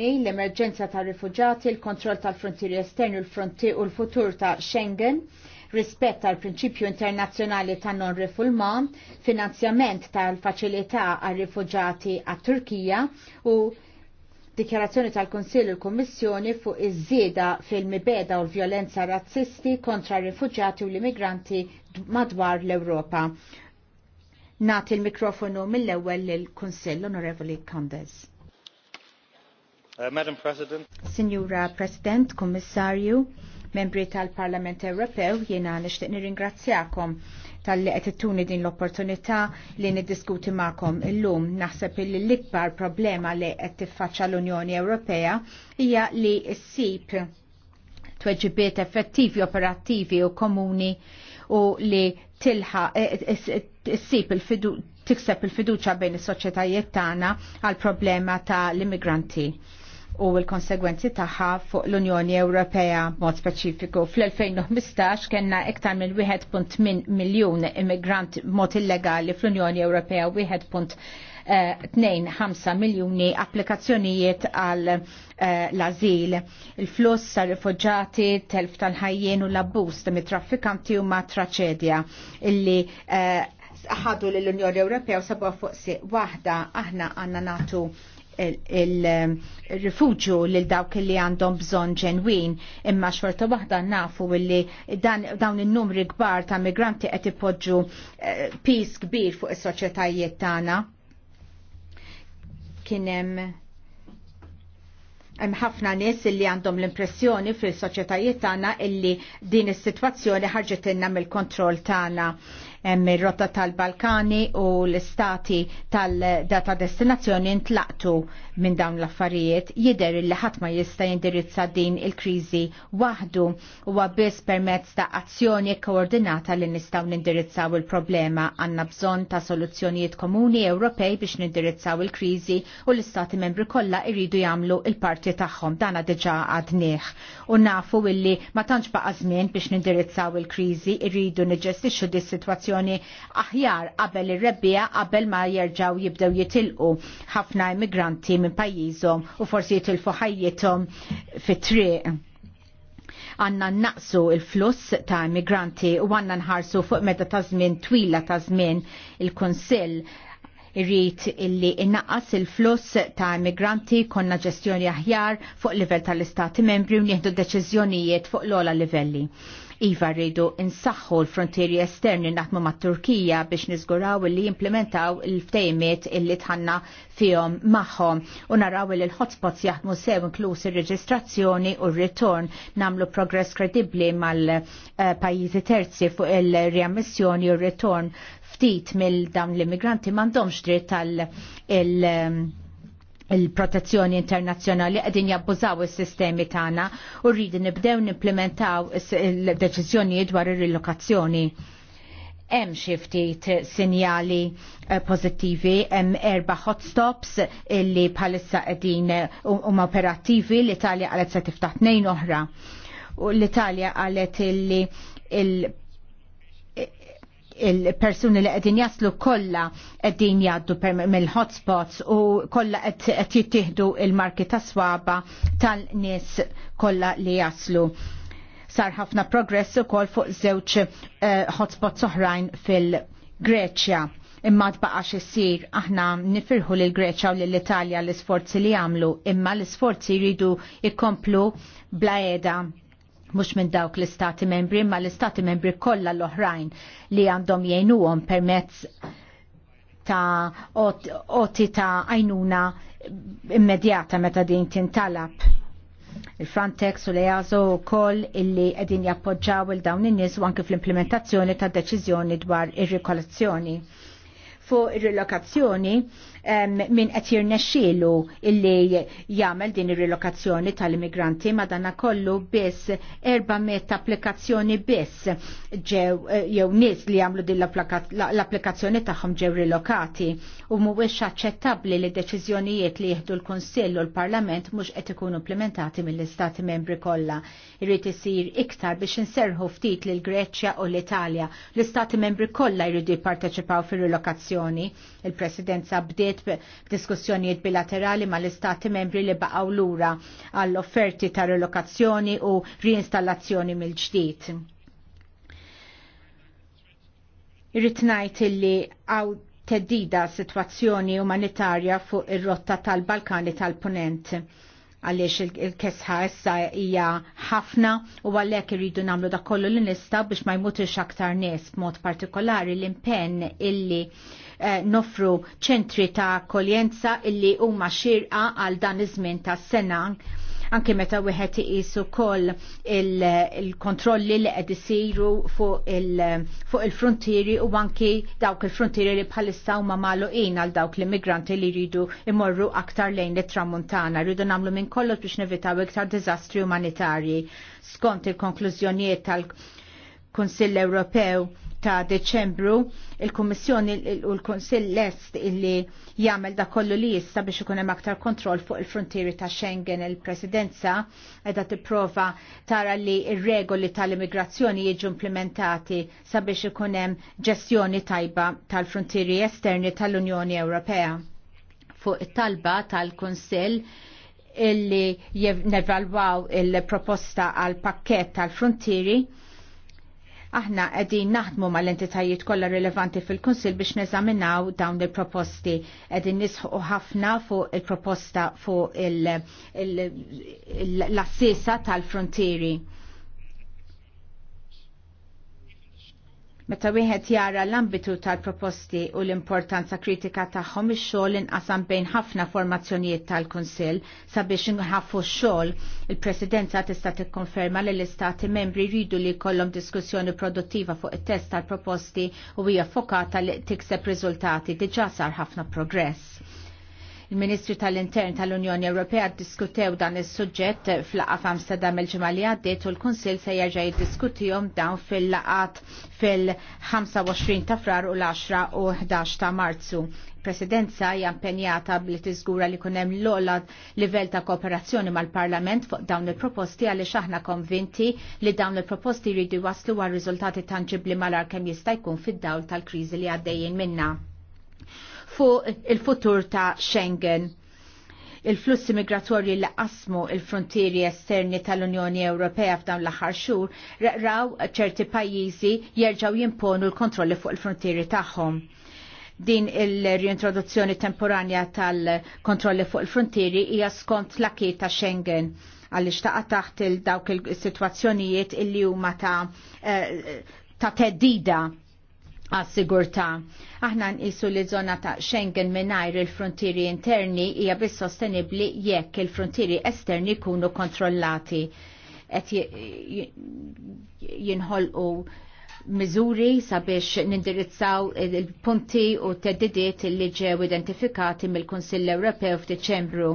l-emerġenza ta' rifugjati, l kontroll tal-frontieri esterni u l-futur ta' Schengen, rispett tal prinċipju internazzjonali ta' non refulman, finanzjament tal-faċilità għal rifugjati għat Turkija u dikjarazzjoni tal-Konsil u l-Kommissjoni fuq iż-żieda fil-mibeda u l-vjolenza razzisti kontra rifugjati u l-immigranti madwar l-Ewropa. Nati il-mikrofonu mill-ewwel lill-Kunsill Onorevoli Kandes. Uh, Madam President. Signora President, Commissario, membri tal-Parlament Ewropew, jiena nixtieq nirringrazzjakom tal-li qed ittuni din l-opportunità li niddiskuti magħkom illum. Naħseb li l-ikbar problema li qed tiffaċċa l-Unjoni Ewropea hija li ssib tweġibiet effettivi, operattivi u komuni u li tilħa eh, eh, ssib il-fidu tikseb il-fiduċa bejn is-soċjetajiet tagħna għal problema ta' l-immigranti u l-konsegwenzi tagħha fuq l-Unjoni Ewropea mod speċifiku. Fl-2015 kellna iktar minn 1.8 miljun immigrant mod illegali fl-Unjoni Ewropea u 2.5 eh, miljuni applikazzjonijiet għal eh, l-azil. Il-fluss sa' rifugġati, telf tal-ħajjien u l-abbus mit-traffikanti u ma' traċedja illi eh, ħadu l-Unjoni Ewropea u sabu fuq si waħda aħna għanna natu il-rifugju eh, lil dawk li għandhom bżonn ġenwin imma xorta waħda nafu li dawn in-numri kbar ta' migranti qed ipoġġu eh, pis kbir fuq is-soċjetajiet tagħna. Kien hemm ħafna nies illi għandhom l-impressjoni fil-soċjetajiet tagħna illi din is-sitwazzjoni ħarġet mill-kontroll tagħna hemm ir-rotta tal-Balkani u l-istati tal-data destinazzjoni ntlaqtu minn dawn l-affarijiet jider li ħadd ma jista' jindirizza din il-kriżi waħdu huwa biss permezz ta' azzjoni koordinata li nistgħu nindirizzaw il-problema għandna bżonn ta' soluzzjonijiet komuni Ewropej biex nindirizzaw il-kriżi u l-istati membri kollha jridu jagħmlu il-parti tagħhom dana diġà għadnieh. U nafu illi ma tantx baqa' żmien biex nindirizzaw il-kriżi jridu niġġestixxu di situazzjoni aħjar qabel ir-rebbija qabel ma jerġgħu jibdew jitilqu ħafna immigranti minn pajjiżhom u forsi jitilfu ħajjithom fit-triq għanna naqsu il-fluss ta' immigranti u għanna nħarsu fuq meta ta' żmien twila ta' żmien il-Kunsill irrit illi innaqqas il-fluss ta' immigranti konna ġestjoni aħjar fuq livell tal-istati membri u nieħdu deċiżjonijiet fuq l-ola livelli. Iva rridu insaħħu l-frontieri esterni naħdmu mat Turkija biex niżguraw li jimplementaw il-ftejmiet illi tħanna fihom magħhom u naraw li l-hotspots jaħdmu sew inkluż ir-reġistrazzjoni u r-ritorn namlu progress kredibbli mal-pajjiżi eh, terzi fuq il-riammissjoni u r-ritorn ftit mill-dawn l-immigranti m'għandhomx dritt tal- il- il-protezzjoni internazzjonali qegħdin jabbużaw is-sistemi tagħna u rridi nibdew nimplementaw il-deċiżjonijiet dwar ir-rilokazzjoni. Hemm xi ftit sinjali eh, pożittivi, hemm erba' hotstops illi bħalissa qegħdin eh, huma operattivi l-Italja qalet se tiftaħ tnejn oħra. U l-Italja qalet illi il il-persuni li għedin jaslu kolla għedin jaddu mill-hotspots u kolla għed jittihdu il-marki ta' swaba tal-nis kolla li jaslu. Sar ħafna progress u kol fuq zewċ uh, eh, hotspots oħrajn fil-Greċja. Imma tbaqax issir aħna nifirħu lil greċja u l italja l-isforzi li għamlu, imma l-isforzi jridu ikomplu blaeda mux minn dawk l-istati membri, ma l-istati membri kollha l-oħrajn li għandhom jgħinuhom permezz ta' oti ta' għajnuna immedjata meta din tintalab. Il-Frontex u l-EASO u koll illi għedin jappoġġaw il-dawn in-nies u anke fl-implementazzjoni ta' deċiżjoni dwar ir-rikolazzjoni. Fuq ir-rilokazzjoni, min qed jirnexxielu illi jagħmel din ir-relokazzjoni tal-immigranti madana kollu biss 400 applikazzjoni biss ġew jew nies li jagħmlu din l-applikazzjoni tagħhom ġew rilokati u mhuwiex aċċettabbli li deċiżjonijiet li jieħdu l-Kunsill u l-Parlament mhux qed ikunu implementati mill-Istati membri kollha. Irid isir iktar biex inserħu ftit lil Greċja u l-Italja. L-Istati membri kollha jridu jipparteċipaw fir-relokazzjoni. Il-Presidenza sabdiet diskussjonijiet diskussjonijiet bilaterali mal-istati membri li baqgħu lura għall-offerti ta' relokazzjoni u reinstallazzjoni mill-ġdid. Irrid ngħid illi għaw teddida situazzjoni umanitarja fuq ir-rotta tal-Balkani tal-Punent għaliex il-kesħa issa hija ħafna u għalhekk irridu nagħmlu da kollu li nista biex ma jmutux aktar nies b'mod partikolari l-impenn illi Eh, nofru ċentri ta' koljenza illi huma xirqa għal dan iż-żmien tas-sena anke meta wieħed iqisu koll il-kontrolli li qed isiru fuq il-frontieri u anki dawk il-frontieri li bħalissa huma magħluqin għal dawk l-immigranti li jridu imorru aktar lejn it-tramuntana. Rridu nagħmlu minn kollox biex nevitaw iktar diżastri umanitarji. Skont il-konklużjonijiet tal-Kunsill Ewropew ta' Deċembru il-Kummissjoni u l-Kunsill lest illi jagħmel da kollu li jista biex ikun hemm aktar kontroll fuq il-frontieri ta' Schengen il-Presidenza qiegħda tipprova tara li r-regoli tal-immigrazzjoni jiġu implementati sabiex ikun hemm ġestjoni tajba tal-frontieri esterni tal-Unjoni Ewropea. Fuq it-talba tal-Kunsill illi nevalwaw il-proposta għal pakket tal-frontieri Aħna qegħdin naħdmu mal-entitajiet kollha rilevanti fil-Kunsill biex neżaminaw dawn il-proposti. Qegħdin nisħu ħafna fuq il-proposta fuq l-assisa tal-frontieri. Meta wieħed jara l-ambitu tal-proposti u l-importanza kritika tagħhom ix-xogħol inqasam bejn ħafna formazzjonijiet tal-Kunsill sabiex inħaffu x-xogħol, il-Presidenza tista' tikkonferma li l-Istati membri jridu li jkollhom diskussjoni produttiva fuq it-test tal-proposti u hija fokata li tikseb riżultati diġà sar ħafna progress Il-Ministri tal-Intern tal-Unjoni Ewropea diskutew dan is-suġġett fl-laqa f'Amsterdam il-ġimgħa li għaddiet u l-Kunsill se jerġa' jiddiskutihom dawn fil-laqat fil-25 ta' frar u l-10 u 11 ta' Marzu. Presidenza hija impenjata li tiżgura li kun hemm l-ogħla livell ta' kooperazzjoni mal-Parlament fuq dawn il-proposti għaliex aħna konvinti li dawn il-proposti jridu waslu għal riżultati tanġibli mal-arkem jista' jkun fid-dawl tal-kriżi li għaddejjin minna fuq il-futur ta' Schengen il-flussi migratorji li qasmu il-frontieri esterni tal-Unjoni Ewropea f'dawn l-aħħar xhur reqraw ċerti pajjiżi jerġgħu jimponu l-kontrolli fuq il-frontieri tagħhom. Din il-riintroduzzjoni temporanja tal-kontrolli fuq il-frontieri hija skont l akiet ta' Schengen għaliex taqa' taħt il-dawk il-sitwazzjonijiet illi huma ta' eh, ta' teddida għas-sigurtà. Aħna nqisu li żona ta' Schengen mingħajr il-frontieri interni hija biss sostenibbli jekk il-frontieri esterni jkunu kontrollati qed jinħolqu miżuri sabiex nindirizzaw il-punti u t-teddidiet li ġew identifikati mill-Kunsill Ewropew f'Diċembru.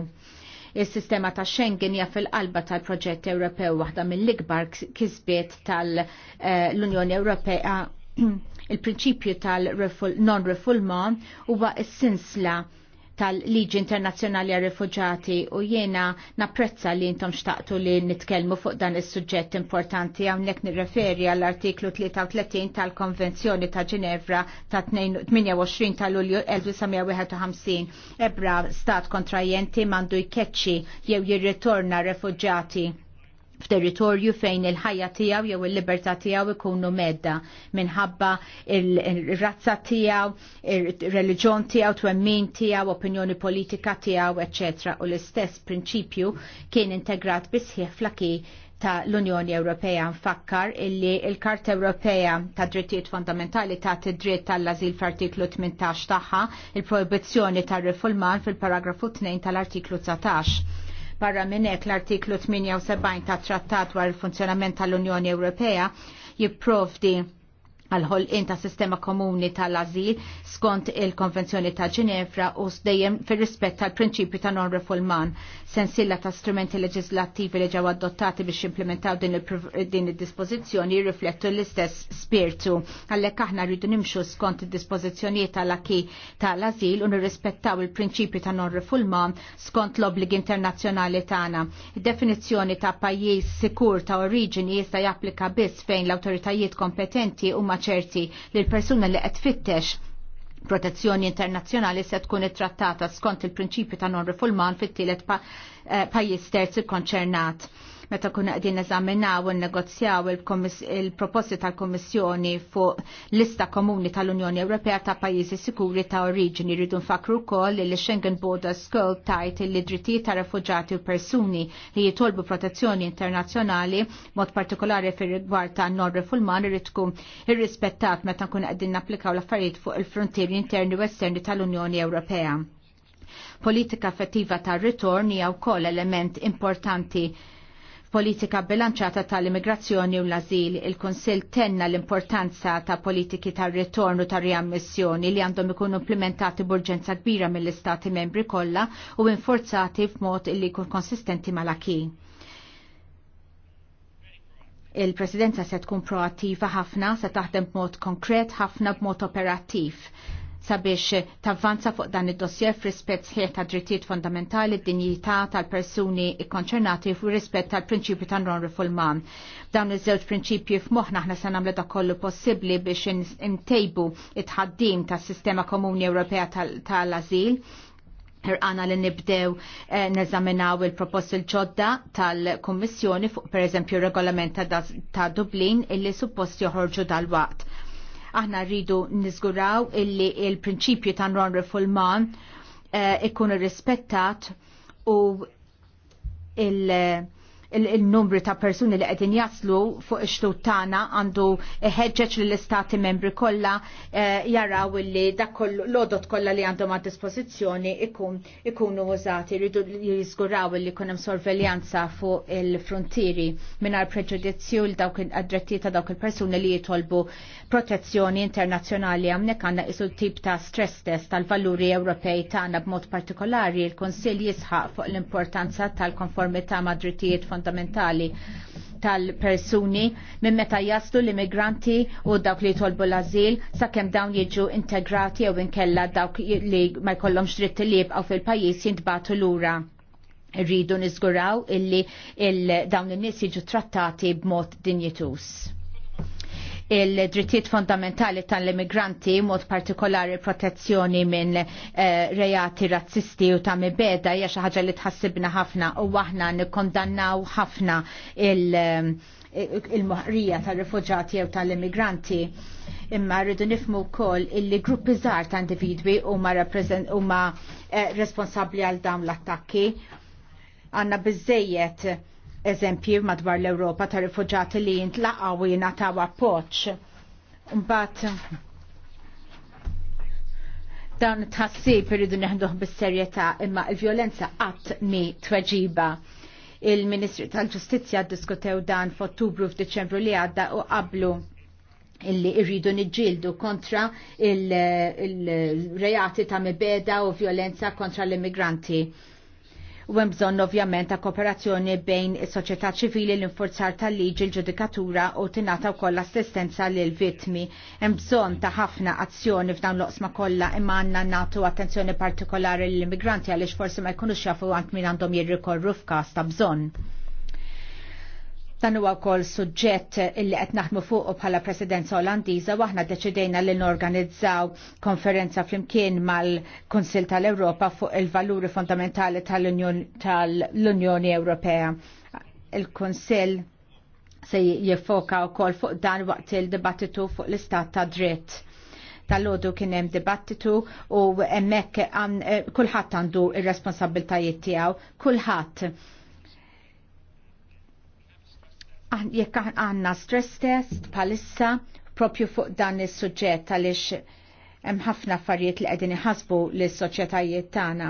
Il-sistema ta' Schengen hija fil-qalba tal-proġett Ewropew waħda mill-ikbar kisbiet tal-Unjoni eh, Ewropea Il-prinċipju tal-non-refulma huwa s-sinsla tal-Liġi Internazzjonali għal Refugġati u jiena napprezza li intom xtaqtu li nitkellmu fuq dan is-suġġett importanti hawnhekk nirreferi għall artiklu 33 tal-Konvenzjoni ta' Ginevra ta' 28 ta' Lulju 1951. Ebra stat kontrajenti mandu jkeċċi jew jirritorna refugġati f'territorju fejn il-ħajja tiegħu jew il-libertà tiegħu ikunu medda minħabba il-razza tiegħu, ir-reliġjon tiegħu, twemmin tiegħu, opinjoni politika tiegħu, eċċetera. U l-istess prinċipju kien integrat bisħieħ flaki ta' l-Unjoni Ewropea nfakkar illi il-Karta Ewropea ta' drittijiet fundamentali ta' dritt tal-azil f'artiklu 18 tagħha il-proibizzjoni tar-rifulman fil-paragrafu 2 tal-artiklu 19 Barra minn hekk l-artiklu 78 tat-Trattat dwar il-funzjonament tal-Unjoni Ewropea jipprovdi għal-ħolqin ta' sistema komuni tal-azil skont il-Konvenzjoni ta' Ġenefra u dejjem fil rispett tal-prinċipju ta' non-refulman sensilla ta' strumenti leġislattivi li ġew adottati biex implementaw din id-dispożizzjoni jirriflettu l-istess spirtu. Għallek aħna rridu nimxu skont id-dispożizzjonijiet tal-aki tal-azil u nirrispettaw il-prinċipju ta' non-refulman skont l-obbligi internazzjonali tagħna. Definizzjoni ta' pajjiż sikur ta' oriġini jista' japplika biss fejn l-awtoritajiet kompetenti huma ċerti li l-persuna li qed fittex protezzjoni internazzjonali se tkun ittrattata skont il-prinċipju ta' non-refulman fit-tielet eh, pajjiż terzi konċernat meta kuna għedin nezaminaw u negozjaw il-proposti tal komissjoni fuq lista komuni tal-Unjoni Ewropea ta' pajjiżi sikuri ta' oriġini rridu nfakru wkoll li Schengen Border Skull tajt li drittijiet ta' refuġati u persuni li jitolbu protezzjoni internazzjonali mod partikolari fir-rigward ta' non-refulman irid irrispettat meta kuna qegħdin applikaw l-affarijiet fuq il-frontieri interni u esterni tal-Unjoni Ewropea politika effettiva ta' ritorni hija wkoll element importanti politika bilanċata tal-immigrazzjoni u l-azil, il-Konsil tenna l-importanza ta' politiki ta' ritornu ta' riammissjoni li għandhom ikunu implementati burġenza kbira mill-Istati membri kollha u inforzati f'mod illi jkun konsistenti mal-aki. Il-Presidenza se tkun proattiva ħafna, se taħdem b'mod konkret ħafna b'mod operattiv sabiex tavvanza fuq dan id-dossier f'rispett sħiħ ta' drittijiet fundamentali, d-dinjità tal-persuni ikkonċernati fuq rispett tal-prinċipju ta' non fulman. Dawn iż-żewġ prinċipji f'moħħna aħna se nagħmlu dak kollu possibbli biex intejbu it-ħaddim tas-Sistema Komuni Ewropea tal-Ażil. ħirqana li nibdew eh, neżaminaw il-propost il-ġodda tal kummissjoni fuq per eżempju regolament ta' Dublin illi suppost joħorġu dal-waqt Aħna rridu nizguraw illi il-prinċipju ta' non-refulman eh, ikkun irrispettat u il- il-numri ta' persuni li għedin jaslu fuq ix-xtut tagħna għandu ħeġġeġ lill istati membri kollha eh, jaraw li dak l-odot kollha li għandhom għad dispożizzjoni ikunu użati jridu jiżguraw li jkun hemm sorveljanza fuq il-frontieri mingħajr preġudizzju l dawk id-dretti ta' dawk il-persuni li jitolbu protezzjoni internazzjonali hawnhekk għandna isu tip ta' stress test tal-valuri Ewropej tagħna b'mod partikolari il-Kunsill jisħaq fuq l-importanza tal-konformità ma' drittijiet fondamentali tal-persuni minn meta jaslu l-immigranti u dawk li tolbu l-azil sakemm dawn jiġu integrati jew inkella dawk li ma jkollhomx dritt li jibqgħu fil-pajjiż jintbagħtu lura rridu nizguraw illi il dawn in-nies jiġu trattati b'mod dinjitus il-drittijiet fondamentali tal-immigranti mod partikolari protezzjoni minn eh, reati razzisti u ta' mibeda hija xi ħaġa li tħassibna ħafna u aħna nikkondannaw ħafna eh, il-moħrija tal-rifuġati jew tal-immigranti imma rridu nifmu wkoll illi gruppi żgħar ta' individwi huma huma eh, responsabbli għal dawn l-attakki għandna biżejjed eżempji madwar l-Europa ta' rifugġati li jintlaqaw jina ta' appoċ. Mbagħad dan tħassib irridu neħduh bis-serjetà imma l-vjolenza qatt mi tweġiba. Il-Ministri tal-Ġustizzja diskutew dan f'Ottubru f'Diċembru li għadda u qablu illi irridu niġġieldu kontra il-rejati il ta' mibeda u vjolenza kontra l-immigranti u hemm bżonn ovvjament ta' kooperazzjoni bejn is-soċjetà ċivili l-infurzar tal-liġi l-ġudikatura u tingħata wkoll assistenza lil vittmi. Hemm bżonn ta' ħafna azzjoni f'dawn l-oqsma kollha imma għandna nagħtu attenzjoni partikolari lill-immigranti għaliex forsi ma jkunux jafu għand min għandhom jirrikorru f'każ ta' bżonn. Dan huwa wkoll suġġett illi qed naħdmu fuqu bħala Presidenza Olandiża u aħna deċidejna li norganizzaw konferenza flimkien mal-Kunsil tal-Ewropa fuq il-valuri fondamentali tal-Unjoni Ewropea. Il-Kunsil se jiffoka wkoll fuq dan waqt il-dibattitu fuq l-istat ta' dritt tal-ħodu kien hemm dibattitu u hemmhekk eh, kulħadd għandu ir-responsabbiltajiet tiegħu, kulħadd jekk għanna stress test palissa propju fuq dan is suġġett għaliex hemm ħafna affarijiet li qegħdin iħasbu lis soċjetajiet tagħna.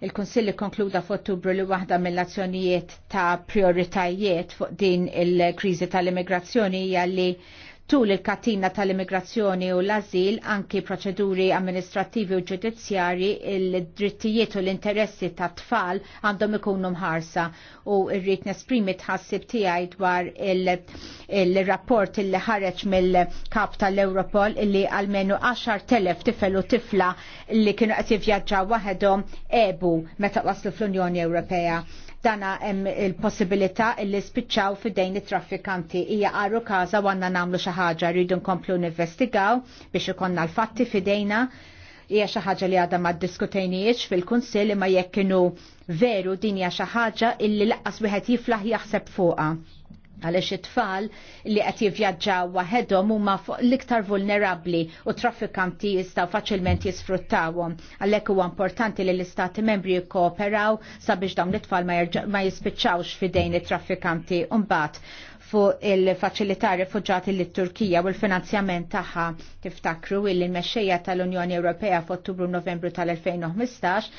Il-Kunsilli konkluda f'Ottubru li waħda mill-azzjonijiet ta' prioritajiet fuq din il-kriżi tal-immigrazzjoni hija li tul il-katina tal-immigrazzjoni u l-azil anki proċeduri amministrativi u ġudizzjari il-drittijiet u l-interessi ta' tfal għandhom ikunu mħarsa u rrit nesprimi tħassib tiegħi dwar il-rapport il ħareġ mill-kap tal-Europol li għalmenu 10.000 tifel u tifla li kienu qed jivvjaġġaw waħedhom ebu meta waslu fl-Unjoni Ewropea dana hemm il-possibilità li spiċċaw fidejn it-traffikanti hija qaru każa u għandna nagħmlu xi ħaġa rridu nkomplu ninvestigaw biex ikonna l-fatti fidejna hija xi ħaġa li għadha ma ddiskutejniex fil-Kunsill imma jekk kienu veru din hija xi ħaġa illi laqqas wieħed jiflaħ jaħseb fuqha għalix it-tfal li qed jivvjaġġaw waħedhom huma fuq l-iktar vulnerabbli u traffikanti jistgħu faċilment jisfruttawhom. Għalhekk huwa importanti li l-istati membri jikkooperaw sabiex dawn l tfal ma jispiċċawx fidejn it-traffikanti mbagħad fuq il-faċilità rifuġati li turkija u l-finanzjament tagħha tiftakru il-mexxejja tal-Unjoni Ewropea f'Ottubru Novembru tal-2015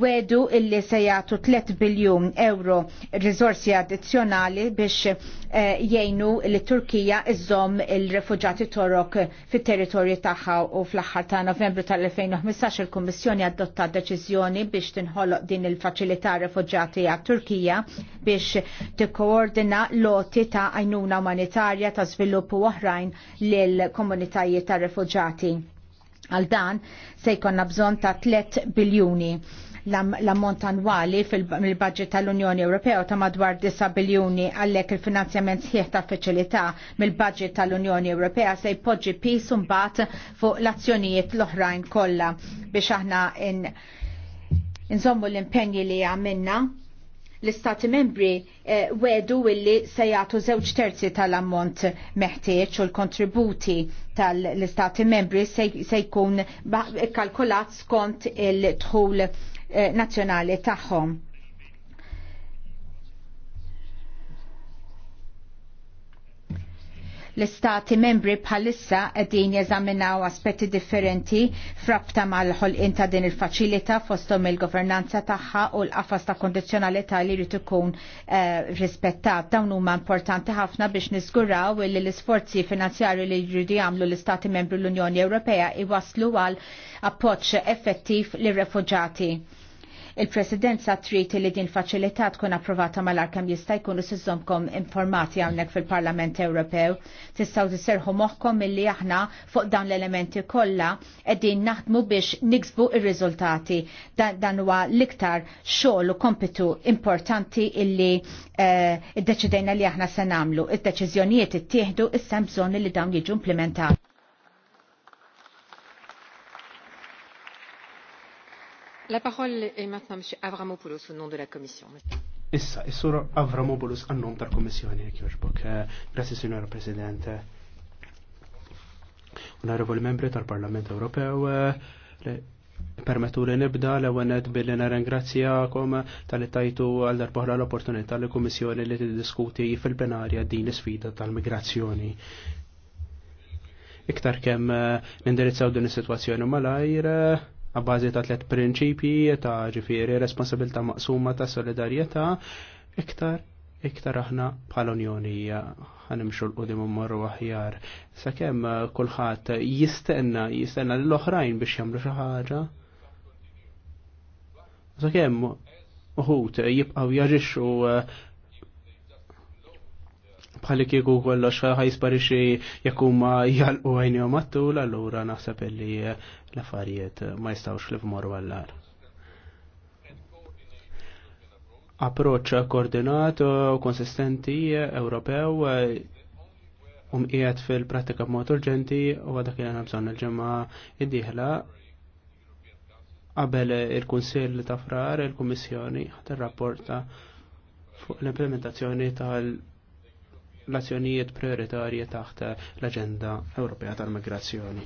wedu illi se jagħtu 3 biljun euro riżorsi addizzjonali biex eh, jgħinu li Turkija iżomm il-refuġati Torok fit-territorju tagħha u fl-aħħar ta' Novembru tal-2015 il-Kummissjoni adotta deċiżjoni biex tinħoloq din il-faċilità refuġati għat Turkija biex tikkoordina loti ta' għajnuna umanitarja ta' sviluppu oħrajn lil komunitajiet ta' refuġati għal dan se jkonna bżon ta' 3 biljuni l-ammont annwali fil-budget tal-Unjoni Ewropea ta' madwar 9 biljuni għallek il-finanzjament sħiħ ta' feċilità mill-budget tal-Unjoni Ewropea se jpoġġi pis mbagħad fuq l-azzjonijiet l-oħrajn kollha biex aħna nżommu l-impenji li għamilna l-istati membri eh, wedu illi se jagħtu żewġ terzi tal-ammont meħtieġ u l-kontributi tal-istati membri se jkun kalkulat skont il-dħul Eh, nazzjonali tagħhom. l-istati membri bħalissa qegħdin jeżaminaw aspetti differenti frabta mal-ħolqien ta' din il-faċilità fosthom il-governanza tagħha u l-qafas ta' kondizzjonalità li jrid ikun eh, rispettat. Dawn huma importanti ħafna biex niżguraw li l-isforzi finanzjari li jridu jagħmlu l-istati membri l-Unjoni Ewropea iwaslu għal appoġġ effettiv lir refuġati Il-presidenza trid li din faċilità tkun approvata mal-arkam jista' jkunu sizzomkom informati hawnhekk fil-Parlament Ewropew. Tistgħu tisserħu moħħkom milli aħna fuq dawn l-elementi kollha qegħdin naħdmu biex niksbu ir-riżultati. Dan huwa l-iktar xogħol u kompitu importanti illi eh, id-deċidejna li aħna se nagħmlu. Id-deċiżjonijiet ittieħdu issa bżonn li dawn jiġu implementati. La parole est maintenant Avramopoulos au nom de la Commission. Issa, is-sur Avramopoulos għannom tal-Kommissjoni Kjoġbok. Eh, grazie, Signora Presidente. Onorevoli membri tal-Parlament Ewropew, eh, permettu li nibda l għanet billi narengrazzjakom tal tajtu għal darbohra l-opportunità li kummissjoni li t-diskuti fil-plenarja din sfida tal-migrazzjoni. Iktar kemm eh, nindirizzaw din is-sitwazzjoni malajr, għabbażi ta' tlet prinċipji ta' ġifiri responsabilta maqsuma ta' solidarieta iktar iktar aħna bħal unjoni ħanimxu l-qudim marru aħjar. Sakemm eh, kulħadd jistenna jistenna l-oħrajn biex jagħmlu xi ħaġa. Sakemm uħut jibqgħu jaġixxu eh, bħalli kieku kollox ħajsparixi jekk huma jgħalqu għajnihom għattul, allura naħseb illi eh, l-affarijiet eh, ma jistgħux li f'morru għallar. Approċċ koordinat u konsistenti eh, Ewropew um qiegħed fil-prattika b'mod urġenti u għadak li bżonn il-ġimgħa id-dieħla qabel il-Kunsill ta' Frar il-Kummissjoni ħat rapporta fuq l-implementazzjoni tal- l-azzjonijiet prioritarji taħt l-Aġenda Ewropea tal-Migrazzjoni.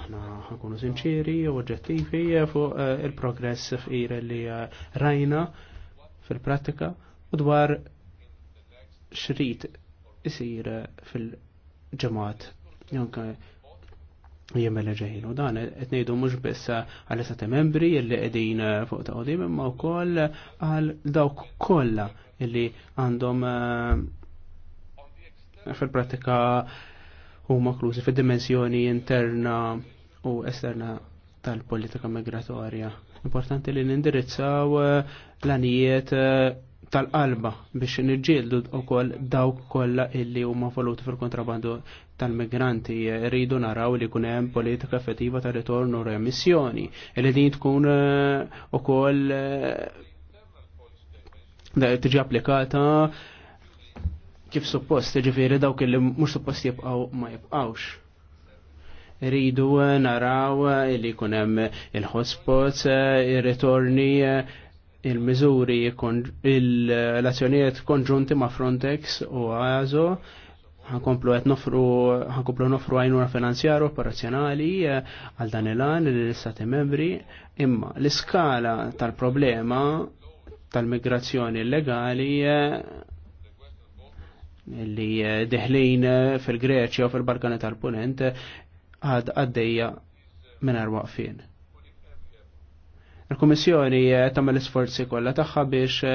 Aħna ħakunu sinċiri u oġġettivi fuq eh, il-progress f'ira li eh, rajna fil-prattika u dwar xrit isir fil-ġemat jonka jemmel ġejn. U dan qed ngħidu mhux biss għal istati membri li qegħdin eh, fuq ta' qudiem imma wkoll għal dawk kollha illi għandhom fil-pratika huma klużi fid-dimensjoni interna u esterna tal-politika migratorja. Importanti li nindirizzaw eh, l-anijiet eh, tal-qalba biex u wkoll dawk kollha illi huma voluti fil-kontrabandu tal-migranti rridu naraw li jkun hemm politika effettiva ta' ritorn u remissjoni li din tkun eh, ukoll tiġi applikata kif suppost, ġifiri dawk li mux suppost jibqaw ma jibqawx. Ridu eh, naraw eh, li kunem il-hotspots, eh, il-ritorni, il-mizuri, il-azzjonijiet konġunti ma' Frontex u għazo, ħankomplu għet nofru, ħankomplu nofru għajnuna finanzjaru operazzjonali għal dan il-għan l-istati membri, imma l-iskala tal-problema tal-migrazzjoni illegali li eh, deħlin eh, fil-Greċja u fil-Balkani tal-Punent għad għaddejja minn waqfien. Il-Komissjoni eh, tagħmel l-isforzi kollha tagħha biex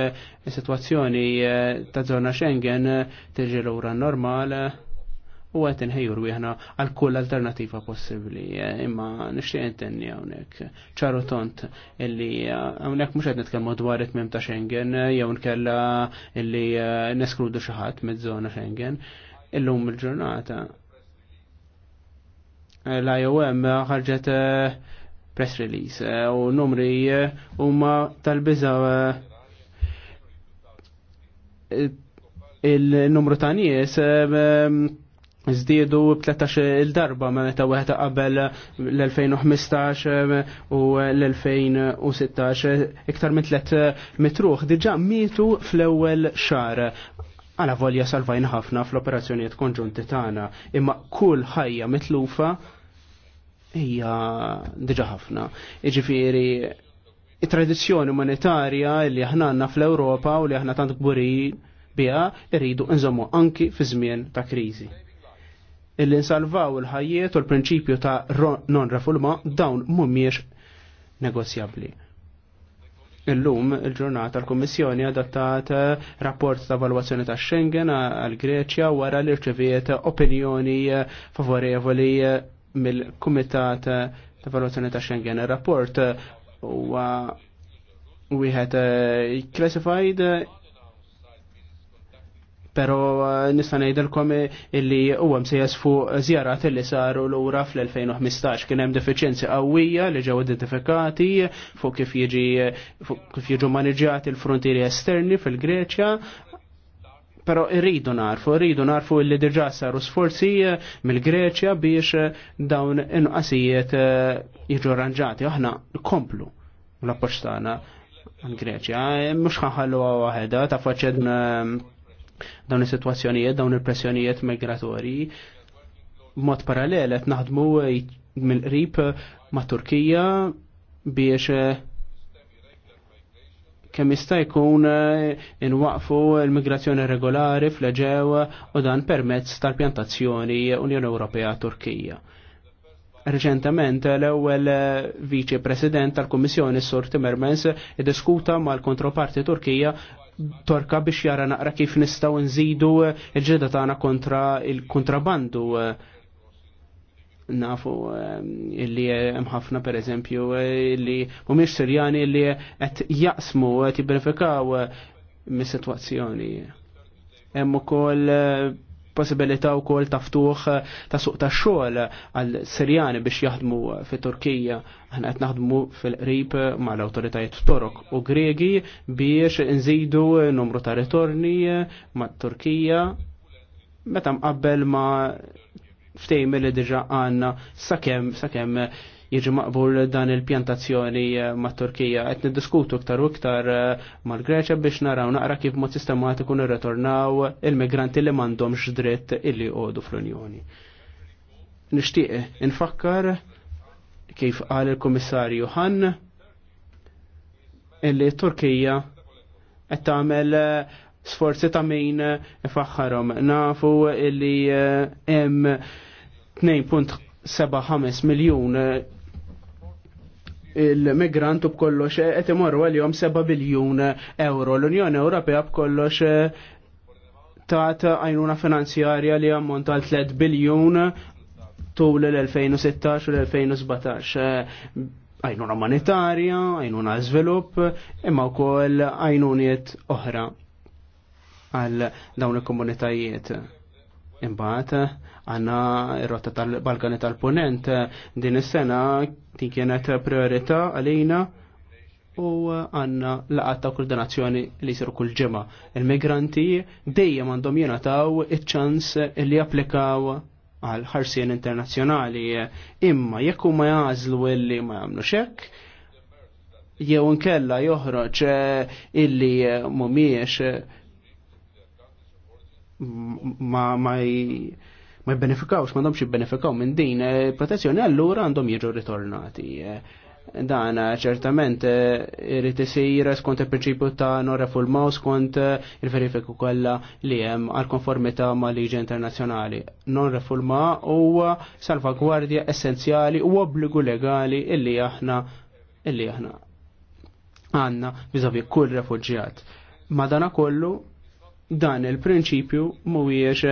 is-sitwazzjoni ta' żona Schengen tiġi lura normal u għet nħejju rwieħna għal kull alternativa possibli. Imma nixtieq intenni hawnhekk. ċaru tont illi eh, hawnhekk mhux qed nitkellmu dwar it ta' Schengen eh, jew nkella illi eh, neskludu xi ħadd miż-żona Schengen. Illum il-ġurnata l-IOM ħarġet press release u numri huma tal biza il-numru ta' nies Zdiedu b-13 il-darba ma meta wieħed qabel l-2015 eh, u l-2016 iktar minn tlet eh, mitruħ diġà mietu fl-ewwel xar. Għala volja salvajn ħafna fl-operazzjonijiet konġunti tagħna, imma kull ħajja mitlufa hija diġà ħafna. Jiġifieri it-tradizzjoni umanitarja li aħna għandna fl-Ewropa u li aħna tant gburi biha irridu nżommu anki fi żmien ta' kriżi illi nsalvaw il-ħajiet u l-prinċipju ta' non-refulma dawn mumiex negozjabli. Illum il-ġurnata l-Kommissjoni adattat eh, rapport ta' valwazzjoni ta' Schengen għal Greċja wara li rċeviet opinjoni eh, favorevoli eh, mill-Kumitat ta' valwazzjoni ta' Schengen. Il-rapport huwa wieħed classified pero eh, nista' ngħidilkom eh, illi huwa msejjes fuq żjarat illi saru lura fl-2015 kien hemm defiċenzi qawwija li ġew identifikati fuq kif jiġi kif jiġu maniġjati l-frontieri esterni fil-Greċja pero irridu narfu, irridu narfu illi diġa saru sforzi eh, mill-Greċja biex dawn inqasijiet jiġu arranġati. Aħna komplu l-appoċ tagħna għal-Greċja, mhux ħanħallu waħedha ta' faċedna dawn is-sitwazzjonijiet, dawn il-pressjonijiet migratorji. Mod parallel qed naħdmu mill-qrib ma' Turkija biex eh, kemm jista' jkun eh, inwaqfu l-migrazzjoni regolari fl-Eġew u dan permezz tal-pjantazzjoni Unjoni Ewropea Turkija. Reċentament l-ewwel eh, viċi President tal-Kummissjoni Sur Timmermans iddiskuta mal-kontroparti Turkija torka biex jara naqra kif nistaw nżidu il-ġeda tagħna kontra il-kontrabandu. Nafu ehm, illi hemm ħafna pereżempju illi mhumiex Sirjani illi qed jaqsmu qed jibbenefikaw mis-sitwazzjoni. Hemm ukoll possibilità wkoll kol taftuħ eh, ta' suq ta' xogħol għal Sirjani biex jaħdmu eh, fi Turkija. Aħna qed naħdmu fil-qrib eh, mal-awtoritajiet Torok u Gregi biex nżidu numru ta' ritorni ma' Turkija meta mqabbel ma' ftejmi li diġa għanna sakemm sakemm jiġi maqbul dan il-pjantazzjoni eh, mat Turkija. Qed niddiskutu iktar u iktar eh, mal-Greċja biex naraw naqra kif mod sistematiku nirretornaw il-migranti li m'għandhomx dritt illi għodu fl-Unjoni. Nixtieq infakkar kif qal il-Kummissarju Hann. illi Turkija qed tagħmel eh, sforzi ta' min faħħarom. Nafu illi hemm 2.75 miljun il-migrant u b'kollox qed imorru għalihom 7 biljun euro. L-Unjoni Ewropea b'kollox tat għajnuna finanzjarja li ammont għal 3 biljun tul l-2016 u l-2017 għajnuna umanitarja, għajnuna żvilupp, imma wkoll għajnuniet oħra għal dawn il-komunitajiet. Imbagħad għanna il rotta tal-Balkani tal-Ponent eh, din is-sena din kienet priorità għalina u eh, għanna laqat ta' kull donazzjoni li jisiru kull ġemma. Il-migranti dejjem għandhom jingħataw iċ-ċans li applikaw għal ħarsien internazzjonali imma jekk ma jazlu illi ma jamlu xek jew nkella joħroġ eh, illi mhumiex mm, ma ma ma jibbenefikawx, ma domx jibbenefikaw minn din eh, protezzjoni, allura għandhom jiġu ritornati. Eh, dan eh, ċertament irrid isira skont il-prinċipju ta' norra full mouse skont il-verifiku kollha li hemm għal konformità ma' liġi internazzjonali. Norra full ma' huwa salvagwardja essenzjali u obbligu legali illi aħna illi aħna għanna vizavi kull Ma dana kollu dan il-prinċipju mhuwiex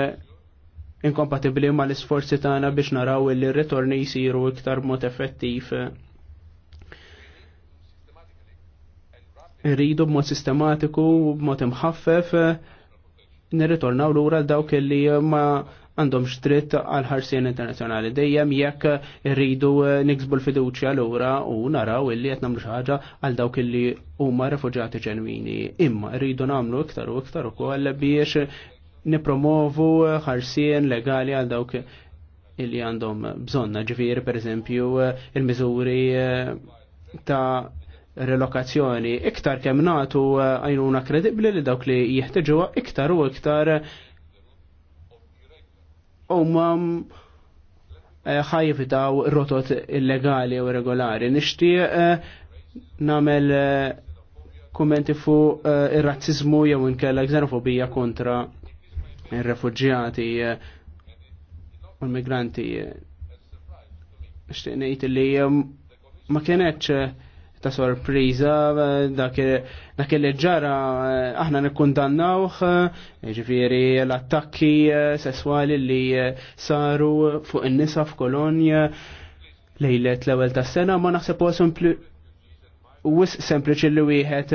inkompatibbli ma l-isforzi tagħna biex naraw li r-ritorni jsiru iktar mod effettiv. Rridu b'mod sistematiku, b'mod imħaffef, nirritornaw lura għal dawk li ma għandhomx dritt għal ħarsien internazzjonali. Dejjem jekk irridu niksbu l-fiduċja lura u naraw illi qed nagħmlu xi ħaġa għal dawk illi huma rifuġjati ġenwini. Imma rridu nagħmlu iktar u iktar ukoll biex nipromovu ħarsien legali għal dawk illi għandhom bżonna ġviri, per eżempju il-mizuri eh, ta' relokazzjoni iktar kemm natu eh, għajnuna kredibli li dawk li jieħteġu iktar u iktar huma eh, ħajvitaw rotot illegali u regolari. Nixtieq namel kumenti fuq ir-razzizmu jew inkella xenofobija kontra ir-refuġjati u l-migranti. Nixtieq ngħid li ma kienetx ta' sorpriża dak li ġara aħna nikkundannawh ġifieri l-attakki sesswali li saru fuq in-nisa f'Kolonja lejlet l-ewwel tas-sena ma naħseb wis sempliċi li wieħed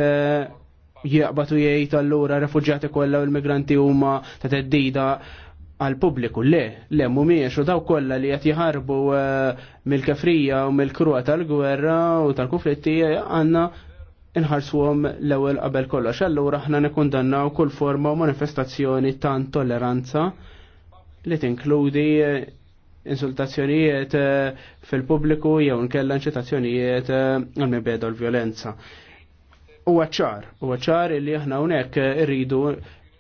jieqbatu jgħid allura refuġjati kollha u l-migranti huma ta' teddida għal pubbliku le, le mumiex u daw kollha li qed jħarbu eh, mill-kefrija u mill-krua tal-gwerra u tal-konflitti eh, għandna inħarsuhom l-ewwel qabel kollox. Allura aħna nikkundannaw kull forma u manifestazzjoni ta' intolleranza li tinkludi eh, insultazzjonijiet fil-pubbliku jew nkella inċitazzjonijiet għal mibeda l-vjolenza huwa ċar, huwa ċar li aħna hawnhekk irridu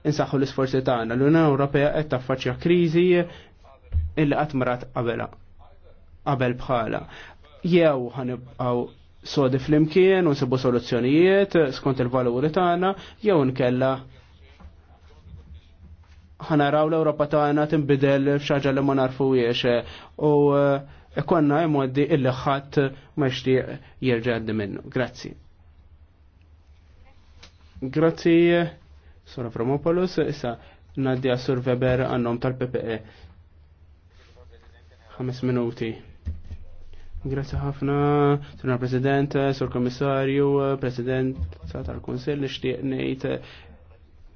insaħħu l-isforzi tagħna. L-Unjoni Ewropea qed taffaċċja kriżi illi qatt marat qabel qabel bħala. Jew ħanibqgħu sodi flimkien u nsibu soluzzjonijiet skont il-valuri tagħna, jew nkella ħanaraw l-Ewropa tagħna tinbidel f'xaġa li ma narfujiex u eh, konna imoddi illi ħadd ma jixtieq jirġa' minnu. Grazzi. Grazzi, Sora Fromopoulos, issa Nadia Sur Weber għannom tal-PPE. 5 minuti. Grazzi ħafna, Sur President, Sur Komissarju, President tal-Konsil, nixtieq ngħid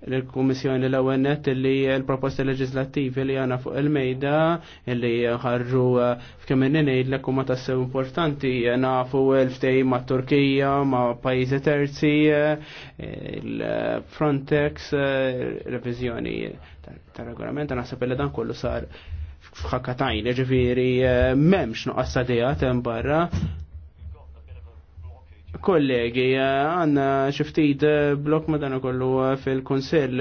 l-Kummissjoni l-ONET li l-proposti leġislattivi li għana fuq il-mejda li ħarġu eh, f'kemmini ngħidlek huma tassew importanti nafu l-ftej ma' Turkija ma' pajjiżi terzi eh, l-Frontex eh, revizjoni tar-regolament naħseb li dan kollu sar f'ħakatajn, ġifiri memx nuqqas sadijat barra kollegi, għanna xiftit eh, blok madana kollu eh, fil-konsil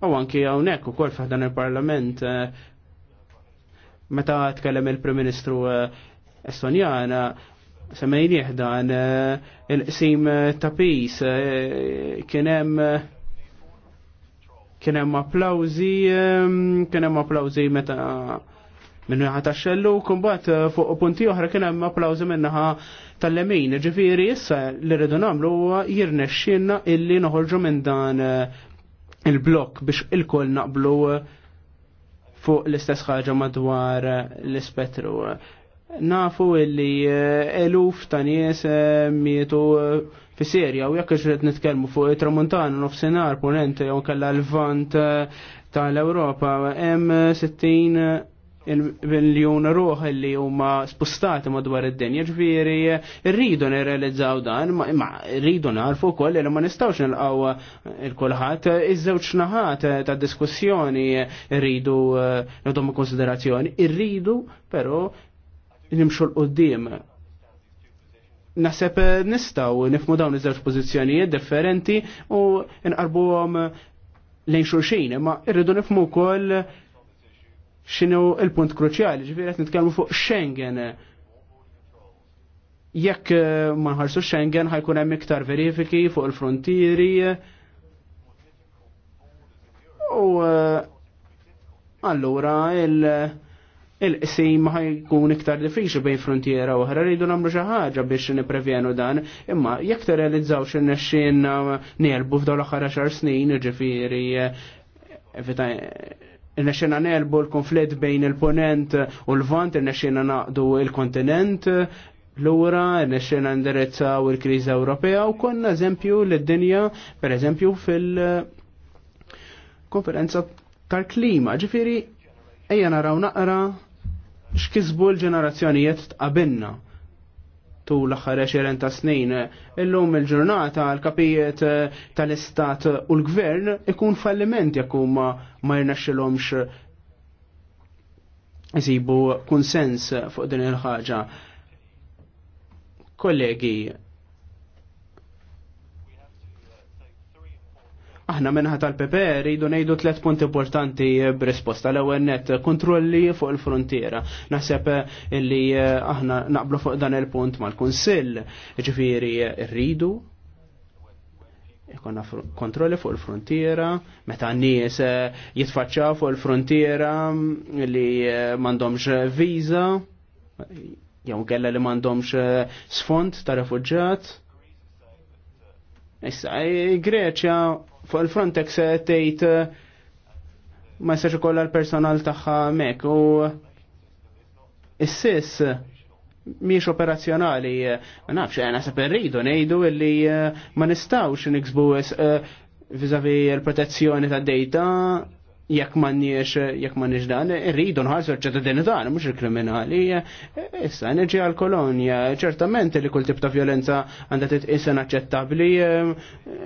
u għanki għawnek u kol fħadan il-parlament. Eh, meta tkellem il-Prim Ministru Estonjana, semmejni dan il-qsim ta' pis kienem kienem applawzi kienem applawzi meta minnu ħata xellu kumbat eh, fuq punti oħra kien hemm applawżi minnaħa tal-lemin. Ġifieri issa li rridu nagħmlu jirnexxinna illi noħorġu minn dan eh, il-blok biex il-koll naqblu eh, fuq l-istess ħaġa madwar l ispetru Nafu illi eluf ta' nies mietu fi serja u jekk iġred nitkellmu fuq it-Tramuntana nofsinhar ponente jew kellha l-vant tal-Ewropa hemm 60 il-miljon ruħ li huma spostati madwar id-dinja ġviri rridu nirrealizzaw dan, ma rridu narfu koll li ma nistawx nilqaw il-kulħat iż-żewġ naħat ta' diskussjoni rridu eh, nagħtuhom konsiderazzjoni, irridu però nimxu l-qoddim. Naseb nistaw nifmu dawn iż-żewġ pożizzjonijiet differenti u nqarbuhom lejn xulxin, ma rridu nifmu koll xinu il-punt kruċjali, ġifiri nitkellmu fuq Schengen. Jekk eh, ma nħarsu Schengen ħajkun hemm iktar verifiki fuq il-frontieri. U eh, allura il-qsim ħajkun iktar diffiċli bejn frontiera oħra rridu nagħmlu xi ħaġa biex niprevjenu dan, imma jekk terrealizzaw xi nexxin nerbu f'dawn l-aħħar xar snin, ġifieri eh, Irnexxina nelbu l-konflitt bejn il-ponent u l-vant, irnexxina naqdu il-kontinent, l-ura, irnexxina u l kriza Ewropea u konna eżempju l-dinja, per eżempju fil-konferenza tal-klima. Ġifiri, ejja naraw naqra x'kisbu l-ġenerazzjonijiet tqabilna tu l-axħar 20 ta' snin. Illum il-ġurnata l-kapijiet eh, tal-istat u l-gvern ikun falliment jakum ma jirnaxxilhomx jisibu konsens fuq din il-ħaġa. Kollegi, Aħna minħa tal-PP e rridu ngħidu tliet punti importanti b'risposta l-ewwel net kontrolli fuq il-frontiera. Naħseb illi eh, aħna naqblu fuq dan il-punt mal-Kunsill, ġifieri rridu ikonna kontrolli fuq il-frontiera, meta n-nies eh, jitfaċċaw fuq il-frontiera mm, li eh, m'għandhomx viża, jew kella li m'għandhomx sfond ta' refuġġat. Issa, Greċja fuq il-Frontex eh, tgħid eh, ma jistax ikollha l-personal tagħha mek u is-sis mhix operazzjonali eh, ma nafx għana sa irridu ngħidu illi ma nistgħux niksbu viżavi l-protezzjoni ta' dejta jekk m'għandniex jekk m'għandniex dan irridu nħarsu ċ-ċittadini dan, mhux il-kriminali. Issa niġi għall kolonja ċertament li kull tip ta' violenza għandha titqis inaċċettabbli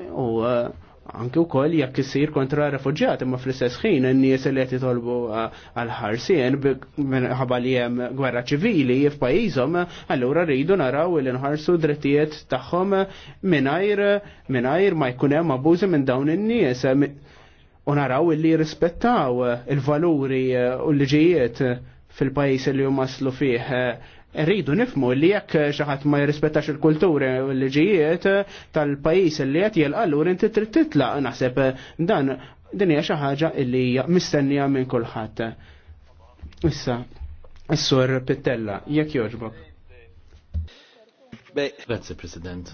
u anke wkoll jekk isir kontra refuġjati ma fl-istess ħin n nies li qed jitolbu għal ħarsien minħabba li hemm gwerra ċivili f'pajjiżhom, allura rridu naraw li nħarsu drittijiet tagħhom mingħajr mingħajr ma jkun hemm abużi minn dawn in-nies u naraw li jirrispettaw il-valuri u l-liġijiet fil-pajjiż li huma slu fih rridu nifmu li jekk xaħat ma jirrispettax il-kulturi u l-ġijiet tal-pajis li qed jelqallur inti trid titlaq naħseb dan din hija xi ħaġa li hija mistennija minn kulħadd. Issa, is-sur Pittella, jekk jogħġbok. Grazie, President.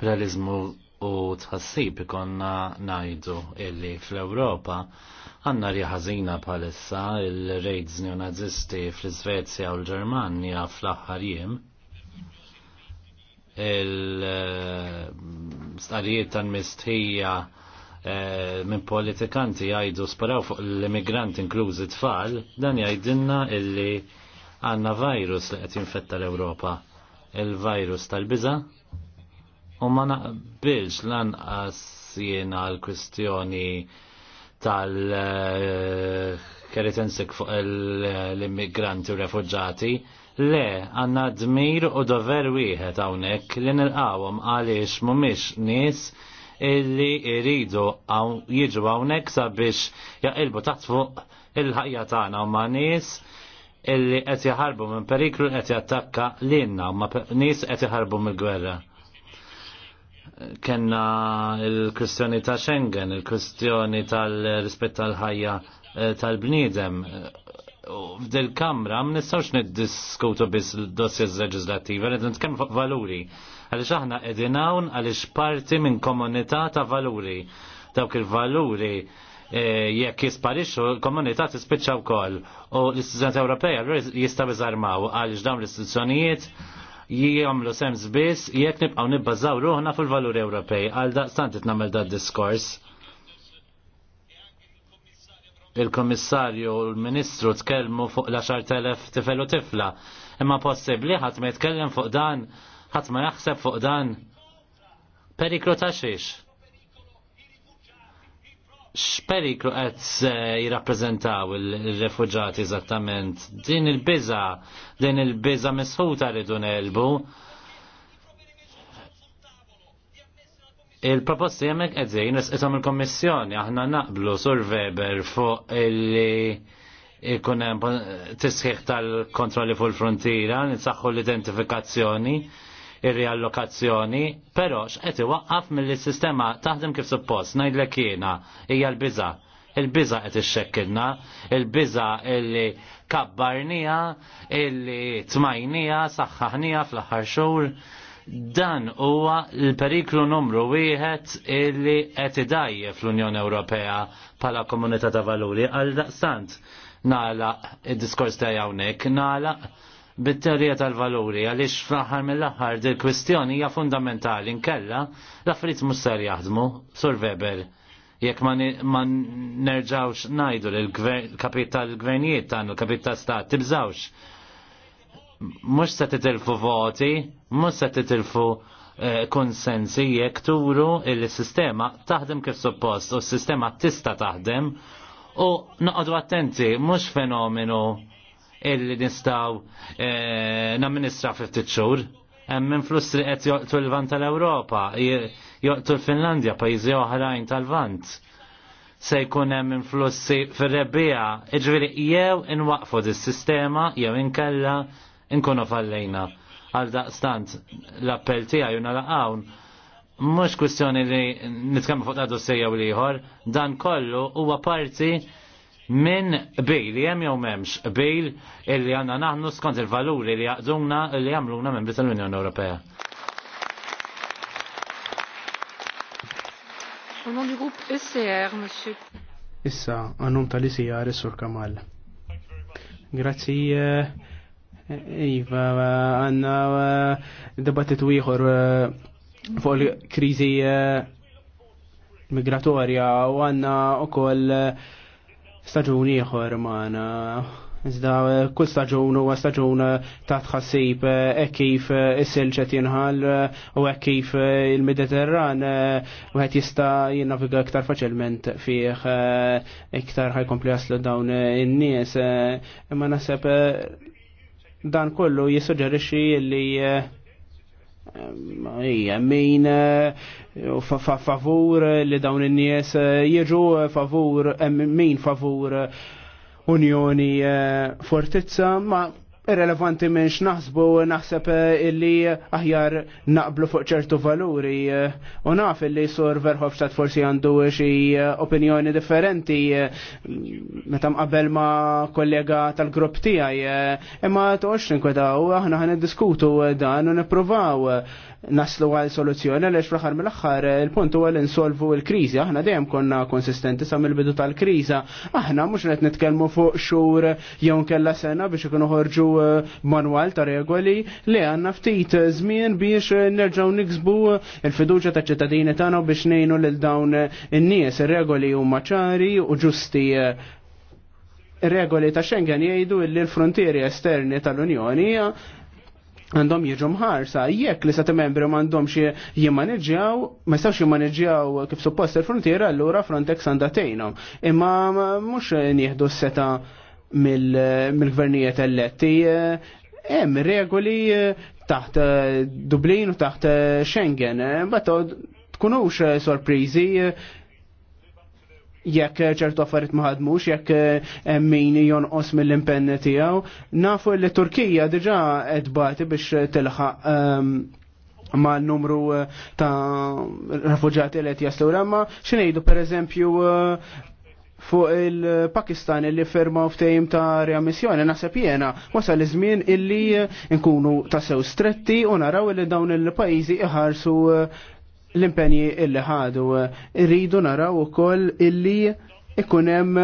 Realizmu u tħassib ikonna najdu illi fl-Ewropa Għanna riħazina palissa il-rejds neonazisti fl-Svezja u l-Ġermanja fl-aħħar jiem il-starijiet tan-mistħija eh, minn politikanti jgħidu sparaw fuq l-immigranti inklużi tfal, dan jgħidilna illi għanna virus li qed jinfetta l-Ewropa, il-virus tal-biża, u ma naqbilx lanqas jiena l-kwistjoni tal insik fuq l-immigranti u refugġati, le għanna dmir u dover wieħed hawnhekk li nilqawhom għaliex mhumiex nies illi iridu għaw jiġu hawnhekk sabiex jaqilbu taħt fuq il-ħajja tagħna u ma' nies illi qed jaħarbu minn periklu qed jattakka lilna u ma' nies qed jaħarbu mill-gwerra kena il-kwestjoni ta' Schengen, il-kwestjoni tal-rispett tal-ħajja eh, tal-bniedem. Eh, f'dil kamra ma nistgħux niddiskutu biss dossiers leġislattivi, għal nitkellem fuq valuri. Għaliex aħna qegħdin hawn għaliex parti minn komunità ta' valuri. Dawk il-valuri eh, jekk jisparixxu l-komunità tispiċċa wkoll u l-istituzzjoni Ewropea jista' biżarmaw għaliex dawn l-istituzzjonijiet jgħamlu sem zbis jekk nibqaw nibbażaw ruħna fil-valur Ewropej għal daqstant namel da diskors. Il-Komissarju u l-Ministru tkellmu fuq l-10,000 tifel u tifla. Imma possibbli ħadd ma jitkellem fuq dan, ħadd ma jaħseb fuq dan. Periklu ta' xiex x'periklu qed eh, jirrappreżentaw il-refuġati eżattament. Din il-biża, din il-biża misħuta rridu nelbu. Il-proposti jemmek għedzin, nisqitom il-Kommissjoni, aħna naqblu sur Weber fuq illi ikunem tisħiħ tal-kontrolli fuq il-frontira, nitsaxħu l-identifikazzjoni, ir-riallokazzjoni, però x'qed iwaqqaf mill-sistema taħdem kif suppost, ngħidlek jiena hija l-biża' il biża qed ixxekkilna, il-biza illi kabbarnija, illi tmajnija, saħħaħnija fl-aħħar xhur. Dan huwa l-periklu numru wieħed illi qed idajjef l-Unjoni Ewropea bħala komunità ta' valuri għal daqstant nagħlaq id-diskors ta' hawnhekk, nagħlaq bit-teorija tal-valuri, għaliex fl-aħħar mill-aħħar dil kwistjoni hija fundamentali nkella l-affarijiet mhux ser jaħdmu, Sur Weber, jekk ma nerġawx ngħidu lill kapital gvernijiet tagħna, l-kapital stat tibżawx. Mhux se titilfu voti, mhux se titilfu eh, konsensi jekk turu il-sistema taħdem kif suppost u s-sistema tista taħdem u noqogħdu attenti mhux fenomenu illi nistaw eh, namministra fiftit xhur. Hemm influss li qed joqtu l-vant tal-Ewropa, joqtu l-Finlandja, pajjiżi oħrajn tal-vant se jkun hemm influssi fir-rebbija, jiġifieri jew inwaqfu dis-sistema jew inkella inkunu fallejna. Għal daqstant l-appell tiegħi juna laqawn mhux kwistjoni li nitkellmu fuq għadu sejja u ieħor, dan kollu huwa parti minn bejl, jem jew memx, bejl illi għanna naħnu skont il-valuri li jaqduna li jamluna membri tal-Unjoni Ewropea. E Issa, għannum tal-ICR, Sur Kamal. Grazzi, eh, Iva, għanna eh, debattitu ieħor eh, fuq il-krizi migratorja u għanna u koll uh, staġun ieħor maħna. Iżda kull staġun huwa staġun ta' tħassib hekk eh, kif eh, is-silġet jinħal eh, u hekk kif il-Mediterran wieħed jista' jinnaviga iktar faċilment fih iktar ħajkompli jaslu dawn in-nies. Imma naħseb dan kollu jissuġġerixxi li Ija, min eh, favur eh, li dawn in-nies eh, jieġu favur, min favur Unjoni Fortizza, ma irrelevanti minx naħsbu naħseb eh, illi aħjar naqblu fuq ċertu valuri eh, u naf illi sur Verhofstadt forsi għandu xi eh, opinjoni differenti meta mqabel ma' kollega tal-grupp tiegħi imma toqgħodx ninkwedaw aħna ħan diskutu dan u nippruvaw naslu għal soluzzjoni għaliex fl-aħħar mill-aħħar eh, il-punt huwa li insolvu l-kriżi. Aħna dejjem konna konsistenti sa mill-bidu tal-kriża. Aħna mhux qed nitkellmu fuq xhur jew kella sena biex ikunu ħorġu eh, manwal ta' regoli li għandna ftit eh, żmien biex nerġgħu niksbu il-fiduċja ta' ċittadini tagħna biex ngħinu lil dawn in-nies ir-regoli huma ċari u ġusti regoli ta' Schengen jgħidu li l-frontieri esterni tal-Unjoni għandhom jiġu mħarsa, jekk li sati membri għandhom xie jimmaneġġjaw, ma jistawx jimmaneġġjaw kif suppost il-frontiera, allura Frontex għandha tgħinhom. Imma mhux nieħdu s-seta mill-gvernijiet eletti, hemm regoli taħt Dublin u taħt Schengen, bat tkunux sorpriżi jekk ċertu affarijiet ma ħadmux, jekk eh, min jonqos mill impenni tiegħu. Nafu li Turkija diġà qed bati biex tilħaq ehm, ma l-numru eh, ta' rifuġati li qed jaslu imma x'ngħidu pereżempju eh, fuq il-Pakistan illi fermaw ftejim ta' reammissjoni naħseb jena wasal iż-żmien illi nkunu ta' sew stretti u naraw li dawn il-pajjiżi iħarsu l-impenji illi ħadu. Irridu naraw ukoll illi ikun hemm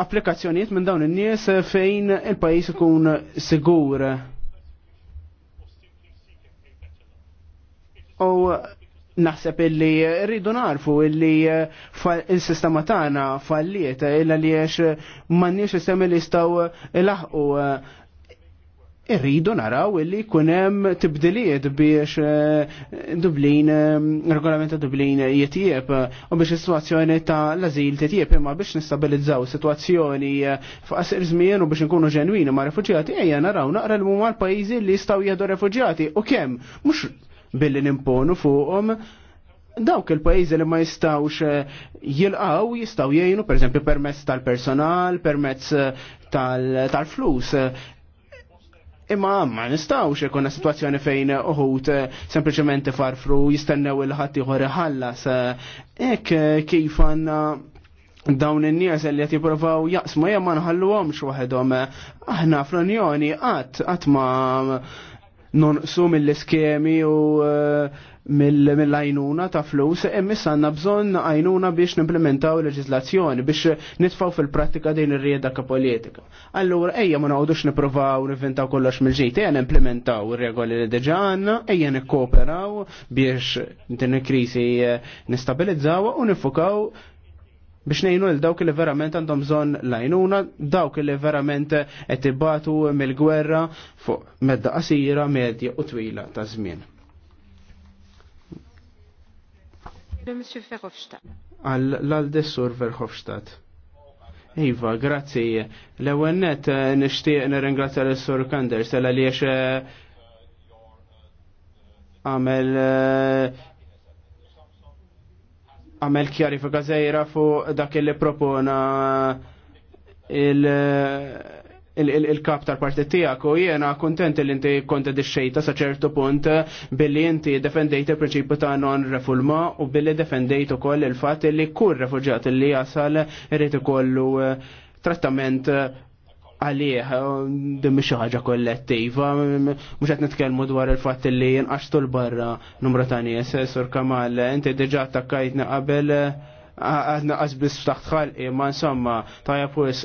applikazzjonijiet minn dawn in-nies fejn il-pajjiż ikun sigur. U naħseb illi rridu narfu illi il-sistema tagħna falliet illa li għax m'għandniex sistemi li jistgħu laħqu irridu naraw illi kunem tibdiliet biex eh, Dublin, eh, regolamenta Dublin jitjieb u biex situazzjoni ta' l-azil titjieb imma biex nistabilizzaw situazzjoni eh, f'qasir żmien u biex nkunu ġenwini ma' refuġjati ejja naraw naqra l l pajjiżi li jistgħu jieħdu refuġjati u kemm mhux billi nimponu fuqhom dawk il-pajizi li ma jistawx jilqaw jistaw jgħinu per esempio permezz tal-personal, permezz tal-flus. Imma ma nistawx ikun situazzjoni fejn uħut eh, sempliċement farfru jistennew il ħat ieħor iħallas. Eh, Ek eh, kif għanna dawn in-nies li qed jippruvaw jaqsmu jew ma nħalluhomx waħedhom. Aħna fl-Unjoni qatt qatt ma nonqsu mill-iskemi u mill-għajnuna ta' flus, emmis għanna bżon għajnuna biex nimplementaw leġizlazzjoni, biex nitfaw fil-prattika din ir ka' politika. Allura, ejja ma nawdux niprovaw nivvintaw kollox mill-ġejt, ejja nimplementaw ir-regoli li deġa għanna, ejja nikkooperaw biex din il-krisi nistabilizzaw u nifukaw biex nejnu l dawk li verament għandhom bżon lajnuna, dawk li verament għetibbatu mill-gwerra fuq medda qasira, medja u twila ta' żmien. Għal-għalde sur Verhofstadt. Iva, grazzi. L-ewennet eh, nishtiq nirringrazzja l-sur Kander, sella li eh, għamel eh, għamel kjarifika zejra fuq dak li propona il- il-kap tal-partit tiegħek u jiena kontent li inti konta xejta sa ċertu punt billi inti defendejt il-prinċipju ta' non refulma u billi defendejt ukoll il-fatt li kull refuġjat li jasal irid ikollu eh, trattament eh, għalih din mhix xi ħaġa kollettiva, mhux qed nitkellmu dwar il-fatt li jinqaxtu l-barra numru ta' nies, eh, Sur Kamal, inti diġà attakkajtna qabel għadna taħt ftaħt xalqi, ma insomma, tajja pwis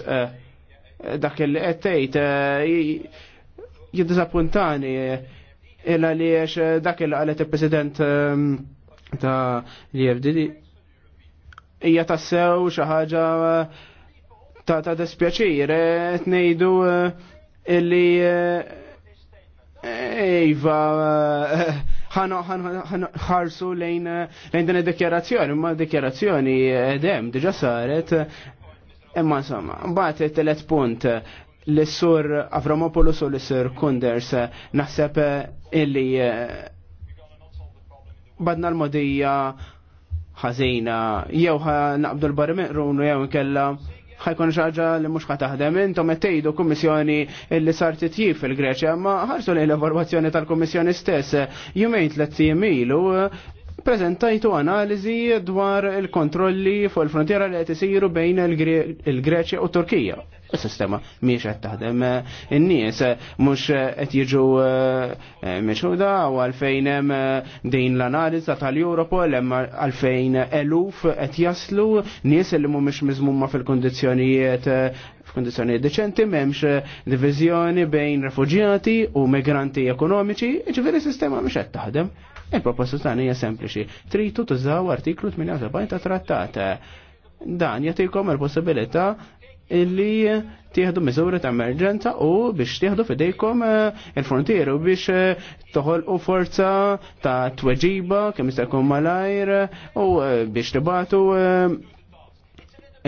dak li qed tgħid eh, jiddiżappuntani eh, illa li eh, dak li qalet il-President ehm, ta' li fdd hija tassew xi ħaġa ta' ta' dispjaċir qed ngħidu illi Iva, ħarsu lejn din id-dikjerazzjoni, ma dikjerazzjoni edem, diġa saret Imma insomma, mbagħad it-telet punt l-sur Avramopoulos u l-sur Kunders naħseb eh, illi eh, badna l-modija ħażina jew naqbdu l-barrimet runu jew inkella ħajkun xaġa li mhux ħa taħdem intom qed tgħidu kummissjoni li sar titjib fil-Greċja, ma ħarsu lejn l-evalwazzjoni tal-Kummissjoni stess jumejn tliet ilu prezentajtu analiżi dwar il-kontrolli fuq il-frontiera li qed isiru bejn il-Greċja u Turkija. Is-sistema miex qed taħdem in-nies mhux qed jiġu eh, miċuda u għalfejn hemm eh, din l-analiża tal-Europol hemm għalfejn eluf qed jaslu nies li mhumiex miżmumma fil kundizzjonijiet eh, f'kondizjoni deċenti, memx divizjoni bejn refugjati u migranti ekonomiċi, ġveri sistema mhux qed taħdem. Il-proposta tagħna hija sempliċi. Tritu tużaw artiklu 78 ta' trattat. Dan jagħtikom il-possibilità illi tieħdu miżuri ta' emerġenza u biex tieħdu fidejkom eh, il-frontieru biex eh, toħolqu forza ta' tweġiba kemm jista' jkun malajr u eh, biex tibatu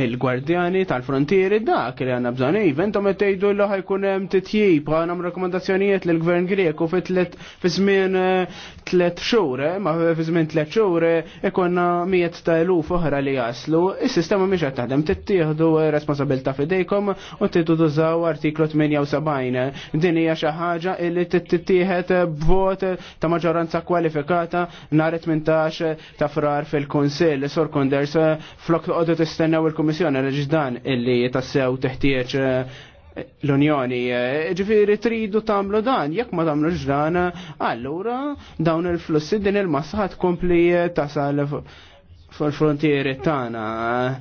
il-gwardjani tal-frontieri dak li għanna bżon even iva, tom tgħidu l ħajkun hemm titjib għandhom rakkomandazzjonijiet lill gvern Grieku fi tlet fi eh, xhur, eh, ma fi żmien tlet xhur eh, ikonna miet ta' eluf oħra li jaslu. Is-sistema mhix qed taħdem tittieħdu responsabilità fidejkom u tidu tużaw artiklu 78. Din hija xi ħaġa li tittieħed b'vot ta' maġġoranza kwalifikata nhar 18 ta' frar fil konsil Sur Kunders flok qogħdu tistennew il il għal reġisdan illi tassew teħtieġ eh, l-Unjoni. Eh, ġifiri tridu tamlu dan, jekk ma tamlu ġdan, allura dawn il-flussi din il-massa kompli eh, tasal fil-frontieri tana.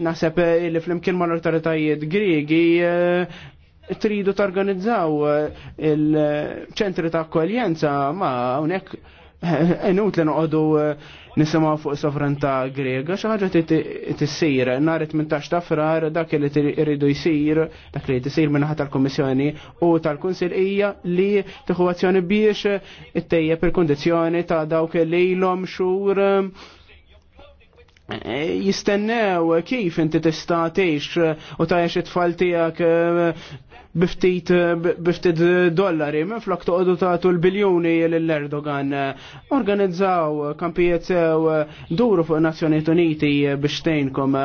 Naseb li fl-imkien ma l-autoritajiet Grigi tridu t-organizzaw il-ċentri ta' akkoljenza ma' unek Enut li noqogħdu eh, nisimgħu fuq sovranta Grega, xi ħaġa tissir nar 18 ta' frar dak li iridu jsir, dak li tisir minnaħat tal-Kummissjoni u tal-Kunsil hija li t-ħu azzjoni biex t-tejja il-kundizzjoni ta' dawk li l-om xhur eh, jistennew kif inti tista' tgħix u ta' it-tfal tiegħek eh, biftit biftit dollari minn flok toqgħodu tagħtu l-biljuni l-Erdogan. Organizzaw kampijiet sew duru fuq Nazzjonijiet Uniti biex tgħinkom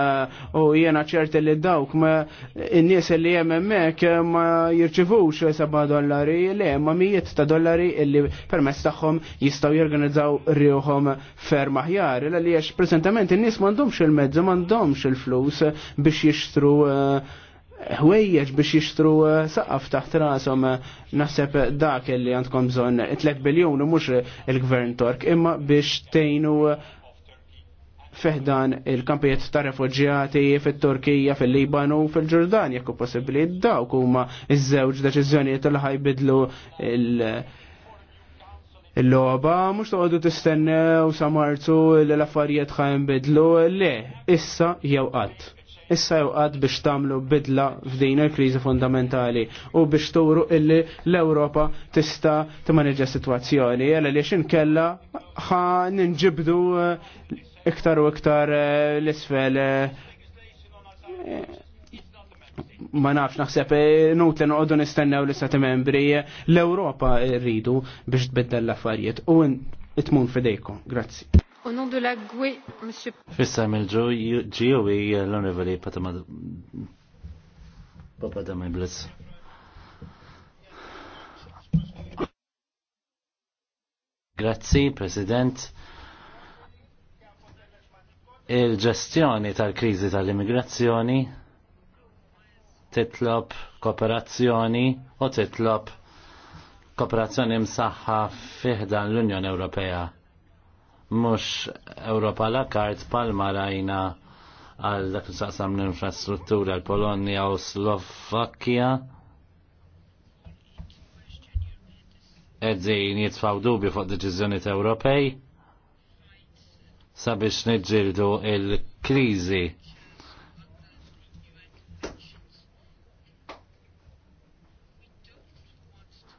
u jiena ċerti li dawk ma n-nies li hemm hemmhekk ma jirċivux 7 dollari le ma mijiet ta' dollari illi permess tagħhom jistgħu jorganizzaw rieħhom ferm aħjar għaliex preżentament in-nies m'għandhomx il-mezzi m'għandhomx il-flus biex jixtru uh, ħwejjeġ biex jixtru eh, saqaf taħt rasom eh, naħseb dak li għandkom bżon 3 biljon u mux il-gvern Tork imma biex tejnu eh, feħdan il-kampijiet ta' refugjati fit-Turkija, fil-Libanu, fil-Ġordan, jekku possibli dawk huma iż-żewġ deċiżjonijiet li ħajbidlu il-loba, mux toqgħodu tistennew sa marzu l-affarijiet ħajnbidlu, le, issa jew qatt issa jewqat biex tagħmlu bidla f'din il-kriżi fundamentali u biex turu illi l-Ewropa tista timaneġġa sitwazzjoni għal li inkella ħa ninġibdu eh, iktar u iktar eh, l-isfel eh, ma nafx naħseb nut li noqogħdu nistennew li stati membri l-Ewropa rridu biex tbiddel l-affarijiet u tmun fidejkom. Grazzi. Au nom ġiwi e, e, e, l-onorevoli Patamad... Papadamaj Blitz. Grazzi, President. Il-ġestjoni tal-krizi tal-immigrazzjoni titlob kooperazzjoni u titlob kooperazzjoni msaħħa fiħdan l-Unjoni Ewropea mux Europa la kart palma rajna għal dak saqsam l-infrastruttura l-Polonja u Slovakkja. Edzin jitfaw dubju fuq deċiżjoni Ewropej sabiex nġildu il-krizi.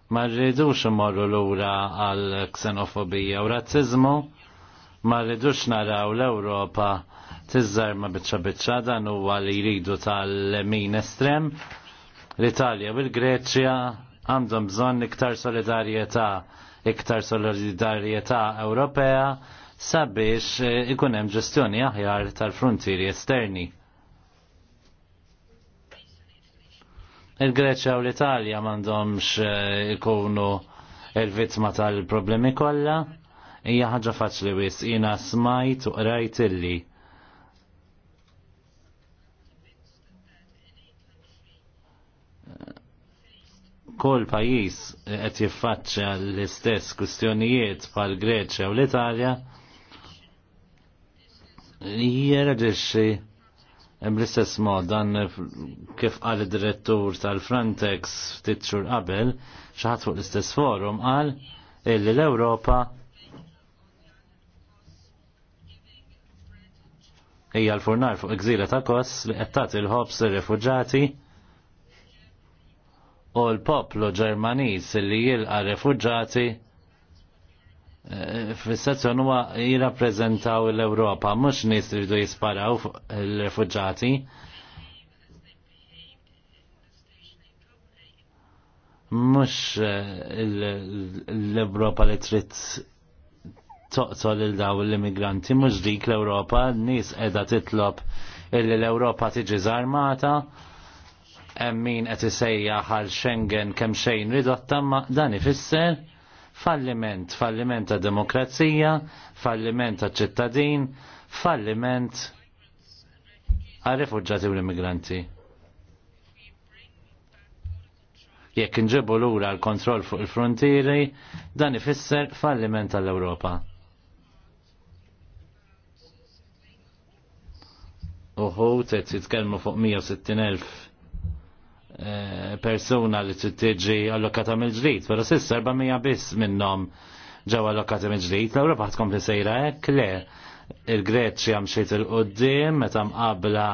Ma rridux l lura għal ksenofobija u razzizmu ma rridux naraw l-Ewropa ma' biċċa biċċa dan huwa li jridu tal-min estrem. L-Italja u l-Greċja għandhom bżonn iktar solidarjetà, iktar solidarjetà Ewropea sabiex eh, ikun hemm ġestjoni aħjar tal-frontieri esterni. Il-Greċja u l-Italja m'għandhomx eh, ikunu il-vittma tal-problemi kollha hija ħaġa faċli wis jiena smajt u qrajt illi. Kol pajis qed jiffaċċja l-istess kwistjonijiet bħal Greċja u l-Italja jirreġixxi bl-istess mod dan kif qal id-direttur tal-Frontex ftit qabel xi ħadd fuq l-istess forum qal illi l-Ewropa hija l-furnar fuq gżira ta' kos li qed il ħobs ir-refuġati u l-poplu Ġermaniż li jilqa' refuġati eh, fis-sezzjon huwa jirrappreżentaw l-Ewropa, mhux nies iridu jisparaw fuq il-refuġati. Mhux eh, l-Ewropa li trid toqtol il daw l-immigranti mhux dik l-Ewropa, n-nies qiegħda titlob illi l-Ewropa tiġi żarmata, hemm min qed isejjaħ għal Schengen kemm xejn ridotta ma dan ifisser falliment, falliment ta' demokrazija, falliment ta' ċittadin, falliment għal rifugġati u l-immigranti. Jekk nġibu lura l-kontroll fuq il-frontieri, dan ifisser falliment tal-Ewropa. uħu t titkellmu fuq 160.000 eh, persuna li t-tiġi allokata mill-ġdid, pero sissa 400 biss minnom ġaw allokata mill-ġdid, l-Ewropa li sejra hekk le il-Greċja xiet il-qoddim meta mqabla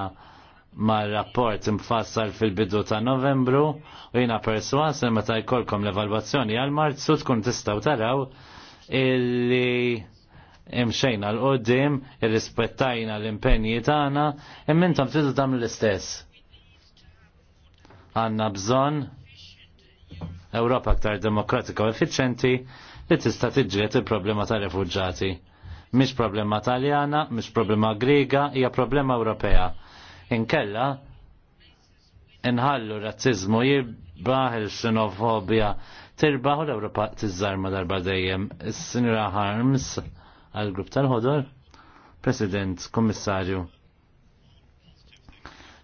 ma' rapport mfassal fil-bidu ta' novembru u jina perswas meta jkollkom l-evalwazzjoni għal-marzu tkun tistaw taraw illi imxejna l-qoddim, irrispettajna l-impenji tagħna, immintom tridu tam l-istess. Għanna bżonn Ewropa aktar demokratika u effiċenti li tista' tiġġiet il-problema tal-refuġġati. Mhix problema Taljana, mhix problema Griega, hija problema Ewropea. Inkella inħallu razzizmu jibbaħ il-xenofobja tirbaħ l-Ewropa tiżżarma darba dejjem. Is-Sinjura Harms għal grupp tal-ħodor, President, Kommissarju.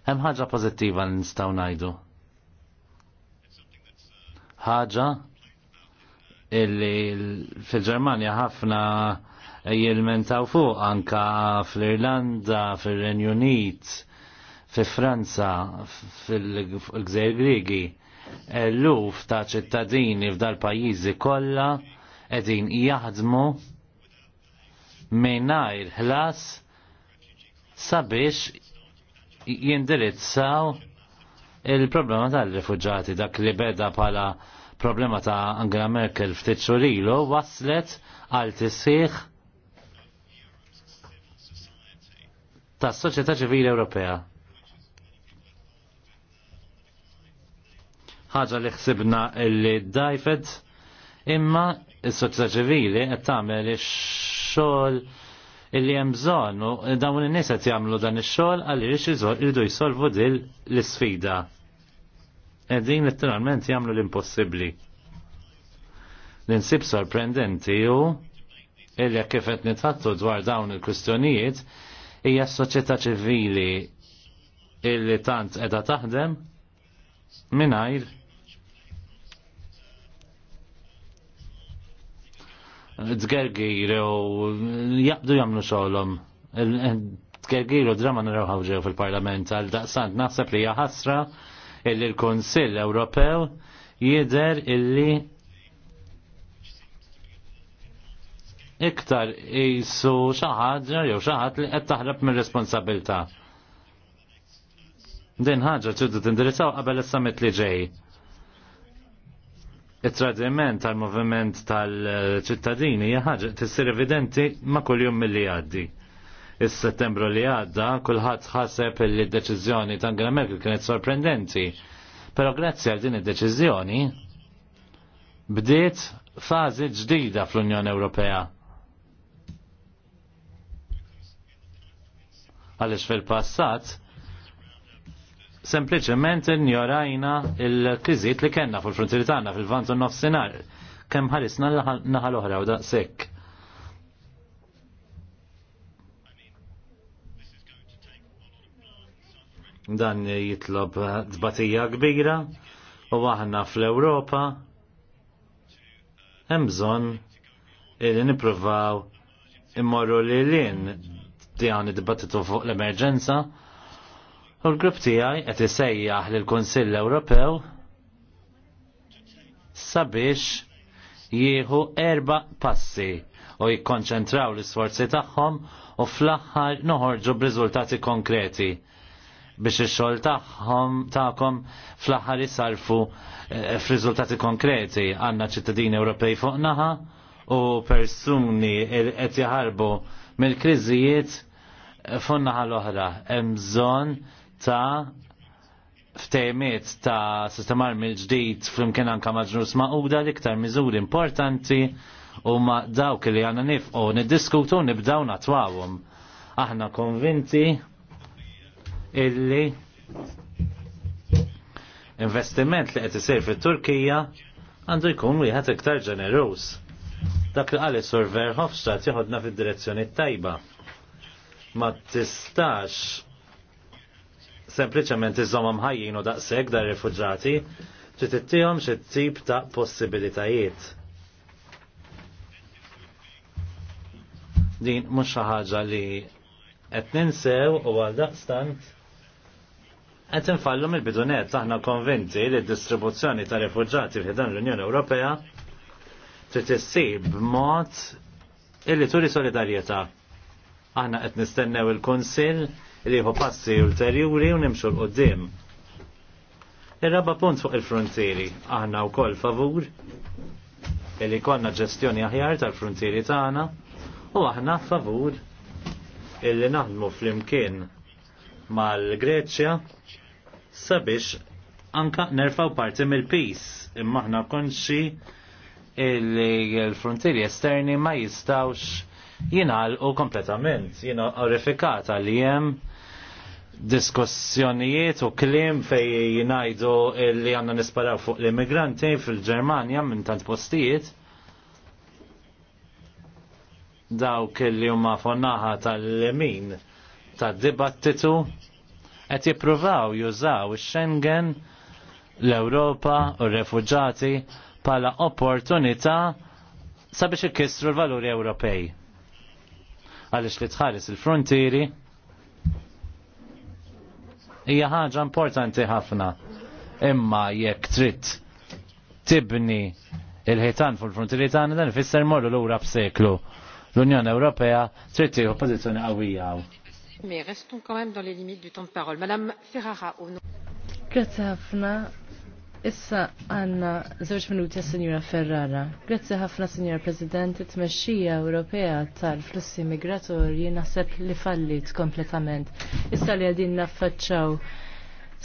Hemm ħaġa pożittiva li nistgħu ngħidu. Ħaġa illi fil-Ġermanja ħafna jilmentaw fuq anka fl-Irlanda, fil-Renju Unit, fil Franza, fil-Gżejjer Griegi. Eluf ta' ċittadini f'dal pajjiżi kollha qegħdin jaħdmu mingħajr ħlas sabiex jindirizzaw il-problema tal-rifugġati dak li beda pala problema ta' Angela Merkel ftit xurilu waslet għal tisħiħ ta' soċjetà ċivili Ewropea. ħaġa li ħsibna li dajfed imma il soċjetà ċivili qed tagħmel ix xogħol illi hemm bżonn u dawn in-nies qed jagħmlu dan ix-xogħol għaliex iridu jsolvu dil l-isfida. Qegħdin letteralment jagħmlu l-impossibbli. L-insib sorprendenti hu illi kif qed nitħattu dwar dawn il-kwistjonijiet hija s-soċjetà ċivili illi tant qiegħda taħdem mingħajr tgergiru jaqdu jagħmlu xogħolhom. Tgergiru drama nara uħawġew fil-Parlament għal daqsant naħseb li hija ħasra illi l-Kunsill Ewropew jidher illi iktar jisu xaħġa jew xaħat li qed taħrab minn responsabilta. Din ħaġa t tindirizzaw qabel is-summit li ġej it-tradiment tal-moviment tal-ċittadini jaħħaġa tissir evidenti ma' kuljum milli għaddi. Is-settembru li għadda kulħadd ħaseb li d-deċiżjoni ta' Angela Merkel kienet sorprendenti. Però grazzi għal din id-deċiżjoni bdiet fażi ġdida fl-Unjoni Ewropea. Għaliex fil-passat sempliċement injorajna il-kriżiet li kellna fuq frontiri tagħna fil-vant u nofsinhar kemm ħarisna naħal oħra u daqshekk. Dan jitlob dbatija kbira u aħna fl-Ewropa hemm bżonn li nippruvaw immorru lil lin dan id-dibattitu fuq l-emerġenza U l-grupp tiegħi qed isejjaħ lill kunsill Ewropew sabiex jieħu erba passi u jikkonċentraw l-isforzi tagħhom u fl-aħħar noħorġu b'riżultati konkreti biex ix-xogħol tagħhom tagħkom fl-aħħar isarfu eh, f'riżultati konkreti għandna ċittadini Ewropej fuq naħa u persuni qed jaħarbu mill-kriżijiet fuq naħa l-oħra hemm bżonn ta' ftejmiet ta' sistemar mill-ġdid flimkien anka ġnus maquda l-iktar miżuri importanti u ma' dawk li għana nifqu niddiskutu nibdaw natwawhom. Aħna konvinti illi investiment li qed isir fit-Turkija għandu jkun wieħed iktar ġeneruż. Dak li qalis Sur Verhofstadt joħodna fid-direzzjoni tajba. Ma tistax sempliċement iżomhom ħajjin u daqshekk dar rifuġati ġiet ittihom xi tip ta' possibilitajiet. Din mhux xi ħaġa li qed ninsew u għal daqstant qed infallu mill-bidunet aħna konvinti li d-distribuzzjoni ta' rifuġati f'dan l-Unjoni Ewropea trid issib b'mod illi turi solidarjetà. Aħna qed nistennew il-Kunsill rieħu passi ulterjuri u nimxu l-qoddim. Ir-raba punt fuq il-frontieri, aħna u koll favur, illi konna ġestjoni aħjar tal-frontieri tagħna u aħna favur illi naħdmu fl-imkien mal-Greċja sabiex anka nerfaw parti mill-pis imma aħna konxi illi l-frontieri esterni ma jistawx jinal u kompletament jina orifikata li jem diskussjonijiet u klim fej jinajdu li għanna nisparaw fuq l-immigranti fil ġermania minn tant postijiet dawk li huma fonnaħa tal-lemin tad-dibattitu qed jippruvaw jużaw ix-Schengen l-Ewropa u r-refuġati pala opportunità sabiex ikissru l-valuri Ewropej. Għaliex li tħares il-frontieri hija ħaġa importanti ħafna. Imma jekk trid tibni il-ħitan fuq il-frontieri tagħna dan ifisser morru lura b'seklu. L-Unjoni Ewropea trid tieħu pożizzjoni qawwija. Mais restons quand même dans les limites du temps de parole. Madame Ferrara, au nom. Grazie ħafna Issa għanna zewġ minuti Sinjura Ferrara. Grazzi ħafna Sinjura President, it-tmexxija Ewropea tal-flussi migratorji naħseb li fallit kompletament. Issa li għadin naffaċċaw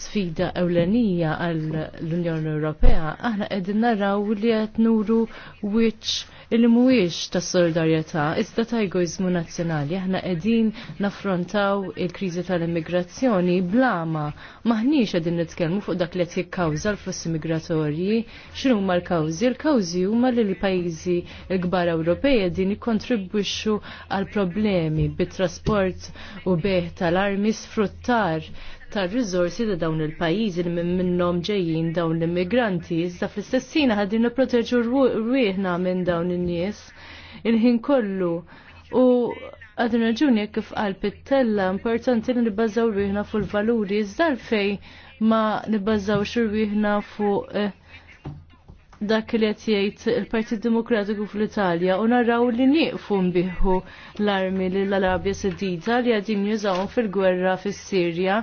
sfida ewlenija għall unjoni Ewropea, aħna qegħdin naraw li qed nuru wiċċ il mhuwiex ta' solidarjetà iżda ta' egoizmu nazzjonali. Aħna qegħdin naffrontaw il-kriżi tal-immigrazzjoni blama maħniex edin nitkellmu fuq dak li qed jikkawża l-flussi migratorji, xinu ma' l-kawżi? Il-kawżi huma li l-pajjiżi l-kbar Ewropej edin jikkontribwixxu għal problemi bit-trasport u beħ tal-armi sfruttar tar rizorsi ta' dawn il-pajjiżi li minnhom ġejjin dawn l-immigranti, iżda fl-istess ħin ħadin nipproteġu rwieħna minn dawn in-nies il-ħin kollu. U għadna raġuni kif għal pittella importanti li nibbażaw rwieħna fuq il-valuri iżda fej ma nibbażawx rwieħna fuq eh, dak li qed jgħid il-Partit Demokratiku fl-Italja u naraw li nieqfu nbiħu l-armi lill arabja Sedita li qegħdin jużawhom fil-gwerra fis-Sirja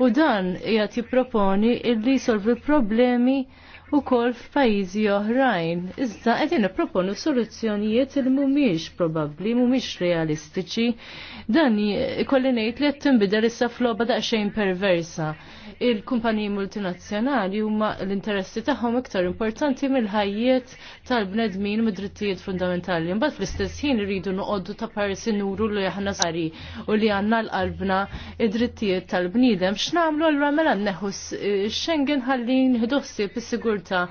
u dan qiegħed jipproponi illi jsolvi problemi problemi u kol f'pajizi oħrajn. Iżda għedin proponu soluzzjonijiet li mhumiex probabbli, mhumiex realistiċi. Dan ikolli ngħid li qed tinbidel issa floba daqsxejn perversa. Il-kumpaniji multinazzjonali huma l-interessi tagħhom iktar importanti mill-ħajjiet tal-bnedmin mid-drittijiet fundamentali. Mbagħad fl-istess ħin iridu noqogħdu ta' parsi nuru li aħna sari u li għandna l-qalbna id-drittijiet tal-bniedem. X'namlu allura mela neħu Schengen ħallin nħidossi bis-sigur sigurtà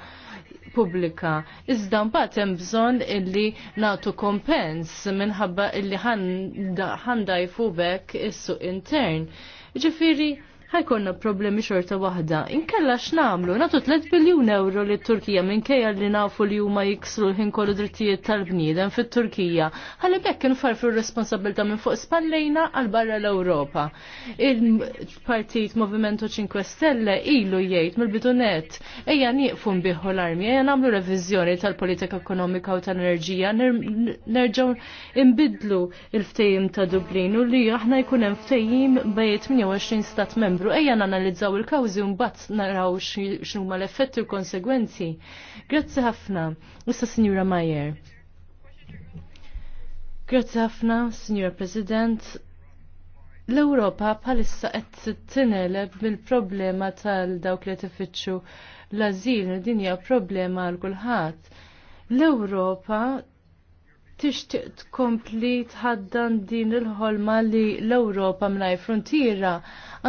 pubblika. Iżda mbagħad hemm bżonn illi nagħtu kompens minħabba illi ħandajfu bekk is-suq intern. Ġifieri ħajkonna problemi xorta waħda. Inkella x'namlu, natu 3 biljun euro li Turkija minkejja li nafu li huma jikslu ħin kollu drittijiet tal-bniedem fit-Turkija. Ħalli bekk infarfu r-responsabilta minn fuq spallejna għal barra l-Ewropa. Il-partit Movimento 5 Stelle ilu jgħid mill-bidunet ejja nieqfu nbiħu l-armi, ejja nagħmlu reviżjoni tal-politika ekonomika u tal-enerġija, nerġgħu imbidlu il-ftejim ta' Dublin u li aħna jkun hemm ftejim bejn 28 stat membri membru ejja nanalizzaw il-kawżi un mbagħad naraw x'huma l-effetti u l-konsegwenzi. Grazzi ħafna. Issa Signora Majer. Grazzi ħafna, Signora President. L-Ewropa bħalissa qed tineleb mill-problema tal-dawk li tifittxu l-azil, din hija problema għal kulħadd. L-Ewropa tixtieq tkompli tħaddan din il-ħolma li l-Ewropa mingħajr frontiera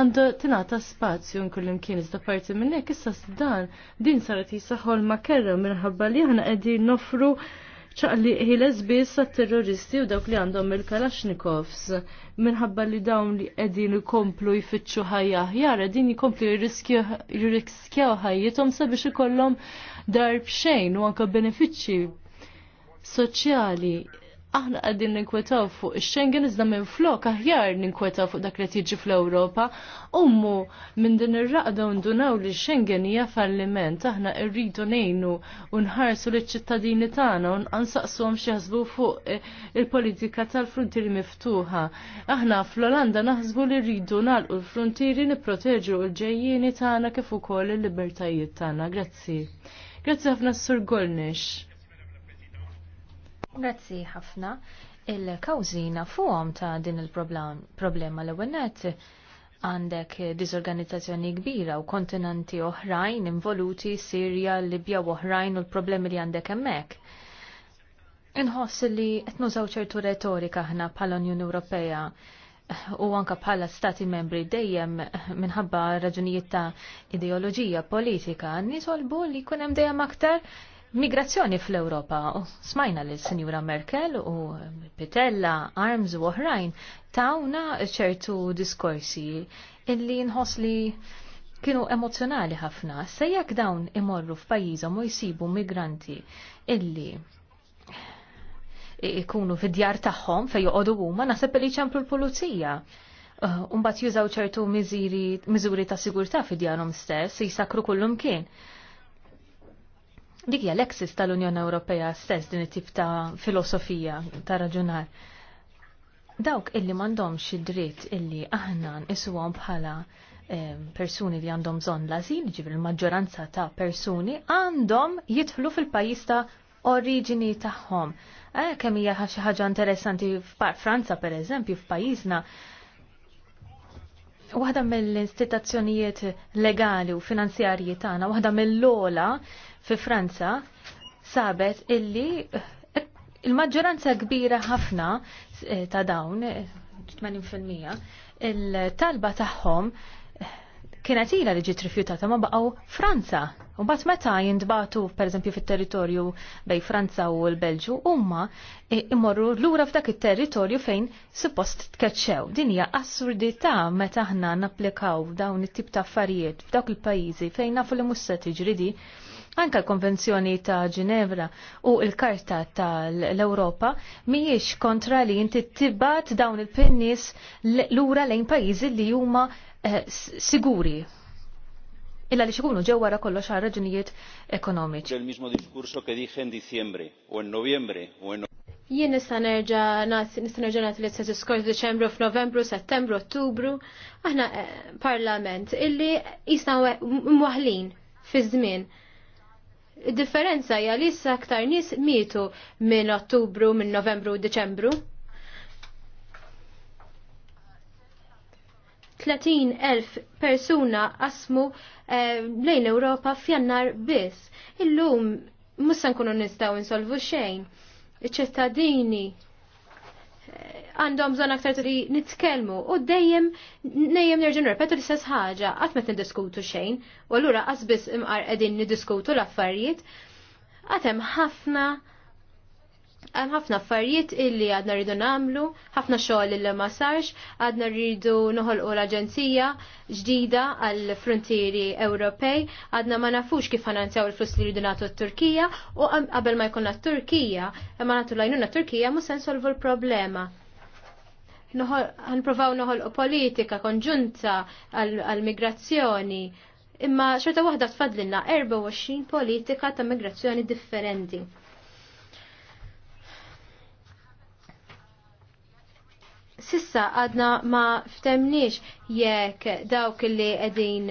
għandu tingħata spazju nkun imkien iżda parti minn hekk issa dan din saret jisa ħolma kerra minħabba li aħna qegħdin nofru ċaqli ħiles biss għat-terroristi u dawk li għandhom il-Kalashnikovs minħabba li dawn li qegħdin ikomplu jfittxu ħajja aħjar qegħdin jkomplu jirriskjaw ħajjithom sabiex ikollhom darb xejn u anke benefiċċji soċjali aħna għaddin ninkwetaw fuq Schengen iżda minn flok aħjar ninkwetaw fuq dak li tiġi fl-Ewropa. Ummu minn din ir-raqda ndunaw li Schengen hija falliment, aħna rridu ngħinu u nħarsu liċ-ċittadini tagħna u nqansaqshom xi ħasbu fuq eh, il-politika tal-frontieri miftuħa. Aħna fl-Olanda naħsbu li rridu nagħlqu l-frontieri nipproteġu l-ġejjieni tagħna kif ukoll il-libertajiet tagħna. Grazzi. Grazzi ħafna Sur Golnish. Grazzi ħafna. Il-kawżina fuqhom ta' din il-problema l-ewwel għandek diżorganizzazzjoni kbira u kontinenti oħrajn involuti Sirja, Libja u oħrajn u l-problemi li għandek hemmhekk. Inħoss li qed nużaw ċertu retorika aħna bħala Unjoni Ewropea u anka bħala stati membri dejjem minħabba raġunijiet ta' ideoloġija politika nisolbu li jkun hemm dejjem aktar migrazzjoni fl-Europa. Smajna li sinjura Merkel u Pitella, Arms u oħrajn tawna ċertu diskorsi illi nħos li kienu emozjonali ħafna. Sejjak dawn imorru f'pajjiżhom u jsibu migranti illi ikunu fid-djar tagħhom fejn joqogħdu huma naħseb li ċemplu l-pulizija. Umbat uh, jużaw ċertu miżuri ta' sigurtà fid-djarhom stess, jisakru kullum kien. Dik hija l-eksis tal-Unjoni Ewropea stess din it-tip ta' filosofija ta' raġunar. Dawk illi m'għandhomx id-dritt illi aħna nqisuhom bħala persuni li għandhom bżonn l-azil, ġibri l maġġoranza ta' persuni għandhom jidħlu fil-pajjiż ta' oriġini tagħhom. Eh, kemm hija xi ħaġa interessanti f'Franza pereżempju f'pajjiżna waħda mill istitazzjonijiet legali u finanzjarji tagħna, waħda mill-ola fi Franza sabet illi eh, il-maġġoranza kbira ħafna eh, ta' dawn, 80% eh, il-talba tagħhom kienet ila li ġiet rifjutata ma baqgħu Franza. U bat meta jindbatu pereżempju fit-territorju bej Franza u l-Belġu huma imorru lura f'dak it-territorju fejn suppost tkeċċew. Din hija assurdità meta aħna napplikaw dawn it-tip ta' affarijiet f'dawk il-pajjiżi fejn nafu li mhux se tiġridi. Anka l-Konvenzjoni ta' Ginevra u l-Karta tal-Europa miex kontra li inti tibat dawn il-pinnis l-ura lejn pajizi li huma eh, siguri. Illa li xikunu ġew wara kollox għal raġunijiet ekonomiċi. Il mismo diskurso ke dije in diciembre o in novembre o in Jien nista' nerġa' nagħti li se skors Deċembru f'Novembru, Settembru, Ottubru, aħna eh, parlament illi jisna mwaħlin fi żmien. Differenza hija li issa aktar nies mietu minn Ottubru, minn Novembru u Deċembru. 30.000 persuna qasmu eh, lejn Ewropa f'jannar biss. Illum se nkunu nistgħu insolvu xejn. Iċ-ċittadini għandhom bżonn aktar li nitkellmu u dejjem nejjem nerġa' nirrepetu li istess ħaġa qatt ma tindiskutu xejn u allura qas biss imqar qegħdin niddiskutu l-affarijiet għatem ħafna Hemm ħafna affarijiet illi għadna rridu nagħmlu, ħafna xogħol illi ma sarx, għadna rridu noħolqu l-Aġenzija ġdida għall frontieri Ewropej, għadna ma nafux kif finanzjaw il-flus li rridu nagħtu t-Turkija u qabel ma jkunna t-Turkija, imma nagħtu lajnuna t-Turkija mhux se nsolvu l-problema nprovaw noħol u politika konġunta għal-migrazzjoni. Imma xorta wahda tfadlinna 24 politika ta' migrazzjoni differenti. Sissa għadna ma ftemniex jekk dawk li qegħdin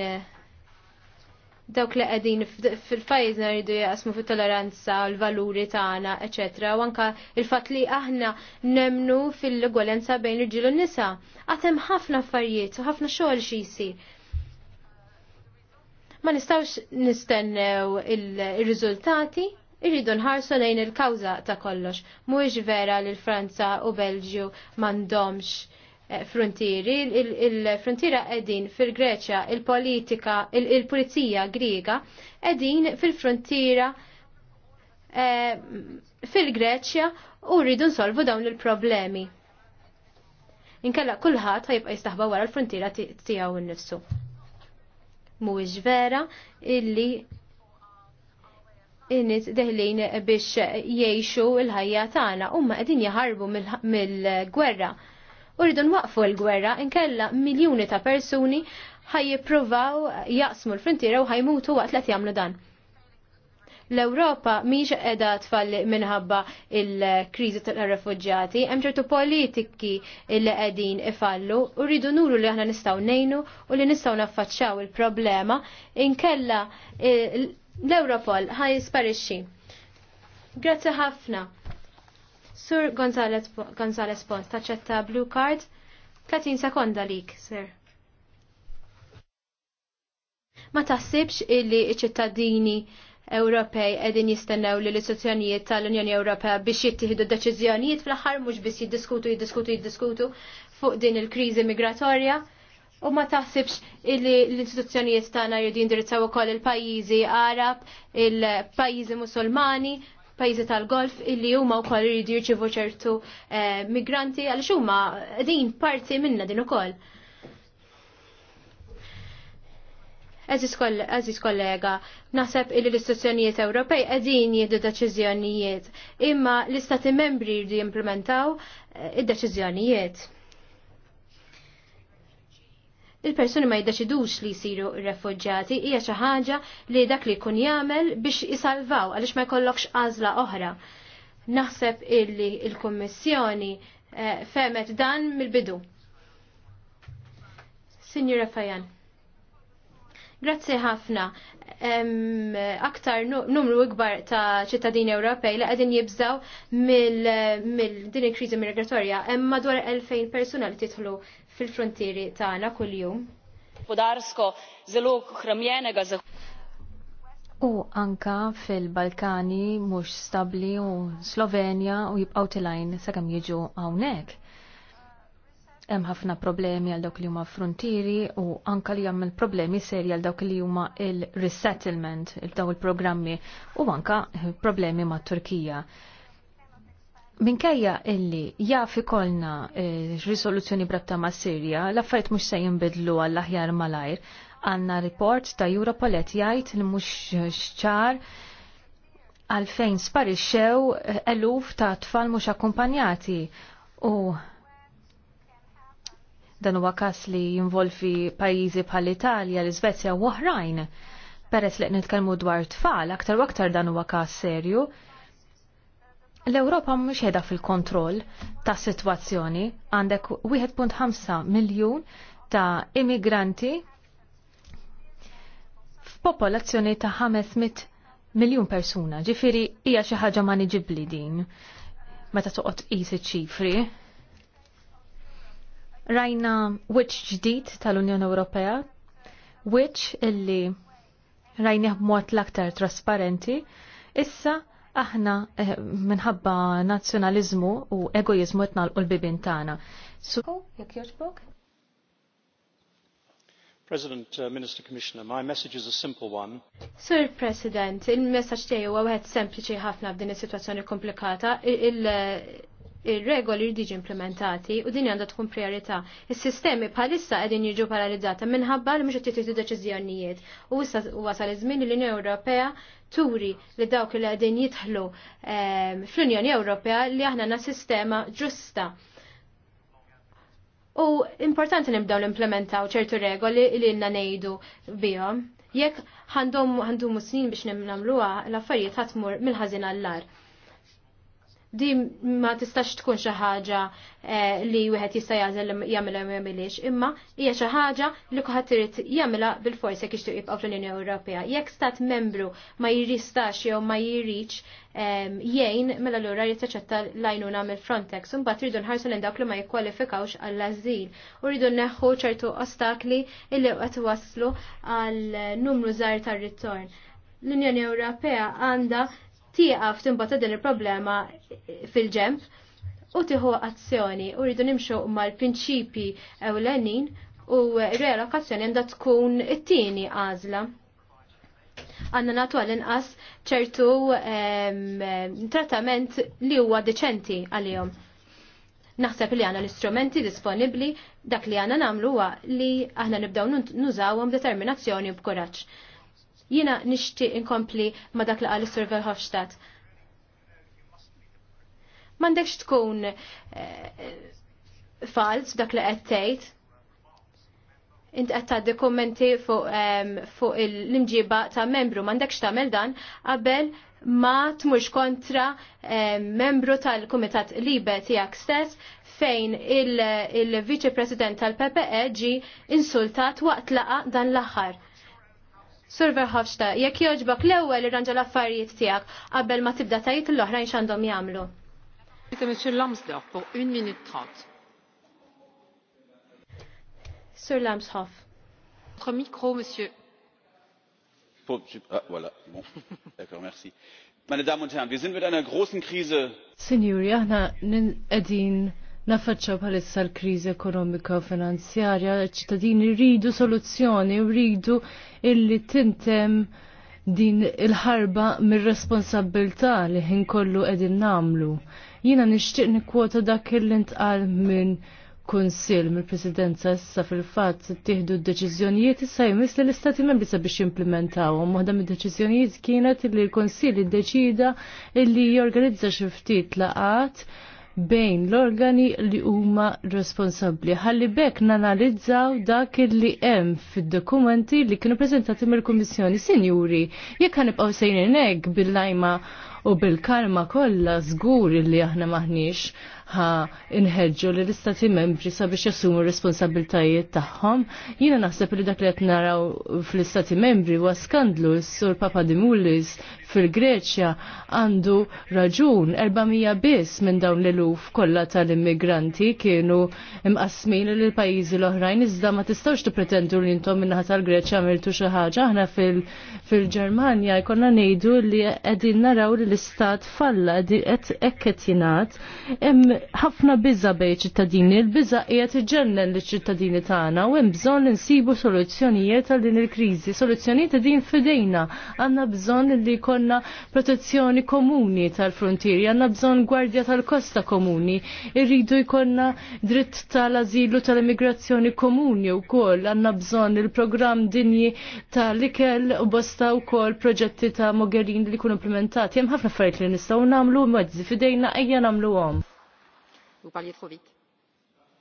dawk li qegħdin fil-pajjiżna naridu jaqsmu fit-toleranza u l-valuri tagħna, eċetera, u anka il-fatt li aħna nemnu fil gwalenza bejn irġiel u nisa. Għad hemm ħafna affarijiet u ħafna xogħol xi jsir. Ma nistgħux nistennew il-riżultati, il riżultati Irridu nħarsu lejn il-kawza ta' kollox. Mhuwiex vera li l-Franza u Belġju m'għandhomx eh, frontieri, il-frontiera qegħdin fil-Greċja, il-politika, il-pulizija Griega qegħdin fil-frontiera eh, fil-Greċja u rridu nsolvu dawn il-problemi inkella kullħat ħajibqa jistaħba wara l-frontiera tiegħu nnifsu. Mhuwiex vera illi inis deħlin biex jiexu il-ħajja tagħna huma qegħdin jaħarbu mill-gwerra. Uridu nwaqfu l-gwerra inkella miljuni ta' persuni ħajjippruvaw jaqsmu l-frontiera u ħajmutu waqt li jagħmlu dan. L-Ewropa mhix qiegħda tfalli minħabba il-kriżi tal refuġġjati hemm ċertu politiki li qegħdin ifallu, u rridu nuru li aħna nistgħu ngħinu u li nistgħu naffaċċaw il-problema inkella il L-Europol ħaj sparixxi. Grazzi ħafna. Sur Gonzales Pons taċċetta blue card. 30 sekonda lik, sir. Ma taħsibx illi ċittadini Ewropej edin jistennew li l-istituzzjonijiet tal-Unjoni Ewropea biex jittieħdu deċiżjonijiet fl-aħħar mhux biss jiddiskutu jiddiskutu jiddiskutu fuq din il-kriżi migratorja. U ma taħsibx illi l-istituzzjonijiet tagħna jridu jindirizzaw ukoll il-pajjiżi Arab, il-pajjiżi Musulmani, pajjiżi tal-Golf illi huma wkoll jridu jirċivu ċertu eh, migranti għaliex huma din parti minna din ukoll. Eżis kollega, naħseb illi l-istituzzjonijiet Ewropej qegħdin jiddu deċiżjonijiet, imma l-istati membri jridu jimplementaw eh, id-deċiżjonijiet il-persuni ma jiddeċidux li jisiru refugġati hija xi ħaġa li dak li jkun jagħmel biex isalvaw għaliex ma jkollokx għażla oħra. Naħseb illi il-Kummissjoni eh, femet dan mill-bidu. Signora Fajan. Grazzi ħafna. Aktar numru ikbar ta' ċittadini Ewropej li qegħdin jibżaw mill din il-kriżi migratorja hemm madwar 2000 persuna li titħlu fil-frontieri tagħna kuljum. Podarsko zelo ħramjenega U anka fil-Balkani mhux stabli u Slovenja u jibqgħu tilajn sakemm jiġu hawnhekk hemm ħafna problemi għal dawk li huma frontieri u anka li hemm problemi serji għal dawk li huma il-resettlement il daw il-programmi u anka problemi ma' Turkija. Minkejja illi jaf ikolna e, risoluzzjoni brabta ma' Sirja, l-affarijiet mhux se jinbidlu għall-aħjar malajr. għanna report ta' Europolet jgħid li mhux xċar għalfejn sparixxew eh, eluf ta' tfal mhux akkumpanjati u dan huwa każ li jinvolvi pajjiżi bħal Italja, l-Iżvezja u oħrajn. Peress li qed nitkellmu dwar tfal, aktar u aktar dan huwa każ serju, L-Europa mhux qiegħda fil-kontroll ta' sitwazzjoni għandek 1.5 miljun ta' immigranti f'popolazzjoni ta' 500 miljun persuna. Ġifieri hija xi ħaġa ma niġibli din meta toqgħod qis iċ-ċifri. Rajna wiċċ ġdid tal-Unjoni Ewropea, wiċċ illi rajnieh b'mod l-aktar trasparenti, issa aħna eh, minħabba nazjonalizmu u egoizmu qed nagħlqu l-bibin tana. So, jek jogħġbok? President, uh, Minister Commissioner, my message is a simple one. Sir President, il messaċ tiegħu huwa sempliċi ħafna f'din is-sitwazzjoni komplikata. Il ir-regoli li implementati u din għandha tkun priorità. Is-sistemi bħalissa qegħdin jiġu paralizzata minħabba li mhux qed jittieħdu deċiżjonijiet u issa wasal iż-żmien li l-Unjoni Ewropea turi li dawk li qegħdin jidħlu ehm, fl-Unjoni Ewropea li aħna għandna sistema ġusta. U importanti nibdaw l-implementaw ċertu regoli li għinna ngħidu bihom. Jekk għandhom għandhom snin biex nagħmluha, l-affarijiet ħatmur mill ħażin għall lar Di ma tistax tkun xi ħaġa eh, li wieħed jista' jagħżel jagħmilha jew jagħmilix, imma hija xi ħaġa li kulħadd irid jagħmilha bil-forsi jekk ixtieq jibqa' fl-Unjoni Ewropea. Jekk stat membru ma jiristax jew ma jiriċ jgħin mela lura jrid taċċetta għajnuna mill Frontex. Imbagħad ridu nħarsu lejn dawk li ma jikkwalifikawx għall-ażil u rridu neħħu ċertu ostakli li qed waslu għal numru żgħar tar-ritorn. L-Unjoni Ewropea għandha tieqaf timbata din il-problema fil-ġemp u tieħu azzjoni u rridu nimxu mal-prinċipi ewlenin u relokazzjoni għandha tkun it-tieni għażla għanna natu għal-inqas ċertu trattament li huwa deċenti għal-jom. Naħseb li għanna l-istrumenti disponibli, dak li għanna namlu huwa li għanna nibdaw nużawhom determinazzjoni u b'kuraġġ. Jiena nixtieq inkompli ma dak li qal is-Sur Verhofstadt. M'għandekx tkun eh, fals dak li qed tgħid. Int qed tgħaddi fuq l-imġiba ta' membru m'għandekx tagħmel dan qabel ma tmux kontra membru tal-Kumitat Libe tiegħek stess fejn il-Viċi President tal-PPE ġi insultat waqt laqa dan l-aħħar Sur Verhofsta, jekk joġbok l-ewwel irranġa l-affarijiet tiegħek qabel ma tibda tajt l-oħrajn x'għandhom jagħmlu. Monsieur Sur Lamshoff. Votre micro, monsieur. je, Ah, voilà, bon. D'accord, merci. Meine Damen und Herren, wir sind mit einer großen Krise. Signori, aħna qegħdin naffaċċaw bħalissa l-kriżi ekonomika u finanzjarja, ċittadini rridu soluzzjoni, rridu illi tintem din il-ħarba mir-responsabilità li ħin kollu qegħdin namlu. Jiena nixtieq nikkwota dak il-intqal minn konsil mill-presidenza issa fil-fatt tieħdu d-deċiżjonijiet issa jmiss li l-istati membri sabiex jimplementawhom. Waħda mid-deċiżjonijiet kienet li l-Kunsill iddeċida illi jorganizza xi ftit laqat bejn l-organi li huma responsabbli. Ħalli bekk nanalizzaw dak li hemm fid-dokumenti li kienu preżentati mill-Kummissjoni Sinjuri. Jekk ħanibqgħu sejnin hekk bil-lajma u bil karma kollha żgur li aħna maħniex ħa inħeġġu li l-istati membri sabiex jassumu responsabiltajiet tagħhom. Jiena naħseb li dak li qed naraw fl-istati membri huwa skandlu s-sur Papa Dimullis fil-Greċja għandu raġun 400 biss minn dawn l-eluf kollha tal-immigranti kienu imqasmin l pajjiżi l-oħrajn iżda ma tistgħux tippretendu li intom naħa tal-Greċja għamiltu xi ħaġa aħna fil-Ġermanja jkollna ngħidu li qegħdin naraw li l-istat falla qed hekk qed jingħad hemm ħafna bizza bej ċittadini, il bizza qiegħed iġennen liċ-ċittadini tagħna u hemm bżonn nsibu soluzzjonijiet għal din il-kriżi, soluzzjonijiet din fidejna. Għandna bżonn li jkollna protezzjoni komuni tal-frontieri, għandna bżonn gwardja tal-kosta komuni, irridu jkollna dritt tal-azilu tal-immigrazzjoni komuni wkoll, għandna bżonn il-programm dinji tal-ikel u bosta wkoll proġetti ta' Mogherini li jkunu implementati. Hemm ħafna fajt li nistgħu nagħmlu mezzi fidejna ejja nagħmluhom. Vous parliez trop vite.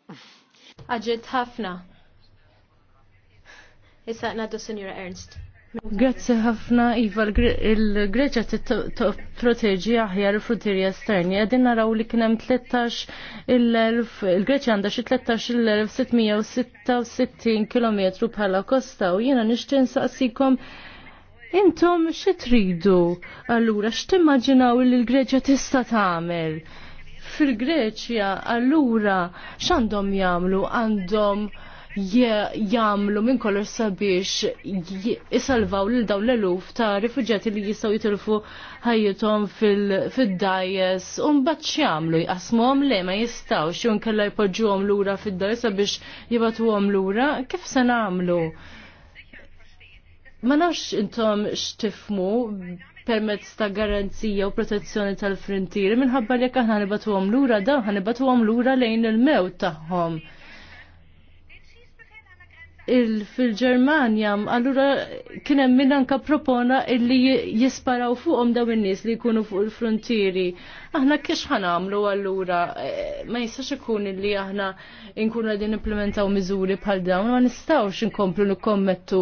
Aġent ħafna. Issa nadu Signora Ernst. Grazzi ħafna, Iva, il-Greċa t-proteġi aħjar il frutiri esterni. Għadin naraw li kienem 13, il-Greċa għanda xie 13.666 km bħala kosta u jena nishtin saqsikom intom xie tridu. Allura, x'timmaġinaw li il greċa tista' tagħmel? Ta fil-Greċja allura x'għandhom jagħmlu għandhom jamlu minn kollox sabiex jisalvaw lil dawn l-eluf ta' rifuġjati li jistgħu jitilfu ħajjithom fid-dajes u mbagħad jagħmlu, jqasmuhom le ma jistgħux jew inkella jpoġġuhom lura fid-dajes sabiex jibatuhom lura kif se nagħmlu? Ma nafx intom x'tifmu permezz ta' garanzija u protezzjoni tal frintiri minħabba li aħna ħanibatuhom lura dan ħanibatuhom lura lejn il-mewt tagħhom fil-Ġermanja, allura kien hemm min anke propona illi jisparaw fuqhom daw in-nies li jkunu fuq il-frontieri. Aħna kiex ħanamlu allura eh, ma jistax ikun illi aħna nkunu qegħdin implementaw miżuri bħal dawn ma nistgħux inkomplu nikkommettu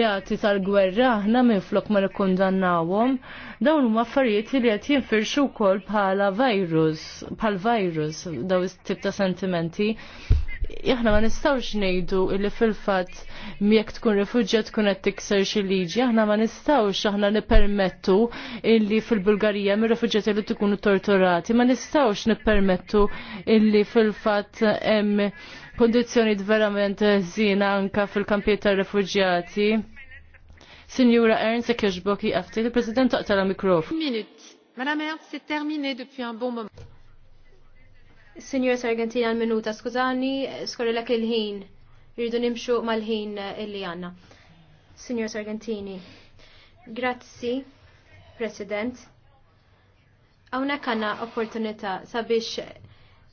reati tal-gwerra aħna minflok ma nikkundannawhom. Dawn huma affarijiet li qed jinfirxu wkoll bħala virus, bħal virus daw is-tip ta' sentimenti aħna ma nistawx ngħidu illi fil-fatt jekk tkun refuġġjat tkun qed tikser xi liġi, aħna ma nistawx aħna nippermettu illi fil-Bulgarija mir refuġġjati li tkunu torturati, ma nistawx nippermettu illi fil-fatt hemm kondizzjoni verament zina anka fil-kampijiet tar rifugġati. Signora Ernst, jekk jogħġbok jaqfti, il-President la mikrofon. Minut. Madame Ernst, c'est terminé depuis un bon moment. Signor Sargentina l-minuta, skużani, skorrelek il-ħin. Rridu nimxu mal-ħin illi għanna. Signor Sargentini, grazzi, President. Għawna kanna opportunita sabiex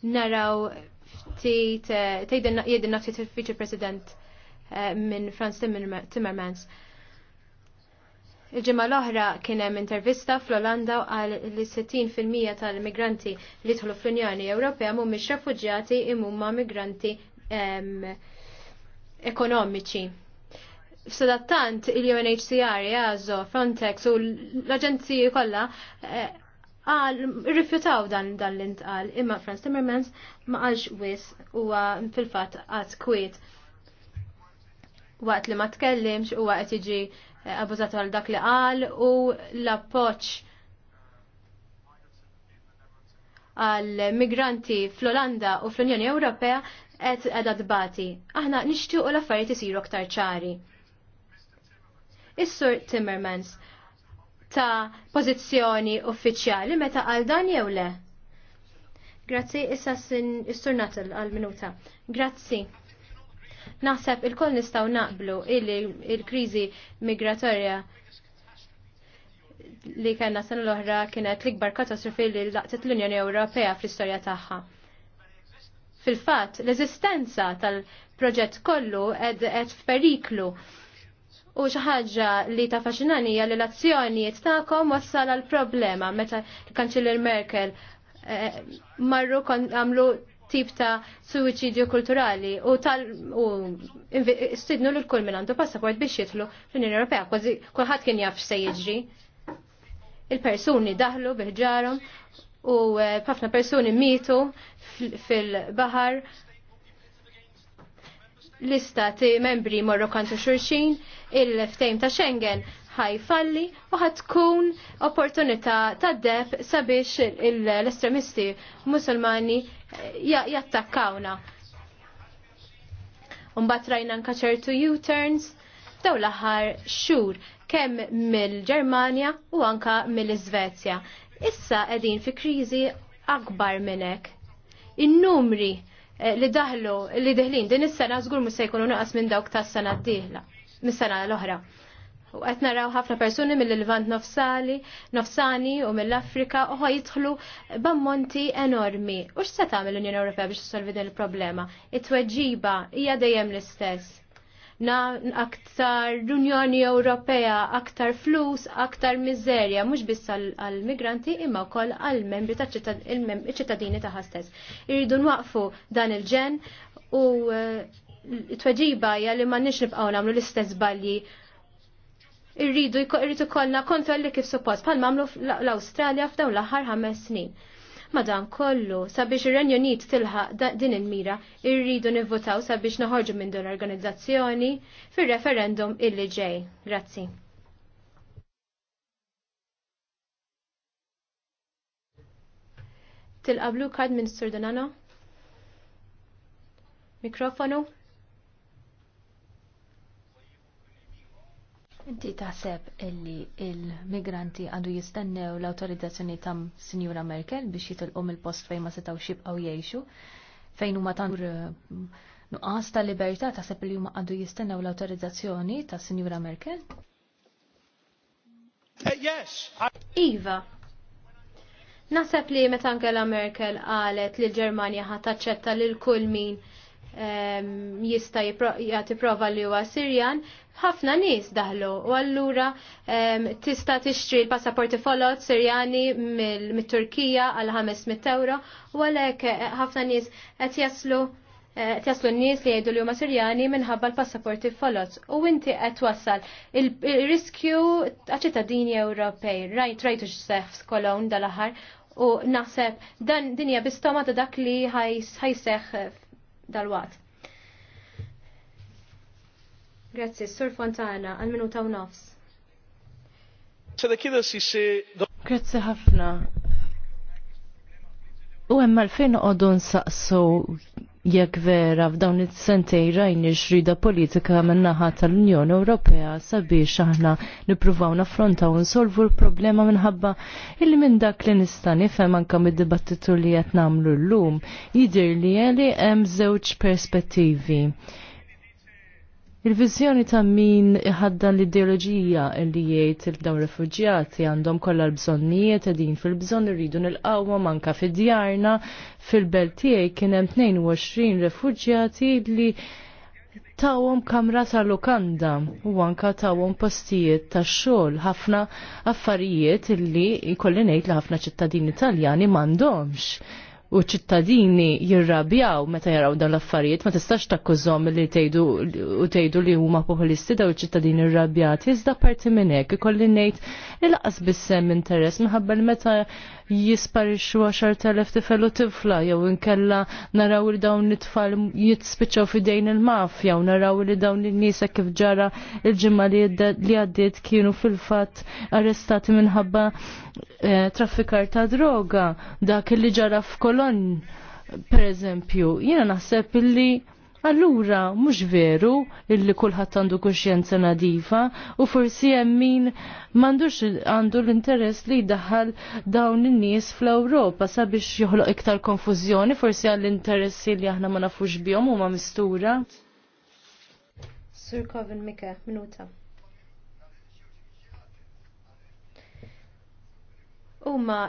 naraw ftit, jedin eh, naftit il future President eh, minn Franz Timmermans. Il-ġimgħa l-oħra kien hemm intervista fl-Olanda għal li 60% tal-migranti li jidħlu fl-Unjoni Ewropea mhumiex refuġjati imma migranti ekonomiċi. Sadattant il-UNHCR, jazzo e Frontex u l-aġenziji kollha eh, għal rifjutaw dan dan l-intqal imma Franz Timmermans ma għalx wis u fil-fatt għad kwit waqt li ma tkellimx u għat iġi abbużat għal dak li qal u l-appoġġ għal migranti fl-Olanda u fl-Unjoni Ewropea qed qiegħda Aħna nixtiequ l-affarijiet isiru aktar ċari. Is-Sur Timmermans ta' pożizzjoni uffiċjali meta għal dan jew le? Grazzi, issa sin is-Sur Natal għal minuta. Grazzi. Naħseb il-koll nistaw naqblu il-krizi migratorja li kena sena l-oħra kienet l-ikbar katastrofi li laqtet l-Unjoni Ewropea fl-istorja tagħha. Fil-fatt, l-eżistenza tal-proġett kollu qed f'periklu. U xi ħaġa li ta' faxinani hija l-azzjonijiet tagħkom wassal għal problema meta l-Kanċiller Merkel eh, marru kon għamlu tip ta' suicidio kulturali u tal u stidnu l kull minn għandu passaport biex jitlu fl-Unjoni Ewropea, kważi kulħadd kien jaf x'se jiġri. Il-persuni daħlu biħġarhom u eh, ħafna persuni mitu fil-baħar l-istati membri morru kantu xurxin il-ftejm ta' Schengen ħajfalli u ħatkun opportunità ta' deb sabiex l-estremisti musulmani eh, jattakkawna. Umbat rajna anka ċertu U-turns daw l-aħħar xhur kemm mill-Ġermanja u anka mill-Iżvezja. Issa qegħdin fi kriżi akbar minn hekk. In-numri eh, li daħlu li deħlin din is-sena żgur mhux se jkunu naqas minn dawk tas-sena d-dieħla, mis-sena l-oħra. U qed naraw ħafna persuni mill-Levant nofsali, nofsani u mill-Afrika u jidħlu b'ammonti enormi. U x'se tagħmel l-Unjoni Ewropea biex tissolvi din il-problema? It-tweġiba hija dejjem l-istess. Na aktar l-Unjoni Ewropea, aktar flus, aktar miżerja, mhux biss għall-migranti imma wkoll għall-membri ta' ċittadini ta' ħastess. Irridu nwaqfu dan il-ġen u t-tweġiba eh, hija li ma nix nibqgħu nagħmlu l-istess balji irridu irridu kollna kontrolli kif suppost bħal mamlu l-Awstralja f'dawn l-aħħar ħames snin. Madan kollu, sabiex ir-Renju Unit tilħaq din il-mira, irridu nivvotaw sabiex naħorġu minn din l-organizzazzjoni fir-referendum illi ġej. Grazzi. Tilqablu kad minn Sur Mikrofonu? Inti taħseb illi il-migranti għandu jistennew l-autorizzazzjoni ta' Sinjura Merkel biex jitilqu mill-post fejn ma setaw xibqaw jgħixu fejn huma tanur mm, nuqqas ta' libertà taħseb li huma għandu jistennew l-autorizzazzjoni ta' Sinjura Merkel? Eh, iva, Naħseb li meta Angela Merkel qalet li l-Ġermanja ħat taċċetta lil kull min jista jati prova li huwa Sirjan, ħafna nies daħlu u allura tista' tixtri l-passaporti folot Sirjani mit-Turkija għal 500 euro u għalhekk eh, ħafna nies qed jaslu eh, jaslu n-nies li jgħidu li huma Sirjani minħabba l-passaporti folot. U inti qed wassal il-riskju għaċ-ċittadini Ewropej, rajt rajtu x'seħħ f'Kolon dal-aħħar u naħseb dan dinja bistoma ta' dak li ħajseħ dal-wat. Grazzi, Sur Fontana, għal minuta u nofs. Grazzi ħafna. U hemm għalfejn għodun saqsu jekk vera f'dawn it-sentej rajni xrida politika minnaħa tal-Unjoni Ewropea sabiex aħna nippruvaw naffrontaw nsolvu l-problema minħabba illi minn dak li nista' nifhem anke mid-dibattitu li qed nagħmlu llum jidher li hemm żewġ perspettivi. Il-vizjoni ta' min iħaddan l-ideologija li jgħid il-dawn refugjati għandhom kollha l-bżonnijiet edin fil-bżonn irridu nil-qawwa manka fid-djarna fil-belt tiegħi kien hemm 22 refugjati li tawhom kamra ta' lokanda u anka tawhom postijiet ta' xogħol ħafna affarijiet li jkolli ngħid li ħafna ċittadini Taljani m'għandhomx u ċittadini jirrabjaw meta jaraw dan l-affarijiet, ma tistax takkużhom li tgħidu u tgħidu li huma populisti daw ċittadini irrabjati, iżda parti minn hekk ikolli ngħid li laqas bissem interess minħabba meta jisparixxu 10,000 tifel u tifla jew inkella naraw li dawn it-tfal jitspiċċaw f'idejn il-mafja u naraw li dawn in-nisa kif ġara il-ġimgħa li għaddiet kienu fil-fatt arrestati minħabba eh, traffikar ta' droga dak li ġara f'Kolon. per eżempju. Jiena naħseb illi Allura, mhux veru illi kulħadd għandu kuxjenza nadifa u forsi hemm min m'għandux għandu l-interess li jdaħħal dawn in-nies fl-Ewropa sabiex joħloq iktar konfużjoni forsi għall interess li aħna ma nafux bihom huma mistura. Sur Kovin Mika, minuta. Huma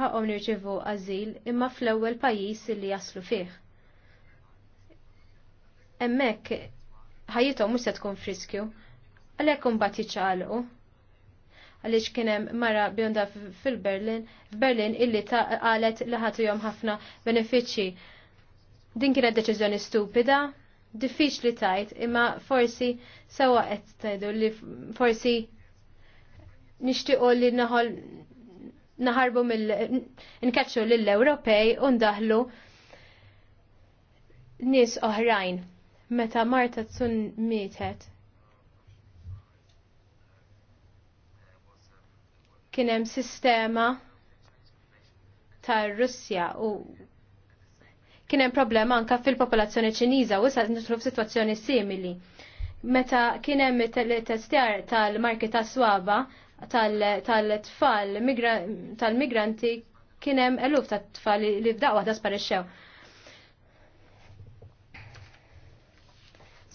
ħaqom nirċivu għażil imma fl-ewwel pajjiż li jaslu fih emmek ħajjithom mhux se tkun friskju. Għalhekk imbagħad jiċċaqalqu. Għaliex kien hemm mara bjonda fil-Berlin, f'Berlin illi qalet li jom ħafna benefiċċji. Din kienet deċiżjoni stupida, diffiċli tajt, imma forsi sawa għet tgħidu li forsi nixtiequ li naħol naħarbu mill nkaċċu lill-Ewropej u ndaħlu nies oħrajn meta Marta Tsun mietet. Kien hemm sistema tar Russja u kien hemm problema anke fil-popolazzjoni Ċiniża u issa nidħlu f'sitwazzjoni simili. Meta kien hemm it-testjar tal-marki ta' swaba tal-tfal tal-migranti kien hemm eluf tat tfal li bdaqwa ta' sparixxew.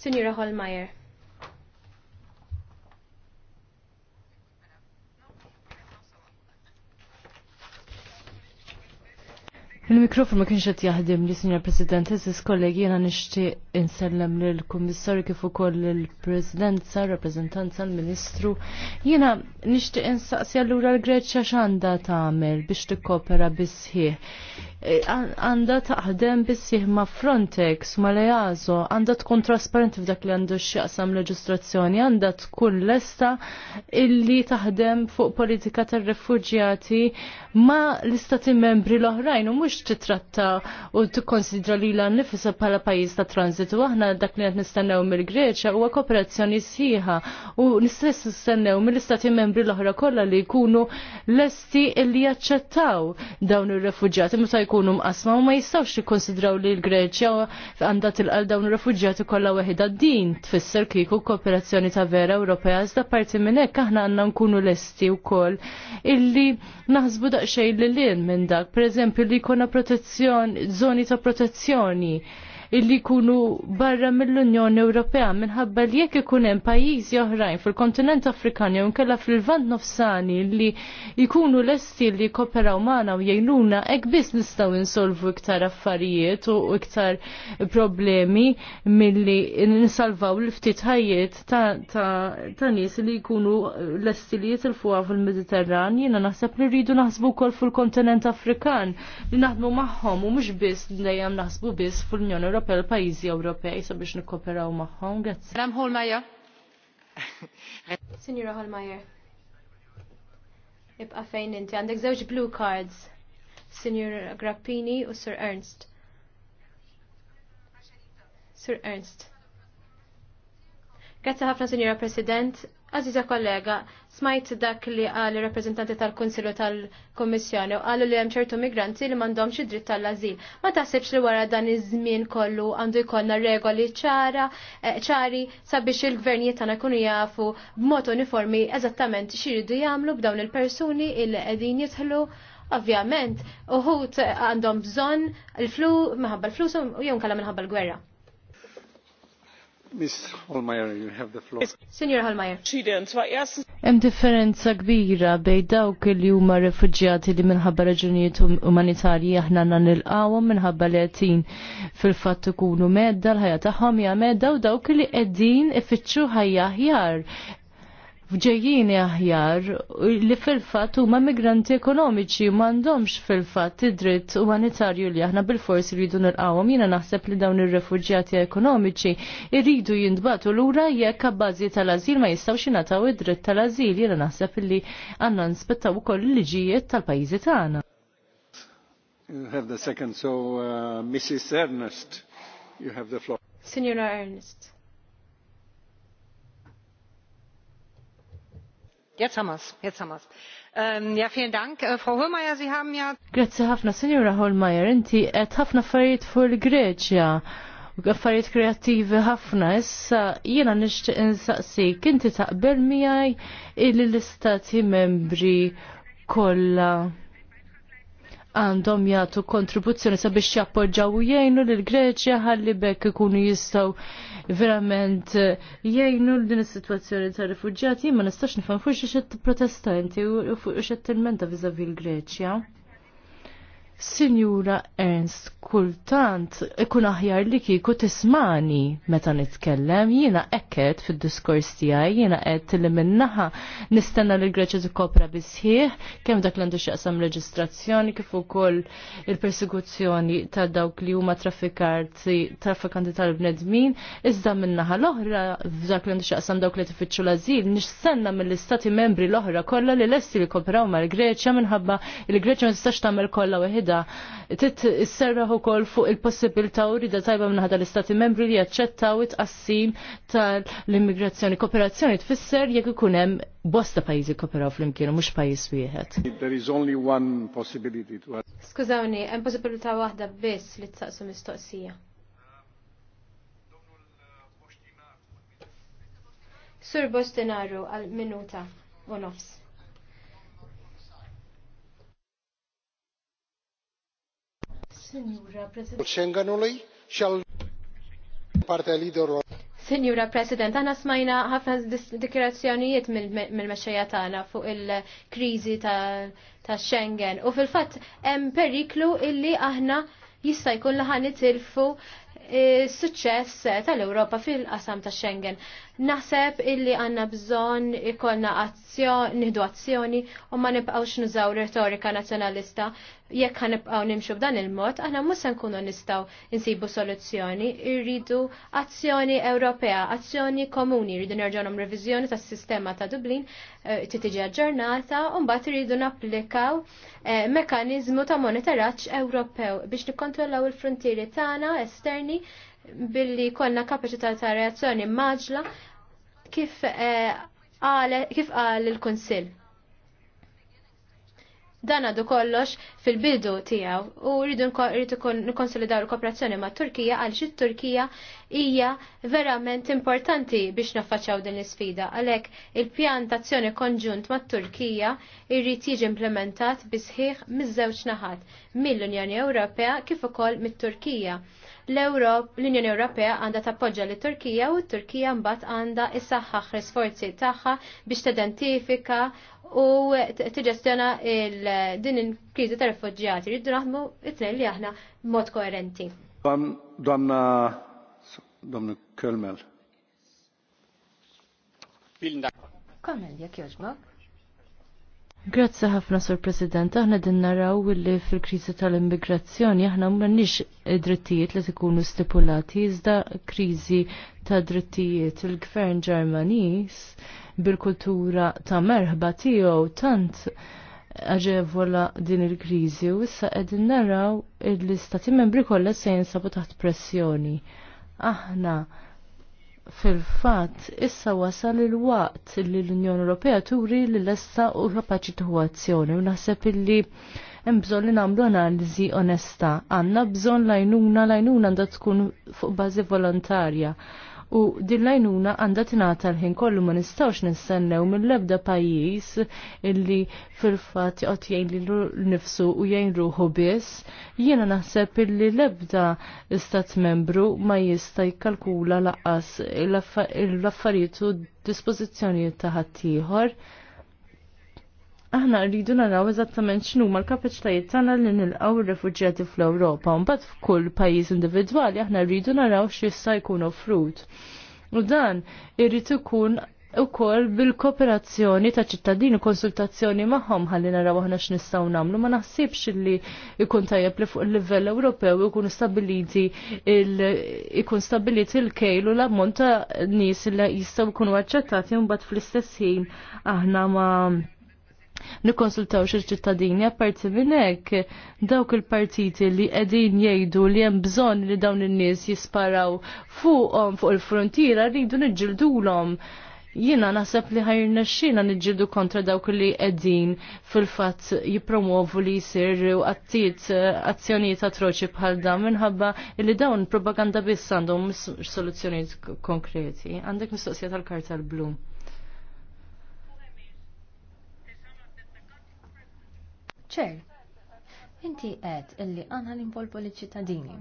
Sinjura Holmeyer. Il-mikrofon ma kienx qed jaħdem li Sinjor President, eżis kollegi jiena nixtieq insellem lill-Kummissarju kif ukoll il-Presidenza, rappreżentanza l-Ministru. Jiena nixtieq insaqsi allura l-Greċja x'għandha tagħmel biex tikkopera bisħieħ. Eh, għandha taħdem bissieħ ma' Frontex, ma' Leazo, għandha tkun trasparenti f'dak li għandu x'jaqsam leġistrazzjoni, għandha tkun lesta illi taħdem fuq politika tar-refuġjati ma' l-istati membri l-oħrajn u mhux titratta u tikkonsidra li l-nifisa bħala pajjiż ta' U Aħna dak li qed nistennew mill-Greċja huwa kooperazzjoni sħiħa u nistess nistennew mill-istati membri l-oħra kollha li jkunu lesti illi jaċċettaw dawn ir-refuġjati ikunu mqasma u ma jistawx jikkonsidraw li l-Greċja għandha tilqal dawn ir-refuġjati kollha weħda din tfisser kieku kooperazzjoni ta' vera Ewropea iżda parti minn hekk aħna għandna nkunu lesti wkoll illi naħsbu daqsxejn lil minn dak, pereżempju li jkollna protezzjoni, żoni ta' protezzjoni illi jkunu barra mill-Unjoni Ewropea minħabba li jekk ikun hemm pajjiżi oħrajn fil-kontinent Afrikan jew inkella fil-Lvant nofsani li jkunu lesti li jkoperaw magħna u jgħinuna hekk biss nistgħu insolvu iktar affarijiet u iktar problemi milli nsalvaw l-ftit ħajjiet ta' nies li jkunu lesti li jitilfuha fil-Mediterran jiena naħseb li rridu naħsbu wkoll fil-kontinent Afrikan li naħdmu magħhom u mhux biss dejjem naħsbu biss fil-Unjoni Ewropea Ewropea l pajjiżi Ewropej sabiex nikkoperaw magħhom. Grazzi. Madam Holmeyer. Signora Holmeyer. Ibqa' fejn inti għandek żewġ blue cards. Signor Grappini u Sir Ernst. Sir Ernst. Grazie ħafna, Signora President. Aziza kollega, smajt dak li għal reprezentanti tal-Konsilu tal-Kommissjoni u għallu li hemm ċertu migranti li m'għandhomx id-dritt tal-azil. Ma tasibx li wara dan iż-żmien kollu għandu jkollna regoli ċara, eh, ċari sabiex il-gvernijiet tagħna jkunu jafu b'mod uniformi eżattament x'iridu jagħmlu b'dawn il-persuni il qegħdin jidħlu ovvjament uħut għandhom bżonn il-flu minħabba l-flus u jew kalla minħabba l-gwerra. Miss Holmeyer, you have the floor. Signor Holmeyer. Hemm differenza kbira bej dawk li huma refuġjati li minħabba raġunijiet um-, umanitarji aħna nilqawhom minħabba li qegħdin fil-fatt ikunu medda l-ħajja tagħhom hija medda u dawk li qegħdin ifittxu ħajja aħjar ġejjini aħjar li fil-fat huma migranti ekonomiċi m'għandhomx fil-fat id-dritt umanitarju li aħna bil-fors rridu nilqawhom. Jiena naħseb li dawn ir-refuġjati ekonomiċi irridu jintbatu lura jekk abbażi tal-ażil ma jistgħux jingħataw id-dritt tal-ażil. Jiena naħseb li għandna nspettaw ukoll il-liġijiet tal-pajjiżi tagħna. You have the second, so uh, Mrs. Ernest, you have the floor. Signora Ernest. Ähm, äh, Grazie ħafna, Signora Holmeier, inti għed ħafna affarijiet fuq il-Greċja u affarijiet kreattivi ħafna. Issa jiena nixtieq insaqsik, inti taqbel miħaj il-istati membri kollha għandhom jagħtu kontribuzzjoni sabiex jappoġġaw jgħinu lill Greċja ħalli bekk ikunu jistgħu verament eh, jgħinu din is-sitwazzjoni ta' rifuġġjati ma nistax nifhem fuq xi protestanti u fuq xed tilmenta viżavi l-Greċja. Sinjura Ernst, kultant ikun aħjar li kiku tismani meta nitkellem, jiena ekket fil-diskors tiegħi, jiena ekket li minnaħa nistenna li l-Greċja tikkopra bisħieħ, kemm dak l-għandu xaqsam reġistrazzjoni kif ukoll il-persekuzzjoni ta' dawk li huma traffikanti trafikanti tal-bnedmin, iżda minnaħa l-oħra f'dak l-għandu xaqsam dawk li tifittxu l azil nistenna mill-istati membri l-oħra kollha li lesti li kopraw mal-Greċja minħabba il-Greċja ma tistax tagħmel kolla weħida iżda u ukoll fuq il-possibilità u rida tajba ħada l-Istati membri li jaċċettaw it-qassim tal-immigrazzjoni. Kooperazzjoni tfisser jekk ikun hemm bosta pajjiżi kooperaw flimkien u mhux pajjiż wieħed. There is only one possibility to Skużawni, hemm possibilità waħda biss li taqsu mistoqsija. Sur Bostinaru għal minuta u nofs. Signora President. għana smajna ħafna dikjerazzjonijiet mill-mexxejja tagħna fuq il-kriżi ta' Schengen u fil-fatt hemm periklu illi aħna jista' jkun itilfu ħanitilfu e, suċċess tal-Ewropa fil-qasam ta' Schengen. Naħseb illi għandna bżonn ikollna azzjoni, nieħdu azzjoni u ma nibqgħux nużaw retorika nazzjonalista jekk ħanibqaw nimxu b'dan il-mod, aħna mhux se nkunu nistgħu insibu soluzzjoni, irridu azzjoni Ewropea, azzjoni komuni, irridu nerġgħu nagħmlu reviżjoni tas-sistema ta' Dublin eh, titiġi aġġornata u mbagħad irridu napplikaw eh, mekkaniżmu ta' monitoraġġ Ewropew biex nikkontrollaw il-frontieri tagħna esterni billi konna kapaċità ta' reazzjoni maġla kif eh, kif qal il-Kunsill Dan għadu kollox fil-bidu tijaw u rridu nikonsolidaw l-kooperazzjoni ma' Turkija għal xit Turkija hija verament importanti biex naffaċċaw din l-sfida. Għalek il-pjan tazzjoni konġunt ma' Turkija irrid jiġi implementat bisħiħ miż-żewġ naħat mill-Unjoni Ewropea kif ukoll mit-Turkija l-Unjoni Ewropea għandha tappoġġa lit turkija u t-Turkija mbagħad għandha issaħħaħ l-isforzi tagħha biex tidentifika u tiġestjona din il-kriżi ta' rifuġġjati. Rridu naħdmu it-tnejn li aħna mod koerenti. Donna Domnu Kölmel. Kölmel, jek joġbok? Grazzi ħafna, Sur President. Aħna din naraw li fil-kriżi tal-immigrazzjoni aħna m'għandniex drittijiet li tkunu stipulati iżda kriżi ta' drittijiet. Il-Gvern Ġermaniż bil-kultura ta' merħba tiegħu tant aġevola din il-kriżi u issa qegħdin naraw l-istati membri kollha se jinsabu taħt pressjoni. Aħna fil-fatt issa wasal il-waqt li l-Unjoni Ewropea turi li l-essa u kapaċi tuħu azzjoni u naħseb illi hemm bżonn li nagħmlu analiżi onesta. Għandna bżonn lajnuna lajnuna għandha tkun fuq bażi volontarja u din lajnuna għandha tingħata l-ħin kollu ma nistgħux nistennew mill-ebda pajjiż illi fil-fatt joqgħod jgħin l nifsu u jgħin ruħu biss. Jiena naħseb illi l-ebda istat membru ma jista' jikkalkula laqas l-affarijiet u dispożizzjonijiet ta' ħaddieħor aħna rridu naraw eżattament x'nu mal l-kapaċitajiet tagħna li nilqgħu r-refuġjati fl-Ewropa, mbagħad f'kull pajjiż individwali aħna rridu naraw x'issa jkun offrut. U dan irrid ikun ukoll bil-kooperazzjoni ta' ċittadini, konsultazzjoni magħhom ħalli naraw aħna x'nistgħu nagħmlu, ma naħsibx li jkun tajjeb li fuq il-livell Ewropew ikun stabiliti ikun stabiliti l-kejl u l-ammont ta' nies li jistgħu jkunu aċċettati mbagħad fl-istess ħin aħna ma' nikonsultaw xil-ċittadini, apparti minn hekk dawk il-partiti li qegħdin jgħidu li hemm bżonn li dawn in-nies jisparaw fuqhom fuq il-frontiera rridu niġġildulhom. Jiena naħseb li ħajrna xina nġildu kontra dawk li qegħdin fil-fatt jippromovu li jsir għattiet azzjonijiet atroċi bħal dan minħabba li dawn propaganda biss għandhom soluzzjonijiet konkreti. Għandek mistoqsija tal-karta blu ċer, inti għed illi għanna l li ċittadini.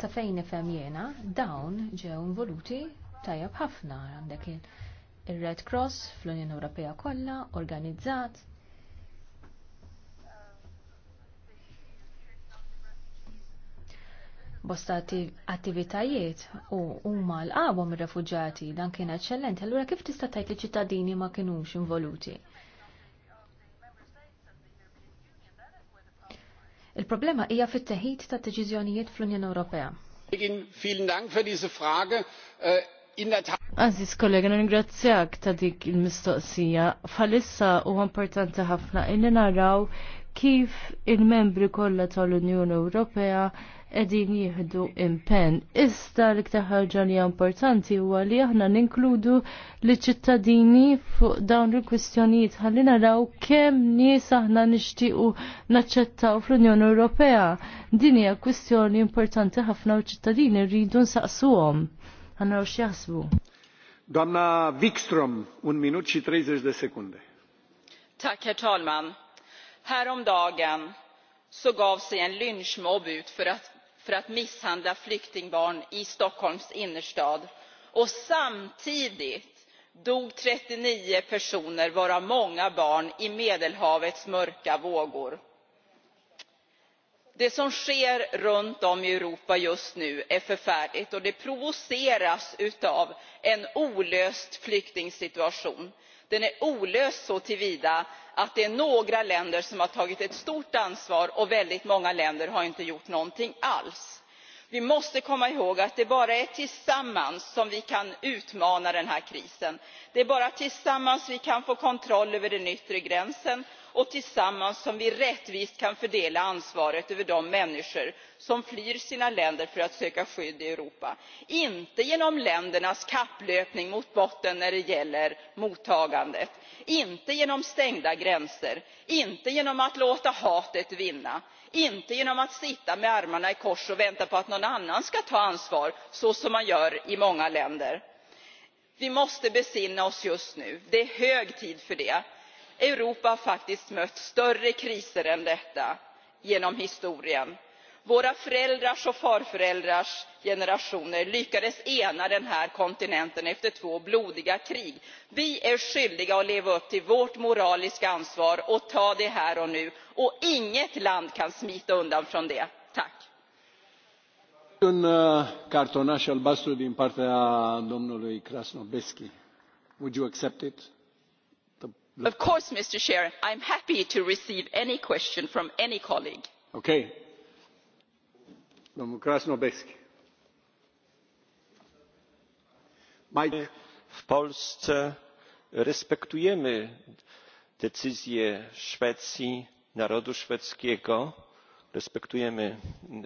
Sa fejn nifhem jiena, dawn ġew involuti tajjeb ħafna għandek il-Red Cross fl-Unjoni Ewropea kollha organizzat bosta attivitajiet u huma l-qabhom ir-refuġati dan kien eċċellenti, allura kif tista' tgħid li ċittadini ma kinux involuti? Il-problema hija fit-teħid ta' deċiżjonijiet fl-Unjoni Ewropea. Äh, Aziz kollega, ningrazzjak ta' dik il-mistoqsija. Falissa u importanti ħafna illi naraw kif il-membri kollha tal-Unjoni Ewropea edin jihdu impen. Ista l-iktar li importanti huwa li aħna ninkludu li ċittadini fuq dawn il-kwistjonijiet ħalli naraw kemm nies aħna nixtiequ naċċettaw fl-Unjoni Ewropea. Din hija kwistjoni importanti ħafna u ċittadini rridu nsaqsuhom. u x'jaħsbu. Donna Wikström, un minut xi 30 de sekunde. Tack, herr talman. Häromdagen så gav sig en lynchmobb ut för att för att misshandla flyktingbarn i Stockholms innerstad. Och samtidigt dog 39 personer, varav många barn, i Medelhavets mörka vågor. Det som sker runt om i Europa just nu är förfärligt och det provoceras av en olöst flyktingsituation. Den är olöst så till vida att det är några länder som har tagit ett stort ansvar och väldigt många länder har inte gjort någonting alls. Vi måste komma ihåg att det bara är tillsammans som vi kan utmana den här krisen. Det är bara tillsammans vi kan få kontroll över den yttre gränsen och tillsammans som vi rättvist kan fördela ansvaret över de människor som flyr sina länder för att söka skydd i europa inte genom ländernas kapplöpning mot botten när det gäller mottagandet inte genom stängda gränser inte genom att låta hatet vinna inte genom att sitta med armarna i kors och vänta på att någon annan ska ta ansvar så som man gör i många länder. vi måste besinna oss just nu. det är hög tid för det europa faktiskt mött större kriser än detta genom historien. våra föräldrars och farföräldrars generationer lyckades ena den här kontinenten efter två blodiga krig. vi är skyldiga att leva upp till vårt moraliska ansvar och ta det här och nu och inget land kan smita undan från det. tack! Uh, of course mr chair i am happy to receive any question from any colleague. Okay. w polsce respektujemy decyzję szwecji narodu szwedzkiego respektujemy,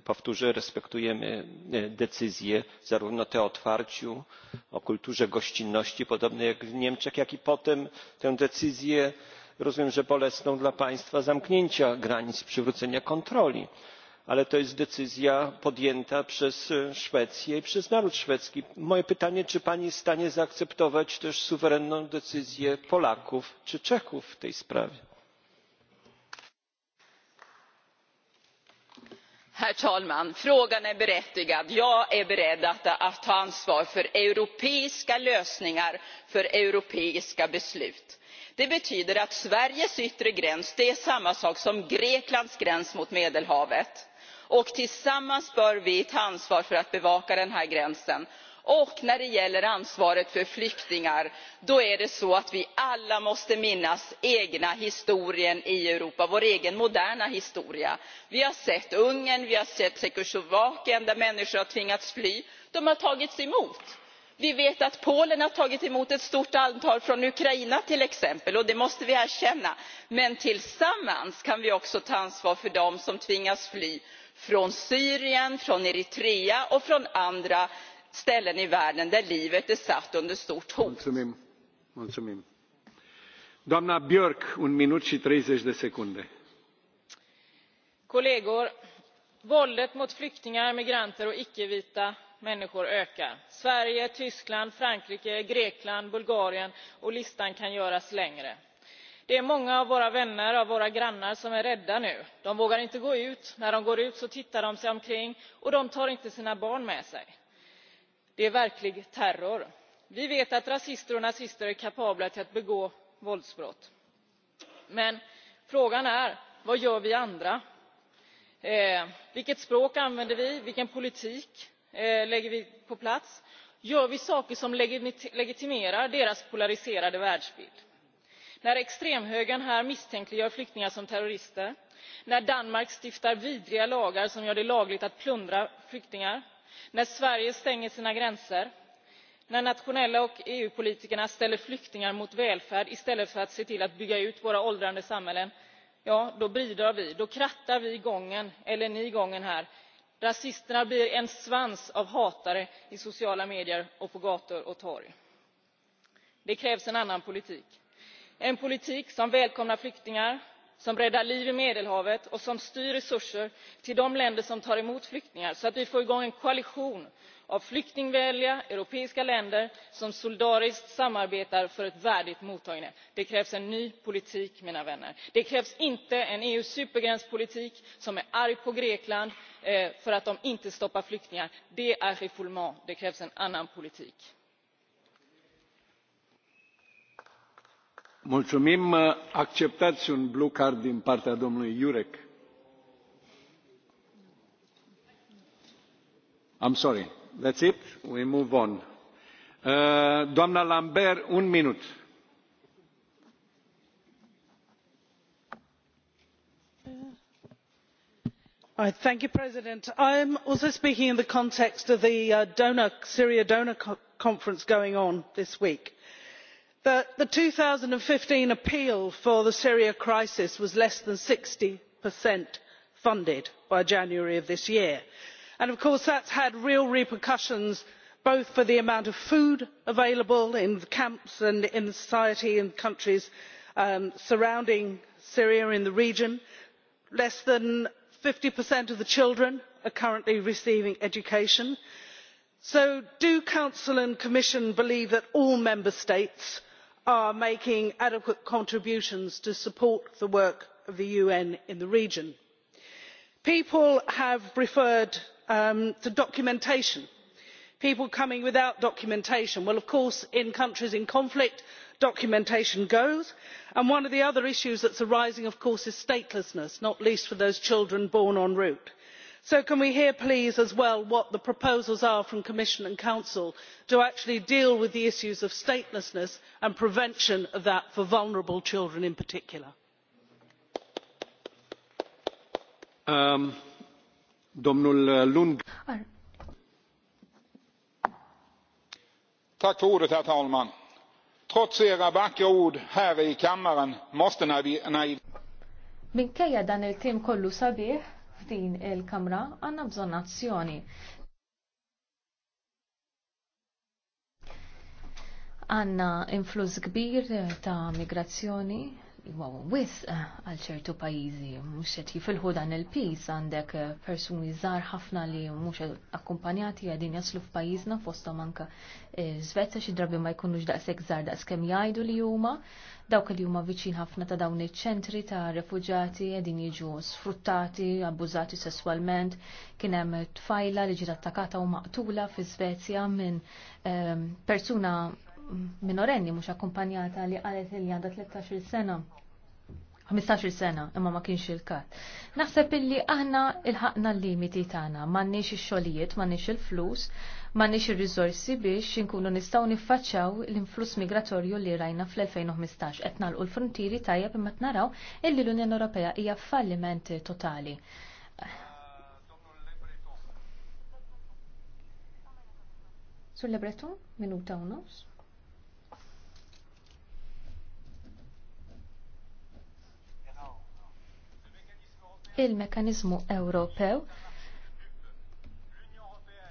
powtórzę, respektujemy e, decyzje zarówno te o otwarciu, o kulturze gościnności, podobne jak w Niemczech, jak i potem tę decyzję, rozumiem, że bolesną dla państwa zamknięcia granic, przywrócenia kontroli. Ale to jest decyzja podjęta przez Szwecję i przez naród szwedzki. Moje pytanie, czy pani jest w stanie zaakceptować też suwerenną decyzję Polaków czy Czechów w tej sprawie? herr talman! frågan är berättigad. jag är beredd att ta ansvar för europeiska lösningar för europeiska beslut. det betyder att sveriges yttre gräns är samma sak som greklands gräns mot medelhavet tillsammans bör vi ta ansvar för att bevaka den här gränsen och när det gäller ansvaret för flyktingar är det så att vi alla måste minnas egna historien i europa vår egen moderna historia. vi har sett ungern vi har sett tjeckoslovakien där människor har tvingats fly. de har tagits emot. vi vet att polen har tagit emot ett stort antal från ukraina till exempel och det måste vi erkänna. men tillsammans kan vi också ta ansvar för dem som tvingas fly från syrien från eritrea och från andra ställen i världen där livet är satt under stort hot. Björk, Kollegor, våldet mot flyktingar, migranter och icke-vita människor ökar. Sverige, Tyskland, Frankrike, Grekland, Bulgarien och listan kan göras längre. Det är många av våra vänner och våra grannar som är rädda nu. De vågar inte gå ut. När de går ut så tittar de sig omkring och de tar inte sina barn med sig det är verklig terror. vi vet att rasister och nazister är kapabla till att begå våldsbrott. men frågan är vad gör vi andra? Eh, vilket språk använder vi? vilken politik eh, lägger vi på plats? gör vi saker som legitimerar deras polariserade världsbild? när extremhögern här misstänkliggör flyktingar som terrorister när danmark stiftar vidriga lagar som gör det lagligt att plundra flyktingar när sverige stänger sina gränser när nationella och eu politikerna ställer flyktingar mot välfärd i stället för att se till att bygga ut våra åldrande samhällen ja då bidrar vi då krattar vi gången eller ni gången här. rasisterna blir en svans av hatare i sociala medier och på gator och torg. det krävs en annan politik en politik som välkomnar flyktingar som räddar liv i medelhavet och som styr resurser till de länder som tar emot flyktingar så att vi får igång en koalition av flyktingvänliga europeiska länder som solidariskt samarbetar för ett värdigt mottagande. det krävs en ny politik mina vänner. det krävs inte en eu supergränspolitik som är arg på grekland eh, för att de inte stoppar flyktingar. det är refoulement. det krävs en annan politik. Mulțumim. Acceptați un blue card din partea domnului Jurek. I'm sorry. That's it. We move on. Uh, doamna Lambert, un minut. mr president i am also speaking in the context of the uh, donor, syria donor conference going on this week. President, the two thousand and fifteen appeal for the syria crisis was less than sixty funded by january of this year and of course that has had real repercussions both for the amount of food available in the camps and in society in countries um, surrounding syria in the region less than fifty of the children are currently receiving education so do council and commission believe that all member states are making adequate contributions to support the work of the un in the region. people have referred um, to documentation people coming without documentation. well of course in countries in conflict documentation goes and one of the other issues that is arising of course is statelessness not least for those children born en route so can we hear please as well what the proposals are from the commission and council to actually deal with the issues of statelessness and prevention of that for vulnerable children in particular? Um, uh, herr talman! ord här i kammaren måste ftin il-Kamra għandna bżonn azzjoni. Għanna influss kbir ta' migrazzjoni Wisq wis eh, għal ċertu pajjiżi mhux qed jifilħu dan il-pis għandek eh, persuni żgħar ħafna li mhux akkumpanjati qegħdin jaslu f'pajjiżna fosthom anke eh, Zvezza, xi drabi ma jkunux daqshekk żgħar daqskemm jgħidu li huma dawk li huma viċin ħafna ta' dawn iċ-ċentri ta' refuġati qegħdin jiġu sfruttati, abbużati sesswalment, kien hemm tfajla li ġiet attakata u maqtula fi Svezja minn persuna minorenni mhux akkumpanjata li qalet li għandha 13 sena. 15 sena, imma ma kienx il-kat. Naħseb illi aħna il-ħakna l-limiti tagħna, m'għandniex ix-xogħlijiet, m'għandniex il-flus, m'għandniex ir-riżorsi biex inkunu nistgħu niffaċċaw l-influss migratorju li rajna fl-2015 qed nagħlqu l-frontieri tajjeb imma naraw illi l-Unjoni Ewropea hija falliment totali. Sur Lebreton, minuta u nofs. il-mekanizmu Ewropew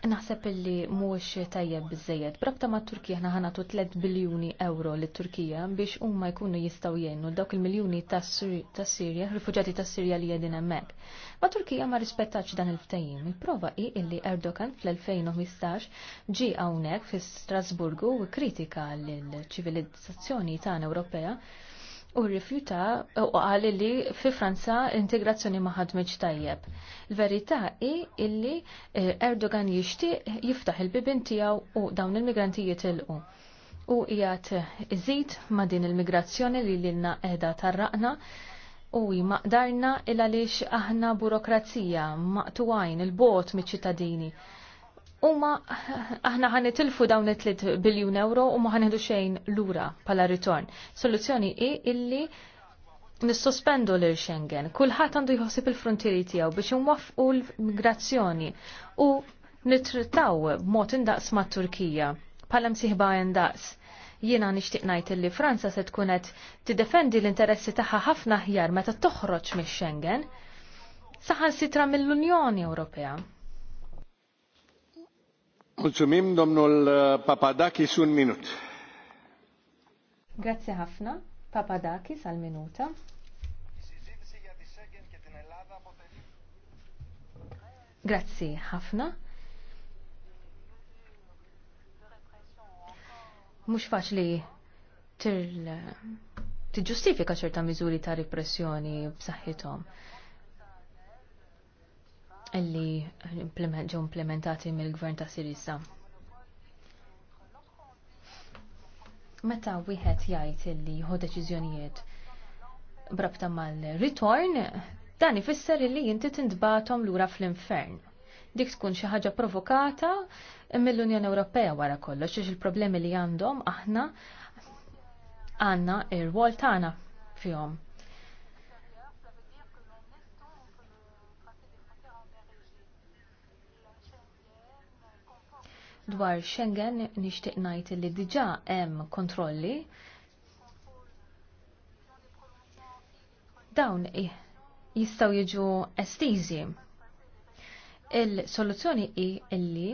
Naħseb illi mhuwiex tajjeb biżejjed. Brabta ma' Turkija aħna ħanatu 3 biljuni euro li Turkija biex huma jkunu jistgħu jgħinu dawk il-miljuni ta' Sirja, rifuġati ta' Sirja li qegħdin hemmhekk. Ma' Turkija ma rispettax dan il-ftehim. Il-prova hi illi Erdogan fl-2015 ġi hawnhekk fi Strasburgu u kritika lill ċivilizzazzjoni tagħna Ewropea u rrifjuta u għalli li fi Franza integrazzjoni ma ħadmitx tajjeb. l verità i illi eh, Erdogan jixtieq jiftaħ il-bibin tiegħu u dawn il-migranti jitilqu. U qiegħed iżid ma' din il-migrazzjoni li lilna qiegħda tarraqna u jmaqdarna il għaliex aħna burokrazija maqtuwajn il-bot mit-ċittadini. Uma aħna ħan itilfu dawn it-3 biljun euro u ma ħan xejn lura pala ritorn. Soluzzjoni i illi nissospendu l Schengen. Kulħadd għandu jħossib il-frontieri tiegħu biex inwaffqu l-migrazzjoni u nitrittaw b'mod indaqs mat Turkija bħala msiħba indaqs jiena nixtieq ngħid li Franza se tkun qed tiddefendi l-interessi tagħha ħafna ħjar meta toħroġ mix-Schengen saħan sitra mill-Unjoni Ewropea. Mulțumim, domnul uh, Papadakis, un minut. Grazie ħafna. Papadakis al minuta. Grazzi ħafna. Mhux faċli t tiġġustifika ċerta miżuri ta' repressjoni b'saħħithom li ġew implementati mill-gvern ta' Sirisa. Meta wieħed jgħid li jieħu deċiżjonijiet brabta mal-ritorn, dan ifisser li inti tintbatom lura fl-infern. Dik tkun xi ħaġa provokata mill-Unjoni Ewropea wara kollox xiex il-problemi li għandhom aħna għandna ir-rwol tagħna fihom Dwar Schengen nixtieq ngħid li diġà hemm kontrolli dawn jistgħu jiġu estiżi. Il-soluzzjoni hi illi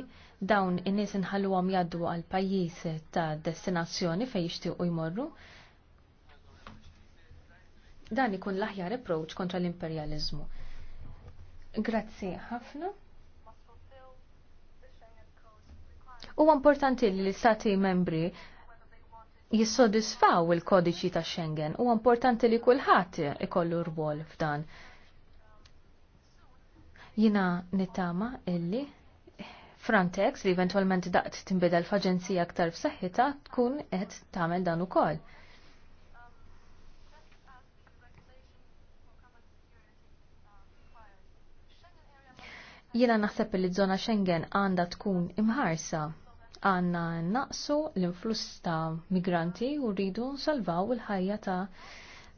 dawn in-nies inħalluhom jaddu għal pajjiż ta' destinazzjoni fejn jixtiequ jmorru. Dan ikun l-aħjar approach kontra l-imperjaliżmu. Grazzi ħafna. Huwa importanti li l-istati membri jissodisfaw il-kodiċi ta' Schengen. Huwa importanti li kulħadd ikollu rwol f'dan. Jina nittama illi Frontex li eventualment daqt timbidel f'aġenzija aktar f'saħħitha tkun qed tagħmel dan ukoll. Jiena naħseb li żona Schengen għandha tkun imħarsa għanna naqsu l-influss ta' migranti u rridu salvaw il-ħajja ta'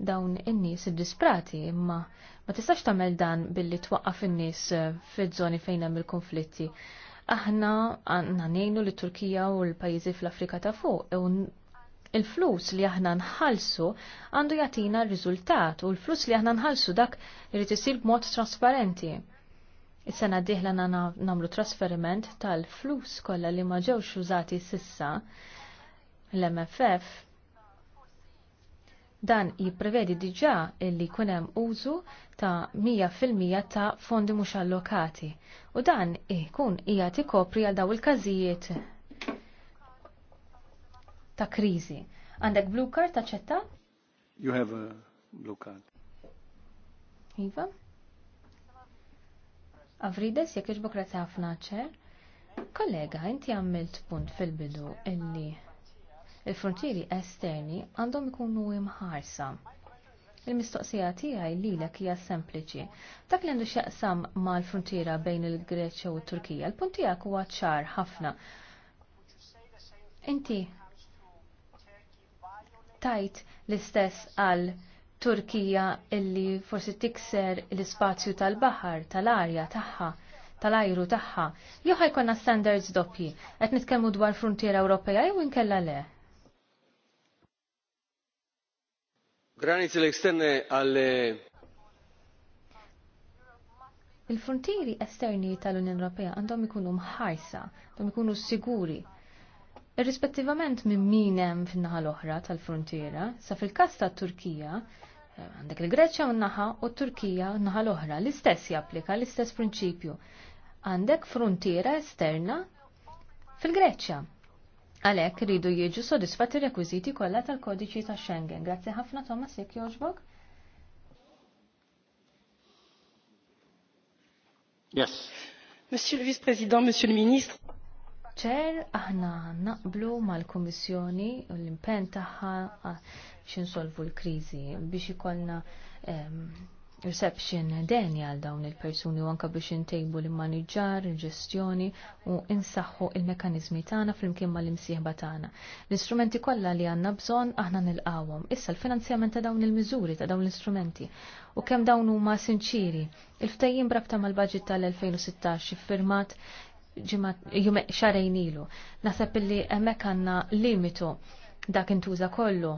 dawn in-nies id-disprati imma ma tistax tagħmel dan billi twaqqaf in-nies eh, fiż-żoni fejn hemm il-konflitti. Aħna għandna ngħinu li Turkija u l-pajjiżi fl-Afrika ta' fuq u il-flus li aħna nħalsu għandu jatina r-riżultat u l-flus li aħna nħalsu dak irid isir b'mod trasparenti. Is-sena diħla namlu trasferiment tal-flus kollha li ma ġewx użati sissa l-MFF Dan jipprevedi diġa illi kunem użu ta' 100% ta' fondi mhux allokati u dan ikun hija tikopri għal daw il-każijiet ta' kriżi. Għandek blue card ta' ċetta? You have a blue card. Iva? Avrides jekk iġbok ħafna ċer. Kollega, inti għammilt punt fil-bidu illi il-frontieri esterni għandhom ikunu imħarsa. Il-mistoqsija tiegħi lilek hija sempliċi. Dak li għandu x'jaqsam mal-frontiera bejn il-Greċja u t-Turkija, il-punt tiegħek huwa ċar ħafna. Inti tajt l-istess għal Turkija illi forsi tikser l-ispazju tal-baħar, tal-arja tagħha, tal-ajru tagħha, jew jkonna standards doppji qed nitkellmu dwar frontiera Ewropeja jew inkella le. Granizi l-eksterne għal eh, Il-frontieri esterni tal-Unjoni Ewropea għandhom ikunu mħarsa, għandhom ikunu siguri irrispettivament minn min hemm fin-naħa l-oħra tal-frontiera, sa fil-każ tat-Turkija, eh, għandek il-Greċja u naħa u Turkija u naħa l-oħra, l-istess japplika l-istess prinċipju. Għandek frontiera esterna fil-Greċja. Għalhekk iridu jiġu sodisfatti rekwiżiti kollha tal-kodiċi ta' Schengen. Grazzi ħafna Thomas jekk jogħġbok. Yes. Monsieur le Vice-Président, Monsieur le Ministre, ċer aħna naqblu mal-Kummissjoni u l-impen tagħha insolvu l-kriżi biex ikollna reception deni għal dawn il-persuni u anka biex intejbu l manijġar il-ġestjoni u insaħħu il-mekanizmi tagħna fl-imkien mal-imsieħba tagħna. L-istrumenti kollha li għandna bżonn aħna nilqawhom. Issa l-finanzjament ta' dawn il-miżuri ta' dawn l-istrumenti u kemm dawn huma sinċiri. Il-ftajjim brabta mal-budget tal-2016 firmat xarajn ilu. Nasab illi emmek għanna limitu dak intuża kollu.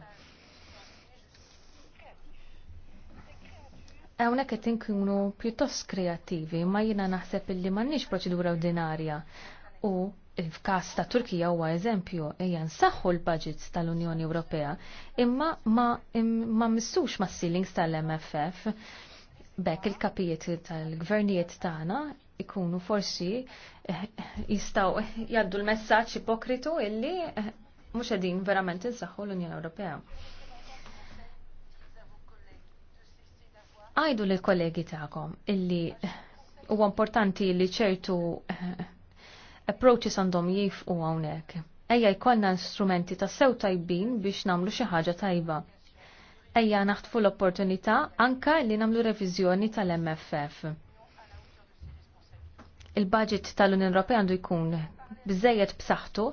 Għawna qed inkunu pjuttost kreattivi, ma jina naħseb illi m'għandniex proċedura ordinarja u il-kas ta' Turkija huwa eżempju ejja nsaħħu l-budgets tal-Unjoni Ewropea imma ma, ma missux ma' ceilings tal-MFF bekk il-kapijiet tal-gvernijiet tagħna ikunu forsi eh, jistaw jaddu l-messaċ ipokritu illi eh, mux għedin verament insaħħu l-Unjoni Ewropea. Għajdu li kollegi ta'kom illi eh, u importanti li ċertu approaches għandhom jifqu għawnek. Ejja jkollna instrumenti ta' sew tajbin biex namlu xi ħaġa tajba. Ejja naħtfu l-opportunità anka li namlu reviżjoni tal-MFF il-budget tal-Unjoni Ewropea għandu jkun bżejjed b'saħħtu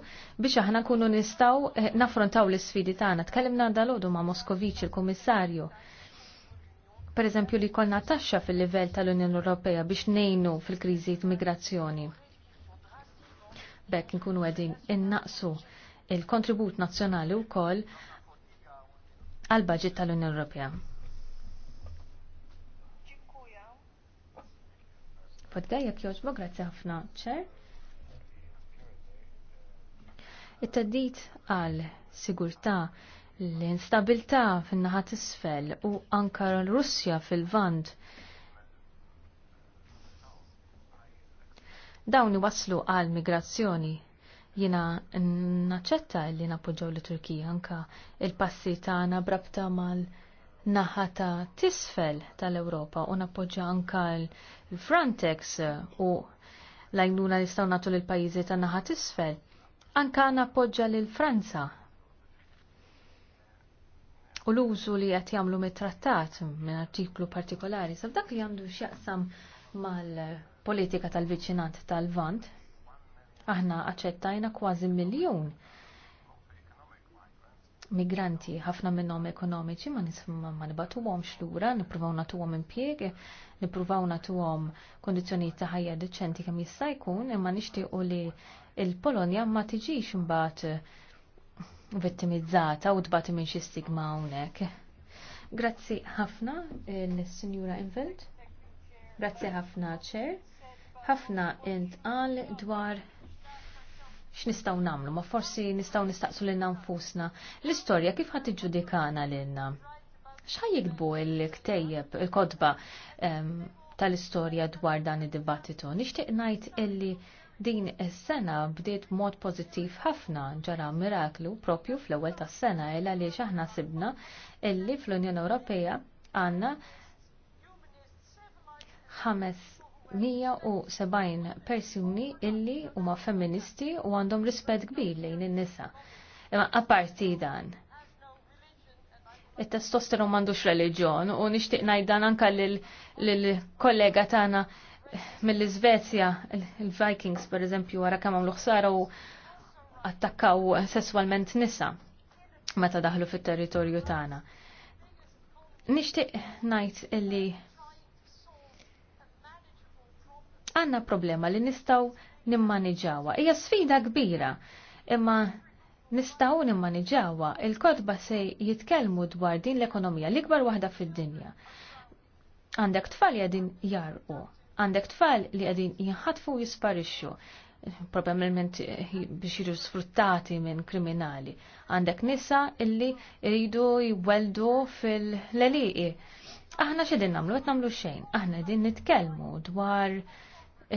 biex aħna nkunu nistgħu eh, naffrontaw l-isfidi tagħna. Tkellimna dalodu ma' Moskovic il-Kummissarju. Per eżempju li kollna taxxa fil-livell tal-Unjoni Ewropea biex nejnu fil-kriżi migrazzjoni. Bekk nkunu qegħdin innaqsu il-kontribut nazzjonali wkoll għal-budget tal-Unjoni Ewropea. Podga jek joġbo, grazzi ħafna ċer. It-taddit għal sigurta l-instabilta fin-naħat isfel u anka l-Russja fil-vand. Dawn waslu għal migrazzjoni jina naċċetta li napoġġaw l Turkija anka il-passi tagħna brabta mal- naħa ta' tisfel tal-Ewropa u nappoġġa anka l-Frontex uh, u l-għajnuna li staw natu l-pajizi ta' naħa tisfel. Anka nappoġġa l-Franza u l-użu li qed jagħmlu mit-trattat minn artiklu partikolari. Sa dak li għandu x'jaqsam mal-politika tal-viċinat tal-Vant, aħna aċċettajna kważi miljun migranti, ħafna minnhom ekonomiċi ma nisma ma nibatuhomx lura, nippruvaw nagħtuhom impjieg, nippruvaw nagħtuhom kondizzjonijiet ta' ħajja deċenti kemm jista' jkun, imma nixtiequ li l-Polonja ma tiġix imbagħad vittimizzata u tbati minn xi stigma hawnhekk. Grazzi ħafna eh, lis-Sinjura Invent. Grazzi ħafna ċer. Ħafna intqal dwar x'nistgħu nagħmlu, ma forsi nistgħu nistaqsu lil nfusna l-istorja kif ħadd iġġudikana lilna. X'ħaj jiktbu l-ktejjeb, il kotba ehm, tal-istorja dwar dan id-dibattitu. Nixtieq ngħid illi din is-sena bdiet mod pożittiv ħafna ġara miraklu propju fl-ewwel tas-sena il għaliex aħna sibna illi fl-Unjoni Ewropea għandna ħames 170 persuni illi huma femministi u għandhom rispett kbir lejn in-nisa. Imma apparti dan. it testosteron m'għandux reliġjon u nixtieq ngħid dan anke lill-kollega tagħna mill-Iżvezja, il-Vikings pereżempju wara kemm għamlu ħsara u attakkaw sesswalment nisa meta daħlu fit-territorju tagħna. Nixtieq ngħid illi għanna problema li nistaw nimmaniġawa. Hija sfida kbira, imma nistaw nimmaniġawa. Il-kodba se jitkellmu dwar din l-ekonomija l-ikbar waħda fid-dinja. Għandek tfal li għadin jarqu, għandek tfal li għadin jinħatfu jisparixxu, probabilment eh, biex jiġu sfruttati minn kriminali. Għandek nisa illi jridu jweldu fil-leliqi. Aħna xedin namlu, għet namlu xejn. Aħna din nitkelmu dwar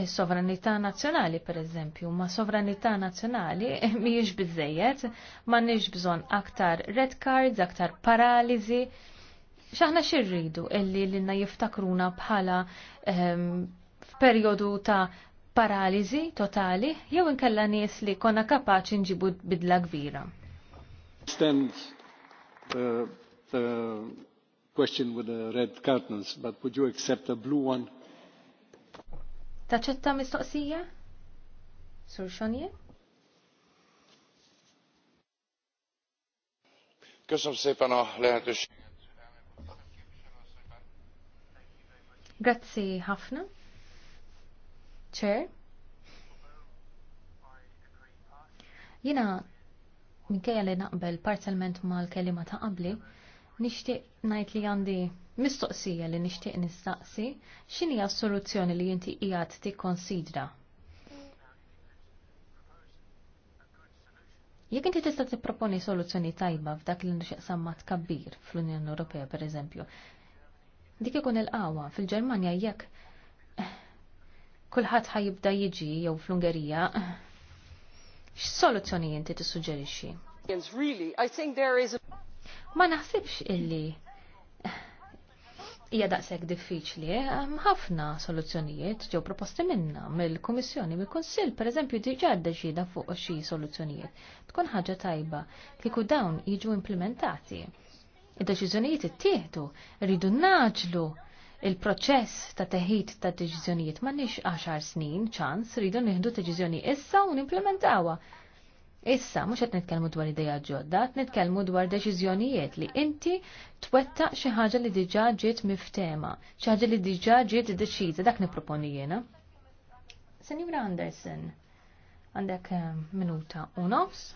sovranità nazzjonali per eżempju, ma sovranità nazzjonali mhijiex biżejjed, ma nix bżonn aktar red cards, aktar paralizi. X'aħna xirridu illi l-inna jiftakruna bħala ehm, f'perjodu ta' paralizi totali jew inkella nies li konna kapaċi nġibu bidla kbira. Stand the, uh, the question with the red curtains, but would you accept a blue one? Taċċetta mistoqsija? Sur Xonje? Köszönöm szépen a lehetőséget. Grazzi ħafna. Chair. Jina minkeja li naqbel parzialment mal-kelima ta' qabli, nixtieq ngħid li għandi Mistoqsija li nixtieq nistaqsi x'inhi s-soluzzjoni li inti qiegħed tikkonsidra? Jekk inti tista' tipproponi soluzzjoni tajba f'dak li nixtieq sammat tkabbir fl-Unjoni Ewropea pereżempju, dik ikun il-qawa fil-Ġermanja jekk kulħadd ħajibda jiġi jew fl-Ungerija X'soluzzjoni inti tissuġġerixxi? Ma naħsibx illi hija daqshekk diffiċli, eh? ħafna soluzzjonijiet ġew proposti minna mill-Kummissjoni mill-Kunsill pereżempju diġà ddeċida fuq xi soluzzjonijiet. Tkun ħaġa tajba kieku dawn jiġu implementati. Id-deċiżjonijiet ittieħdu rridu naġlu il-proċess ta' teħid ta' deċiżjonijiet ma' nix 10 snin ċans rridu nieħdu deċiżjoni issa u nimplementawha. Issa, mhux qed nitkellmu dwar ideja ġodda, qed nitkellmu dwar deċiżjonijiet li inti twetta xi ħaġa li diġà ġiet miftema, xi ħaġa li diġà ġiet deċiża, dak nipproponi jiena. Senjura Andersen, għandek eh, minuta u nofs.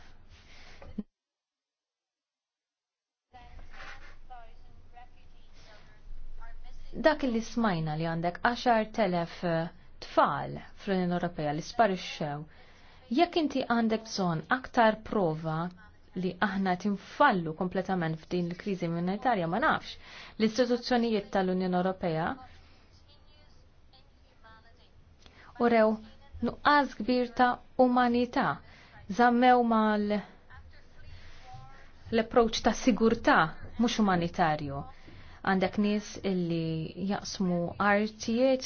dak li smajna li għandek 10.000 eh, tfal fl-Unjoni Ewropea li sparixxew Jekk inti għandek bżonn aktar prova li aħna tinfallu kompletament f'din il-kriżi monetarja ma nafx. L-istituzzjonijiet tal-Unjoni Ewropea u rew nuqqas kbir ta' umanità żammew mal l-approċ ta' sigurtà mhux umanitarju. Għandek nies illi jaqsmu artijiet,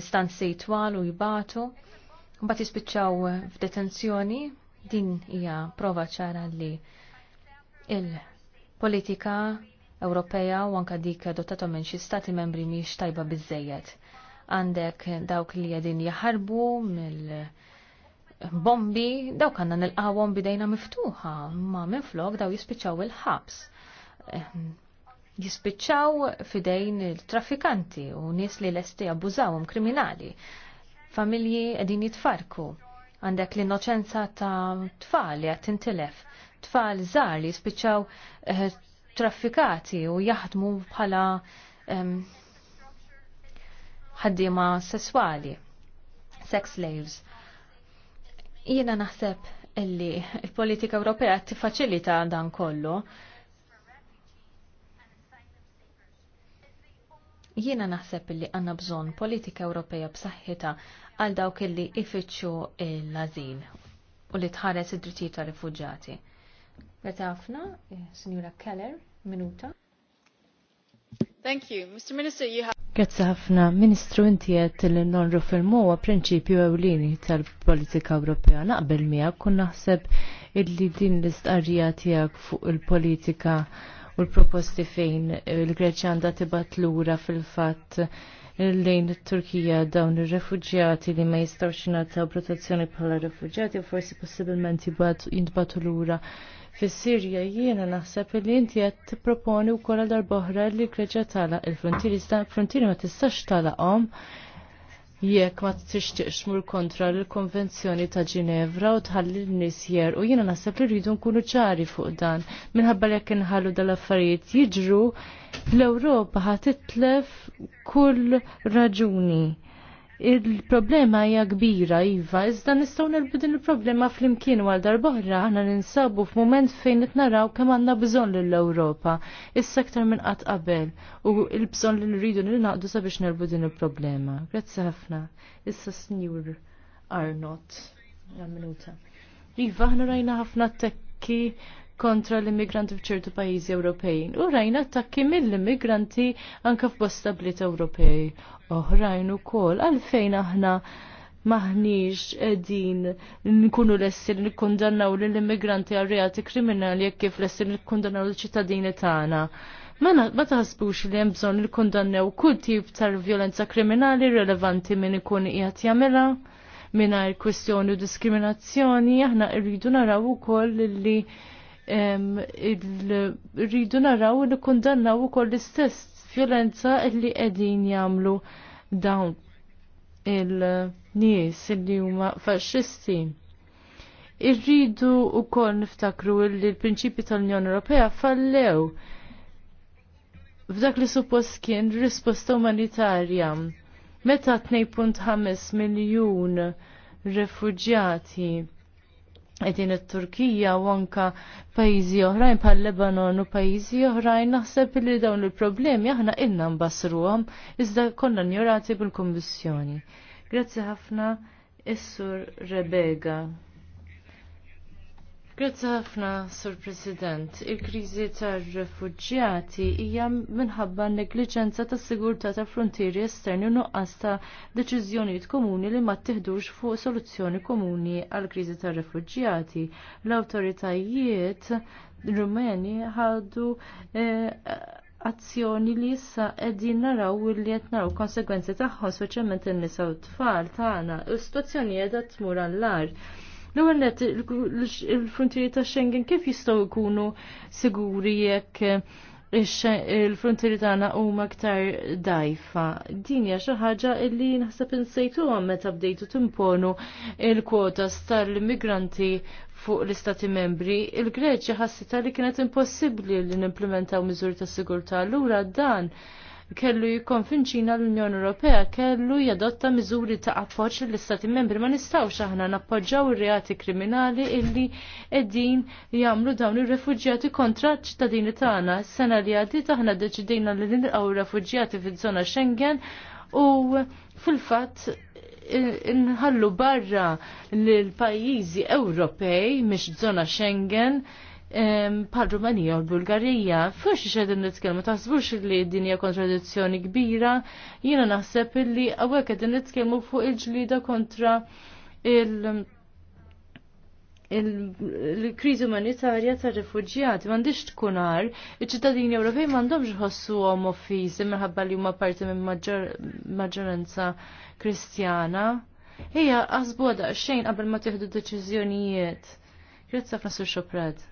distanzi twal u jibatu Mbagħad jispiċċaw f'detenzjoni din hija prova ċara li il-politika Ewropea u anka dik adottata minn xi stati membri mhix tajba biżejjed. Għandek dawk li qegħdin jaħarbu mill bombi, dawk għandna nilqawhom bidejna miftuħa, ma minflok daw jispiċċaw il-ħabs ehm, jispiċċaw fidejn il-traffikanti u nies li lesti abbużawhom kriminali familji qegħdin jitfarku. Għandek l-innoċenza ta' tfal li qed intilef, tfal zar li spiċċaw eh, traffikati u jaħdmu bħala ħaddiema sesswali, sex slaves. Jiena naħseb illi il-politika Ewropea tiffaċilita dan kollu Jiena naħseb li għanna bżon politika Ewropeja b'saħħitha għal dawk illi ifittxu l-azil u li tħares id-drittijiet ta' rifuġġati. Meta ħafna, eh, Sinjura Keller, minuta. Thank you. Mr. Minister, you have Grazie ħafna, Ministru inti qed li nonrufilmu huwa prinċipju ewlieni tal-politika Ewropea. Naqbel miegħek kun naħseb illi din l-istqarrija tiegħek fuq il-politika u l-proposti fejn il-Greċja għandha tibat lura fil-fatt lejn Turkija dawn ir-refuġjati li ma jistgħux ta' protezzjoni bħala refuġjati u forsi possibilment jintbatu lura fis-Sirja jiena naħseb li inti qed tipproponi wkoll darba oħra li Greċja tagħlaq il-frontieri frontieri ma tistax talaqhom jekk ma tixtieqx mur kontra l-Konvenzjoni ta' Ġinevra u tħalli l nis jer u jiena naħseb li rridu nkunu ċari fuq dan minħabba jekk inħallu dal-affarijiet jiġru l-Ewropa ħatitlef kull raġuni Il-problema hija kbira iva, iżda nistgħu nerbu din il-problema flimkien għal darbohra aħna ninsabu f'mument fejn qed naraw kemm għandna bżonn lill-Ewropa, issa aktar minn qatt qabel u l-bżonn li nridu nilnaqdu sabiex nerbu din il-problema. Grazzi ħafna. Issa Sinjur Arnott għal-minuta. Iva, aħna rajna ħafna tekki kontra l-immigranti f'ċertu pajjiżi Ewropej. U rajna attakki mill-immigranti anke f'bosta bliet Ewropej. Oħrajn ukoll għalfejn aħna maħniġ edin nkunu l essir nikkundannaw l-immigranti għal reati kriminali jekk kif l essir nikkondannaw l-ċittadini tagħna. ma taħsbux li hemm bżonn nikkondannaw kull tip tal-vjolenza kriminali relevanti minn ikun qiegħed jagħmilha mingħajr kwestjoni u diskriminazzjoni, aħna rridu naraw ukoll li rridu naraw li kundannaw ukoll l-istess violenza li qegħdin jagħmlu dawn il-nies li huma faxxisti. Irridu ukoll niftakru li l-prinċipi tal-Unjoni Ewropea fallew f'dak li suppost kien risposta umanitarja. Meta 2.5 miljun refugjati qegħdin it-Turkija u anka pajjiżi oħrajn bħal Lebanon u pajjiżi oħrajn naħseb li dawn il-problemi aħna inna nbassruhom iżda konna njorati bil-Kummissjoni. Grazzi ħafna issur Rebega. Grazzi ħafna, Sur President. Il-kriżi tar-refuġjati hija minħabba negliġenza tas sigurtà ta' frontieri esterni u nuqqas ta' deċiżjonijiet komuni li ma tiħdux fuq soluzzjoni komuni għall kriżi tar-refuġjati. L-awtoritajiet Rumeni ħadu eh, azzjoni li issa qegħdin naraw li qed naraw konsegwenzi tagħhom speċjalment in-nisa u t-tfal tagħna. Is-sitwazzjoni qiegħda tmur għall għar L-ewwel il-frontieri ta' Schengen kif jistgħu jkunu siguri jekk il-frontieri tagħna huma aktar dajfa. Din hija xi ħaġa li naħseb insejtuha meta bdejtu timponu il-kwotas tal-immigranti fuq l-istati membri, il-Greċja ħassita li kienet impossibbli li nimplementaw miżuri ta' sigurtà. Lura dan kellu jikkonfinċina l-Unjoni Ewropea kellu jadotta miżuri ta' appoġġ l-Istati membri ma nistawx aħna nappoġġaw ir-reati kriminali illi qegħdin jagħmlu dawn ir-refuġjati kontra ċ-ċittadini tagħna. Is-sena li għaddiet aħna deċidejna li nilqgħu ir-refuġjati fiż-żona Schengen u fil-fatt inħallu barra l-pajjiżi Ewropej mhix żona Schengen pal Rumanija u l-Bulgarija. Fux xedin nitkelmu, taħsbux li dinja kontradizzjoni kbira, jina naħseb li għawek għedin nitkelmu fuq il-ġlida kontra il- il-kriżi umanitarja tar rifugjati m'għandix tkun għar, iċ-ċittadini Ewropej m'għandhomx ħossu għom offiżi minħabba li huma parti minn maġġoranza kristjana. Hija qasbu għadha xejn qabel ma tieħdu deċiżjonijiet. Grazzi ħafna sur Xoprad.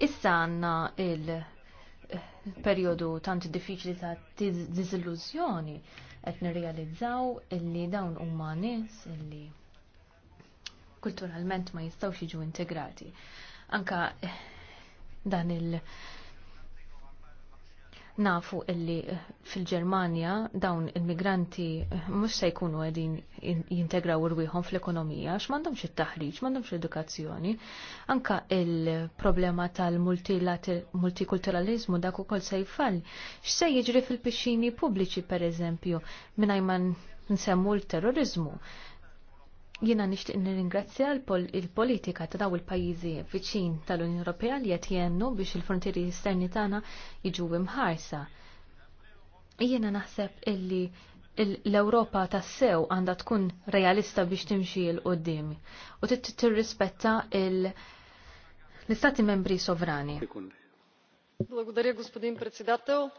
Issa għanna il-periodu eh, tant diffiċli ta' dizillużjoni qed nirrealizzaw illi dawn huma nies illi kulturalment ma jistgħux jiġu integrati. Anka eh, dan il- Nafu illi eh, fil-Germania dawn il-migranti eh, mux se jkunu għedin jintegraw irwiħom fl-ekonomija, x'mandomx it-taħriġ, mandomx edukazzjoni. Anka il-problema tal-multikulturalizmu dak ukoll se jfall. X'se jiġri fil-pixxini pubbliċi per eżempju, minn nsemmu l-terrorizmu. Jiena nixtieq nirringrazzja l-politika ta' daw il-pajjiżi viċin tal-Unjoni Ewropea li qed jennu biex il-frontieri esterni tagħna jiġu imħarsa. Jiena naħseb illi l-Ewropa tas-sew għandha tkun realista biex timxi l qoddim u tirrispetta l-istati membri sovrani. Благодаря, господин председател.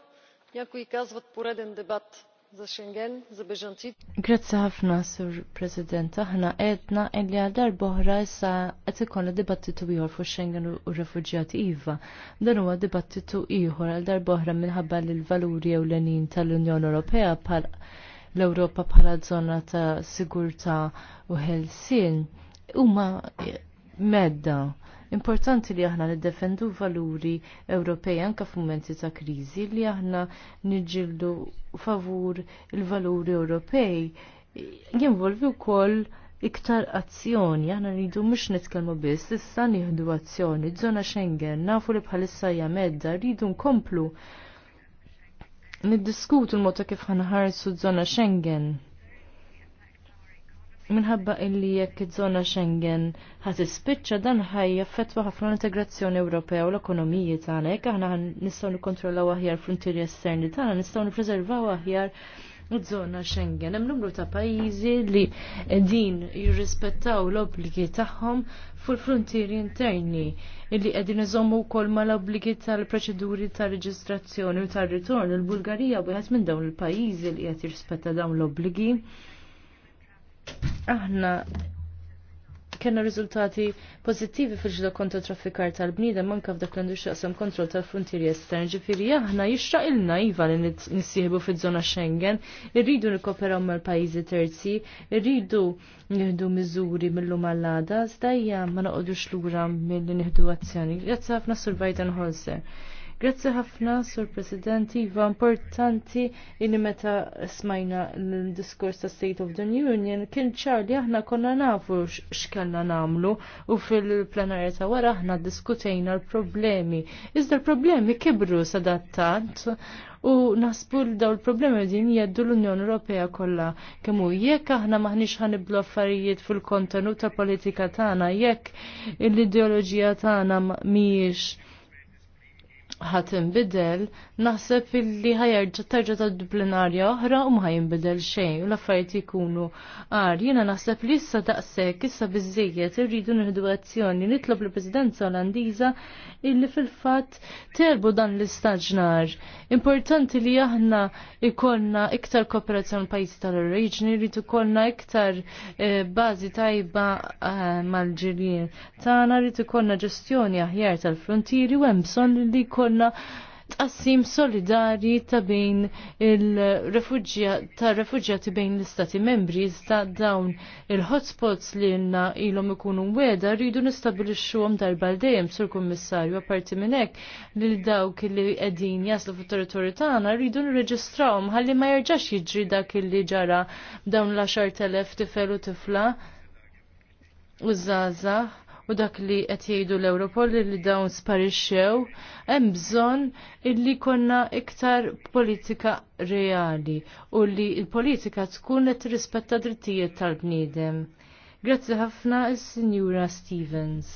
Някои казват пореден дебат Grazzi ħafna, Sur President. Aħna edna illi għal darboħra issa qed ikollna dibattitu ieħor fuq Schengen u refuġjati iva. Dan huwa dibattitu ieħor għal darboħra minħabba l valuri ewlenin tal-Unjoni Ewropea bħal l-Ewropa bħala żona ta' sigurtà u ħelsien huma medda Importanti li aħna niddefendu valuri Ewropej anke f'mumenti ta' kriżi li aħna niġġildu favur il-valuri Ewropej jinvolvi wkoll iktar azzjoni, aħna rridu mhux nitkellmu biss, issa nieħdu azzjoni, żona Schengen, nafu li bħalissa hija medda, rridu nkomplu niddiskutu l-mod kif ħanħarsu żona Schengen minħabba illi jekk iż-żona Schengen ħat ispiċċa dan ħajja ħafna l-integrazzjoni Ewropea u l-ekonomiji tagħna jekk aħna nistgħu nikkontrollaw aħjar frontieri esterni tagħna nistgħu nippreservaw aħjar iż-żona Schengen. Hemm numru ta' pajjiżi li qegħdin jirrispettaw l-obbligi tagħhom fil-frontieri interni illi qegħdin iżommu wkoll mal-obbligi tal-proċeduri tar reġistrazzjoni u tar-ritorn il-Bulgarija wieħed minn dawn il-pajjiżi li qed jirrispetta dawn l-obbligi aħna kena riżultati pozittivi fil-ġida kontra traffikar tal-bnida manka f'dak l xaqsam kontrol tal-frontieri estern. Ġifiri, aħna il-na iva li nisieħbu fil-zona Schengen, irridu nikoperaw mal-pajizi terzi, irridu nieħdu miżuri mill-lum għall zdajja ma noqodux lura mill-nieħdu azzjoni. Grazzi ħafna Sur Biden Holzer. Grazzi ħafna, Sur President, iva importanti li meta smajna l-diskors ta' State of the Union kien ċarli aħna konna nafu x'kella namlu u fil-plenarja ta' wara aħna diskutejna l-problemi. Iżda l-problemi kibru sadattant u nasbu l daw l-problemi din jeddu l-Unjoni Ewropea kollha kemm hu jekk aħna maħniex ħaniblu affarijiet fil-kontenut ta' politika tagħna jekk l-ideoloġija tagħna mhijiex ħat inbidel, naħseb illi ħajerġa terġa ta' disciplinarja oħra u ma jinbidel xejn u l-affarijiet jkunu għar. Jiena naħseb li issa daqshekk issa biżejjed irridu nieħdu azzjoni nitlob l-Presidenza Olandiża illi fil-fatt terbu dan l-istaġnar. Importanti li aħna ikollna iktar kooperazzjoni pajjiżi tal reġni rridu ikollna iktar eh, bażi tajba eh, mal-ġirien. Tagħna rrid ikollna ġestjoni aħjar tal-frontieri u hemm bżonn li jkollna ikonna tqassim solidari ta' bejn il-refugġjati bejn l-istati membri iżda dawn il-hotspots li jenna ilhom ikunu weda rridu nistabilixxuhom darba l dejjem sur kummissarju apparti minn hekk lil dawk li qegħdin jaslu fit-territorju tagħna rridu nirreġistrawhom ħalli ma jerġax jiġri dak li ġara dawn l-10,000 tifel u tifla u żgħażagħ u dak li qed jgħidu l ewropol li dawn sparixxew, hemm bżonn illi konna iktar politika reali u li l-politika tkun qed tirrispetta drittijiet tal-bniedem. Grazzi ħafna is-Sinjura Stevens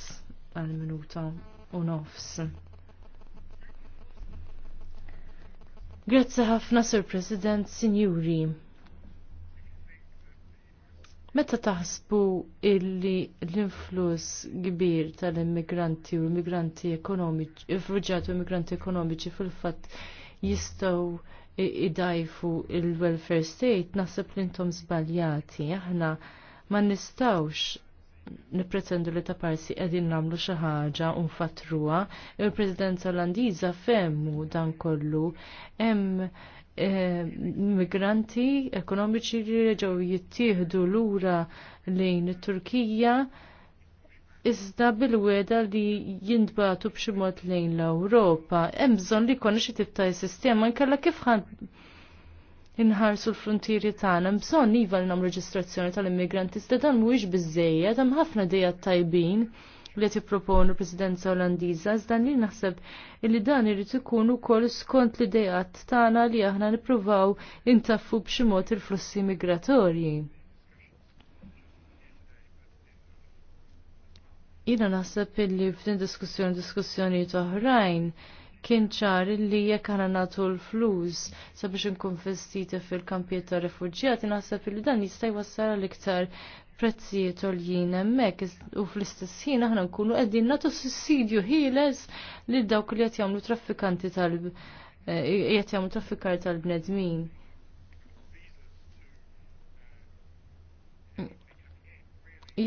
għal-minuta u nofs. Grazzi ħafna, Sir President, Sinjuri. Meta taħsbu illi l-influss kbir tal-immigranti u l-immigranti ekonomiċi, il-fruġati u l-immigranti ekonomiċi fil-fatt jistaw idajfu il-welfare state, naħseb li intom zbaljati, aħna ma nistawx nipretendu li ta' parsi edin namlu xaħġa fatruwa, il-Presidenza andiza femmu dan kollu, hemm migranti ekonomiċi li reġgħu jittieħdu lura lejn it-Turkija iżda bil-weda li jindbatu b'xi mod lejn l-Ewropa. Hemm bżonn li jkollna xi tip ta' sistema nkella kif inħarsu l-frontieri tagħna bżonn iva li nagħmlu reġistrazzjoni tal-immigranti iżda dan mhuwiex biżejjed hemm ħafna dejja tajbin li tipproponu l-Presidenza Olandiża, iżda li naħseb li dan irid ikun ukoll skont li dejat tagħna li aħna nippruvaw intaffu b'xi mod il-flussi migratorji. Jiena naħseb illi f'din diskussjoni diskussjoni oħrajn kien ċar li jekk aħna nagħtu l-flus sabiex nkun festiti fil-kampijiet ta' refuġjati naħseb li dan jista' jwassal l-iktar prezzijiet l-jien hemmhekk u fl-istess ħin aħna nkunu qegħdin nagħtu sussidju ħieles li dawk li qed jagħmlu traffikanti tal eh, qed jagħmlu traffikar tal-bnedmin.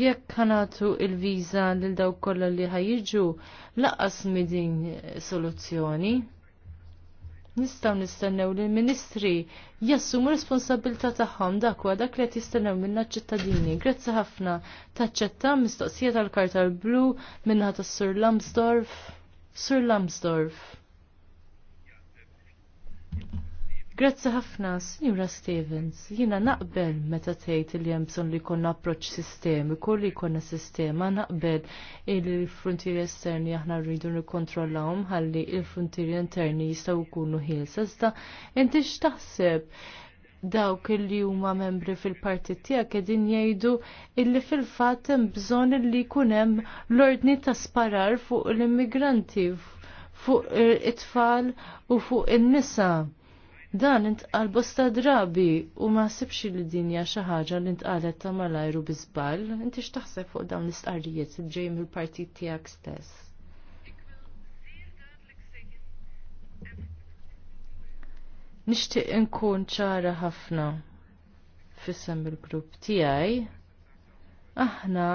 Jekk ħanatu il-viża lil dawk kollha li ħajġu, laqas midin soluzzjoni nistaw nistennew li l-ministri jassumu responsabilta tagħhom dak wa dak li qed jistennew minna ċittadini. Grazzi ħafna taċċetta mistoqsija tal-karta l-blu minnaħa tas-Sur Lamsdorf. Sur Lamsdorf. Grazzi ħafna, Signora Stevens, jina naqbel meta tgħid li hemm bżonn li jkollna approċċ sistemiku li jkollna sistema naqbel il-frontieri esterni aħna rridu nikkontrollawhom ħalli il-frontieri interni jistgħu jkunu ħielsa iżda inti x'taħseb dawk li huma membri fil-partit tiegħek qegħdin jgħidu illi fil-fatt hemm bżonn li jkun hemm l-ordni ta' sparar fuq l-immigranti fuq it-tfal u fuq in-nisa. Dan intqal bosta drabi u ma sibx li dinja xi ħaġa li ntqalet ta' malajru bizbal, inti x'taħseb fuq dawn l-istqarrijiet ġej mill-partit tiegħek stess. Nixtieq inkun ċara ħafna fissem il-grupp tiegħi aħna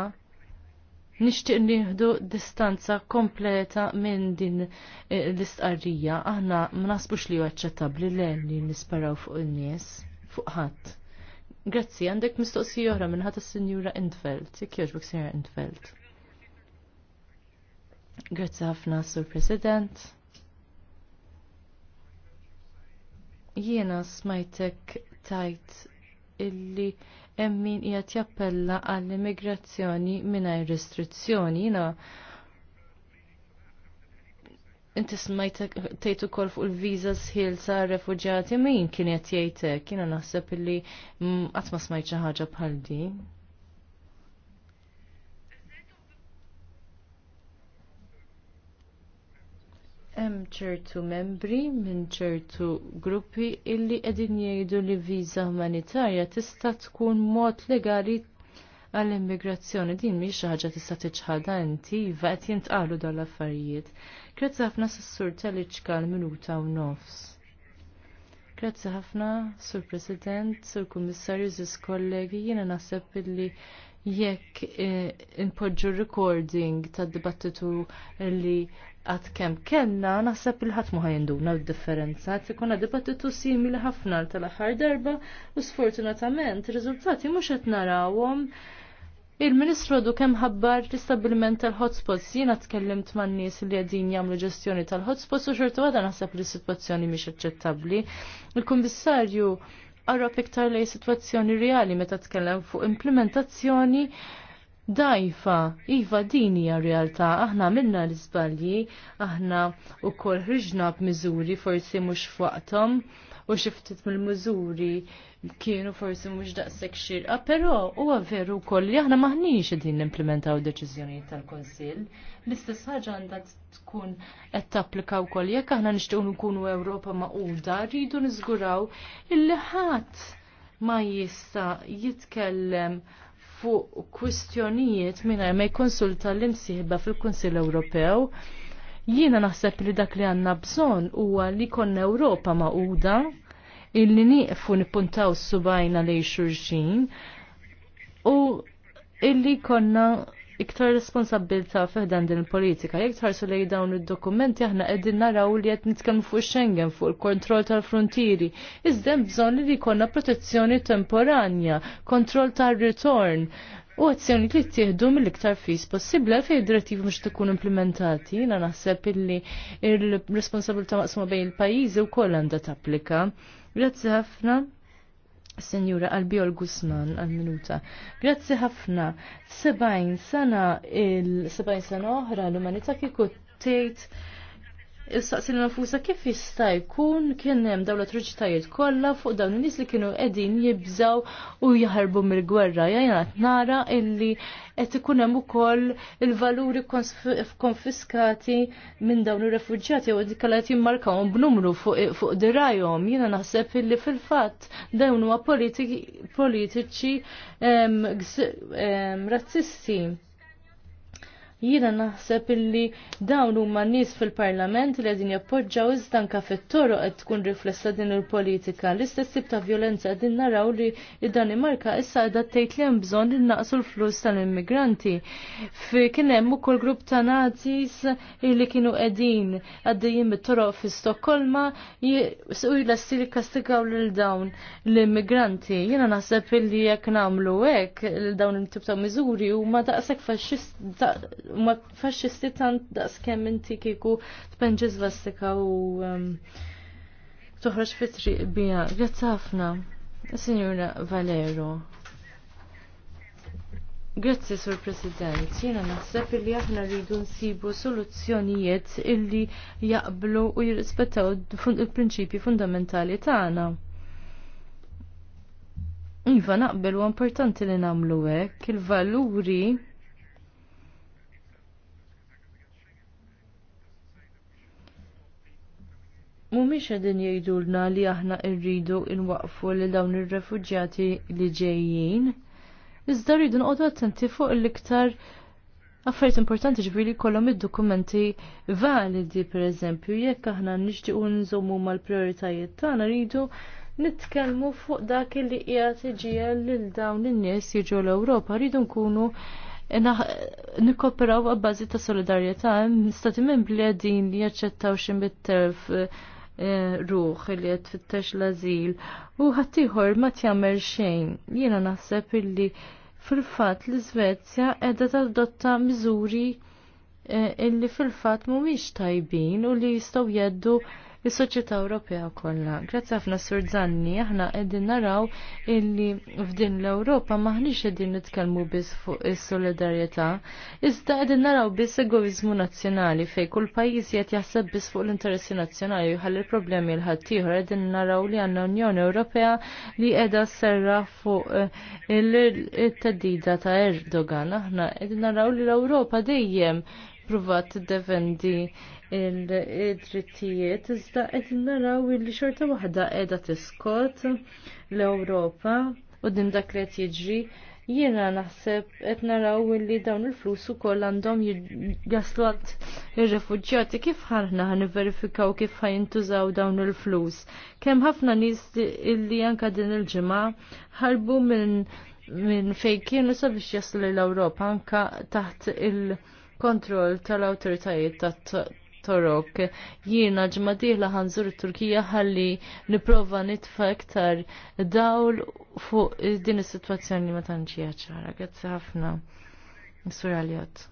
nixtieq nieħdu distanza kompleta minn din eh, l-istqarrija. Aħna ma naħsbux li huwa l li nisparaw fuq in-nies fuq ħadd. Grazzi, għandek mistoqsija oħra minn ħadd is-Sinjura Intfeld, jekk jogħġbok Sinjura Intfeld. Grazzi ħafna, Sur President. Jiena smajtek tajt illi hemm min qiegħed jappella għall-immigrazzjoni mingħajr restrizzjoni. jina. inti smajtek tgħid kol fuq il-viża sħilsa refuġjati min kien qed jgħidlek? Jiena naħseb illi mm, qatt ma smajt ħaġa bħal din. hemm ċertu membri minn ċertu gruppi illi qegħdin jgħidu li viża umanitarja tista' tkun mod legali għall-immigrazzjoni din mhix xi ħaġa tista' tiġħadha inti iva qed jintqalu dawn l-affarijiet. Grazzi ħafna s-sur tal minuta u nofs. Grazzi ħafna, Sur President, Sur Kummissarju, Ziz kollegi, jiena naħseb illi jekk eh, inpoġġu recording tad dibattitu li għat kem kellna naħseb il-ħat muħa jinduna l-differenza, għat ikonna dibattitu simili ħafna tal-aħħar darba u sfortunatament il-rizultati mux għat narawom Il-Ministru du kem ħabbar l-istabilment tal-hotspots, jina tkellimt man nies li għedin jamlu ġestjoni tal-hotspots u xortu għada naħseb li situazzjoni miex aċċettabli. Il-Kommissarju għarra iktar li situazzjoni reali meta tkellem fuq implementazzjoni dajfa, iva din hija realtà, aħna minna l-iżbalji, aħna wkoll ħriġna b'miżuri forsi mhux f'waqthom u xi ftit mill-miżuri kienu forsi mhux daqshekk xirqa, però huwa veru wkoll li aħna maħniex qegħdin nimplementaw deċiżjonijiet tal-Kunsill. L-istess ħaġa għandha tkun qed tapplika wkoll jekk aħna nixtiequ nkunu Ewropa maquda, rridu niżguraw illi ħadd ma jista' jitkellem fuq kwistjonijiet mingħajr ma jkonsulta l-imsieħba fil-Kunsill Ewropew. Jiena naħseb li dak li għandna bżonn huwa li konna Ewropa maquda illi nieqfu nippuntaw s-subajna li xurxin u illi konna iktar responsabilta fiħdan din il-politika. iktar su lej dawn il-dokumenti aħna qegħdin naraw li qed nitkellmu fuq Schengen, fuq il-kontroll tal-frontieri. Iżda hemm bżonn li jkollna protezzjoni temporanja, kontroll tar-ritorn u azzjoni li tieħdu mill-iktar fis possibbli għal fej direttivi mhux tkun implementati, jiena naħseb illi il responsabilta maqsuma bejn il-pajjiżi wkoll għandha tapplika. Grazzi ħafna. Senjura Albiol Guzman għal-minuta. Grazzi ħafna. Sebajn sena il sebajn sena oħra l umanita kieku tgħid Saqsin nafusa kif jista' jkun kien hemm dawn l-atroċitajiet kollha fuq dawn in-nies li kienu qegħdin jibżaw u jaħarbu mill-gwerra. Jajna nara illi qed ikun hemm ukoll il-valuri konfiskati minn dawn ir-refuġġjati u dik qed jimmarkawhom b'numru fuq dirajhom. Jiena naħseb illi fil-fatt dawn huwa politiċi razzisti Jiena naħseb illi dawn huma nies fil-Parlament li qegħdin jappoġġaw iżda fit-toroq qed tkun riflessa din il-politika. L-istess tip ta' violenza qegħdin naraw li id-Danimarka issa qiegħda tgħid li hemm bżonn innaqsu l-flus tal-immigranti. Kien hemm ukoll grupp ta' nazis li kienu qegħdin għaddejjin mit-toroq fi Stokkolma u jlassi li kastigaw lil dawn l-immigranti. Jiena naħseb illi jekk nagħmlu hekk dawn il-tip ta' miżuri huma daqshekk faxxist ma faxxisti tant daqs kemm inti kieku tpenġiż vastika u um, toħroġ fit-triq bija. Grazzi ħafna. Signora Valero. Grazzi, Sur President. Jiena naħseb li aħna rridu nsibu soluzzjonijiet illi jaqblu u jirrispettaw il-prinċipji fundamentali tagħna. Iva naqbel u importanti li namlu hekk il-valuri mumiex għedin jgħidulna li aħna irridu inwaqfu li dawn ir-refuġjati li ġejjin. Iżda rridu nqodu attenti fuq l-iktar affarijiet importanti ġifieri kollhom id-dokumenti validi pereżempju jekk aħna nixtiequ nżommu mal-prijoritajiet tagħna rridu nitkellmu fuq dak li qiegħed iġiel lil dawn in-nies jiġu l-Ewropa rridu nkunu nikkoperaw għabbażi ta' solidarjetà stati membri għedin jaċċettaw xi mit-telf Eh, ruħ li qed fittex l-azil u għattiħor ma tjammer xejn. Jiena naħseb illi fil-fatt l-Iżvezja qiegħda tadotta miżuri eh, illi fil-fatt mhumiex tajbin u li jistgħu jeddu is-soċjetà Ewropea kollha. Grazzi ħafna Sur Zanni, aħna qegħdin naraw illi f'din l-Ewropa maħniex qegħdin nitkellmu biss fuq is-solidarjetà, iżda qegħdin naraw biss egoizmu nazzjonali fej kull pajjiż qed jaħseb biss fuq l-interessi nazzjonali u l problemi l ħaddieħor qegħdin naraw li għandna Unjoni Ewropea li qiegħda serra fuq eh, il tedida ta' Erdogan. Aħna qegħdin naraw li l-Ewropa dejjem provat defendi il-drittijiet, iżda qed naraw li xorta waħda qiegħda tiskot l-Ewropa u din dak li qed jiġri jiena naħseb qed naraw li dawn il-flus ukoll għandhom jaslu ir-refuġjati kif ħarna ħan verifikaw kif ħajintużaw dawn il-flus. Kemm ħafna nies illi anka din il-ġimgħa ħarbu minn minn fejn kienu sabiex jaslu l-Ewropa anka taħt il- kontroll tal-awtoritajiet tat torok. Jiena ġmadiħla ħanżur Turkija ħalli niprofa nitfa iktar dawl fuq din is-sitwazzjoni ma tantxija ċara. Grazzi ħafna. Sur Aliot.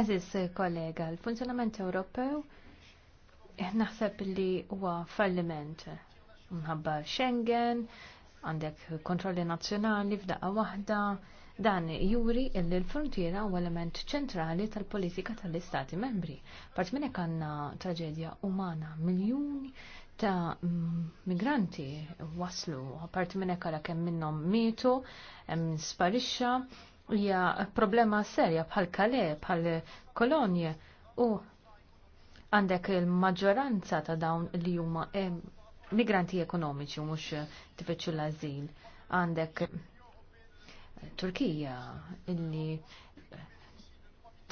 Eżis kollega, l-funzjonament Ewropew naħseb li huwa falliment mħabba Schengen, għandek kontrolli nazzjonali f'daqqa waħda, Dan juri illi l-frontiera u element ċentrali tal-politika tal-istati membri. Part minn hekk għandna traġedja umana, miljuni ta' migranti waslu, apart minn hekk kemm minnhom mietu, hemm sparixxa, hija problema serja bħal kale, bħal kolonje u għandek il-maġġoranza ta' dawn li huma migranti ekonomiċi mhux tifittxu l-azil. Għandek Turkija illi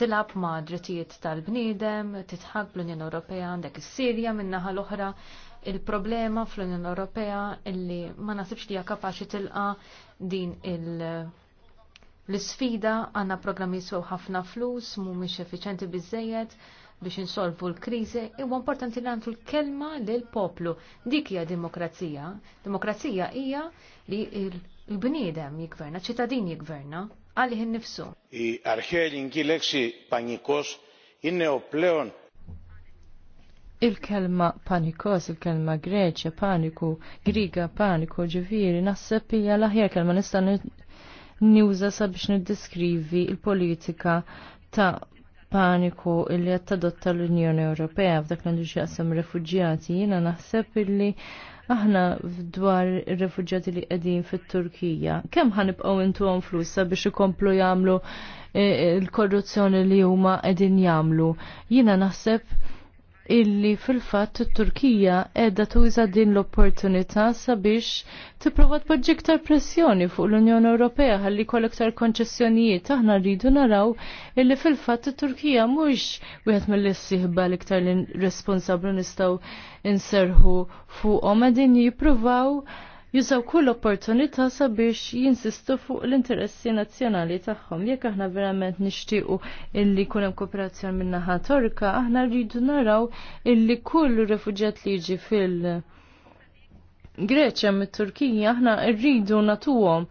tilab ma' drittijiet tal-bniedem, titħak l-Unjoni Ewropea għandek is-Sirja min-naħa l-oħra. Il-problema fl-Unjoni Ewropea illi ma nasibx li hija kapaċi tilqa din il- l-sfida għanna programmi sew ħafna flus, mhumiex effiċenti biżejjed biex insolvu l-kriżi, huwa importanti li għandu l-kelma lil poplu. Dik hija demokrazija. Demokrazija hija li l il-bniedem jikverna, ċittadin jikverna, għalih innifsu. I arħelinki leksi panikos inne u pleon. Il-kelma panikos, il-kelma greċja, paniku, griga, paniku, ġiviri nasseb hija l-aħjar kelma nista' niwza sabiex n-diskrivi il-politika ta' paniku illi għattadotta l-Unjoni Ewropea f'dak l-għandu xieqsam refugjati, jina naħseb illi aħna dwar ir-refuġjati li qegħdin fit-Turkija, kemm ħanibqgħu intuhom flussa biex ikomplu jagħmlu eh, l-korruzzjoni li huma qegħdin jagħmlu. Jiena naħseb illi fil-fatt Turkija edda tuża din l-opportunità sabiex tipprova tpoġġi iktar pressjoni fuq l-Unjoni Ewropea ħalli kollektar iktar konċessjonijiet aħna rridu naraw illi fil-fatt Turkija mhux wieħed mill-issieħba l-iktar responsabbli nistgħu inserħu fuqhom qegħdin jippruvaw jużaw kull opportunità sabiex jinsistu fuq l-interessi nazzjonali tagħhom. Jekk aħna verament nixtiequ illi jkun hemm kooperazzjoni min-naħa Torka, aħna rridu naraw illi kull refuġjat li jiġi fil- Greċja mit-Turkija aħna rridu natuhom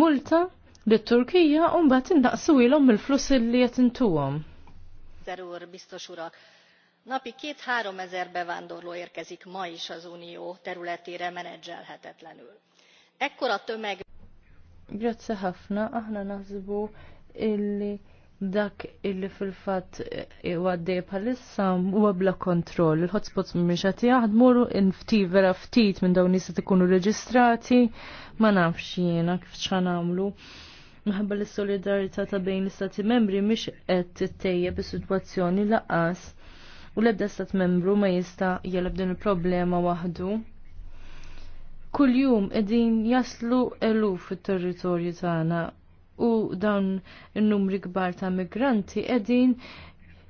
multa lit-Turkija u mbagħad innaqsu ilhom il-flus li qed intuhom napi két három ezer bevándorló érkezik ma is az unió területére menedzselhetetlenül. ekkora tömeg. Grazzi ħafna, aħna nazbu illi dak illi fil-fat eh, għaddej bħalissa huwa bla kontroll. Il-hotspots mhumiex qed in fti vera ftit minn dawn nisa ikunu reġistrati, ma nafx jiena kif xan għamlu. Minħabba l solidarita ta' bejn l-istati membri mhix qed t-tejja is-sitwazzjoni laqas u l-ebda stat membru ma jista jelab din il-problema waħdu. Kuljum edin jaslu eluf fit-territorju tagħna u dawn in-numri kbar ta' migranti edin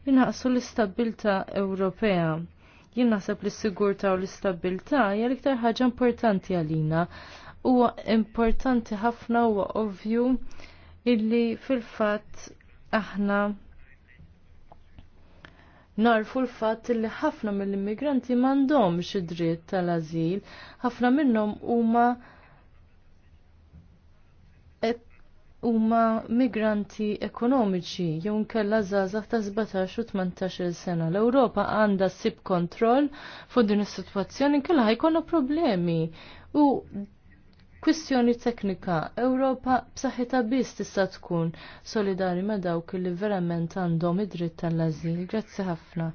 jinaqsu l-istabilta Ewropea jien naħseb sigurta u l istabilta hija l-iktar ħaġa importanti għalina. Huwa importanti ħafna huwa ovvju illi fil-fatt aħna narfu l-fatt li ħafna mill-immigranti m'għandhomx xidrit tal-azil, ħafna minnhom huma huma migranti ekonomiċi jew nkella żgħażagħ ta' 17 u 18 sena. L-Ewropa għandha ssib kontroll fuq din is-sitwazzjoni kellha jkollna problemi. U kwistjoni teknika, Ewropa b'saħħitha biss tista' tkun solidari ma' dawk li verament għandhom id-dritt tal-azil. Grazzi ħafna.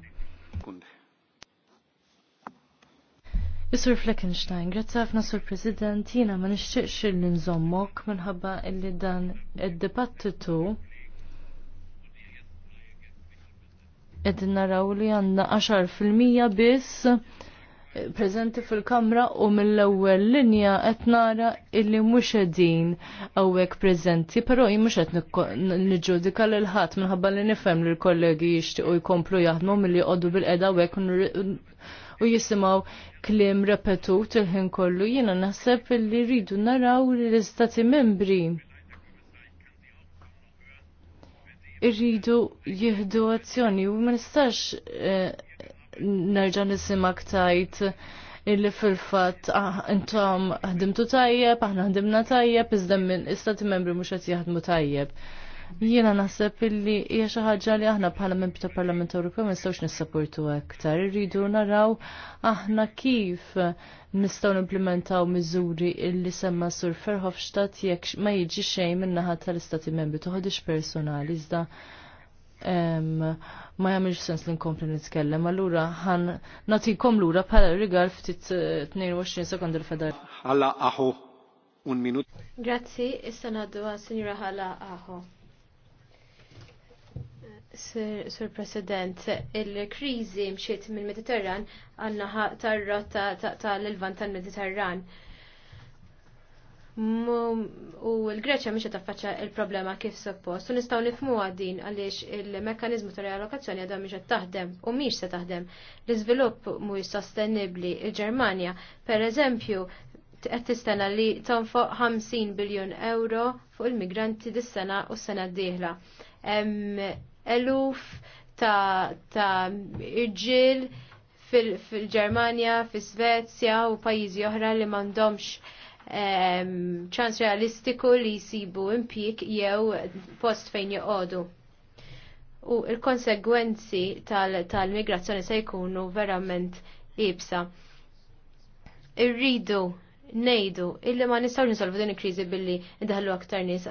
Isur Fleckenstein, grazzi ħafna sur President, jiena ma nixtieqx li nżommok minħabba li dan id-dibattitu qegħdin naraw li għandna 10% biss prezenti fil-kamra u mill-ewwel linja qed nara illi mhux qegħdin hawnhekk preżenti, però jien mhux qed niġġudika lil ħadd minħabba li nifhem li l-kollegi jixtiequ jkomplu jaħdmu milli jqogħdu bil-qeda hawnhekk u jisimaw klim repetut il-ħin kollu jiena naħseb li rridu naraw li l-istati membri irridu jihdu azzjoni u ma nistax eh, nerġa' nisimak tajt illi fil-fatt ah, intom ħdimtu tajjeb, aħna ħdimna tajjeb, iżda minn istati membri mhux qed jaħdmu tajjeb. Jiena naħseb illi hija xi ħaġa li aħna bħala membri ta' Parlament Ewropew ma nistgħux nissapportu aktar, irridu naraw aħna kif nistgħu nimplementaw miżuri illi semma Sur Verhofstadt jekk ma jiġi xejn min-naħa tal-Istati Membri toħodix personali iżda ma jagħmilx sens li nkompli nitkellem. Allura ħan natikom lura bħala rigal ftit 22 sekond il-fedar. Ħalla aħu un minut. Grazzi, issa ngħaddu għas-Sinjura ħalla aħu. Sur President, il-kriżi mxiet mill-Mediterran għanna tar-rotta tal-Levant tal-Mediterran. tal mediterran u l-Greċja miex taffaċċa il-problema kif suppost u nistgħu nifhmu din għaliex il-mekkaniżmu ta' riallokazzjoni għadha miex taħdem u miex se taħdem. L-iżvilupp mhuwiex sostenibbli. Il-Ġermanja, pereżempju, qed tistenna li tonfoq 50 biljun euro fuq il-migranti dis-sena u s-sena d-dieħla. Eluf ta', ta fil-Ġermanja, fil-Svezja u pajjiżi oħra li m'għandhomx ċans realistiku li jisibu impjik jew post fejn joqogħdu. U il-konsegwenzi tal-migrazzjoni se jkunu verament ibsa. Irridu nejdu illi ma nistgħu nisolvu din il-kriżi billi ndaħlu aktar nies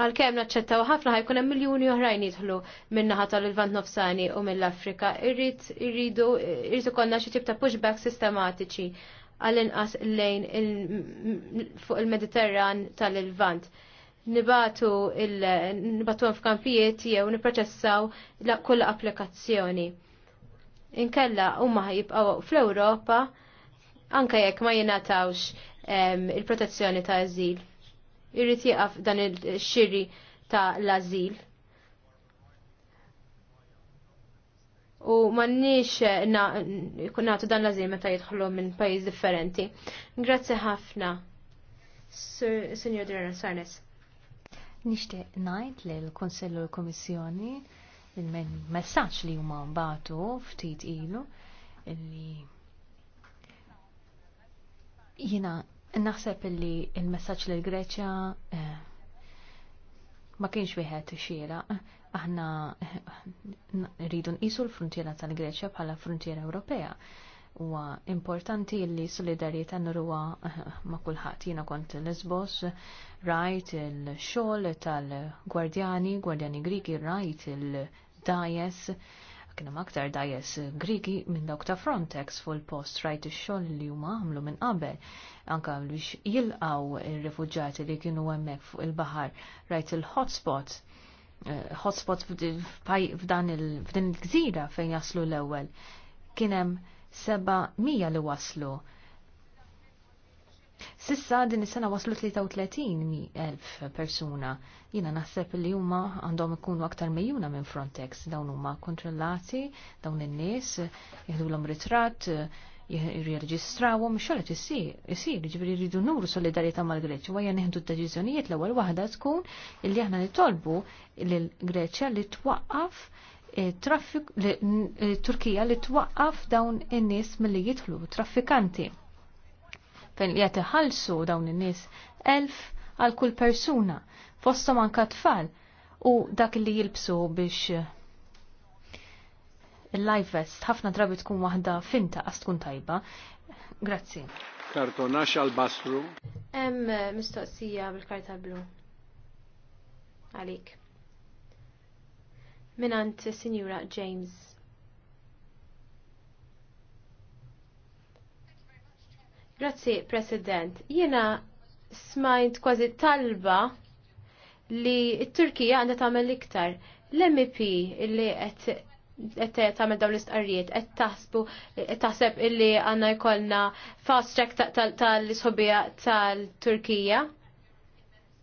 għal kem naċċettaw ħafna ħajkun hemm miljuni oħrajn jidħlu min-naħa tal-Lvant Nofsani u mill-Afrika. Irrid irridu irrid xi tip ta' pushback sistematiċi għall-inqas lejn fuq il-Mediterran tal-Ilvant. Nibatu nibatu f'kampijiet jew niproċessaw kull applikazzjoni. Inkella huma jibqaw fl-Ewropa anke jekk ma jinatawx il-protezzjoni ta' azil. Irrid jieqaf dan il-xiri ta' l-azil. u mannix eh, nagħtu dan lażim meta jidħlu minn pajjiż differenti. Grazzi ħafna, Sr. Dirna Sarnes. Nixtieq ngħid li l konsellu l-Kummissjoni il-messaġġ li huma mbagħtu ftit ilu li jiena naħseb li l-messaġġ lill Greċja eh, ma kienx wieħed xieraq aħna rridu nqisu l-frontiera tal-Greċja bħala frontiera Ewropea. Huwa importanti li solidarjetà nruha ma' kulħadd. Jiena kont Lesbos, rajt il-xogħol tal-Gwardjani, Gwardjani Griki, rajt il-Dajes, kienem aktar dajes Griki minn dawk ta' Frontex fuq il-post rajt ix-xogħol li huma għamlu minn qabel anke biex jilqaw ir-refuġġati li kienu hemmhekk fuq il-baħar rajt il-hotspots Eh, hotspots f'dan il-fdin il-gżira fejn jaslu l-ewwel. Kienem seba mija li waslu. Sissa din is-sena waslu 33,000 persuna. Jina naħseb li huma għandhom ikunu aktar mejjuna minn Frontex. Dawn huma kontrollati, dawn in-nies, jieħdu l ritratt, jirreġistrawhom xogħol qed isir, ġibri jridu nuru solidarjetà mal-Greċja wajja neħdu d-deċiżjonijiet l-ewwel waħda tkun illi aħna nitolbu lill-Greċja li twaqqaf eh, traffik eh, Turkija li twaqqaf dawn in-nies milli jidħlu traffikanti. Fejn li qed dawn in-nies elf għal kull persuna, fosthom anka tfal u dak li jilbsu biex il-live vest ħafna drabi tkun waħda finta għas tkun tajba. Grazzi. Kartonax għal-bastru. Em mistoqsija bil-karta blu. Għalik. Minant Signora James. Grazzi, President. Jena smajt kważi talba li t-Turkija għandha tagħmel iktar. L-MP li qed qed tagħmel dawn l-istqarrijiet, qed taħsbu taħseb illi għandna jkollna fast track tal-isħobija tal-Turkija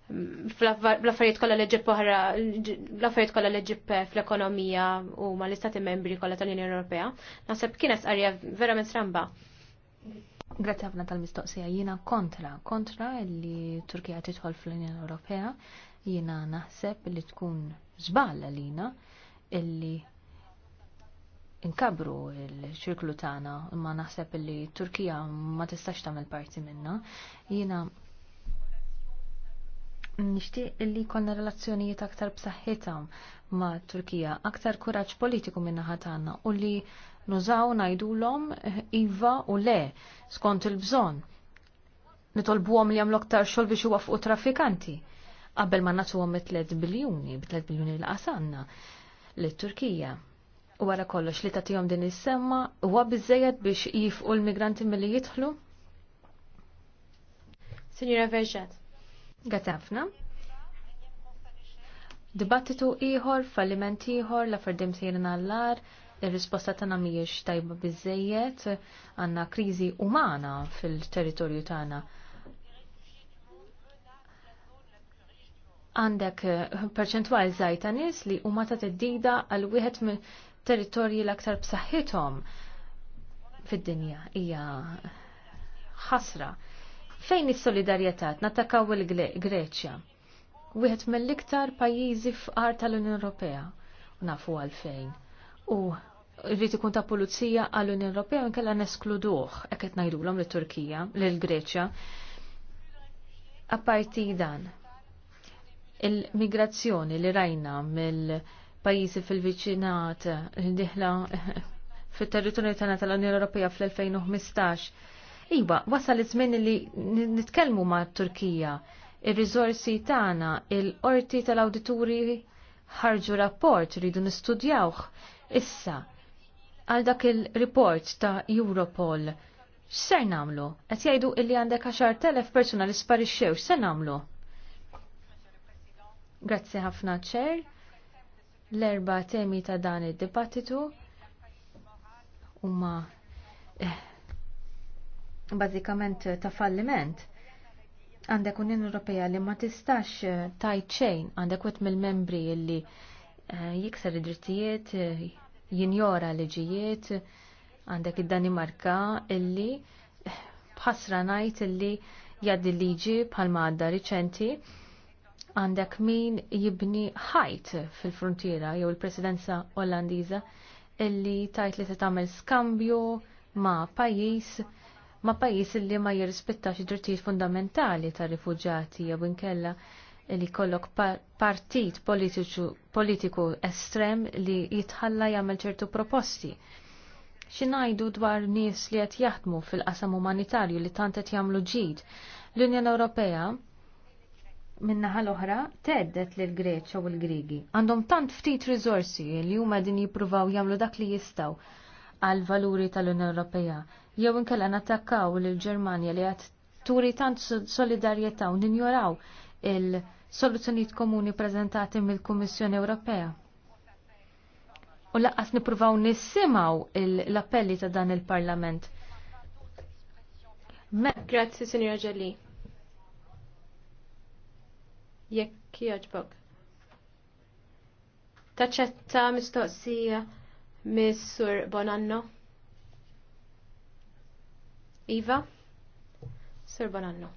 fl-affarijiet kollha li ġib oħra, l-affarijiet kollha li fl-ekonomija u ma l-istati membri kollha tal-Unjoni Ewropea. Naħseb kienet qarja verament stramba. Grazzi ħafna tal-mistoqsija. Jiena kontra, kontra li Turkija tidħol fl-Unjoni Ewropea. Jiena naħseb li tkun żball għalina illi inkabru il-ċirklu tagħna imma naħseb li Turkija ma tistax tagħmel parti minna. Jiena nixtieq li jkollna relazzjonijiet aktar b'saħħitam ma' Turkija, aktar kuraġġ politiku min-naħa tagħna u li nużaw ngħidulhom iva u le skont il-bżonn. Nitolbuhom li jagħmlu aktar xogħol biex iwaffqu trafikanti. qabel ma nagħtuhom it-3 biljuni, bit 3 biljuni l-qasanna lit-Turkija wara kollox li tagħtihom din is-semma huwa biżejjed biex jifqu l-migranti milli jidħlu? Signora Verġat. Gatafna. Dibattitu ieħor, falliment ieħor, la ferdim sejrin għallar, ir-risposta tagħna mhijiex tajba biżejjed, għandna kriżi umana fil-territorju tagħna. għandek perċentwal zaħita nis li huma ta' dida għal wieħed territorji l-aktar b'saħħithom fid-dinja hija ħasra. Fejn is-solidarjetà natakaw il-Greċja? Wieħed mill-iktar pajjiżi f'qar tal-Unjoni Ewropea u nafu għalfejn. U rrid ikun ta' pulizija għall-Unjoni Ewropea nkella neskluduh hekk qed ngħidulhom lit-Turkija, lill-Greċja. Apparti dan, il-migrazzjoni li rajna mill- pajjiżi fil-viċinat diħla fit-territorju tagħna tal-Unjoni Ewropea fl-2015. Iba, wasal iż-żmien li nitkellmu ma' Turkija, ir-riżorsi tagħna, il-qorti tal-awdituri ħarġu rapport rridu nistudjawh. Issa, għal dak il-report ta' Europol, x'ser namlu? Qed jgħidu illi għandek 10,000 persuna li sparixxew, x'ser namlu? Grazzi ħafna ċer. L-erba temi ta' dan id-dibattitu huma eh, bażikament ta' falliment. Għandek Unjoni Ewropea li ma tistax eh, tajt xejn għandek wet mill-membri li eh, jikser id-drittijiet, eh, jinjora liġijiet, għandek id-Danimarka illi eh, bħasra najt illi jaddi liġi bħal madda riċenti għandek min jibni ħajt fil-frontiera jew il-presidenza Ollandiża illi tajt li tagħmel skambju ma' pajjiż ma' pajjiż illi ma jirrispettax id-drittijiet fundamentali tar-rifuġati jew inkella li kollok partit politiku estrem li jitħalla jagħmel ċertu proposti. Xinajdu dwar nies li qed jaħdmu fil-qasam umanitarju li tant qed jagħmlu ġid. L-Unjoni Ewropea minnaħa l-oħra teddet l greċ u l-Grigi. Għandhom tant ftit rizorsi li huma din jippruvaw jagħmlu dak li jistgħu għal valuri tal-Unjoni Ewropea. Jew inkella nattakkaw l Ġermanja li għad turi tant solidarjetà u ninjoraw il-soluzzjonijiet komuni preżentati mill-Kummissjoni Ewropea. U laqqas nippruvaw nissimaw l-appelli ta' dan il-Parlament. Grazzi, Signora Gelli jekk jogħġbok. Taċċetta mistoqsija Missur Bonanno. Iva? Sur Bonanno.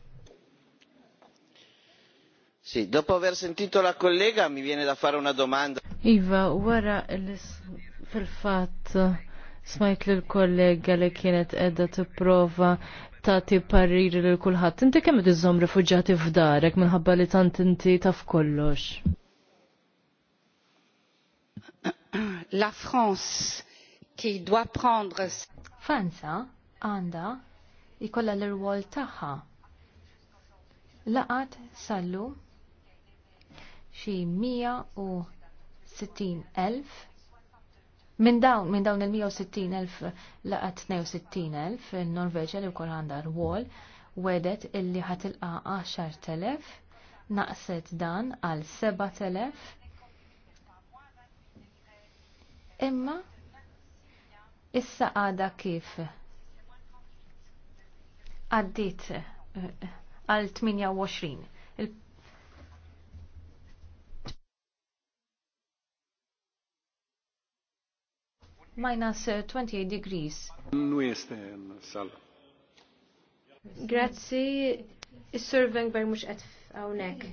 Sì, dopo aver sentito la collega mi viene da fare una domanda. Iva, wara fil-fatt smajt l-kollega li kienet edda t-prova tagħti parir lil kulħadd. Inti kemm qed rifugġati f'darek minħabba li tant inti taf kollox? La France ki doit prendre Franza għandha ikolla l-irwol tagħha. Laqat sallu xi 160 elf Minn dawn, minn dawn il-160.000 laqat 62.000 il-Norveġa li wkoll għandha rwol wedet illi ħatilqa 10.000 naqset dan għal 7.000 imma issa għada kif għaddit eh, għal 28 minus 28 eh, degrees. Nu sal. Grazzi, is-serving very much at our neck.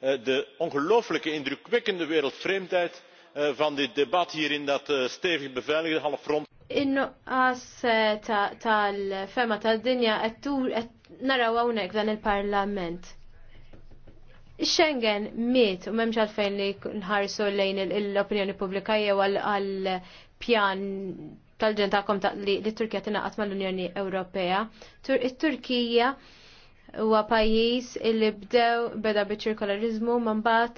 Eh, de ongelooflijke indrukwekkende wereldvreemdheid eh, van dit debat hier in dat stevig beveiligde halfrond. in as tal-fema tal-dinja et tu, et narawawnek dan il-Parlament. Schengen miet u memx għalfejn li nħarsu lejn l-opinjoni pubblika jew għal pjan tal-ġentakom ta' li l-Turkija tinaqat mal unjoni Ewropea. Il-Turkija huwa pajjiż li bdew beda biċ man bat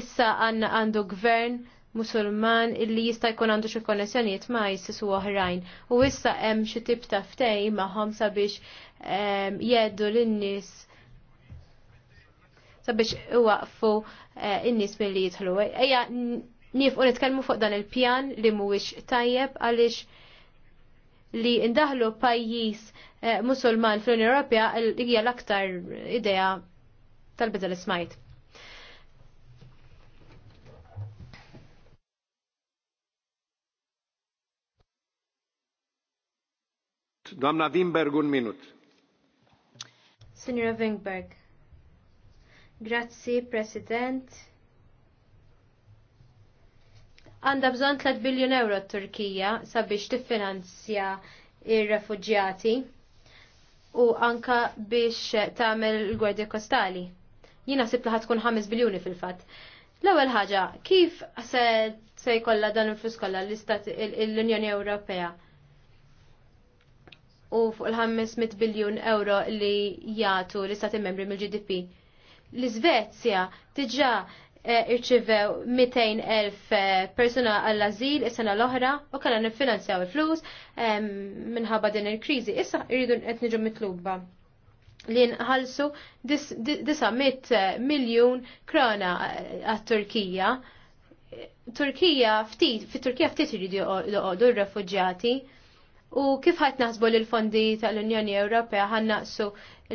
issa għanna għandu gvern musulman illi jista' jkun għandu xi konnessjonijiet ma' ISIS u oħrajn. U issa hemm xi tip ta' ftej magħhom sabiex ehm, jgħeddu lin-nies sabiex iwaqfu eh, in-nies milli jidħlu. Ejja nifqu nitkellmu fuq dan il-pjan li mhuwiex tajjeb għaliex li ndaħlu pajjiż eh, Musulman fl-Unjoni Ewropea hija l-aktar idea tal-bidel smajt. Damna Wimberg, un minut. Signora Wimberg. Grazzi, President. Għanda bżon 3 biljon euro Turkija sabiex tiffinanzja il refuġjati u anka biex tagħmel l-Gwardja Kostali. Jina sib li tkun 5 biljuni fil-fatt. L-ewwel ħaġa, kif se jkolla jkollha dan il-flus kolla l-Unjoni Ewropea? U fuq il-500 biljun euro li jagħtu l-istati membri mill-GDP L-Svezja diġà eh, irċivew 200.000 eh, persuna għall-azil is-sena l-oħra u kellna nifinanzjaw il-flus minħabba din il-kriżi. Issa rridu qed niġu mitluba li nħallsu 900 eh, miljun krona għat-Turkija. Turkija ftit, fit Turkija ftit iridu joqogħdu r-refuġjati u kif ħajt naħsbu li l-fondi tal-Unjoni Ewropea ħan naqsu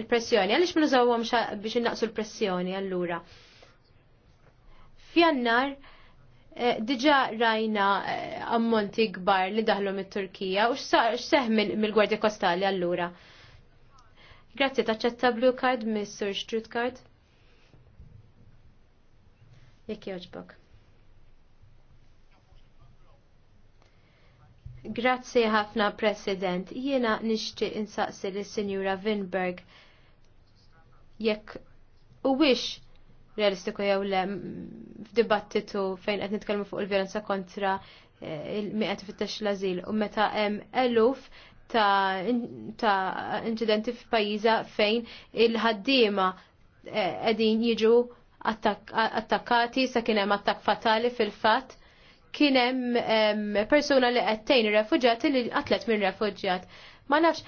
il-pressjoni. Għalix ma nużawhom biex naqsu l-pressjoni allura? Fjannar, eh, diġa rajna eh, ammonti gbar li daħlu mit-Turkija u x'seħ mill-Gwardja Kostali allura. Grazzi, taċċetta blue card, Mr. Strutkard. Jekk joġbok. Grazzi ħafna President. Jiena nixtieq insaqsi lis sinjura Vinberg jekk u wix realistiku jew le f'dibattitu fejn qed nitkellmu fuq il-violenza kontra eh, il-miqet fit-tex l-azil u meta hemm eluf ta', ta inċidenti f'pajjiża fejn il-ħaddiema eh, qegħdin jiġu attakkati sakin kien hemm attakk fatali fil-fatt kienem persona li għattejn il-refugġat li għatlet minn refugġat. Ma nafx,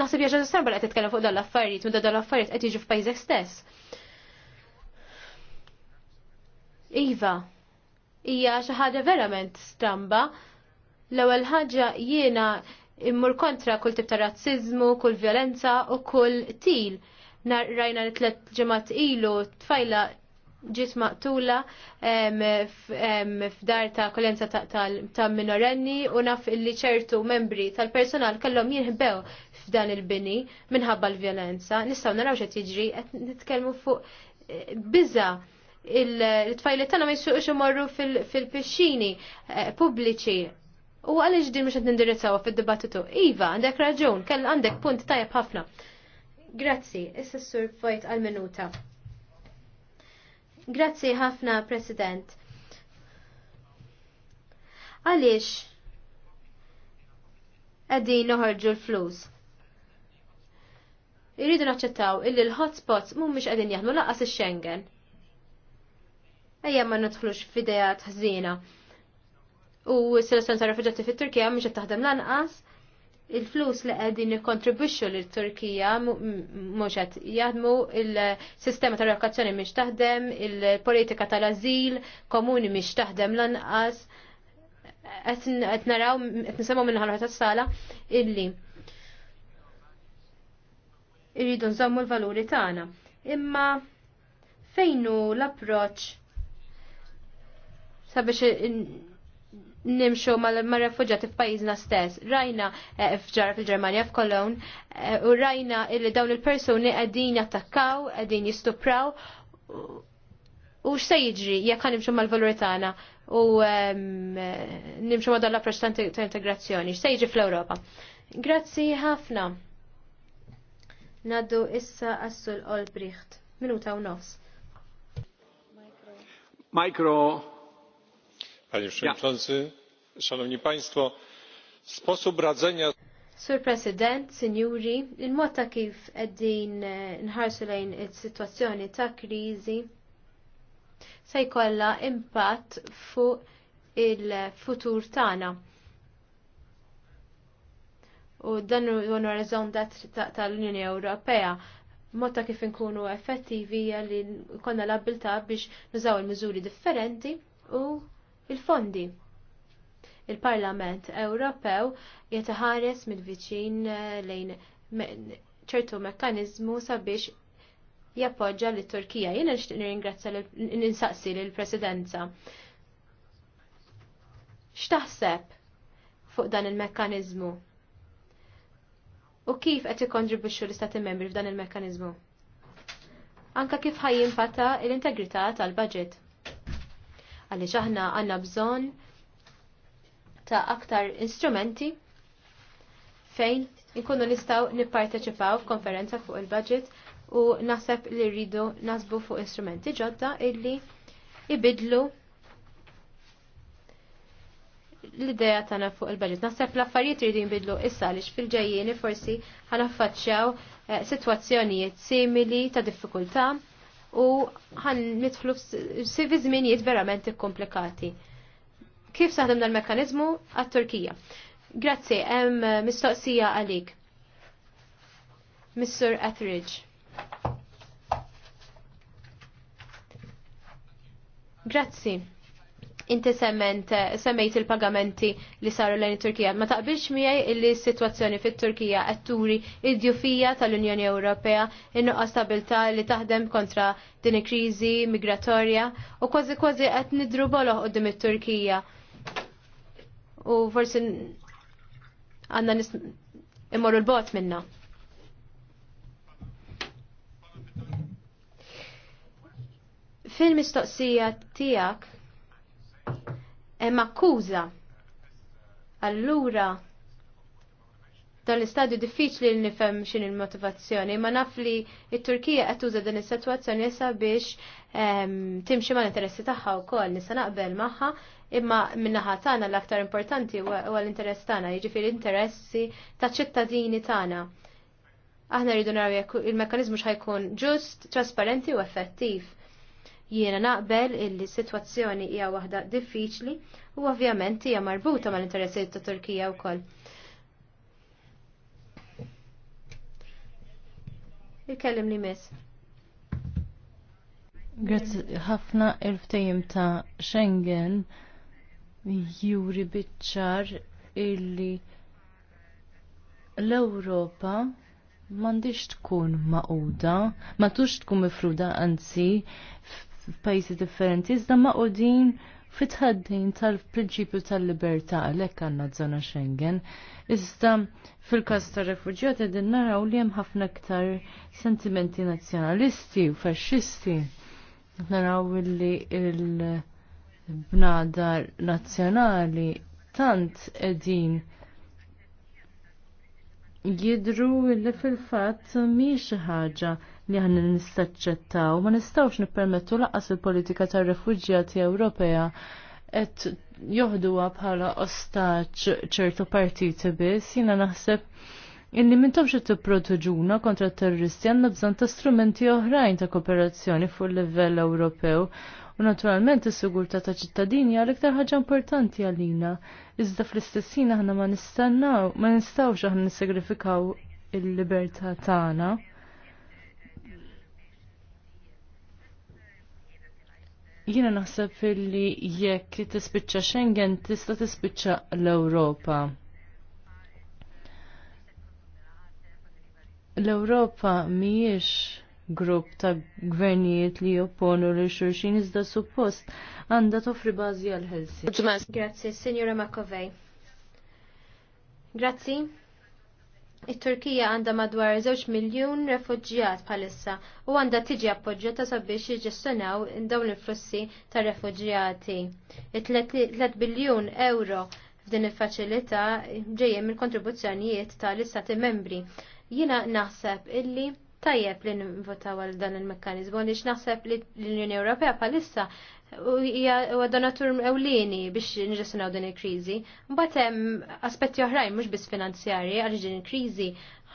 nasib jaġa s-sarba għattet kalla fuq dal-affarijiet, minn dal-affarijiet għet jiġu f'pajzek stess. Iva, hija xi ħaġa verament stramba. L-ewwel ħaġa jiena immur kontra kull tip ta' razzizmu, kull violenza u kull til. Nar rajna li tlet ġemat ilu tfajla ġiet maqtula f'dar ta' kolenza ta' minorenni u naf illi ċertu membri tal-personal kellhom jinħbew f'dan il-bini minħabba l-vjolenza. Nistgħu naraw x'għed jiġri qed nitkellmu fuq eh, biża' il-tfajlet tagħna ma jsuqx imorru fil-pixxini eh, pubbliċi. U għaliex din mhux qed nindirizzawha fid-dibattitu. Iva, għandek raġun, kell għandek punt tajjeb ħafna. Grazzi, issa s-sur fajt għal-minuta. Grazzi ħafna, President. Għaliex? Għaddin noħarġu l-flus. Irridu naċċettaw illi l-hotspots mhumiex qegħdin jaħdmu laqqas ix-Schengen. Ejja ma nidħlux f'idejat ħżiena. U s-selezzjoni ta' refuġjati fit-Turkija mhux qed taħdem lanqas il-flus li għedin jikontribuxxu lil turkija mhux qed il-sistema tal-allokazzjoni miex taħdem, il-politika tal-ażil komuni mhix taħdem lanqas. Qed naraw qed nisimgħu minn ħalħa tas-sala illi irridu nżommu l-valuri tagħna. Imma fejnu l-approċċ sabiex nimxu mal-refugġati f'pajjiżna stess. Rajna eh, fġar fil-Ġermanja f'Kolon eh, u rajna li dawn il-persuni qegħdin jattakkaw, qegħdin jistupraw u x'se jiġri jekk nimxu mal valuritana tagħna u ehm, nimxu ma' dal-approċċ ta' integrazzjoni, x'se jiġri fl-Ewropa. Grazzi ħafna. Naddu issa assul Olbricht. Minuta u nofs. Micro panie przewodniczący! szanowni państwo! sposób radzenia. sur president sinjuri il-mod ta' kif qegħdin eh, nħarsu lejn is-sitwazzjoni ta' kriżi se jkollha impatt fuq il-futur tagħna. U dan huwa l tal-Unjoni Ewropea mod ta' kif inkunu effettivi li konna l-abilta biex nużaw il-miżuri differenti u il-fondi. Il-Parlament Ewropew jitħares mid-viċin eh, lejn ċertu mekkanizmu sabiex jappoġġa l turkija Jiena nixtieq l ninsaqsi lill presidenza X'taħseb fuq dan il-mekkaniżmu? U kif qed ikkontribwixxu l-Istati Membri f'dan il-mekkaniżmu? Anka kif ħajjimpata l-integrità tal-budget għaliex aħna għandna bżonn ta' aktar instrumenti fejn inkunu nistgħu nipparteċipaw f'konferenza fuq il-budget u naħseb li rridu nasbu fuq instrumenti ġodda illi ibidlu l-ideja tagħna fuq il-budget. Naħseb l-affarijiet rridu jinbidlu issa għaliex fil-ġejjieni forsi ħanaffaċċjaw eh, sitwazzjonijiet simili ta' diffikultà u ħan nitħlu fi żminijiet verament komplikati. Kif saħdem dal-mekkanizmu għat-Turkija? Grazzi, hemm eh, mistoqsija għalik. Mr. Etheridge. Grazzi. Inti semment, semmejt il-pagamenti li saru lejn Turkija. Ma taqbilx miegħi illi s-sitwazzjoni fit-Turkija qed turi id-djufija tal-Unjoni Ewropea innuqa stabilità li taħdem kontra din il-kriżi migratorja u kważi kważi qed nidru boloħ qudiem it-Turkija. U forsi għandna nis immorru l-bot minna. fil-mistoqsija tijak hemm akkuża. Allura dan l-istadju diffiċli li nifhem xin il-motivazzjoni, ma naf li t turkija qed tuża din is-sitwazzjoni issa biex ehm, timxi mal-interessi tagħha wkoll nisa naqbel magħha, imma min-naħa tagħna l-aktar importanti huwa l-interess tagħna, jiġifieri interessi taċ ċittadini tagħna. Aħna rridu naraw jekk il-mekkaniżmu x'ħajkun ġust, trasparenti u effettiv. Jiena naqbel illi situazzjoni hija waħda diffiċli u ovvjament hija marbuta mal-interessijiet ta' Turkija wkoll. Ikkellim li miss. Grazzi ħafna il-ftejim ta' Schengen juri biċċar illi l-Ewropa mandiġ tkun maquda, ma tux tkun mifruda anzi f'pajjiżi differenti, iżda ma' qudin fitħaddin tal-prinċipju tal-libertà għalhekk għandna żona Schengen. Iżda fil-każ tar-refuġjati din naraw li hemm ħafna aktar sentimenti nazzjonalisti u faxxisti. Naraw li il-bnadar nazzjonali tant qegħdin jidru li fil-fatt mhix ħaġa li ħanna nistaċċettaw. Ma nistawx nippermettu laqas il-politika tar-refuġjati Ewropea qed joħduha bħala ostaċ ċertu partiti biss, jina naħseb illi mintom xe t-protoġuna kontra terroristi għanna bżon ta' strumenti oħrajn ta' kooperazzjoni fuq livell Ewropew u naturalment is-sigurtà ta' ċittadini għal iktar ħaġa importanti għalina. Iżda fl istessina aħna ma nistannaw, ma nistawx aħna nissagrifikaw il-libertà tagħna. Jiena naħseb illi jekk tispiċċa Schengen tista' tispiċċa l-Ewropa. L-Ewropa mhijiex grupp ta' gvernijiet li jopponu li xurxin iżda suppost għanda toffri bażi għal-ħelsi. Grazzi, Signora Makovej. Grazzi it-Turkija għandha madwar 2 miljun refuġjat bħalissa u għandha tiġi appoġġjata sabiex jiġġestjonaw dawn il-flussi ta' refuġjati. Il-3 biljun euro f'din il-faċilità ġejjin mill kontribuzzjonijiet tal-istati membri. Jina naħseb illi tajjeb li nvotaw għal dan il-mekkanizmu għaliex naħseb li l-Unjoni Ewropea bħalissa huwa donatur ewlieni biex nġesinaw din il-kriżi. Mbagħad hemm aspetti oħrajn mhux biss finanzjarji għaliex din il-kriżi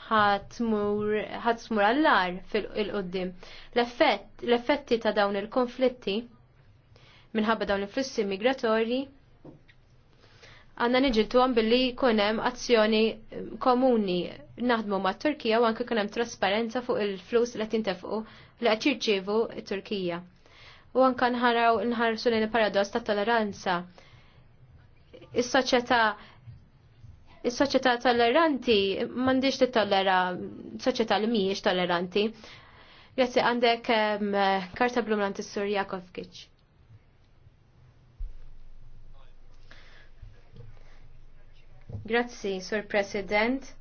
ħadd smur għallar fil-qoddim. L-effetti ta' dawn il-konflitti minħabba dawn il-flussi migratorji għanna nġiltu għan billi kunem azzjoni komuni naħdmu ma' Turkija u anke kunem trasparenza fuq il-flus li tintefqu li għatirċivu Turkija u anka nħaraw nħarsu lejn il-paradoss ta' toleranza. Is-soċjetà is-soċjetà tolleranti m'għandix titollera soċjetà li mhijiex tolleranti. Grazzi għandek karta blumlant is-Sur Jakovkic. Grazzi, Sur President.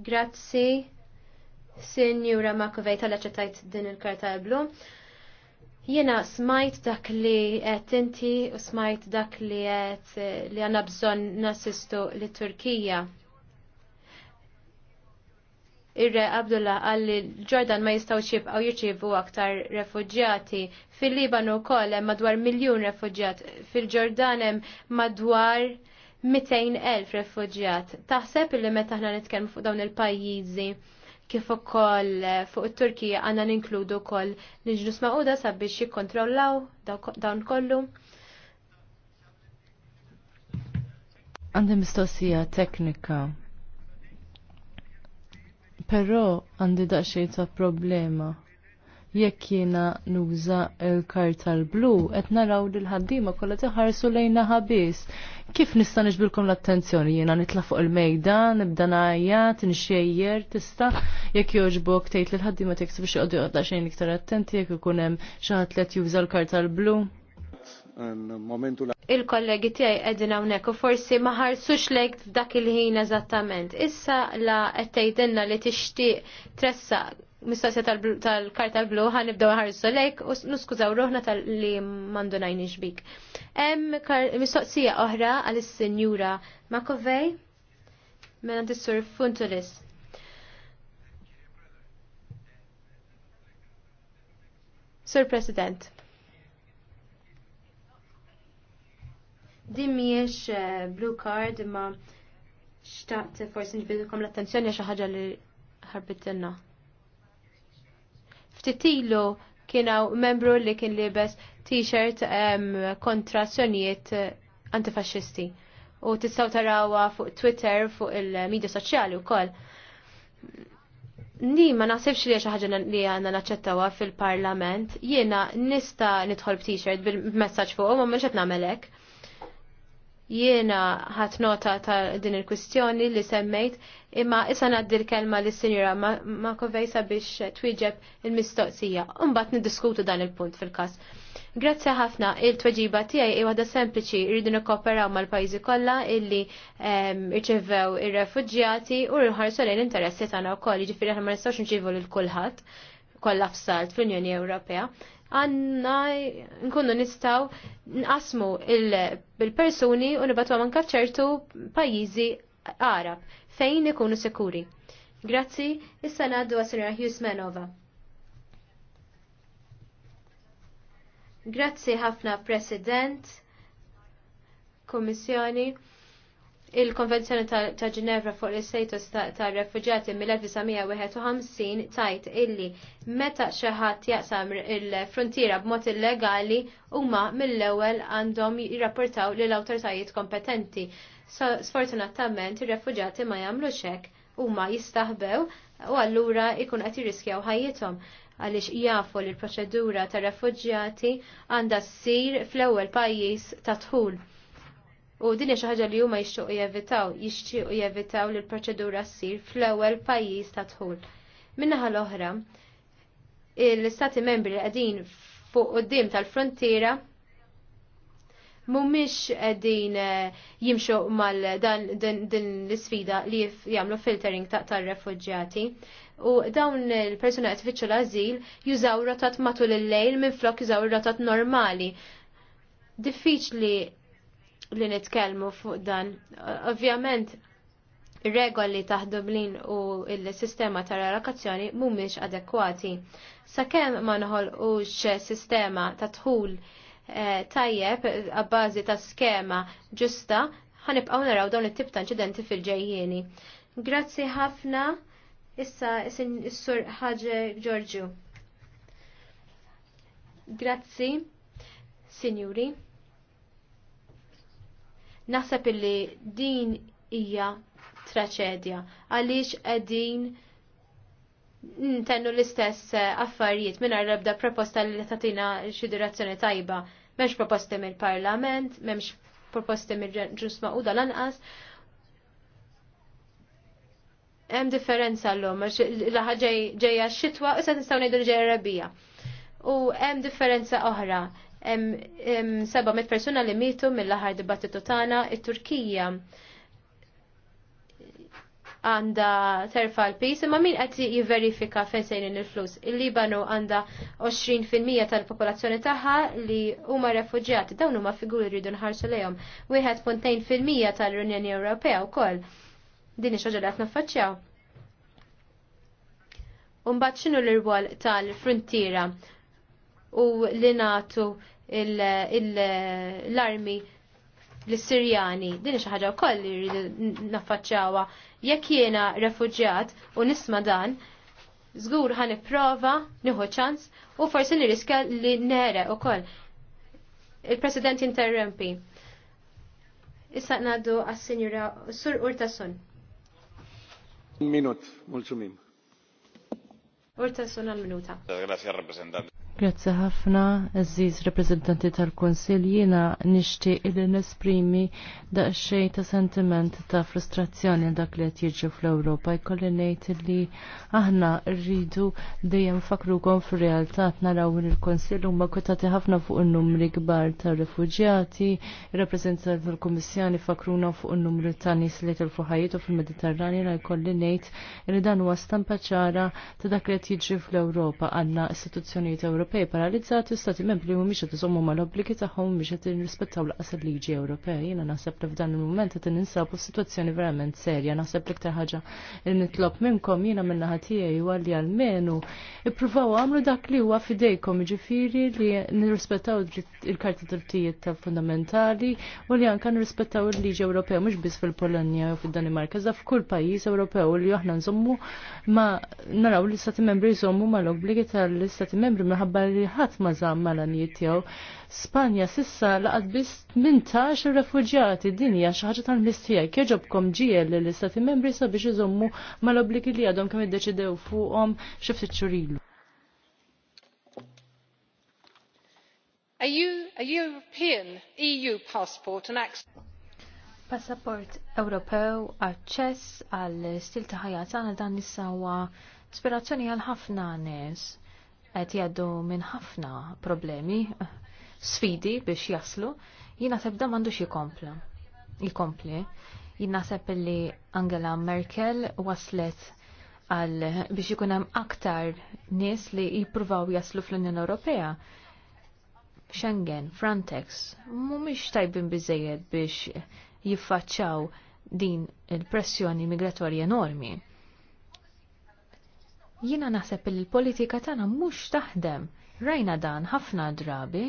Grazzi, Signora Makovej tal-ċetajt din il-karta blu. Jena smajt dak li qed inti u smajt dak li għet li għandna bżonn nasistu li Turkija. Irre Abdullah qal li Ġordan ma jistgħux jibqgħu jirċievu aktar refugġati. Fil-Libanu wkoll hemm madwar miljun refugġat. fil-Ġordan hemm madwar 200,000 refuġjat. Taħseb li meta aħna nitkellmu fuq dawn il-pajjiżi kif ukoll eh, fuq it-Turkija għandna ninkludu wkoll l-ġnus maquda sabiex jikkontrollaw dawn kollu. Għandi mistoqsija teknika. Però għandi daqsxejn ta' problema jekk jiena nuża l-karta l-blu qed naraw li l-ħaddiema kollha tiħarsu lejna ħabis. Kif nista' niġbilkom l-attenzjoni jiena nitla' fuq il-mejda, nibda ngħajjat, nxejjer, tista' jekk jogħġbok tgħid li l-ħaddiema tikseb biex joqgħdu joqgħda xejn iktar attenti jekk ikun hemm xi ħadd li juża l-karta l-blu. Il-kollegi tiegħi qegħdin hawnhekk u forsi ma ħarsux lejk f'dak il-ħin eżattament. Issa la qed tgħidilna li tixtieq tressaq mistoqsija tal-karta blu ħan nibdew ħarsu lejk u nuskużaw ruħna tal-li mandu najni xbik. Hemm mistoqsija oħra għall-Sinjura Makovej Mela sur Funtulis. Sur President. Din miex eh, blue card imma xtaqt forsi nġbidilkom l-attenzjoni għax ħaġa li ħarbitilna ilu kienaw membru li kien libes t-shirt kontra sonijiet eh, antifasċisti. U tistaw tarawa fuq Twitter, fuq il-medja soċjali u koll. Ni ma nasibx li ħaġa li għanna naċċettawa fil-parlament, jiena nista nidħol t shirt bil-messagġ fuq, ma mħiċet namelek. Jiena ħat nota ta' din il-kwistjoni li semmejt imma issa ngħaddi l-kelma lis sinjura Makovej sabiex twieġeb il-mistoqsija. Imbagħad niddiskutu dan il-punt fil-każ. Grazzi ħafna il-tweġiba tiegħi i waħda sempliċi rridu nikkooperaw mal-pajjiżi kollha illi ehm, irċevew ir-refuġjati u rħarsu lejn interessi tagħna wkoll, jiġifieri aħna ma nistgħux nċivu lil kulħadd kollha f'salt fl-Unjoni Ewropea għanna nkunu nistaw nqasmu il-persuni u nibatu għaman ċertu pajizi Arab fejn ikunu sekuri. Grazzi, issa naddu għas-Sinjora Grazzi ħafna President, Kommissjoni. Il-Konvenzjoni ta' Ġinevra fuq l-istatus ta' refugjati mill-1951 tajt illi meta xi ħadd jaqsam il-frontiera b'mod illegali huma mill-ewwel għandhom jirrapportaw lill awtoritajiet kompetenti. Sfortunatament ir-refuġjati ma jagħmlux hekk huma jistaħbew u allura jkun qed jirriskjaw ħajjithom għaliex jafu li l-proċedura ta' refuġjati għandha ssir fl-ewwel pajjiż ta' dħul U din xi ħaġa li huma jixtiequ jevitaw, jixtiequ jevitaw li l-proċedura ssir fl-ewwel pajjiż ta' dħul. Min-naħa l-oħra, l-istati membri qegħdin fuq qudiem tal-frontiera mumiex qegħdin eh, jimxu mal din l-sfida li jagħmlu filtering ta' tar refuġġjati U dawn il-persuna qed fitxu l-azil jużaw rotat matul il-lejl minn flok jużaw rotat normali. Diffiċli li nitkellmu fuq dan. Ovvjament, regoli taħ Dublin u il-sistema ta' relokazzjoni mhumiex adekwati. Sakemm ma u sistema ta' tħul eh, tajjeb għabbażi ta' skema ġusta, ħanibqgħu naraw dawn it-tip ta' inċidenti fil-ġejjieni. Grazzi ħafna issa is-sur ħaġe Giorgio. Grazzi, Signori. Naħseb illi din hija traċedja għaliex qegħdin ntennu l-istess eh, affarijiet minn rebda proposta li tatina xi direzzjoni tajba. M'hemmx proposti mill-Parlament, m'hemmx proposti mill-ġus maquda lanqas. Hemm differenza llum l-aħħa ġejja x-xitwa u se nistgħu ngħidu ġejja rabija. U hemm differenza oħra 700 persuna li mitu mill-aħħar dibattitu tagħna, it-Turkija għanda terfa l-pis, imma min qed jiverifika fejn sejnin il-flus. Il-Libanu għanda 20% tal-popolazzjoni tagħha li huma refuġjati, dawn huma figuri rridu nħarsu lejhom. Wieħed puntejn fil-mija tal-Unjoni Ewropea wkoll. Din ix li qed naffaċċjaw. Umbagħad x'inhu l-irwol tal-frontiera u li nagħtu l-armi l-Sirjani. Din xi ħaġa wkoll li naffaċċawha naffaċċjawha. Jekk jiena refuġjat u nisma' dan, żgur ħan nipprova nieħu ċans u forsi nirriska li nere ukoll. Il-President interrempi. Issa ngħaddu għas-Sinjura Sur Urtasun. Minut, mulċumim. Urtasun għal-minuta. Grazie, rappresentante. Grazzi ħafna, eżiz reprezentanti tal-Konsil, jina nishti illi nesprimi xej ta' sentiment ta' frustrazzjoni dak li qed fl-Ewropa. Jkolli ngħid li aħna rridu dejjem fakrukom fir-realtà naraw il-Konsil huma kutati ħafna fuq in-numri kbar ta' refuġjati, reprezentanti tal-Kummissjoni fakruna fuq in numri ta' nis li tilfu ħajjitu fil mediterrani la jkolli ngħid li dan huwa stampa ċara ta' dak li jtjirġu fl fl-Ewropa għandna ta' Europa Ewropej paralizzati u stati membri mhumiex qed iżommu mal-obbligi tagħhom biex qed nirrispettaw laqas il-liġi Ewropej. Jiena naħseb li f'dan il-mument qed ninsabu f'sitwazzjoni verament serja. Naħseb li aktar ħaġa li nitlob minnkom jiena minn naħa tiegħi huwa li għalmenu ippruvaw għamlu dak li huwa f'idejkom jiġifieri li nirrispettaw il karti drittijiet ta' fundamentali u li anke nirrispettaw il-liġi Ewropej mhux biss fil-Polonja u fid-Danimarka, iżda f'kull pajjiż Ewropew li aħna nżommu ma naraw li stati membri jżommu mal-obbligi tal-istati membri minħabba barri ħadd ma żamm tiegħu. Spanja sissa laqat biss 18 refuġjati din hija xi ħaġa tal-mistija. Kieġobkom ġiel l-istati membri sabiex iżommu mal-obbligi li għadhom kemm iddeċidew fuqhom xi ftit xurilu. A, U, a European EU passport and access Passaport Ewropew aċċess għal stil ta' ħajja tagħna dan issa huwa ispirazzjoni għal ħafna nies qed jgħaddu minn ħafna problemi, sfidi biex jaslu, jina tebda m'għandux jikompla. Jikompli. Jina sepp li Angela Merkel waslet għal biex ikun hemm aktar nies li jippruvaw jaslu fl-Unjoni Ewropea. Schengen, Frontex, mhumiex tajbin biżejjed biex jiffaċċaw din il-pressjoni migratorja enormi. Jiena naħseb li l-politika tagħna mhux taħdem. Rajna dan ħafna drabi.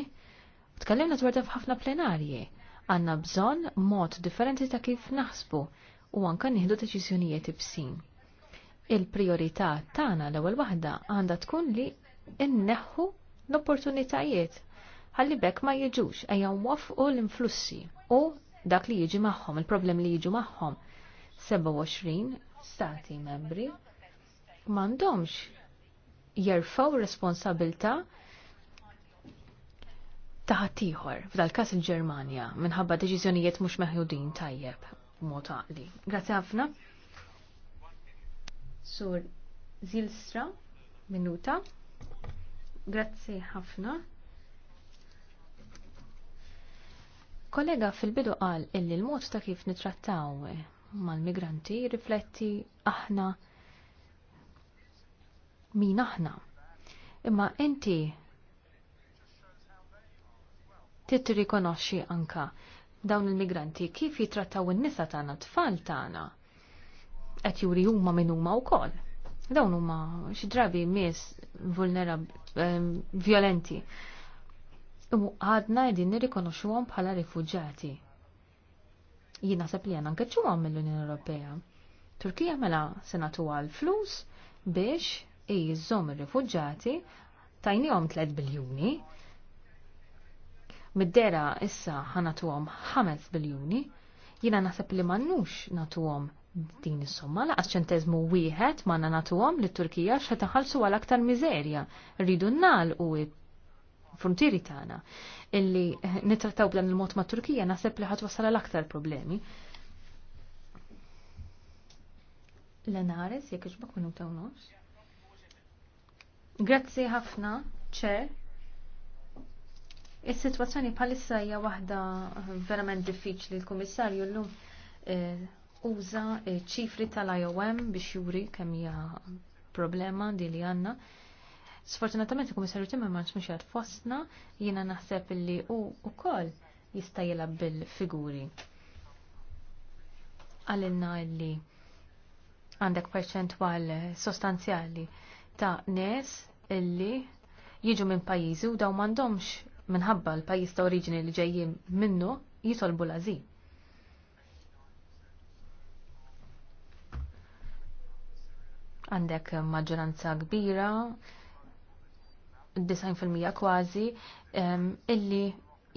Tkellimna dwar dan f'ħafna plenarji. Għandna bżonn mod differenti ta' kif naħsbu u anke nieħdu deċiżjonijiet ibsin. Il-priorità tagħna l-ewwel waħda għandha tkun li nneħħu l-opportunitajiet ħalli bekk ma jiġux ejja nwaffqu l-influssi u dak li jiġi magħhom, il-problemi li jiġu magħhom. 27 stati membri m'għandhomx jerfaw responsabilta taħtiħor, f'dal-kas il-Ġermanja minħabba deċiżjonijiet mhux meħjudin tajjeb mod għaqli. Grazzi ħafna. Sur Zilstra, minuta. Grazzi ħafna. Kollega fil-bidu qal illi l-mod ta' kif nitrattaw mal-migranti rifletti aħna min aħna. Imma inti titrikonoxxi anka dawn il-migranti kif jitrattaw in-nisa tagħna tfal tagħna qed juri huma minn huma wkoll. Dawn huma xi drabi nies vulnerab ehm, violenti. U għadna qegħdin nirrikonoxxuhom bħala rifugġati. Jien naħseb li għandna nkeċċuhom mill-Unjoni Ewropea. Turkija mela se nagħtuha l-flus biex i jizzom il refugġati għom 3 biljuni. Middera issa għom 5 biljuni. Jina naħseb li mannux għom din is-somma laqas ċentezmu wieħed ma nagħtuhom li turkija xa għal aktar miżerja. Rridu u frontieri tagħna illi nittrattaw b'dan il-mod ma' Turkija naħseb li ħatwassal l aktar problemi. Lenares, jekk iġbok minuta u nofs? Grazzi ħafna, ċer. Is-sitwazzjoni bħalissa hija waħda verament diffiċli l-Kummissarju llum eh, uża eh, ċifri tal-IOM biex juri kemm hija problema di li għandna. Sfortunatament il-Kummissarju ma mhux qed fostna, jiena naħseb li hu wkoll jista' jilab bil-figuri. Għalilna li għandek perċentwal sostanzjali ta' nes illi jiġu minn pajjiżi u daw m'għandhomx minħabba l-pajjiż ta' oriġini li ġejjin minnu jitolbu l-azil. Għandek maġġoranza kbira, 90% kważi, illi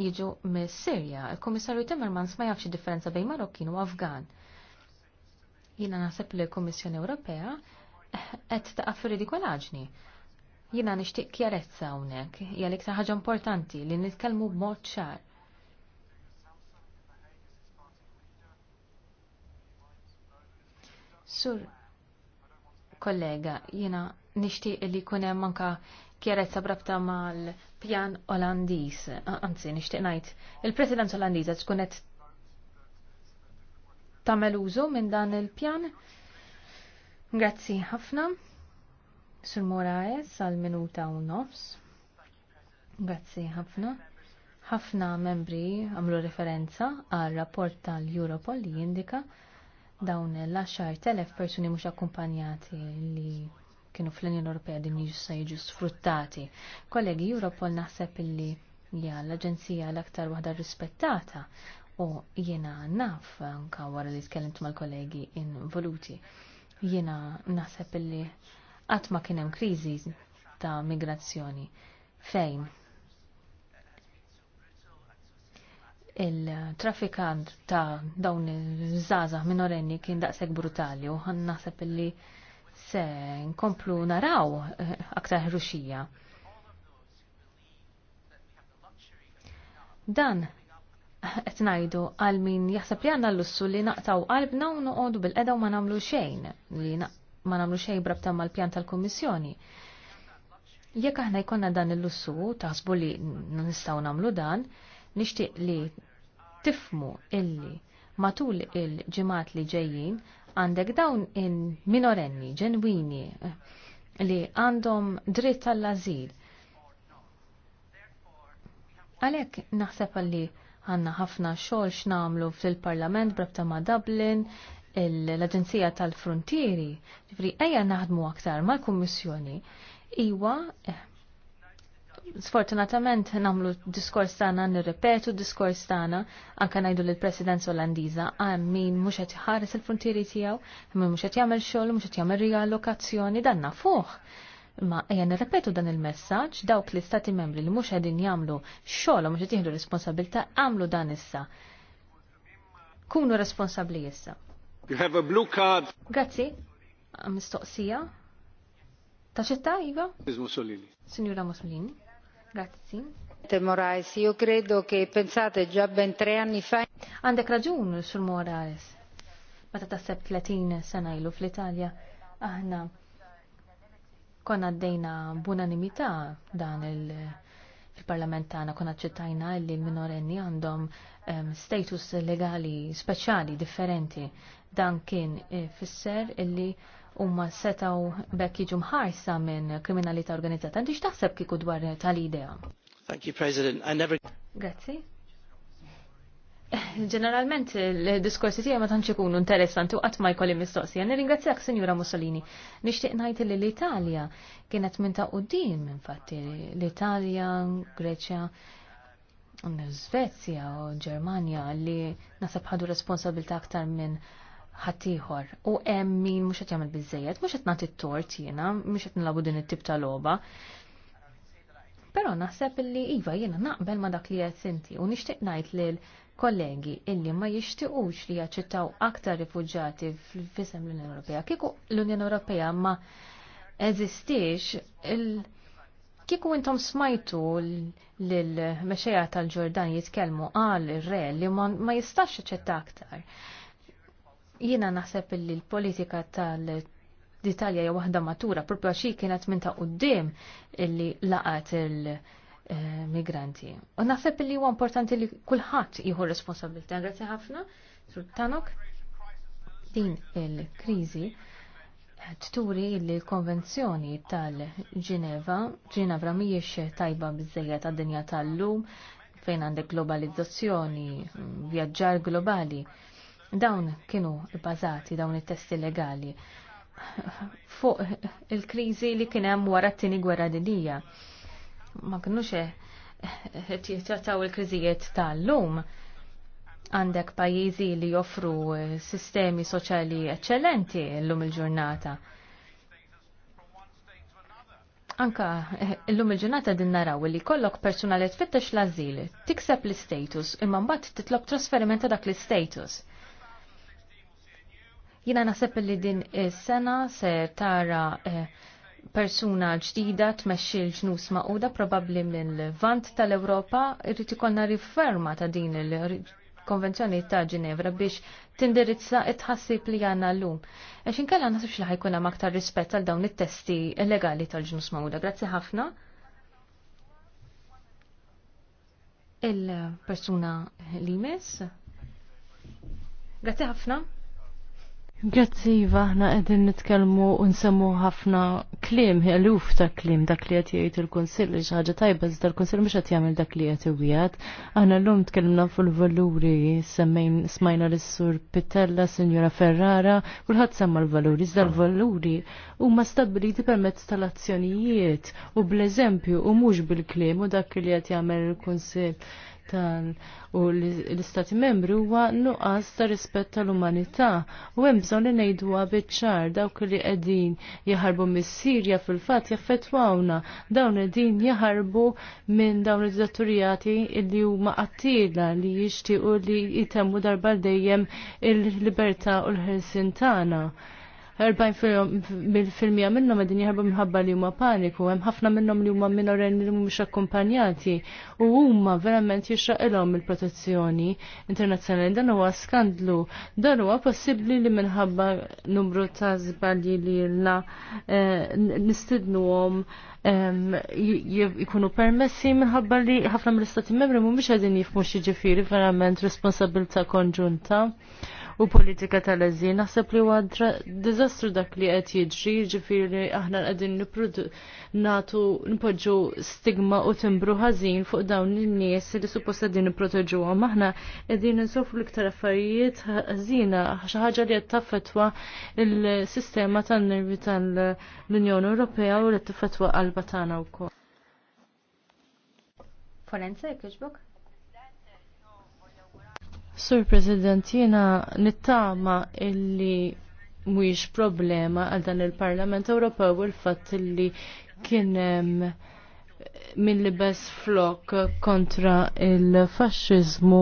jiġu mis sirja Il-Komissarju Timmermans ma jafx differenza bejn Marokkin u Afgan. Jina naħseb li l-Komissjoni Ewropea qed taqaf ridikolaġni. Jiena nixtieq kjarezza hawnhekk, hija l-iktar ħaġa importanti li nitkellmu b'mod ċar. Sur, kollega, jiena nixtieq li jkun hemm anke brabta mal-pjan Olandiż, anzi nixtieq ngħid, il-President Olandiża tkun qed tagħmel użu minn dan il-pjan Grazzi ħafna. Sur Moraes għal minuta u nofs. Grazzi ħafna. Ħafna membri għamlu referenza għal rapport tal-Europol li jindika dawn l-10,000 persuni mhux akkumpanjati li kienu fl-Unjoni Ewropea din jista' jiġu sfruttati. Kollegi, Europol naħseb illi hija l-aġenzija l-aktar waħda rispettata u jiena naf anka wara li tkellimt mal-kollegi involuti Jiena naħseb illi qatt ma kien hemm kriżi ta' migrazzjoni fejn il-traffikant ta' dawn iż-żgħażagħ minorenni kien daqshekk brutali u għan naħseb illi se nkomplu naraw eh, aktar ħruxija. Dan qed ngħidu għal min jaħseb li l lussu li naqtaw qalbna u nuqodu bil-qeda u ma nagħmlu xejn li ma nagħmlu xejn brabta mal-pjan tal-Kummissjoni. Jekk aħna jkollna dan il-lussu taħsbu li nistgħu nagħmlu dan, nixtieq li tifmu illi matul il-ġimgħat li ġejjin għandek dawn in minorenni ġenwini li għandhom dritt tal-azil. Għalhekk naħseb li Għanna ħafna xogħol x'namlu fil-Parlament brabta ma' Dublin, l-Aġenzija tal-Frontieri. Ġifri, ejja naħdmu aktar mal-Kummissjoni. Iwa, eh, sfortunatament namlu diskors tana nirrepetu diskors tana anka najdu l presidenza Olandiza għammin ah, min mux għet ħares il-frontieri tijaw għammin mux għet jgħamil xol mux għet jgħamil riallokazzjoni danna fuħ Ma ejja nirrepetu dan il-messaġġ dawk l-istati membri li mhux qegħdin jagħmlu xogħol mux qed responsabilta responsabilità għamlu dan issa. Kunu responsabbli issa. You have a blue card. Grazzi. Ah, mistoqsija. Ta' xetta, iva? Mussolini. Signora Mussolini. Grazzi. Moraes, io credo che pensate già ben tre anni fa. Għandek raġun sur Moraes. Meta taħseb 30 sena ilu fl-Italja, aħna Konna għaddejna b'unanimità dan il-parlament tagħna konna li l-minorenni għandhom ehm, status legali speċjali differenti. Dan kien eh, fisser illi huma setaw bekk jiġu mħarsa minn kriminalità organizzata. Għandix taħseb kieku dwar tal-idea? Thank you, President. I never... Grazie. Ġeneralment il-diskorsi tiegħi ma tantx ikunu interessanti u qatt ma jkolli mistoqsija. Nirringrazzjak Sinjura Mussolini. Nixtieq ngħid li l-Italja kienet minn ta' quddiem infatti l-Italja, Greċja, Svezja u Ġermanja li nasab ħadu responsabilta aktar minn ħaddieħor u hemm min mhux qed jagħmel biżejjed, mhux qed nagħti t-tort jiena, mhux qed nilabu din it-tip ta' logħba. Però naħseb illi iva jiena naqbel ma dak li qed sinti, u nixtieq ngħid l kollegi illi ma jixtiequx li jaċċettaw aktar rifugġati fl-fisem l-Unjoni Ewropea. Kieku l-Unjoni Ewropea ma eżistix il- Kiku intom smajtu l-mexeja tal-ġordan jitkelmu għal ir re li ma jistax ċetta aktar. Jina naħseb li l-politika tal l-Italja hija waħda matura, propju għaxi kienet minn ta' qudiem illi laqat il-migranti. U naħseb li huwa importanti li kulħadd jieħu responsabilità. Grazzi ħafna, Tanok. Din il-kriżi turi li l-konvenzjoni tal-Ġineva, Ġinevra mhijiex tajba biżejjed għad-dinja tal-lum, fejn għandek globalizzazzjoni, vjaġġar globali. Dawn kienu bbażati dawn it-testi legali fuq il-krizi li kien hemm wara t-tieni gwerra dinija. Ma kinux e- e- qed jitrattaw il-kriżijiet tal-lum. Għandek pajjiżi li joffru eh, sistemi soċjali eċċellenti llum il-ġurnata. Anka eh, llum il-ġurnata din naraw li kollok personali tfittex l-azil, tikseb l-status, imma mbagħad titlob trasferiment ta' dak l-status. Jina naħseb li din is-sena se tara eh, persuna ġdida tmexxi l-ġnus maquda probabbli mill-vant tal-Ewropa irrid ikollna riferma ta' din il-Konvenzjoni ta' Ġinevra biex tindirizza t-tħassib li għanna l-lum. Għax inkella nasibx li ħajkun hemm aktar rispett għal dawn it-testi legali tal-ġnus maquda. Grazzi ħafna. Il-persuna li mis. Grazzi ħafna. Grazzi, iva, aħna qegħdin nitkellmu u nsemmu ħafna kliem, ħeluf ta' klim, dak li qed jgħid il-Kunsill li ħaġa tajba iżda l konsil mhux qed jagħmel dak li qed iwiegħed. Aħna llum tkellimna fuq l valuri semmejn smajna lis-sur Pitella, Sinjora Ferrara, kulħadd semma l-valuri iżda l-valuri huma stabbiliti permezz tal-azzjonijiet u bl-eżempju u mhux bil-kliem u dak li qed jagħmel il-Kunsill tal u l-istati membri huwa nuqqas ta' rispett tal-umanità u hemm bżonn li ngħiduha biċ-ċar dawk li qegħdin jaħarbu mis-Sirja fil-fatt jaffettwawna dawn qegħdin jaħarbu minn dawn id datturijati li huma qattila li jixtiequ li jitemmu darba dejjem il-libertà u l-ħelsin tagħna. 40% minnhom għedin jħarba minħabba li huma paniku, hemm ħafna minnhom li huma minorenni li mhumiex akkumpanjati u huma verament jixraqilhom il-protezzjoni internazzjonali. Dan huwa skandlu. Dan huwa possibbli li minħabba numru ta' żbalji li lna eh, nistidnuhom jikunu permessi minħabba li ħafna mill-istati membri mhumiex qegħdin jifmu xi ġifieri verament responsabilità konġunta u politika tal-eżin. Naħseb li huwa diżastru dak li qed jiġri, ġifieri aħna qegħdin natu nipoġġu stigma u timbru ħażin fuq dawn in-nies li suppost qegħdin nipproteġuhom. Aħna qegħdin insofru l-iktar affarijiet ħażina xi ħaġa li qed taffetwa l-sistema tan-nervi tal-Unjoni Ewropea u li tiffetwa qalba tagħna wkoll. Forenza, jek iġbok? Sur President, jena nittama illi mhuwiex problema għal dan il-Parlament Ewropew il-fatt illi kien li bes flok kontra il fasċizmu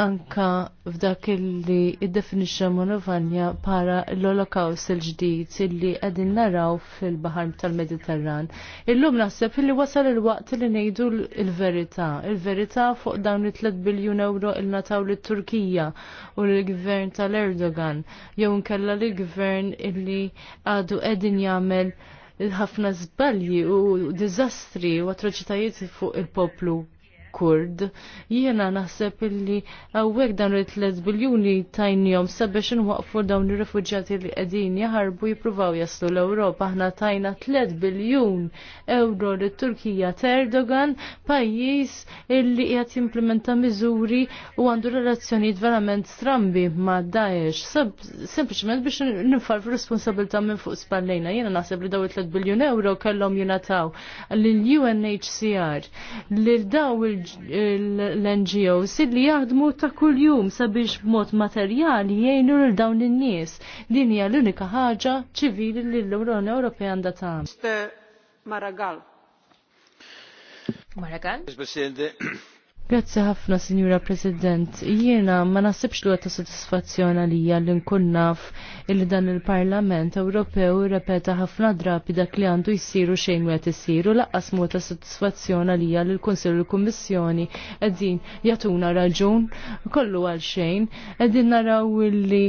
anka f'dak illi id-definixxa Monovanja para l-Holocaust il-ġdid illi qegħdin naraw fil-Baħar tal-Mediterran. Illum naħseb illi wasal il-waqt li ngħidu l-verità, il-verità fuq dawn it-3 biljun euro il nataw lit turkija u l-gvern tal-Erdogan jew nkella li gvern illi għadu qegħdin jagħmel ħafna żbalji u diżastri u atroċitajiet fuq il-poplu kurd. Jiena naħseb illi hawnhekk dawn il-3 biljuni tajnihom sabiex inwaqfu dawn ir refugġati li qegħdin jaħarbu jippruvaw jaslu l-Ewropa. Aħna tajna 3 biljun euro li turkija Erdogan, pajjiż illi jgħat jimplementa miżuri u għandu relazzjonijiet verament strambi ma' Daesh. sempliciment biex ninfarfu responsabilità minn fuq spallejna. Jiena naħseb li daw il-3 biljun euro kellhom jingħataw lill-UNHCR l daw il l-NGOs li jaħdmu ta' kull-jum sabiex b'mod materjali jgħinu l dawn in-nies. Din hija l-unika ħaġa ċivili li l-Unjoni Ewropea għandha tagħmel. Maragall. Maragall. Grazzi ħafna, Sinjura President. Jiena ma nasibx li għata soddisfazzjon għalija li nkun naf illi dan il-Parlament Ewropew repeta ħafna drabi dak li għandu jsiru xejn wieħed isiru laqqas mod ta' soddisfazzjon għalija li l-Kunsill u l-Kummissjoni qegħdin jagħtuna raġun kollu għal xejn qegħdin naraw illi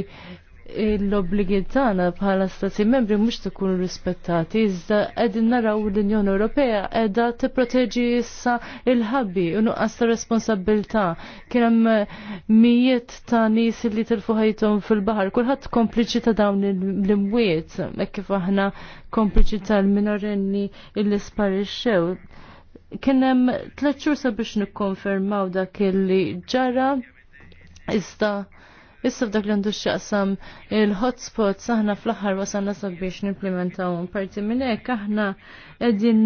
l obligizzana tagħna bħala stati membri mhux tkun rispettati, iżda qegħdin naraw l-Unjoni Ewropea qiegħda t issa il-ħabbi u nuqqas responsabilta, responsabilità. Kien hemm eh, mijiet ta' nies li tilfu ħajthom fil-baħar, kulħadd kompliċi ta' dawn l-imwiet, hekk kif aħna kompliċi tal-minorenni illi sparixxew. Kien hemm tliet xhur sabiex nikkonfermaw dak illi ġara iżda Issa f'dak l għandu x'jaqsam il-hotspots aħna fl-aħħar wasanna sabiex nimplementawhom parti minn hekk aħna qegħdin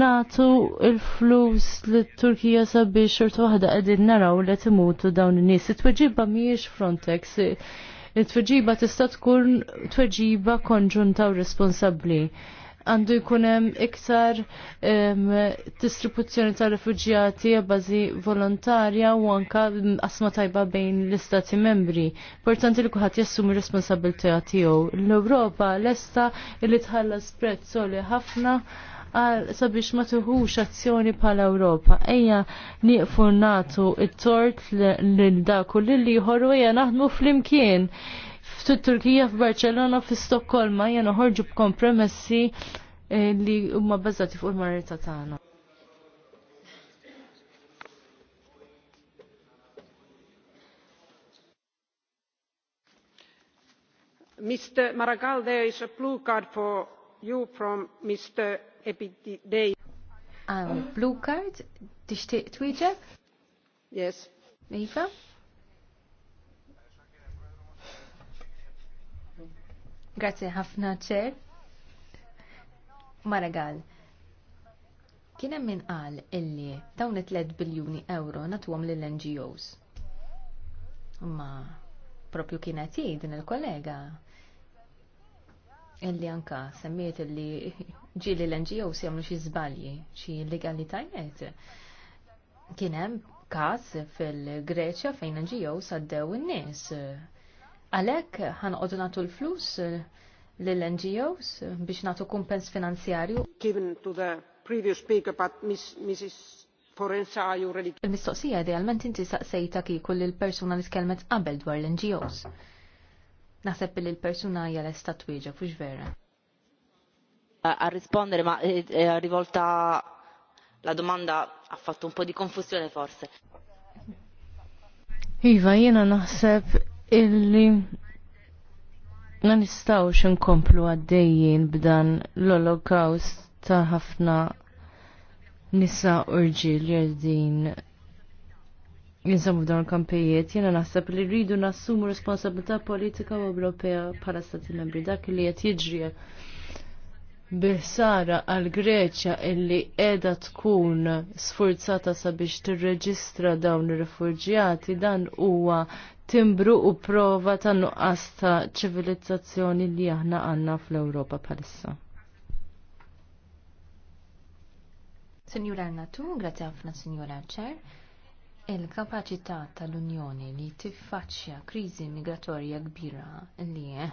natu il-flus li Turkija sabiex xort waħda qegħdin naraw li timutu dawn in-nies. It-tweġiba mhijiex Frontex it-tweġiba tista' tkun tweġiba konġunta u responsabbli għandu jkunem iktar distribuzzjoni ta' refugjati bazi volontarja u anka asma tajba bejn l-istati membri. Portanti li kuħat jassumi responsabilta tiegħu. L-Ewropa lesta li tħallas prezz soli ħafna għal sabiex ma tuħux azzjoni bħal Ewropa. Ejja nieqfu natu it-tort l-daku li liħor u naħdmu fl-imkien f turkija f-Barcelona, f-Stokkolma, jena ħorġu b b'kompromessi eh, li umma bazzati fuq il-marita tagħna. Mr. Maragall, there is a blue card for you from Mr. Epididei. Għaw, um, blue card, tixtieq twieġeb? Yes. Iva? Grazie ħafna ċer. Maragall, kien hemm min qal illi dawn it-3 biljuni euro natuhom lill-NGOs. Ma propju qed din il-kollega illi anka semmiet illi ġieli l-NGOs jagħmlu xi żbalji, xi legalitajiet. Kien hemm każ fil-Greċja fejn NGOs għaddew in-nies Għalek ħan nagħtu l-flus eh, l-NGOs eh, biex natu kumpens finanzjarju. Given to the previous speaker, but Ms. Mrs. Forenza are you ready? Il-mistoqsija idealment inti saqsejta kieku l-persuna li tkellmet qabel dwar l-NGOs. Naħseb li l-persuna hija lesta esta twieġa fux vera. A rispondere, ma eh, rivolta la domanda ha fatto un po' di confusione forse. Iva, jena naħseb illi ma nistawx inkomplu għaddejjin b'dan l-Holocaust ta' ħafna nisa urġil jerdin jinsamu f'dawn il-kampijiet, jena naħseb li rridu nassumu responsabilità politika u Ewropea bħala stati membri dak li qed jiġri biħsara għal Greċja illi qiegħda tkun sfurzata sabiex tirreġistra dawn ir-refuġjati dan huwa timbru u prova ta' nuqqas ta' ċivilizzazzjoni li aħna għanna fl-Ewropa bħalissa. Sinjura Arnatu, grazie ħafna Signora Ċer, il-kapacità tal-Unjoni li tiffaċċja kriżi migratorja kbira li eh,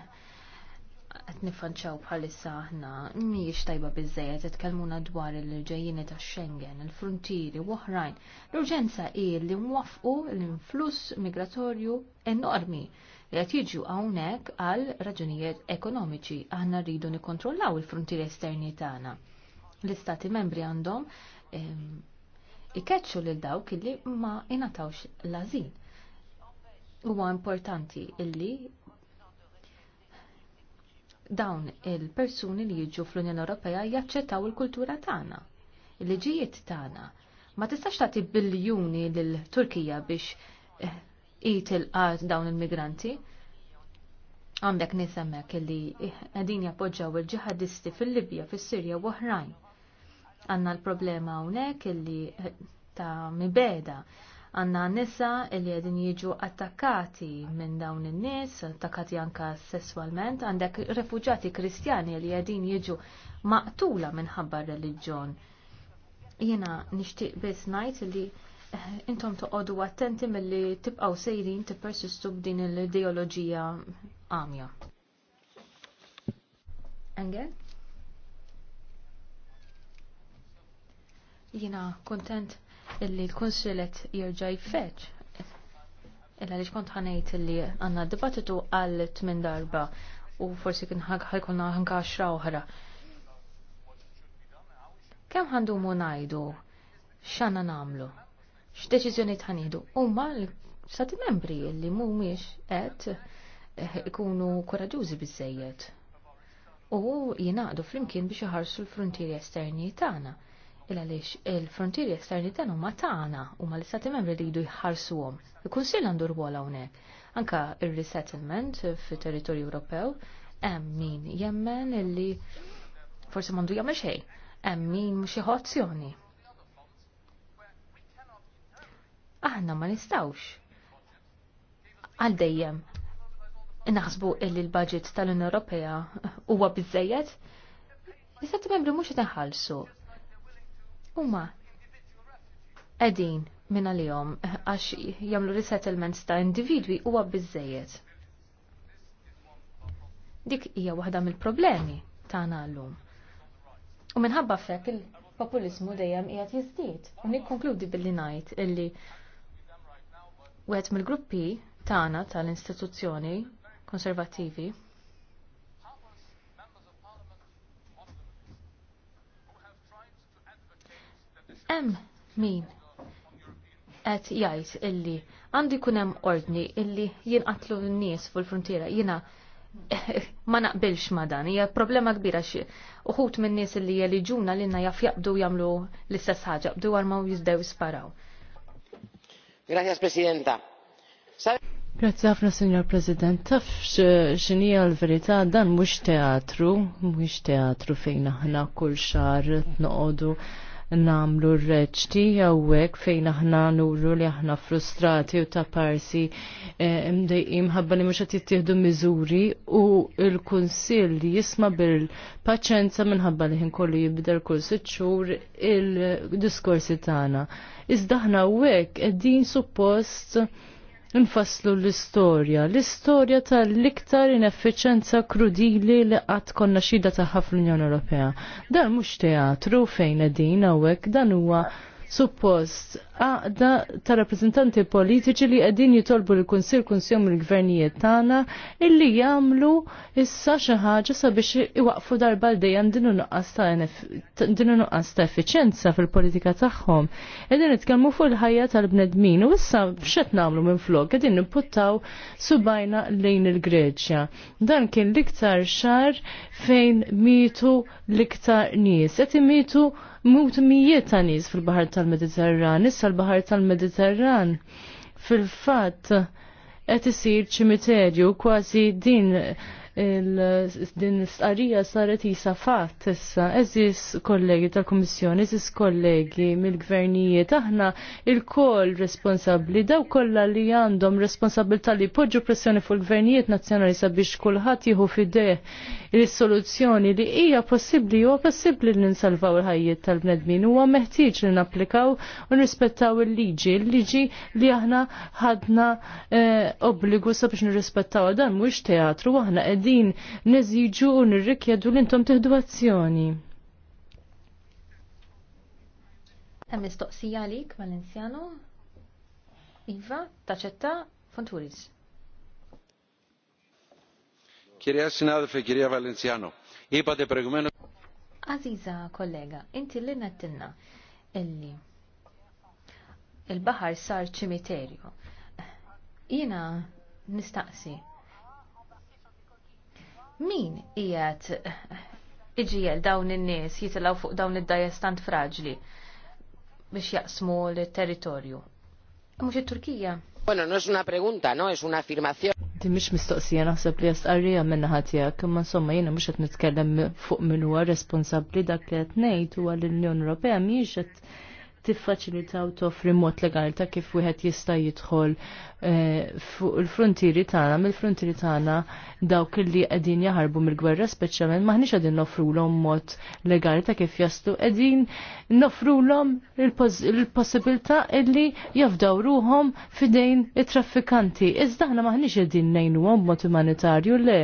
qed nifanċaw bħalissa aħna mhijiex tajba biżejjed titkellmuna dwar il-ġejjini ta' Schengen, il-frontieri u oħrajn. L-urġenza hi li nwaffqu l-influss migratorju enormi li qed jiġu hawnhekk għal raġunijiet ekonomiċi. Aħna rridu nikkontrollaw il-frontieri esterni tagħna. L-istati membri għandhom ikeċċu lil dawk illi ma ingħatawx l-azil. Huwa importanti illi dawn il-persuni li jiġu fl-Unjoni Ewropea jaċċettaw il-kultura tagħna, il-liġijiet tagħna. Ma tistax tagħti biljuni lil Turkija biex jitilqat eh, dawn il-migranti. Għandek nisemmek li eh, qegħdin jappoġġaw il-ġihadisti fil-Libja, fis-Sirja u oħrajn. Għanna l-problema hawnhekk illi eh, ta' mibeda Għanna nisa li għedin jiġu attakkati minn dawn in-nies, attakkati anka sessualment, għandek refugjati kristjani li għedin jiġu maqtula minħabba reliġjon. Jena nishtiq biss najt li eh, intom toqodu attenti mill-li tibqaw sejrin tippersistu b'din l-ideoloġija għamja. Engel? Jena kontent illi l-konsulet jirġa jfeċ. Illa li xkont ħanejt illi għanna dibattitu għal tmin darba u forsi kien ħajkolna ħanka xra oħra. Kem ħandumu najdu xana namlu? X'deċiżjoni tħanidu? Umma l-stati membri illi mumiex qed eh, ikunu koraġużi biżejjed u jinaqdu flimkien biex iħarsu l-frontieri esterni tagħna il għaliex il-frontieri esterni tagħna huma tagħna huma l-istati membri li jdu jħarsuhom. il kunsil għandu rwol hawnhekk. Anka ir-resettlement fit-territorju Ewropew hemm min jemmen illi forsi m'għandu jagħmel xejn, hemm min mhux azzjoni. Aħna ma nistawx għal dejjem naħsbu illi l-budget tal-Unjoni Ewropea huwa biżejjed l istati membri mux jitħalsu huma qegħdin minn għalihom għax jagħmlu resettlements ta' individwi huwa biżejjed. Dik hija waħda mill-problemi tagħna llum. U minħabba fek il-populizmu dejjem qiegħed jiżdied. U nikkonkludi billi ngħid illi wieħed mill-gruppi tagħna tal-istituzzjoni konservattivi Hemm min qed jgħid illi għandi jkun hemm ordni illi jinqatlu n-nies fuq il-frontiera jiena ma naqbilx ma dan, hija problema kbira xi. Uħut minn nies illi jeliġuna li na jaf jaqbdu jagħmlu l-istess ħaġa, bdu armaw jiżdew isparaw. Grazie, Presidenta. Grazie ħafna, Signor President. Taf xinija l-verità dan mhux teatru, mhux teatru fejn aħna kull xar noqogħdu namlu r-reċti jawwek fejn aħna nuru li aħna frustrati u ta' parsi eh, mdejqim ħabba li mux jittieħdu miżuri u il-kunsil li jisma bil-paċenza minħabba li ħin kollu jibdel kull sitxur il-diskorsi tagħna. Iżda aħna għawek din suppost nfasslu l-istorja, l-istorja tal-iktar ineffiċenza krudili li qatt konna xida taħħa fl-Unjoni Ewropea. Dan mhux teatru fejn din hawnhekk dan huwa suppost għaqda ta' rappresentanti politiċi li għedin jitolbu l konsil konsjom il-Gvernijiet tagħna illi jagħmlu issa xi ħaġa sabiex iwaqfu darba l-dejjem dinu nuqqas ta' effiċenza fil-politika tagħhom. Qegħdin nitkellmu fuq il-ħajja tal-bnedmin u issa x'qed nagħmlu minn flok qegħdin nipputtaw subajna lejn il-Greċja. Dan kien l-iktar xar fejn mitu l-iktar nies. Qed imitu mut mijiet ta' nies fil-Bahar tal-Mediterran, issa l-Bahar tal-Mediterran fil-fatt qed isir ċimiterju kważi din din l-istqarrija saret jisa fatt issa, eżis kollegi tal-Komissjoni, eżis kollegi mill-gvernijiet, aħna il-koll responsabli, daw kolla li għandhom responsabilta li poġġu pressjoni fuq il-gvernijiet nazjonali sabiex kullħat jieħu fideh il-soluzzjoni li hija possibbli huwa possibbli li nsalvaw il-ħajjiet tal-bnedmin huwa meħtieġ li napplikaw u nrispettaw il-liġi, il-liġi li aħna ħadna eh, obbligu sabiex nirrispettaw dan mhux teatru aħna qegħdin din neżiġu u nirrikjedu li intom tieħdu azzjoni. Hemm mistoqsija għalik Valenziano? Iva, taċetta, Fonturis. Kirja fe Kirja Valenziano, iba de pregumenu. Aziza kollega, inti li nattinna illi il-bahar sar ċimiterju. Jina nistaqsi, Min qiegħed iġijel dawn in-nies jitilgħu fuq dawn id dajestant fraġli biex jaqsmu l-territorju? Mhux it-Turkija. Bueno, no es una pregunta, no, es una afirmación. Din mhix mistoqsija naħseb li jastqarrija minn ħatijak, imma insomma jiena mhux qed nitkellem fuq min huwa responsabbli dak li qed ngħid huwa l-Unjoni Ewropea mhijiex qed tiffaċilita u toffri mod legali ta' kif wieħed jista' jidħol Eh, fuq il-frontieri tagħna mill-frontieri tagħna dawk li qegħdin jaħarbu mill-gwerra speċjalment maħniex qegħdin nofrulhom mod legali ta' kif jaslu qegħdin nofrulhom il-possibilità illi jafdaw ruhom fidejn it-traffikanti. Iżda aħna maħniex qegħdin ngħinuhom mod umanitarju le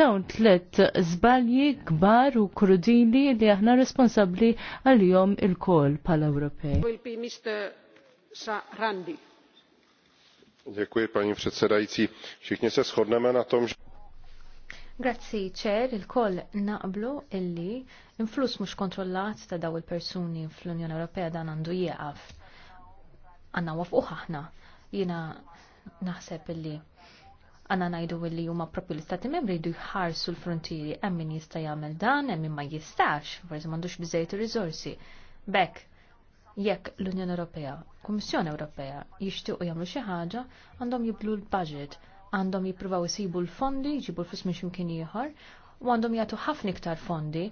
dawn tliet żbalji kbar u krudili li aħna responsabbli għalihom il-kol pal-Ewropej. Mr. Děkuji, paní Všichni se shodneme na tom, že... Grazzi, ċer, il-koll naqblu illi influss mux kontrollat ta' daw il-persuni fl-Unjoni Ewropea dan għandu jieqaf. Għanna wafquħ uħahna, Jina naħseb illi għanna najdu illi huma propju l-istati membri jdu jħarsu l-frontieri hemm min jista' jagħmel dan, hemm min ma jistax, forse m'għandux bizzejtu ir-riżorsi. Bekk, jekk l-Unjoni Ewropea, Kummissjoni Ewropea jixtiequ jagħmlu xi ħaġa, għandhom jiblu l-budget, għandhom jippruvaw isibu l-fondi, jġibu l-flus minn ximkien ieħor, u għandhom jagħtu ħafna iktar fondi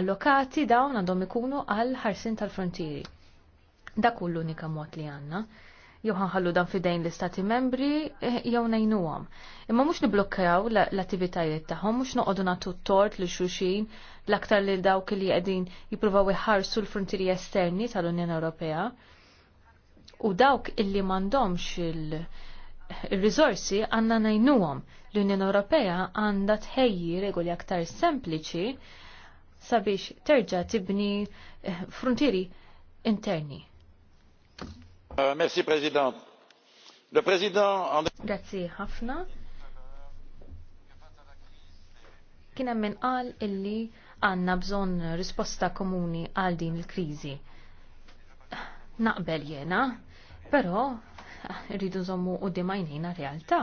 allokati dawn għandhom ikunu għal ħarsin tal-frontieri. Dak hu l-unika mod li għandna jew ħanħallu dan fidejn l-istati membri eh, jew nejnuhom. Imma mhux niblokkaw l-attivitajiet tagħhom, mhux noqogħdu nagħtu tort li xuxin l-aktar lil dawk li qegħdin jippruvaw iħarsu l-frontieri esterni tal-Unjoni Ewropea. U dawk illi m'għandhomx il-riżorsi għandna nejnuhom. L-Unjoni Ewropea għandha tħejji regoli aktar sempliċi sabiex terġa' tibni eh, frontieri interni Euh, Grazzi ħafna. Kien hemm min qal illi għandna bżonn risposta komuni għal din il-kriżi. Naqbel jena, però rridu nżommu u dimajnina realtà.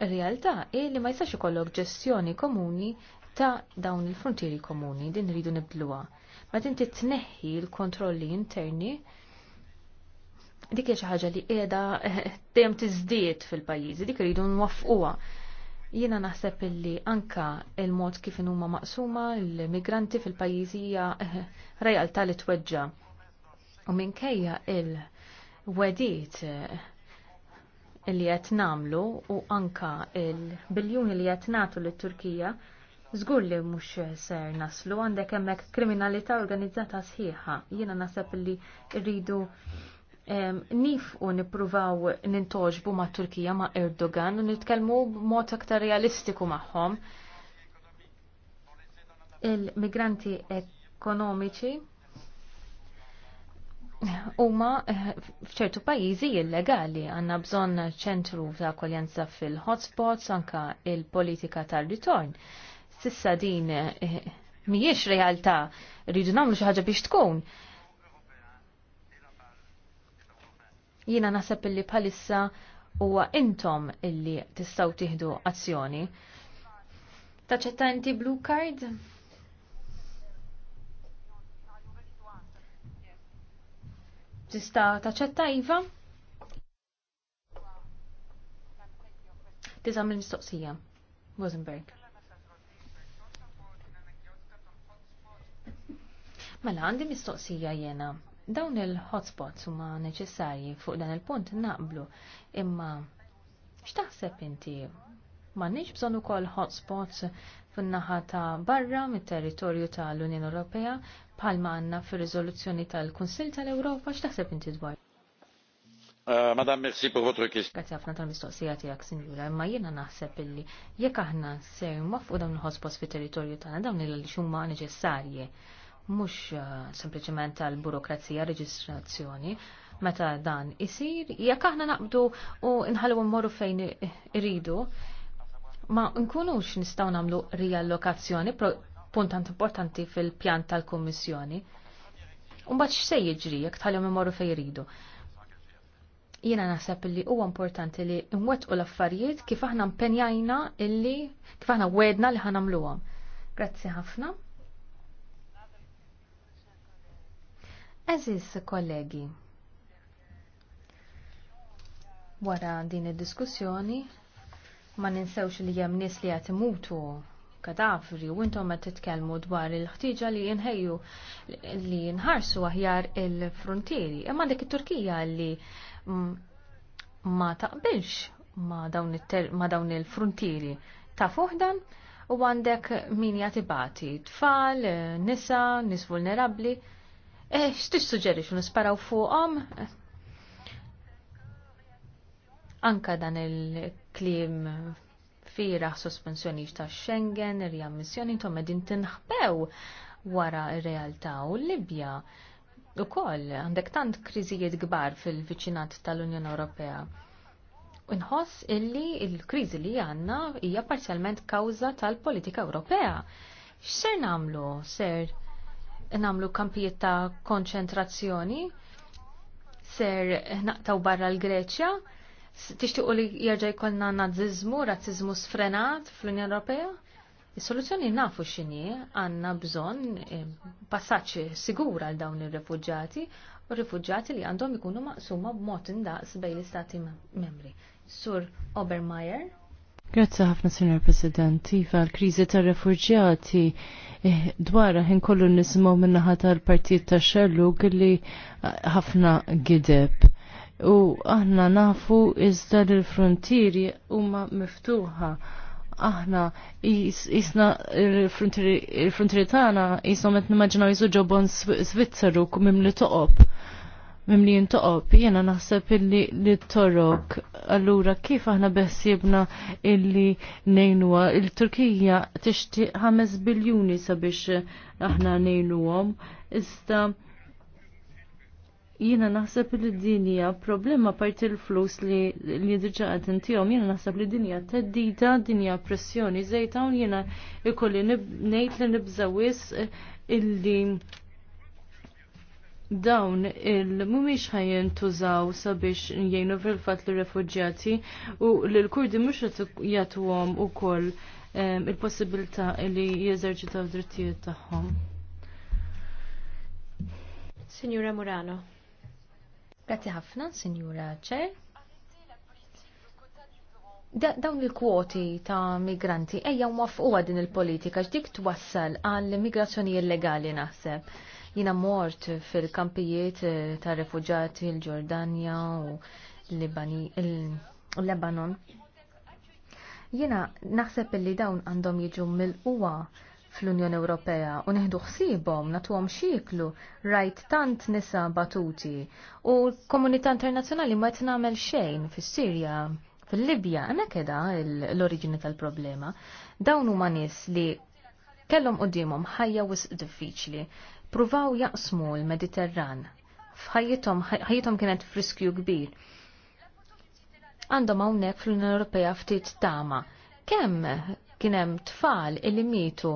Realtà e li ma jistax ikollok ġestjoni komuni ta' dawn il-frontieri komuni din rridu nibdluha. Ma tinti tneħħi l-kontrolli interni dik xi ħaġa li qiegħda dejjem tiżdied fil-pajjiżi, dik iridu nwaffquha. Jiena naħseb illi anka il-mod kif huma maqsuma l-migranti fil-pajjiżi hija realtà li tweġġa. U minkejja il-wedit eh, li qed nagħmlu u anka il-biljuni li qed nagħtu lit-Turkija, Zgur li mux ser naslu għandek hemmhekk kriminalità organizzata sħiħa. Jiena naħseb li rridu nif u nipruvaw nintoġbu ma' Turkija ma' Erdogan u nitkelmu b'mod aktar realistiku magħhom. Il-migranti ekonomiċi huma eh, f'ċertu pajjiżi illegali għandna bżonn ċentru ta' akkoljenza fil-hotspots anka il-politika tar-ritorn. Sissa din eh, mhijiex realtà rridu nagħmlu xi ħaġa biex tkun Jiena naħseb illi bħalissa huwa intom illi tistgħu tieħdu azzjoni. Taċċetta inti blue card? Tista' taċċetta Iva? Tizam il-mistoqsija. Rosenberg. Mela għandi mistoqsija jena Dawn il-hotspots huma neċessarji fuq dan il-punt naqblu, imma x'taħseb inti m'għandniex bżonn ukoll hotspots fin-naħa ta' barra mit-territorju tal-Unjoni Ewropea bħalma għandna fir-riżoluzzjoni tal-Kunsill tal-Ewropa x'taħseb inti dwar? Uh, Madam, merci pour votre question. Grazie għafna tal-mistoqsija tijak, sinjura, imma jena naħseb illi jekk aħna ser nwafqu dawn il-ħospos fit territorju tagħna dawn il xumma neċessarji mhux eh, sempliċement tal-burokrazija reġistrazzjoni meta dan isir jekk aħna naqbdu u nħallu mmorru fejn iridu ma nkunux nistgħu nagħmlu riallokazzjoni puntant importanti fil-pjan tal-Kummissjoni. Mbagħad x'se jiġri jekk tħallhom imorru fejn iridu. Jiena naħseb li huwa importanti li nwettqu l-affarijiet kif aħna mpenjajna illi kif aħna wedna li ħanamluhom. Grazzi ħafna. Eżis, kollegi, wara din id-diskussjoni ma ninsewx li hemm nies li qed imutu kadavri u intom qed titkellmu dwar il-ħtiġa li jinħejju li nħarsu aħjar il-frontieri. Imma dik it-Turkija li mm, ma taqbilx ma dawn il-frontieri ta' fuħdan u għandek min jatibati, tfal, nisa, nis vulnerabli. Eh, stiċ suġġeri xun nisparaw fuqhom? Anka dan il-klim fira sospensjoni ta' Schengen, riammissjoni tom edin tinħbew wara r-realtà u Libja. U koll, għandek tant kriżijiet kbar fil-viċinat tal-Unjoni Ewropea. Inħoss illi il-kriżi li għanna hija parzjalment kawża tal-politika Ewropea. X'ser namlu, ser? Namlu, ser namlu kampijiet ta' konċentrazzjoni ser naqtaw barra l-Greċja. Tixtiqu li jerġa' jkollna naziżmu, razzizmu sfrenat fl-Unjoni Ewropea? Is-soluzzjoni nafu x'inhi għandna bżonn eh, passaġġ sigur għal dawn ir-refuġġati u r li għandhom ikunu maqsuma b'mod indaqs bejn l-istati membri. Sur Obermeyer. Grazzi ħafna, Sr. President. Iva, l-krizi tar refugġjati eh, dwarra ħin kollu min minnaħa tal-partijiet ta' xellu li eh, ħafna gideb. U aħna nafu iżda l-frontieri huma miftuħa aħna jisna l frontieri tagħna jisna qed nimmaġinaw jiżu ġobon Svizzeru kum li toqob li toqob, jena naħseb illi li torok. Allura kif aħna beħsibna illi nejnua il-Turkija tixti 5 biljuni sabiex aħna nejnuwom, iżda jena naħseb illi dinja problema parti il flus li li diġa għatintijom, jena naħseb li dinja teddida, dinja pressjoni, zejta un jena ikolli nejt li nibżawis illi dawn il-mumiex ħajjen tużaw sabiex jgħinu fil-fat l refugjati u l-Kurdi mux jatu għom u koll il-possibilta li jeżerċitaw drittijiet tagħhom. Signora Murano. Grazie ħafna, Signora Ċer. dawn il-kwoti ta' migranti ejja mwafquwa din il-politika x'dik twassal għall immigrazzjoni illegali naħseb Jina mort fil-kampijiet eh, ta' refugjati l-Ġordanja u l-Lebanon. Jina naħseb li dawn għandhom jiġu mill-uwa fl-Unjoni Ewropea u neħdu ħsiebhom nagħtuhom xiklu rajt tant nisa batuti u l-komunità internazzjonali ma qed nagħmel xejn fis-Sirja fil-Libja, għana keda l-origini tal-problema, dawn huma nies li kellhom qudiemhom ħajja wisq diffiċli pruvaw jaqsmu l-Mediterran. F'ħajjithom kienet friskju kbir. Għandhom hawnhekk fl-Unjoni Ewropea ftit tama. Kemm kien hemm tfal illi mietu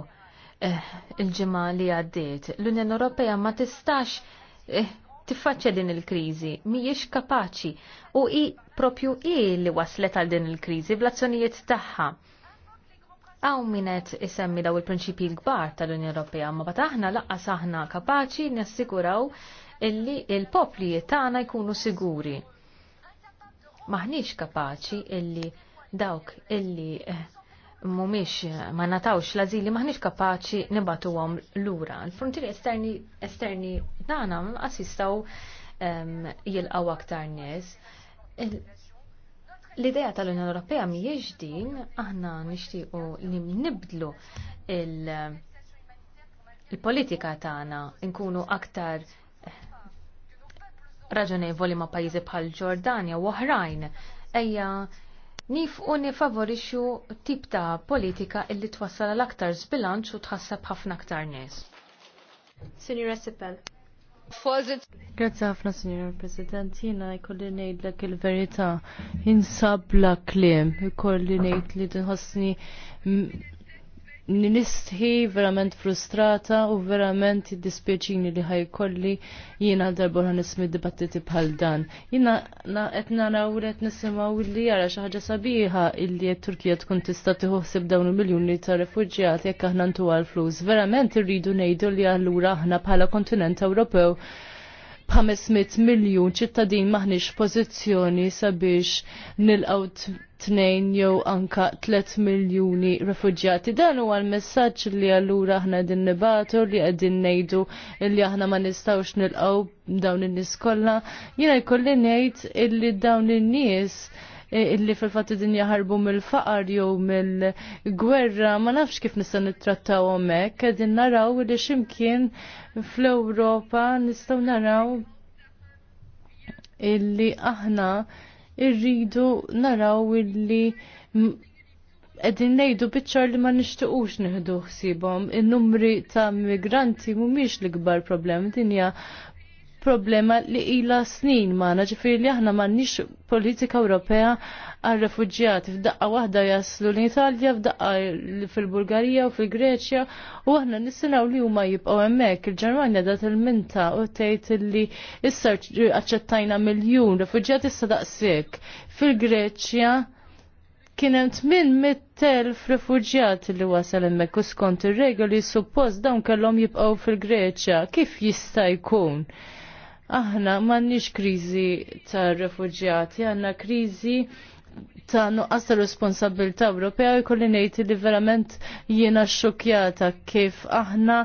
eh, il-ġimgħa li għaddiet. L-Unjoni Ewropea ma tistax eh, tiffaċċja din il-kriżi, mhijiex kapaċi u hi propju hi li waslet għal din il-kriżi bl-azzjonijiet tagħha. Għaw minnet isemmi daw il-prinċipi l-gbar tal-Unjoni Ewropea, ma bataħna aħna saħna aħna kapaċi nassiguraw illi il-popli tagħna jkunu siguri. Maħniex kapaċi illi dawk illi eh, mumiex ma natawx l-azili maħniex kapaċi nibatu għom l-ura. L-frontieri esterni, esterni tagħna għasistaw um, ehm, jilqaw aktar nies. L-ideja tal-Unjoni Ewropea mhijiex din aħna nixtiequ li nibdlu il-politika tagħna nkunu aktar raġonevoli ma' pajjiżi bħal Ġordania u oħrajn ejja nifqu nifavorixxu tip ta' politika illi twassal l aktar żbilanċ u tħassab ħafna aktar nies. Sinjura Sipel. Grazie ħafna, Signor President. Jena jkolli ngħidlek il-verità. Insab la klim, jkolli ngħid li tinħossni Ninisthi verament frustrata u verament dispieċini li ħajkolli jina darbora nismi dibattiti bħal dan. Jina qed naraw li qed nisimgħu li jara xi ħaġa sabiħa illi t-Turkija tkun tista' tiħossib dawn il-miljuni ta' refuġjati jekk aħna ntu għal flus. Verament irridu ngħidu li allura aħna bħala kontinent Ewropew 500 miljun ċittadin maħniex pożizzjoni sabiex nilqgħu tnejn jew anka 3 miljuni refugjati. Dan huwa l-messaġġ li allura aħna din nibatu li qegħdin ngħidu li aħna ma nistgħux nilqgħu dawn in-nies kollha. Jiena jkolli ngħid illi dawn in-nies illi fil-fatt dinja ħarbu mill-faqar jew mill-gwerra ma nafx kif nistgħu nittrattaw hemmhekk qegħdin naraw li x'imkien fl-Ewropa nistgħu naraw illi aħna irridu naraw illi Edin nejdu bitċar li ma nishtuqux neħdu xsibom. Il-numri ta' migranti mhumiex l-gbar problem. Dinja problema li ila snin maħna ġifiri li aħna m'għandniex politika Ewropea għal refugġjati f'daqqa waħda jaslu l-Italja, f'daqqa fil-Bulgarija u fil-Greċja u aħna nissinaw li huma jibqgħu hemmhekk. Il-Ġermanja dat il-minta u tgħid li issa aċċettajna miljun refugġjati issa daqsik Fil-Greċja kien hemm tmien li wasal hemmhekk u skont ir-regoli suppost dawn kellhom jibqgħu fil-Greċja. Kif jista' jkun? aħna m'għandniex kriżi tar-refuġjati, għandna kriżi ta' nuqqas ta' responsabilta' Ewropea jkolli ngħid li verament jiena xokjata kif aħna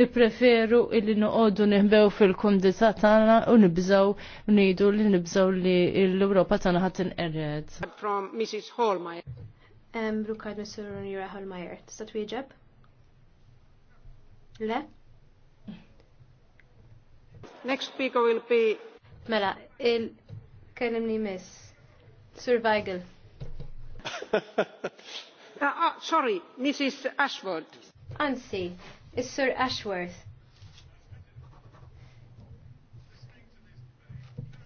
nippreferu illi noqogħdu nihbew fil-kumdità tagħna u nibżgħu ngħidu li nibżgħu li l-Ewropa tagħna ħadd erred. From Mrs. Holmeyer. Brukad Mr. Ronira Holmeyer, tista' twieġeb? Le? Next speaker will be... Mela, il-kellimni miss. Sir Weigel. Uh, uh, sorry, Mrs. Ashworth. Anzi, is Sir Ashworth.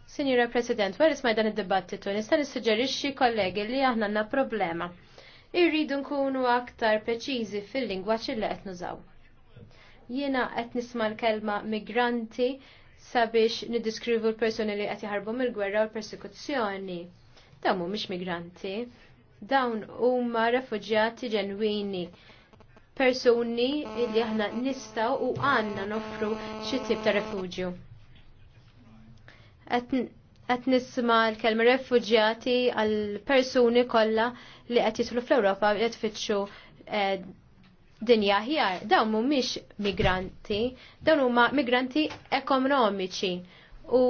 Signora President, wara my dan id-dibattitu nista' nissuġġerixxi kollegi li aħna għandna problema. Irridu nkunu aktar preċiżi fil-lingwaġġ li qed nużaw. Jiena qed nisma' l-kelma migranti sabiex nidiskrivu l-persuni li qed jaħarbu mill-gwerra u l-persekuzzjoni. Dawn mhumiex migranti. Dawn huma refuġjati ġenwini persuni li aħna nistaw u għanna nofru xi tip ta' refuġju. Qed nisma l-kelma refuġjati għal persuni kollha li qed jidħlu fl-Ewropa qed fitxu eh, dinja ħjar, dawn mhumiex migranti, dawn huma migranti ekonomiċi u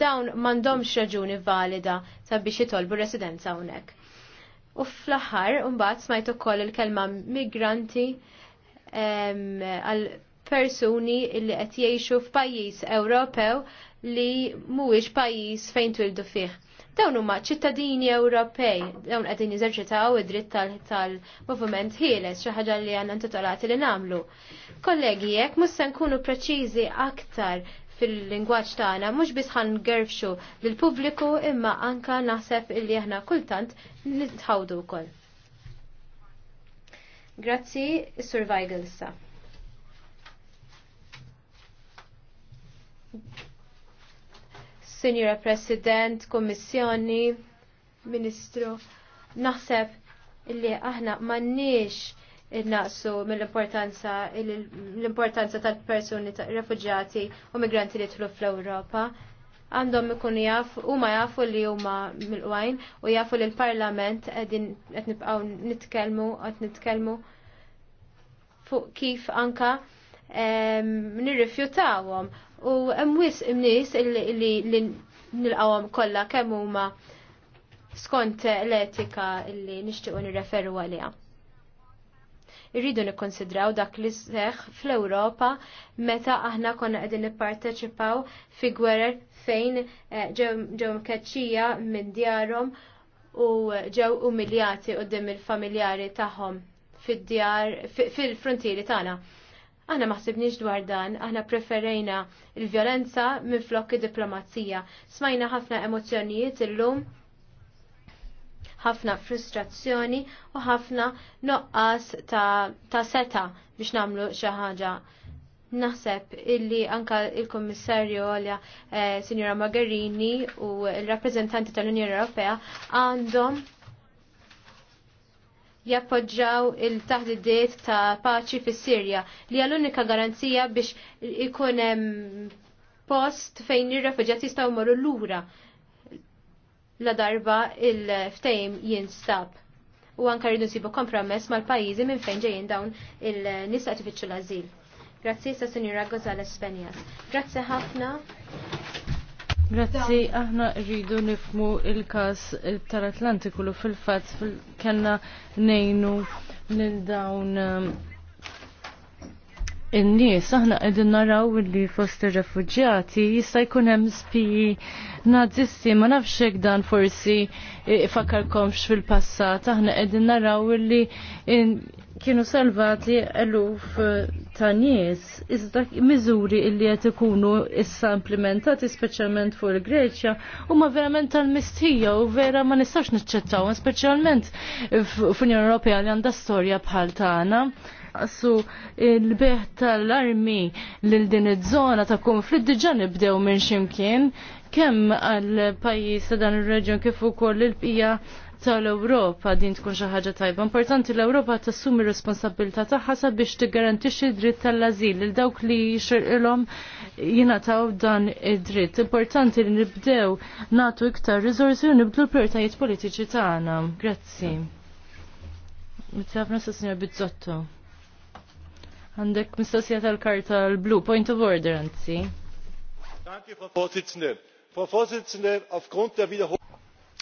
dawn m'għandhomx raġuni valida sabiex jitolbu residenza hawnhekk. U fl-aħħar mbagħad smajt ukoll il-kelma migranti għal persuni li qed jgħixu f'pajjiż Ewropew li mhuwiex pajjiż fejn twildu fih. Dawn huma ċittadini Ewropej, dawn qegħdin jeżerċitaw id-dritt tal movement ħieles xi ħaġa li għandna intitolati li nagħmlu. Kollegi, jekk mhux se nkunu preċiżi aktar fil-lingwaġġ tagħna mhux biss ħangerfxu lill-pubbliku imma anka naħseb illi aħna kultant nitħawdu wkoll. Grazzi, Sur Weigel issa. Sinjura President, Kommissjoni, Ministru, naħseb li aħna mannix naqsu mill-importanza l-importanza tal-persuni ta refugjati u migranti li tlu fl-Ewropa. Għandhom ikun jafu, u ma jafu li huma mill u jafu li l-Parlament qegħdin qed nibqgħu nitkellmu qed nitkellmu fuq kif anka ehm, nirrifjutawhom u hemm imnis imnies li qawam kollha kemm huma skont l-etika li nixtiequ nirreferu għaliha. Irridu nikkonsidraw dak li seħ fl-Ewropa meta aħna konna qegħdin nipparteċipaw fi gwerer fejn eh, ġew mkeċċija minn djarhom u ġew umiljati dim il-familjari tagħhom fid-djar fil-frontieri tagħna. Aħna maħsibniġ dwar dan, aħna preferejna il-vjolenza minn flokki diplomazija. Smajna ħafna emozjonijiet illum, ħafna frustrazzjoni u ħafna noqqas ta', ta seta biex namlu xi ħaġa. Naħseb illi anka il-Kommissarju għalja eh, Signora Magherini u il-rappresentanti tal-Unjoni Ewropea għandhom jappoġġaw il-taħdidiet ta' paċi fis sirja li għal unika garanzija biex ikun post fejn ir-refuġjati jistgħu jmorru lura la darba il-ftejm jinstab. U anka rridu nsibu kompromess mal-pajjiżi minn fejn ġejjin dawn il-nisa tifittxu l-azil. Grazzi sa' Sinjura Gonzalez Spenjas. Grazzi ħafna. Grazzi, aħna rridu nifmu il-kas tal-Atlantiku fil-fat kanna nejnu lil dawn um, in-nies aħna qegħdin naraw li fost il refuġjati jista' jkun hemm spiji nazisti ma nafx hekk dan forsi fakarkomx fil-passat aħna qegħdin naraw li kienu salvati eluf ta' nies iżda miżuri illi qed ikunu issa implementati speċjalment fuq il-Greċja huma verament tal-mistija u vera ma nistax niċċettaw speċjalment f'Unjoni Ewropea li għandha storja bħal tagħna Su il-beħ tal-armi lil din iż-żona ta' konflitt diġà nibdew minn ximkien kemm għal pajjiż ta' dan ir-reġjun kif ukoll il-bqija tal-Ewropa din tkun xi ħaġa tajba. Importanti l-Ewropa tassumi r-responsabilità tagħha sabiex tiggarantixxi dritt tal-ażil lil dawk li xirqilhom jingħataw dan id-dritt. Importanti li nibdew nagħtu iktar riżorsi u nibdlu l-prijoritajiet politiċi tagħna. Grazzi. Mitrafna sa' Sinjor Bizzotto. Għandek mistoqsija tal-karta l-blu, point of order anzi.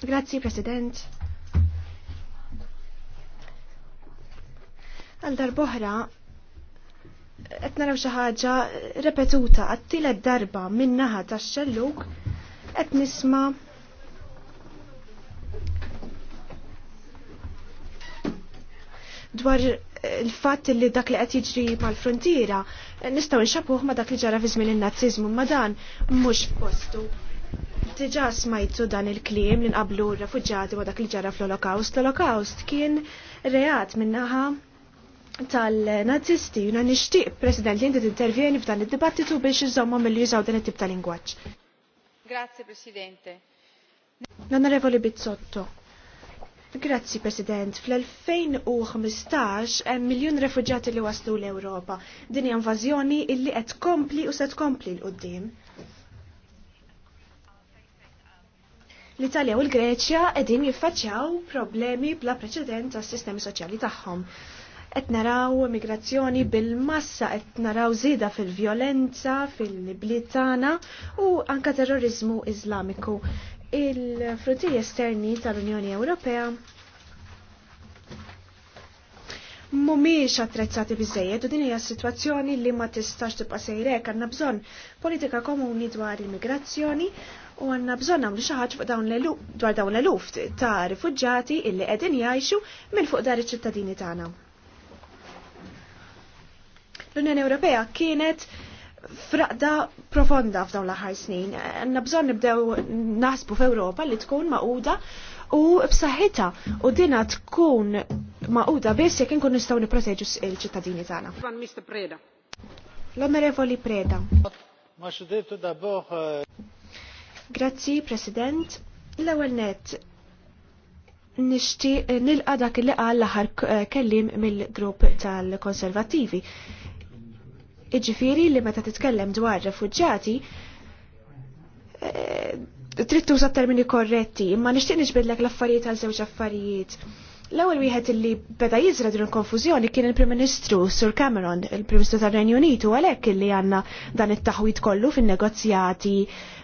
Grazie, President Għal darboħra, qed naraw xi ħaġa repetuta għat-tielet darba min naħa tax-xelluk qed nisma' dwar eh, il-fatt li dak li qed jiġri mal-frontiera eh, nistgħu nxabuh ma' dak li ġara fi żmien in-nazzizmu ma' dan mhux postu. Diġà smajtu dan il-kliem li nqablu r-refuġġati ma' dak li ġara fl-Holocaust. L-Holocaust kien reat minnaħa tal-nazisti, jina nishtiq, President, li jinti intervjeni f'dan id-dibattitu biex jizzomma mill jużaw dan it-tip tal-lingwaġġ. Grazie, Presidente. L-Onorevoli Bizzotto. Grazzi, President. Fl-2015 hemm miljun refuġjati li waslu l-Ewropa. Din invażjoni illi qed kompli u se tkompli l qudiem L-Italja u l-Greċja qegħdin jiffaċċjaw problemi bla preċedent tas-sistemi soċjali tagħhom qed naraw migrazzjoni bil-massa qed naraw żieda fil-vjolenza fil-bliet tagħna u anka terrorizmu Iżlamiku. Il-frontieri esterni tal-Unjoni Ewropea mumiex attrezzati biżejjed u din hija situazzjoni li ma tistax tibqa' sejrek għandna bżonn politika komuni dwar immigrazzjoni u għandna bżonn nagħmlu xi ħaġa fuq dawn dwar dawn l-eluf ta' rifuġġati illi qegħdin jgħixu minn fuq dar iċ-ċittadini tagħna l-Unjoni Ewropea kienet fraqda profonda f'dawn l-aħħar snin. Għanna bżonn nibdew naħsbu f'Ewropa li tkun maquda u b'saħħitha u dina tkun maquda biss jekk inkun nistgħu nipproteġu l-ċittadini tagħna. L-Onorevoli Preda. Eh, Grazzi, President. L-ewwel net nixtieq eh, nilqa dak li qal l-aħħar eh, kellim mill-grupp tal-Konservattivi Iġifiri li meta titkellem dwar refuġġati, eh, trid tuża termini korretti, imma nixtieq nixbidlek l-affarijiet għal żewġ affarijiet. L-ewwel wieħed illi beda jiżra din il-konfużjoni kien il-Prim Ministru Sur Cameron, il-Prim Ministru tar-Renju Unitu, għalhekk illi għandna dan it-taħwit kollu fin-negozjati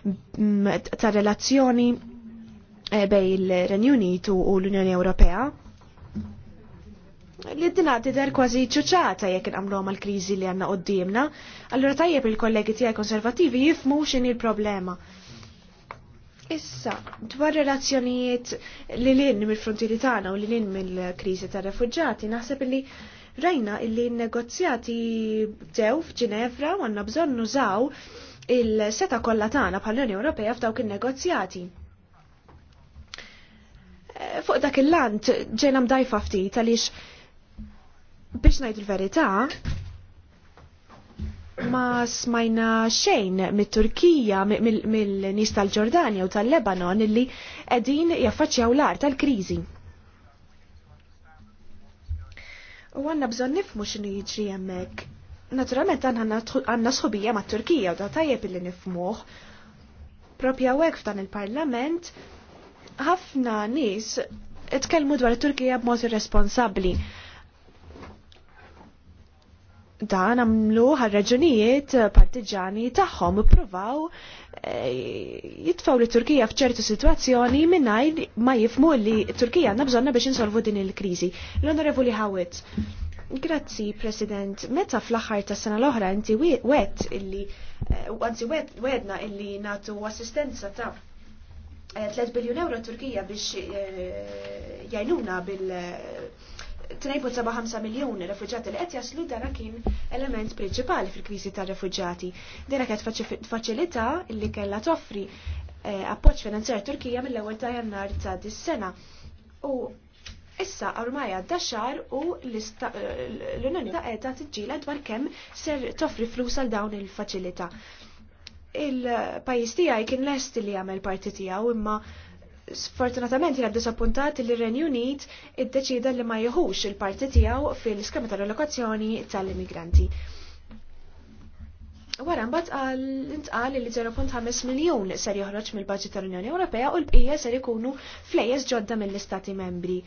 mm, ta' relazzjoni eh, bej il-Renju Unitu u l-Unjoni Ewropea li d-dina tider kważi ċuċata jekk nqamlu għal kriżi li għanna għoddimna, allura tajjeb il-kollegi tijaj konservativi jifmu xin il-problema. Issa, dwar relazzjonijiet li l-in mill-frontieri tagħna u li l-in mill-kriżi tar refugġati, naħseb li rajna illi negozjati dew f'Ġinevra u għandna bżonn nużaw il-seta kollha tagħna bħall-Unjoni Ewropea f'dawk in-negozjati eh, fuq dak il-lant ġejna mdajfa ftit għaliex biex ngħid il-verità, ma smajna xejn mit-Turkija, mill-nis tal-Ġordania u tal-Lebanon illi edin jaffaċċjaw l art tal-kriżi. U għanna bżon nifmu xin jiġri jemmek. Naturalment għanna sħubija ma' Turkija u ta' tajjeb illi nifmuħ. Propja għek f'dan il-parlament, ħafna nis itkellmu dwar Turkija b'mod irresponsabbli. responsabli dan għamlu għal-raġunijiet eh, partiġani taħħom provaw eh, jitfaw li Turkija fċertu situazzjoni minnaj ma jifmu li Turkija nabżonna biex insolvu din il-krizi. L-Onorevoli Hawit, grazzi President, meta fl axħar ta' sena l-oħra inti wet illi, għanzi eh, wedna illi natu assistenza ta' 3 biljon euro Turkija biex jajnuna bil- 2.75 miljoni refugġati li qed jaslu dara kien element prinċipali fil-kriżi tar refugġati Dina kienet faċilità li kellha toffri eh, appoġġ finanzjar Turkija mill-ewwel ta' Jannar ta' dis-sena. U issa ormai għadda xar u eh, l-Unjoni ta' qiegħda tiġġiela dwar kemm ser toffri flus għal dawn il-faċilità. Il-pajjiż tiegħi kien lest li jagħmel parti tiegħu imma Sfortunatament jina disappuntat li Renju Unit iddeċida li ma jħux il-parti tijaw fil-skema tal-allokazzjoni tal-immigranti. Wara mbagħad intqal li 0.5 miljun ser joħroġ mill-baġġit tal-Unjoni Ewropea u l-bqija ser ikunu flejes ġodda mill-Istati Membri.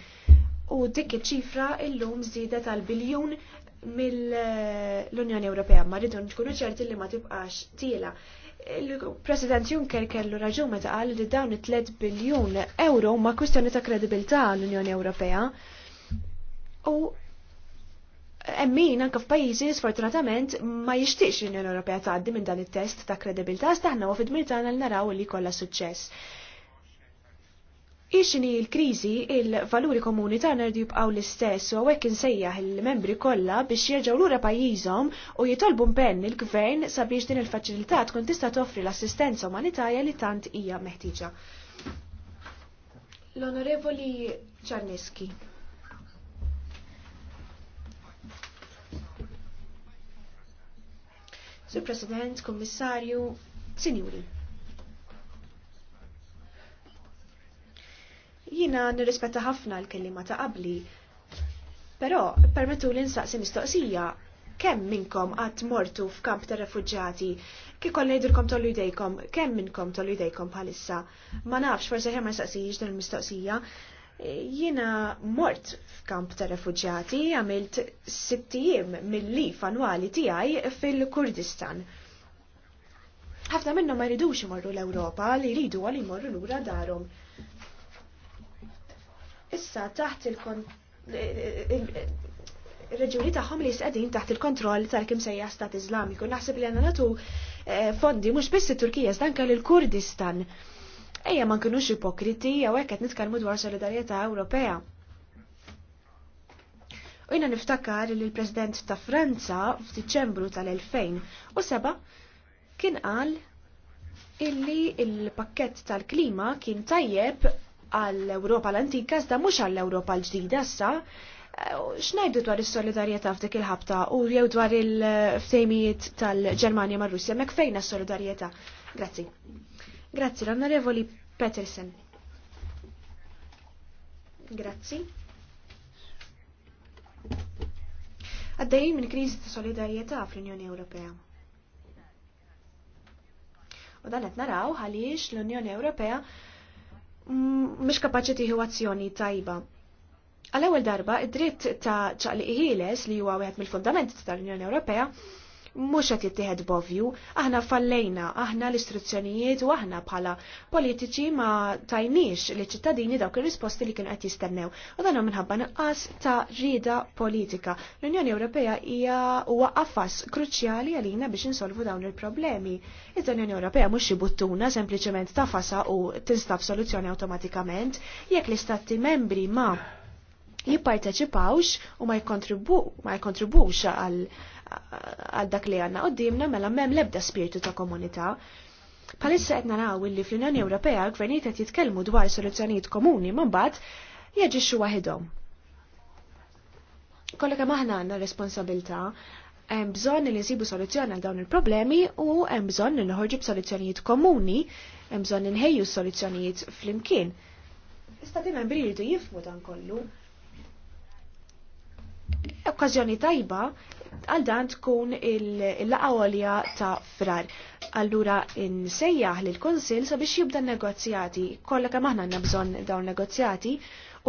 U dik iċ-ċifra llum żieda tal-biljun mill-Unjoni Ewropea ma rridu nkunu ċerti li ma tibqax tiela. Il-President Juncker kellu raġun meta qal li dawn it-3 biljun euro ma kwistjoni ta' kredibilità l-Unjoni Ewropea. U emmin anke f'pajjiżi sfortunatament ma jixtiex l-Unjoni Ewropea tgħaddi minn dan it-test ta' kredibilità staħna u fid-dmir tagħna naraw li kollha suċċess. Ixni l-krizi il-valuri komuni ta' nerdi jibqaw l-istess u għek insejjaħ il-membri kollha biex jerġgħu lura pajjiżhom u jitolbu mpenn il-gvern sabiex din il-faċilità tkun tista' toffri l-assistenza umanitarja li tant hija meħtieġa. L-Onorevoli Czarneski. Sur President, Kommissarju, Sinjuri. Jina nirrispetta ħafna l-kellima ta' qabli, però permettu li nsaqsi mistoqsija kemm minkom għat mortu f'kamp ta' refugġati, kikolla jidirkom tollu jdejkom, kemm minkom tollu jdejkom bħalissa. Ma nafx, forse ħemma nsaqsi din il-mistoqsija. Jina mort f'kamp ta' refugġati, għamilt sittijiem mill li fanwali tijaj fil-Kurdistan. ħafna minnhom ma jridux imorru l-Ewropa li jridu għal imorru lura darhom issa taħt il-reġjuni tagħhom li jisqegħdin taħt il-kontroll tal-kim sejja Stat Iżlamiku. Naħseb li għandna nagħtu fondi mhux biss it-Turkija danka lill Kurdistan. Ejja ma nkunux ipokriti jew hekk qed nitkellmu dwar solidarjetà Ewropea. U jina niftakar li l-President ta' Franza f'Diċembru tal-2007 kien qal illi il-pakket tal-klima kien tajjeb għall-Ewropa l-antika, iżda mhux għall-Ewropa l-ġdida issa, eh, xnajdu dwar is-solidarjetà f'dik il-ħabta u jew dwar il-ftejmijiet tal-Ġermanja mar russja mek fejna s-solidarjetà? Grazzi. Grazzi, l-Onorevoli Petersen. Grazzi. Għaddej minn kriżi ta' solidarjetà fl-Unjoni Ewropea. U dan qed naraw għaliex l-Unjoni Ewropea mish kapaċi tieħu azzjoni tajba. Għal ewwel darba, id-dritt ta' ċaqli ħieles li huwa wieħed mill-fundamenti tal-Unjoni Ewropea mhux qed jittieħed bovju, aħna fallejna, aħna l-istruzzjonijiet u aħna bħala politiċi ma tajniex li ċittadini dawk ir-risposti li kienu qed jistennew. U dan minħabba nuqqas ta' rida politika. L-Unjoni Ewropea hija huwa affas kruċjali għalina biex insolvu dawn il-problemi. Iżda l-Unjoni Ewropea mhux xi buttuna sempliċement fasa u tinstab soluzzjoni awtomatikament jekk l-istati membri ma jipparteċipawx u ma jkontribux għal għal dak li għanna għoddimna mela mem lebda spiritu ta' komunità. Palissa qed naraw illi fl-Unjoni Ewropea għvernita qed jitkellmu dwar soluzzjonijiet komuni ma mbagħad jaġixxu waħedhom. Kollha kemm aħna għandna responsabilità hemm bżonn li nsibu soluzzjoni għal dawn il-problemi u hemm bżonn li noħorġu b'soluzzjonijiet komuni, hemm bżonn inħejju s-soluzzjonijiet flimkien. Istati membri jridu jifmu dan kollu. Okkażjoni tajba għal dan tkun il-laqawolja ta' frar. Allura insejjaħ l konsil sabiex jibda negozjati, kollha kemm aħna għandna bżonn dawn negozjati,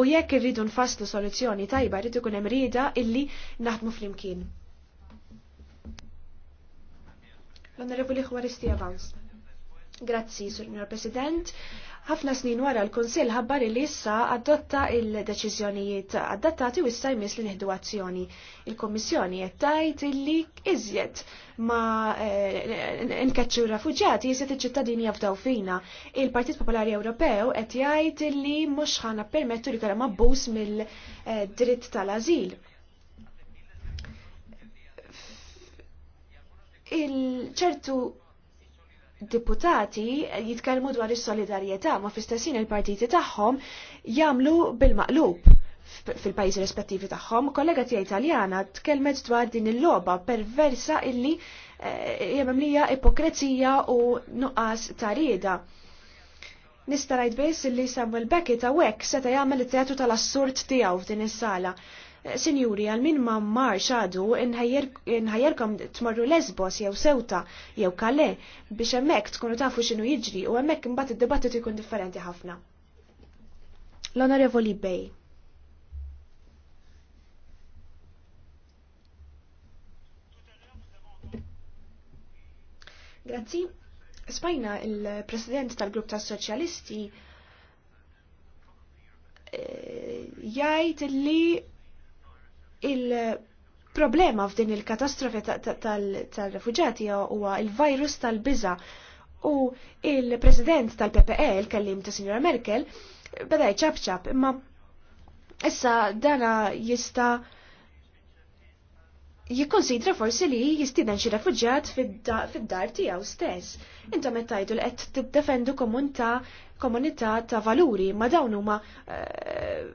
u jekk irridu nfasslu soluzzjoni tajba rrid ikun hemm rieda illi naħdmu flimkien. L-Onorevoli Juaristi Avans. Grazzi, Sur President ħafna snin wara l-Kunsill ħabbar li issa adotta il-deċiżjonijiet adattati u issa jmiss li nieħdu azzjoni. Il-Kommissjoni qed tgħid illi iżjed ma eh, nkeċċu r-refuġjati iżjed iċ-ċittadini jafdaw fina. Il-Partit Popolari Ewropew qed jgħid illi mhux ħana permettu li kellha abbuż mill-dritt eh, tal-ażil. Il-ċertu deputati jitkellmu dwar is-solidarjetà ma fistessin il-partiti tagħhom jagħmlu bil-maqlub fil-pajjiżi rispettivi tagħhom. Kollega tiegħi Taljana tkellmet dwar din il-logħba perversa illi eh, jemem lija ipokrezija u nuqqas ta' rieda. Nista' ngħid biss illi Samuel Beckett hawnhekk seta' jagħmel it-teatru tal-assurt tiegħu f'din is-sala. Sinjuri, għal min ma mar xadu nħajjerkom tmarru lesbos jew sewta jew kale biex emmek tkunu tafu xinu jiġri u emmek imbat id-dibattitu jkun differenti ħafna. L-Onorevoli Bey. Grazzi. Spajna il-President tal-Grupp tas-Soċjalisti eh, jgħid li Il-problema f'din il-katastrofi tal-refuġati huwa il-virus tal-biża u il-president tal-PPE, il-kellim ta' Signora Merkel, beda jċabċab, imma issa dana jista' jikkonsidra forsi li jistiden xi refuġjat fid-dar tiegħu stess. Inta meta jgħidu qed tiddefendu komunità komunità ta' valuri ma dawn huma eh,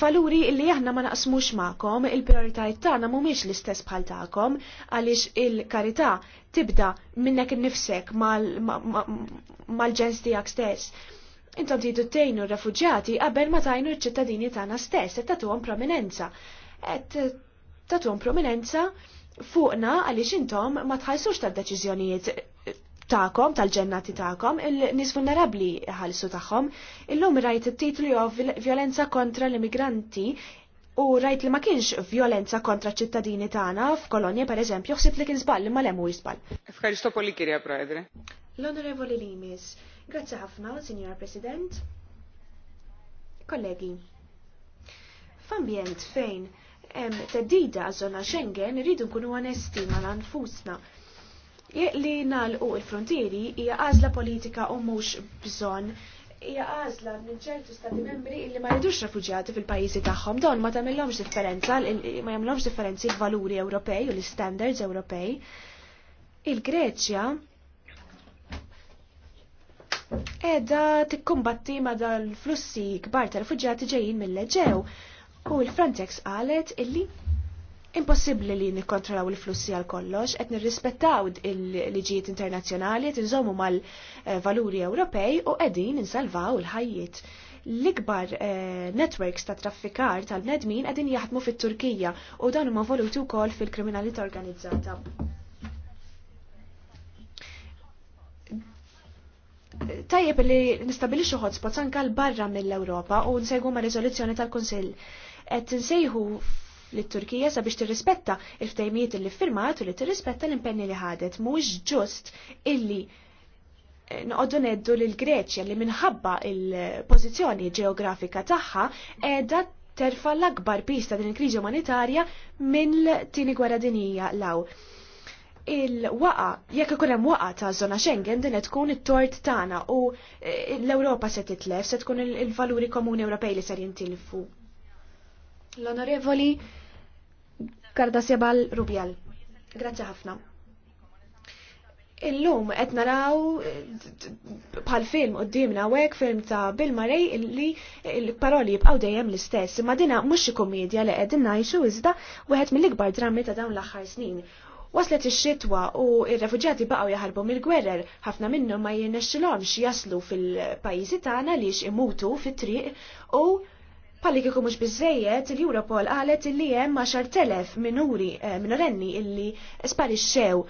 valuri li aħna ma naqsmux ma'kom, il-prioritajiet tagħna mhumiex l-istess bħal tagħkom għaliex il-karità tibda minnek innifsek mal-ġens tiegħek stess. Intom tidu tgħinu r-refuġjati qabel ma tajnu ċ-ċittadini tagħna stess qed tagħtuhom prominenza. Qed tagħtuhom prominenza fuqna għaliex intom ma tħallsux tad-deċiżjonijiet ta'kom, tal-ġennati ta'kom, il-nis vulnerabli ħalissu ta'kom. Illum rajt il-titlu jo violenza kontra l-immigranti u rajt li ma kienx violenza kontra ċittadini tagħna f'kolonja per eżempju, xsib li kien żball ma lemu jisball. Fkaristo poli kirja L-Onorevoli Limis, grazzi ħafna, Signor President. Kollegi, f'ambjent fejn hemm teddida zona Schengen, rridu nkunu onesti mal-anfusna li nalqu il-frontieri hija għażla politika u mhux bżonn hija għażla minn ċertu stati membri li ma jidux refuġjati fil-pajjiżi tagħhom dawn ma tagħmilhomx differenza ma jagħmilhomx differenzi l-valuri Ewropej u l-standards Ewropej. Il-Greċja edha tikkumbatti ma dal-flussi kbar ta' rifuġjati ġejjin mill leġew u l-Frontex qalet illi Impossibbli li nikkontrollaw il-flussi għal kollox, qed nirrispettaw il-liġijiet internazzjonali, qed nżommu mal-valuri Ewropej u qegħdin nsalvaw il-ħajjiet. L-ikbar eh, networks ta' traffikar tal-nedmin qegħdin jaħdmu fit-Turkija u dan huma voluti wkoll fil-kriminalità organizzata. Tajjeb li nistabilixu hotspots anka l-barra mill-Ewropa u nsegwu ma' riżoluzzjoni tal-Kunsill. Qed nsejħu li Turkija sabiex tirrispetta il-ftejmijiet li firmat u li tirrispetta l-impenni li ħadet. Mhuwiex ġust illi eh, noqogħdu neddu lil Greċja li minħabba il-pożizzjoni ġeografika tagħha qiegħda terfa l-akbar pista din il-kriġi umanitarja minn tini gwerra dinija law. Il-waqa, jekk ikun hemm waqa ta' żona Schengen din qed tkun it-tort tagħna u eh, l-Ewropa se titlef se tkun il-valuri komuni Ewropej li ser jintilfu. L-Onorevoli Kardasjabal Rubjal. Grazzi ħafna. Illum qed naraw eh, bħal film qudiemna hekk film ta' Bill Murray li l-paroli jibqgħu dejjem l-istess, imma dina mhux xi komedja li qegħdin ngħixu iżda wieħed mill-ikbar drammi ta' dawn l-aħħar snin. Waslet ix-xitwa u r-refuġjati baqgħu jaħarbu mill-gwerer, ħafna minnhom ma jirnexxilhomx jaslu fil-pajjiżi tagħna li imutu fit-triq u Palli kiku mux bizzejiet, l-Europol għalet li jem 10.000 minuri, eh, minorenni illi sparixxew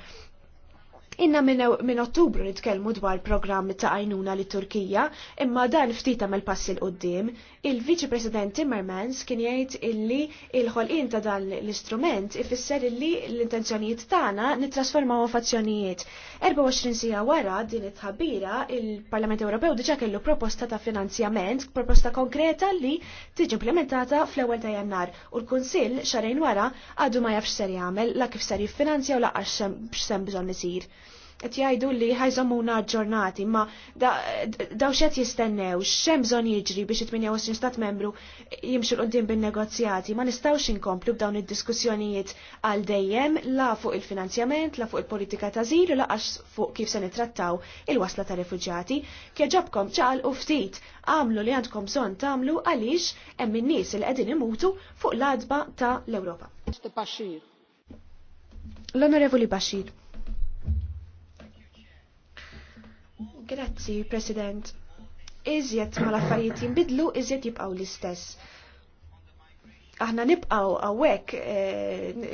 Inna minn ottubru nitkellmu dwar programm ta' għajnuna li Turkija, imma dan ftit mel pass il qoddim il-Viċi President Timmermans kien jgħid illi il-ħolqien ta' dan l-istrument ifisser illi l-intenzjonijiet tagħna nittrasformaw f'azzjonijiet. 24 sija wara din it-tħabbira il-Parlament Ewropew diġà kellu proposta ta' finanzjament, proposta konkreta li tiġi implementata fl-ewwel ta' Jannar u l-Kunsill xarajn wara għadu ma jafx ser jagħmel la kif ser jiffinanzja u laqax b'sem bżonn isir qed jgħidu li ħajżomuna ġurnati, ma daw xet jistennew, xem bżon jiġri biex 28 stat membru jimxu l qoddim bin-negozjati, ma nistgħux inkomplu b'dawn id-diskussjonijiet għal dejjem la fuq il-finanzjament, la fuq il-politika ta' zilu, la għax fuq kif se nittrattaw il-wasla ta' refuġjati. Kieġobkom ċaqal uftit, ftit għamlu li għandkom bżonn tagħmlu għaliex hemm in-nies li qegħdin imutu fuq l-adba ta' l-Ewropa. L-Onorevoli Bashir. Grazzi, President. Iżjed ma l-affarijiet jinbidlu, iżjed jibqaw l-istess. Aħna nibqaw għawek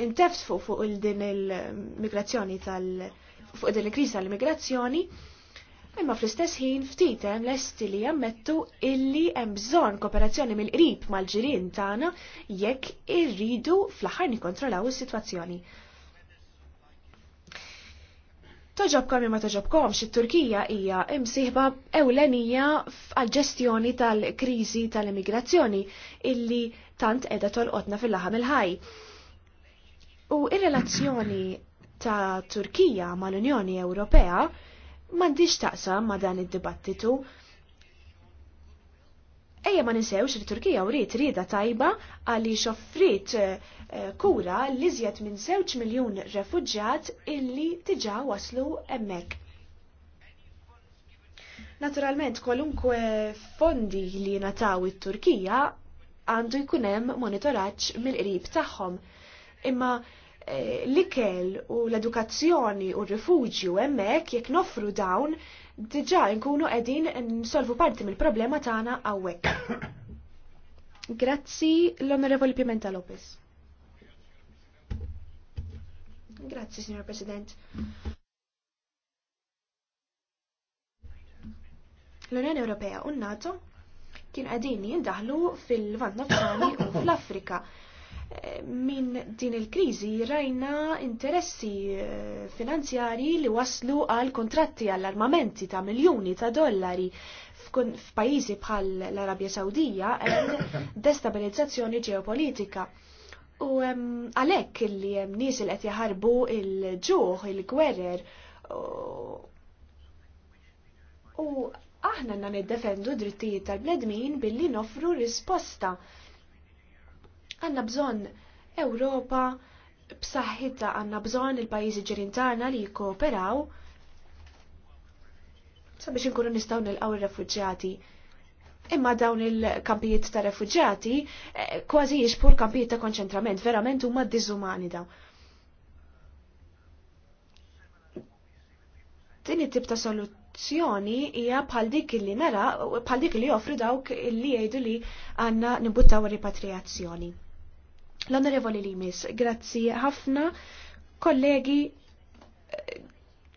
intefsfu eh, fuq il-din il-migrazzjoni tal- fuq din il-kriż tal-immigrazzjoni. Imma fl-istess ħin ftit hemm lesti li jammettu illi hemm bżonn kooperazzjoni mill-qrib mal-ġirien tagħna jekk irridu fl-aħħar nikkontrollaw is-sitwazzjoni. Toġobkom ma toġobkomx, it-Turkija hija imsieħba ewlenija għal-ġestjoni tal-kriżi tal-immigrazzjoni illi tant qiegħda tolqotna fil-laħam il-ħaj. U ir-relazzjoni ta' Turkija mal-Unjoni Ewropea m'għandix taqsam ma' dan id-dibattitu Ejja ma ninsewx li Turkija wrid rieda tajba għalli xoffrit eh, eh, kura li żjed minn żewġ miljun refuġġjat illi tiġa waslu hemmhekk. Naturalment, kwalunkwe fondi li nataw it-Turkija għandu jkun hemm monitoraġġ mill-qrib tagħhom. Imma eh, l-ikel u l-edukazzjoni u r-rifuġju hemmhekk jekk nofru dawn diġa nkunu qegħdin nsolvu parti mill-problema tagħna hawnhekk. Grazzi l-Onorevoli Pimenta Lopez. Grazzi, signor President. L-Unjoni Ewropea u n-NATO kien qegħdin jindaħlu fil-vant nofsani u fl-Afrika minn din il-krizi rajna interessi eh, finanzjari li waslu għal kontratti għall armamenti ta' miljoni ta' dollari f'pajjiżi bħal l-Arabja Sawdija għal destabilizzazzjoni ġeopolitika. U għalhekk li hemm nies li qed jaħarbu il-ġuħ, il-gwerer u aħna għandna niddefendu drittijiet tal-bnedmin billi nofru risposta Għanna bżonn Ewropa b'saħħitha għandna bżonn il-pajjiżi ġirin tagħna li jikkooperaw sabiex inkunu nistgħu nilqgħu ir-refuġġjati. Imma dawn il-kampijiet ta' refuġġjati eh, kważi l kampijiet ta' konċentrament, verament huma diżumani dawn. Din it-tip ta' soluzzjoni hija bħal dik li nara, bħal dik li joffri dawk li jgħidu li għandna ir ripatrijazzjoni. L-Onorevoli Limis, grazzi ħafna kollegi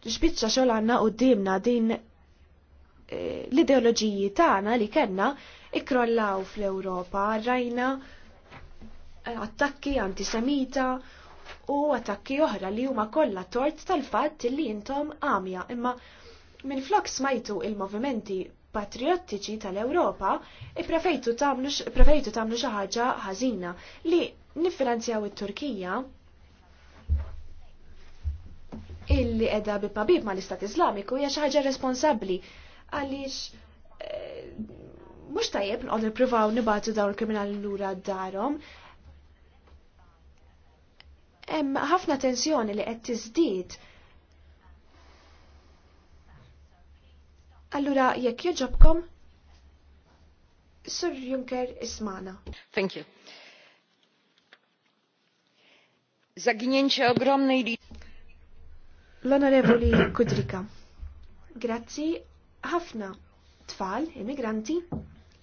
xbitċa xol għanna u dimna din eh, l-ideologiji tagħna li kellna ikrollaw fl-Ewropa, rajna eh, attakki antisemita u attakki oħra li huma kollha tort tal-fatt li intom għamja imma minn flok smajtu il-movimenti patriottiċi tal-Ewropa, prefejtu tamnu xi ħaġa ħażina li nifinanzjaw it-Turkija illi edha pabib ma l-Istat Islamiku hija xi ħaġa responsabbli għaliex eh, mhux tajjeb nqogħdu nippruvaw nibatu dawn il-kriminali lura darhom. Hemm ħafna tensjoni li qed tiżdied Allura, jekk joġobkom, Sur Juncker Ismana. Thank you. zaginięcie ogromnej liczby. L-Onorevoli Kudrika, grazzi ħafna tfal, immigranti,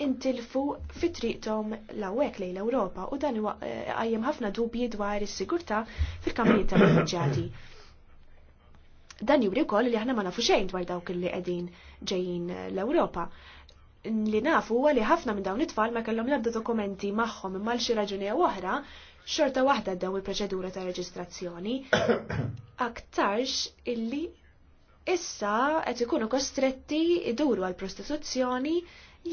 intilfu fitriqtom l-awek lejn l-Ewropa u dan eh, għajjem ħafna dubji dwar is-sigurtà fil-kampijiet ta' rifuġġjati. Dan juri wkoll li aħna ma nafu xejn dwar dawk li qegħdin ġejjin l-Ewropa li nafu huwa li ħafna minn dawn it-tfal ma kellhom l abda dokumenti magħhom imma l xi raġuni oħra xorta waħda daw il-proċedura ta' reġistrazzjoni, aktarx illi issa qed ikunu kostretti iduru għal prostituzzjoni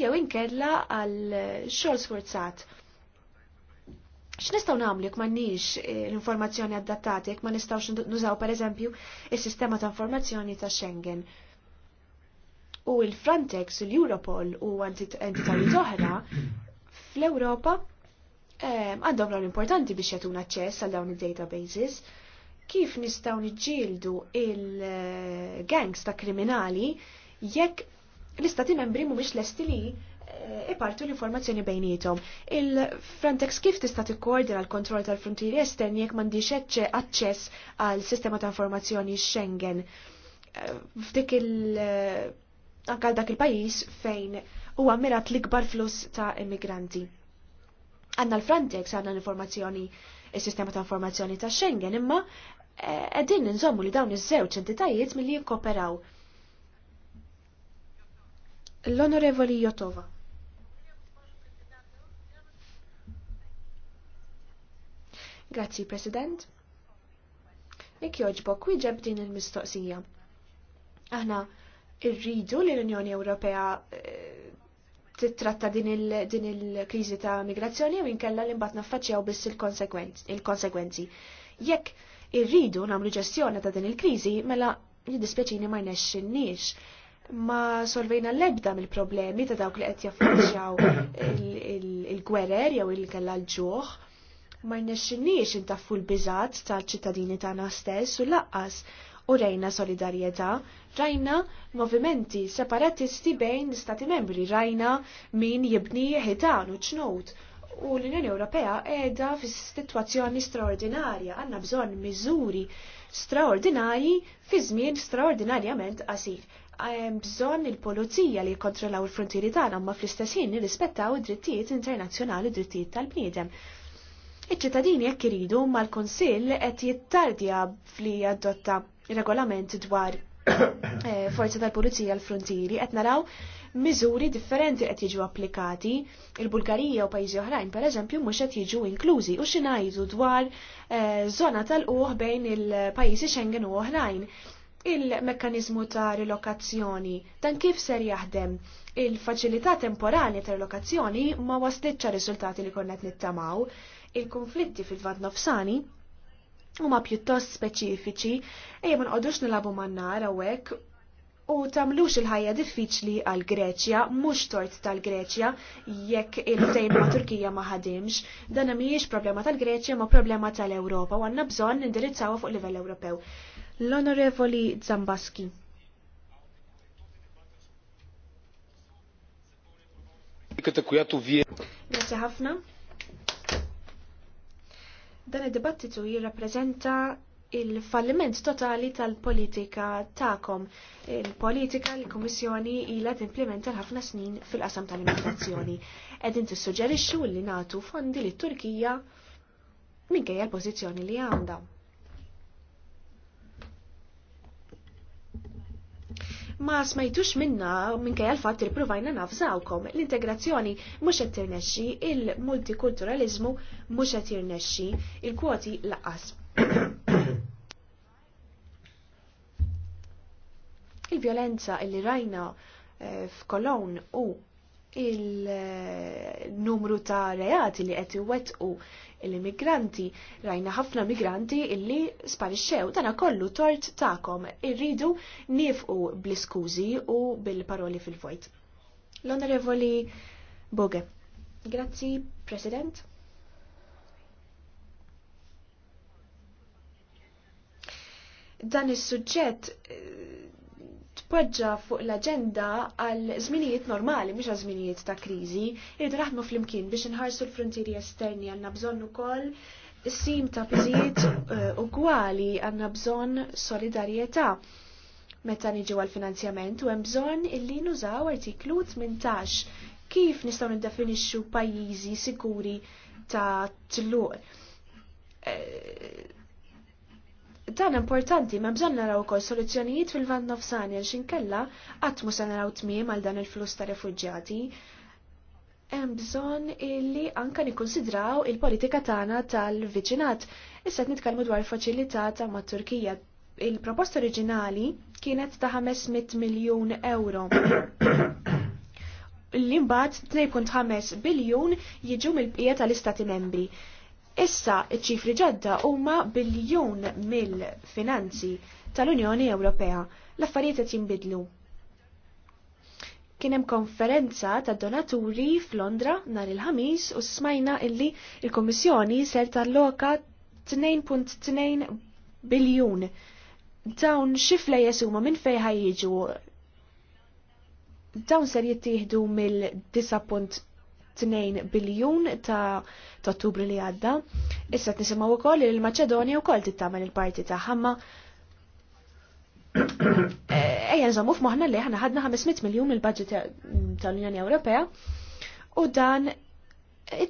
jew inkella għal xogħol sforzat. X'nistgħu nagħmlu jekk m'għandniex eh, l-informazzjoni adattati jekk ma nistgħux nużaw pereżempju is-sistema ta' informazzjoni ta' Schengen. U l-Frontex, l-Europol u entitajiet oħra fl-Ewropa għandhom rol importanti biex jatuna ċess għal dawn il-databases. Kif nistaw niġġieldu il-gangs ta' kriminali jekk l-istati membri mhumiex lesti li eh, ipartu l-informazzjoni bejnietom. Il-Frontex kif tista' tikkoordina l-kontroll tal-frontieri esterni jekk m'għandix aċċess għal sistema ta' informazzjoni Schengen eh, f'dik il- eh, għal dak il-pajjiż fejn huwa mirat l-ikbar flus ta' immigranti. Għanna l-Frontex għanna l-informazzjoni, il-sistema ta' informazzjoni ta' Schengen, imma eh, għedin nżommu li dawn iż-żewġ entitajiet mill-li jinkoperaw. L-Onorevoli Jotova. Grazzi, President. Nik joġbok wieġeb din il-mistoqsija. Aħna irridu li l-Unjoni Ewropea eh, titratta din il-kriżi ta' migrazzjoni u inkella li mbagħad naffaċċjaw biss il-konsegwenzi. Jekk irridu nagħmlu ġestjoni ta' din il-kriżi, mela jiddispjaċini ma jnexxinniex ma solvejna l-ebda mill-problemi ta' dawk li qed jaffaċċjaw il-gwerer jew il-kella l-ġuħ. Ma jnexxinniex intaffu l-biżat tal-ċittadini tagħna stess u laqqas u rejna solidarjetà, rajna movimenti separatisti bejn l-Stati membri, rajna min jibni ħitan u ċnut. U l-Unjoni Ewropea qiegħda fi situazzjoni straordinarja, għandna bżonn miżuri straordinari fi żmien straordinarjament qasir bżon il-polizija li kontrollaw il-frontieri tagħna ma fl-istess ħin nirrispettaw id-drittijiet internazzjonali u drittijiet tal-bniedem. Iċ-ċittadini jekk iridu mal-Kunsill qed jittardja fli jadotta regolament dwar eh, forza tal-pulizija l-frontieri qed naraw miżuri differenti qed jiġu applikati. Il-Bulgarija u pajjiżi oħrajn pereżempju mhux qed jiġu inklużi u xi ngħidu dwar żona eh, tal-quħ bejn il-pajjiżi Schengen u oħrajn il-mekkanizmu ta' rilokazzjoni. Dan kif ser jaħdem? Il-faċilità temporali ta' rilokazzjoni ma waslitx riżultati li konnet nittamaw. Il-konflitti fil-vad nofsani huma pjuttost speċifiċi, ejja ma nqogħdux nilagħbu man-nar hawnhekk u tamlux il-ħajja diffiċli għal Greċja, mhux tort tal-Greċja, jekk il-ftejn ma' Turkija ma ħadimx, dan mhijiex problema tal-Greċja ma' problema tal-Ewropa u għandna bżonn indirizzawha fuq livell Ewropew. L-Onorevoli Zambaski. Grazie ħafna. Dan id-dibattitu jirrappreżenta il-falliment totali tal-politika ta'kom, il-politika li kummissjoni ila timplementa l-ħafna snin fil-qasam tal-immigrazzjoni. Edin tissuġġerixxu li natu fondi li Turkija minkejja l-pożizzjoni li għandha. ma smajtux minna minkejja għal fatt il provajna nafżawkom. L-integrazzjoni mhux qed tirnexxi, il-multikulturalizmu mhux qed tirnexxi il-kwoti laqas. Il-vjolenza li rajna eh, f'Kolon u il-numru ta' reati li qed iwettqu l-immigranti. Rajna ħafna migranti illi sparixxew. Dana kollu tort ta'kom. Irridu nifqu bl-iskużi u bil-paroli fil-vojt. L-Onorevoli Boge. Grazzi, President. Dan is-suġġett eh, Poġġa fuq l-agenda għal żminijiet normali, mhux għal żminijiet ta' kriżi, irridu naħdmu flimkien biex inħarsu l-frontieri esterni għandna bżonn ukoll sim ta' piżijiet eh, ugwali għandna bżonn solidarjetà. Meta niġu għal finanzjament u hemm bżonn illi nużaw artiklu 18 kif nistgħu niddefinixxu pajjiżi sikuri ta' tluq eh, Dan importanti ma bżonn naraw ukoll soluzzjonijiet fil van nofsani għal xinkella qatt sa se naraw tmiem għal dan il-flus ta' refugġati. Hemm bżonn illi anka nikkonsidraw il-politika tagħna tal-viċinat. Issa qed nitkellmu dwar faċilità ta' ma' Turkija. Il-proposta oriġinali kienet ta' 500 miljun euro. l-imbat 2.5 biljun jiġu mill-bqija tal-istati membri. Issa iċ-ċifri ġodda huma biljun mill-finanzi tal-Unjoni Ewropea. L-affarijiet qed jinbidlu. Kien hemm konferenza ta' donaturi f'Londra nhar il-ħamis u smajna illi il-Kummissjoni ser talloka 2.2 biljun. Dawn xi flejjes huma minn fejn ħajjiġu dawn ser jittieħdu mill-9.2 2 biljun ta' ottubru li għadda. Issa t-nisimaw u koll li l-Macedonia u koll tittamel il-parti ta' ħamma. Eh, ejja nżommu f-moħna li ħana ħadna 500 miljon il-budget tal-Unjoni Ewropea u dan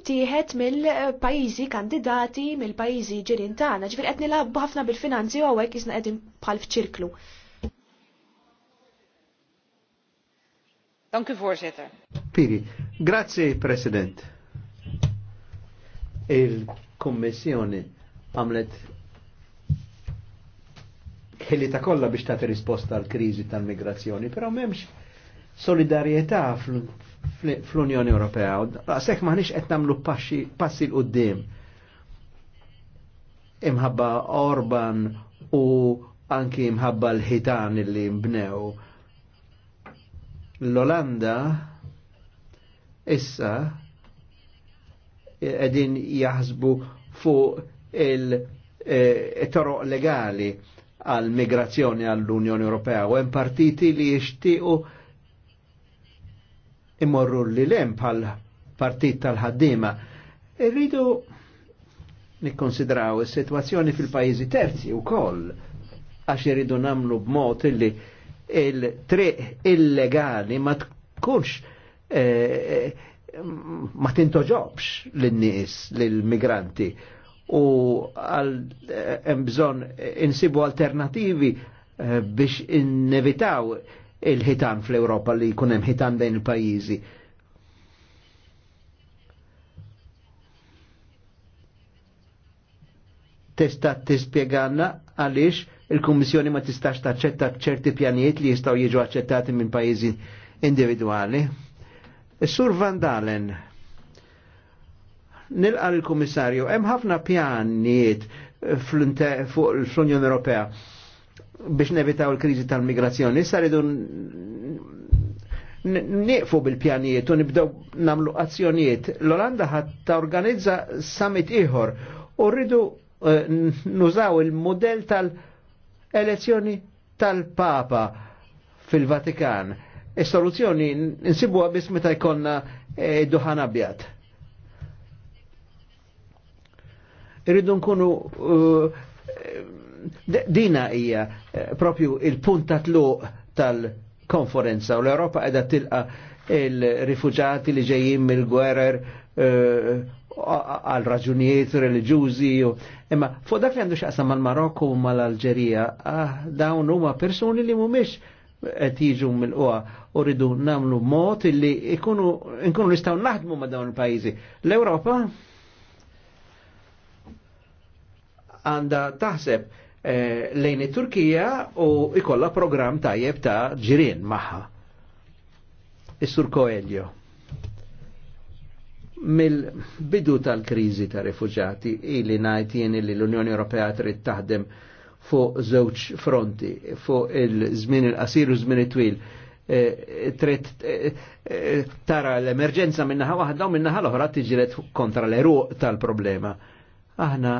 tieħed mill-pajjiżi kandidati, mill-pajjiżi ġirin tagħna, ġifier qed nilgħab ħafna bil-finanzi u hawnhekk isna qegħdin bħal f'ċirklu. Dank u voorzitter. Piri, Grazzi, President. Il-Kommissjoni għamlet ħilita kollha biex tagħti risposta għal kriżi tal-migrazzjoni, però m'hemmx solidarjetà fl-Unjoni Ewropea. Għasek maħniex qed nagħmlu passi l qudiem imħabba Orban u anki imħabba l-ħitan li mbnew. L-Olanda issa edin jaħsbu fuq il-toroq eh, legali għal-migrazzjoni għall-Unjoni Ewropea u hemm partiti li jixtiequ imorru li lem bħal partit tal-ħaddima. Irridu nikkonsidraw is-sitwazzjoni fil-pajjiżi terzi wkoll għax irridu namlu b'mod illi il-triq illegali ma tkunx Eh, eh, ma tintoġobx l-nies, l-migranti. U eh, hemm bżonn insibu alternativi biex innevitaw il-ħitan fl-Europa li jkun hemm ħitan bejn il-pajjiżi. Testa tispjegana għaliex il-Kummissjoni ma tistax taċċetta ċerti pjanijiet li jistgħu jiġu aċċettati minn pajjiżi individwali. Sur Van Dalen, nilqa l-Komissarju, hemm ħafna pjanijiet eh, fl-Unjoni Ewropea biex nevitaw il-kriżi tal-migrazzjoni. Issa ridu nieqfu bil-pjanijiet u nibdew namlu azzjonijiet. L-Olanda ħadd organizza summit ieħor u rridu eh, nużaw il-modell tal-elezzjoni tal-Papa fil-Vatikan Is-soluzzjoni nsibuha biss meta jkollna e, duħan abjad. Irridu nkunu e, dina hija e, propju il-punt tlu tluq tal-konferenza u l-Europa qiegħda tilqa il-rifuġati li ġejjin mill-gwerer għal raġunijiet reliġjużi imma fuq dak li għandu x'qasam mal-Marokku u mal-Alġerija ah, dawn huma persuni li mhumiex qed mill-qwa u rridu namlu mod illi ikunu nkunu nistgħu naħdmu ma' dawn il-pajjiżi. L-Ewropa għandha taħseb eh, lejn it-Turkija u ikolla programm tajjeb ta' ġirien magħha. Is-Sur Koelio. Mill-bidu tal-kriżi ta' rifuġati ili ngħid jien li l-Unjoni Ewropea trid taħdem fuq żewġ fronti, fuq il-żmien il-qasir u żmien it-twil. E, e, tret e, tara l-emerġenza ħa waħda u ħa l-oħra tiġilet kontra l-eruq tal-problema. Aħna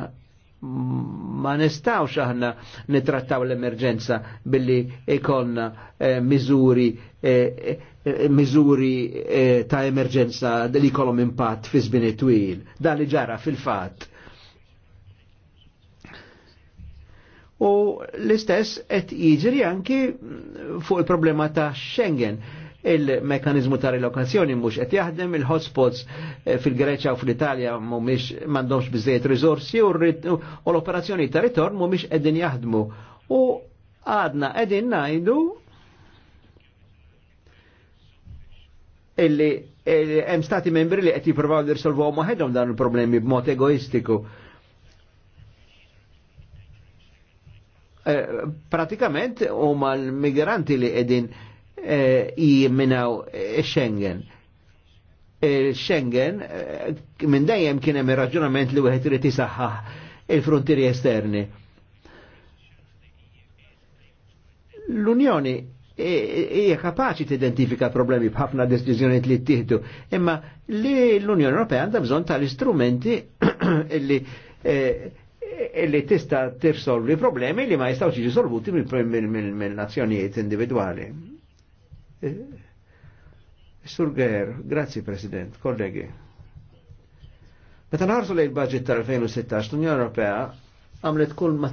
ma nistawx aħna nitrattaw l-emerġenza billi ikonna miżuri miżuri ta' emerġenza li kolom impatt fi żmien twil. Da li ġara fil-fatt u l-istess qed jiġri anki fuq il-problema ta' Schengen il-mekanizmu ta' relokazzjoni mhux qed jaħdem il-hotspots eh, fil-Greċja u fl-Italja mhumiex m'għandhomx bizzejt rizorsi u l-operazzjoni ta' ritorn mhumiex qegħdin jaħdmu. U għadna qegħdin ngħidu illi eh, hemm stati membri li qed jippruvaw jirsolvu waħedhom dan il-problemi b'mod egoistiku. Eh, pratikament u mal-migranti li edin eh, jimminaw eh, Schengen. Schengen minn dejjem kien hemm raġunament li wieħed irid isaħħaħ il-frontieri esterni. L-Unjoni hija kapaċi tidentifika problemi b'ħafna deċiżjonijiet li ttieħdu, imma li l-Unjoni Ewropea għandha bżonn tal-istrumenti li E li tista tirsolvi problemi li ma jistawx jiġu solvuti mill-nazzjonijiet individuali. E, Surger, grazzi President, kollegi. Meta nħarsu li l budget tal-2016, l-Unjoni Ewropea għamlet kull ma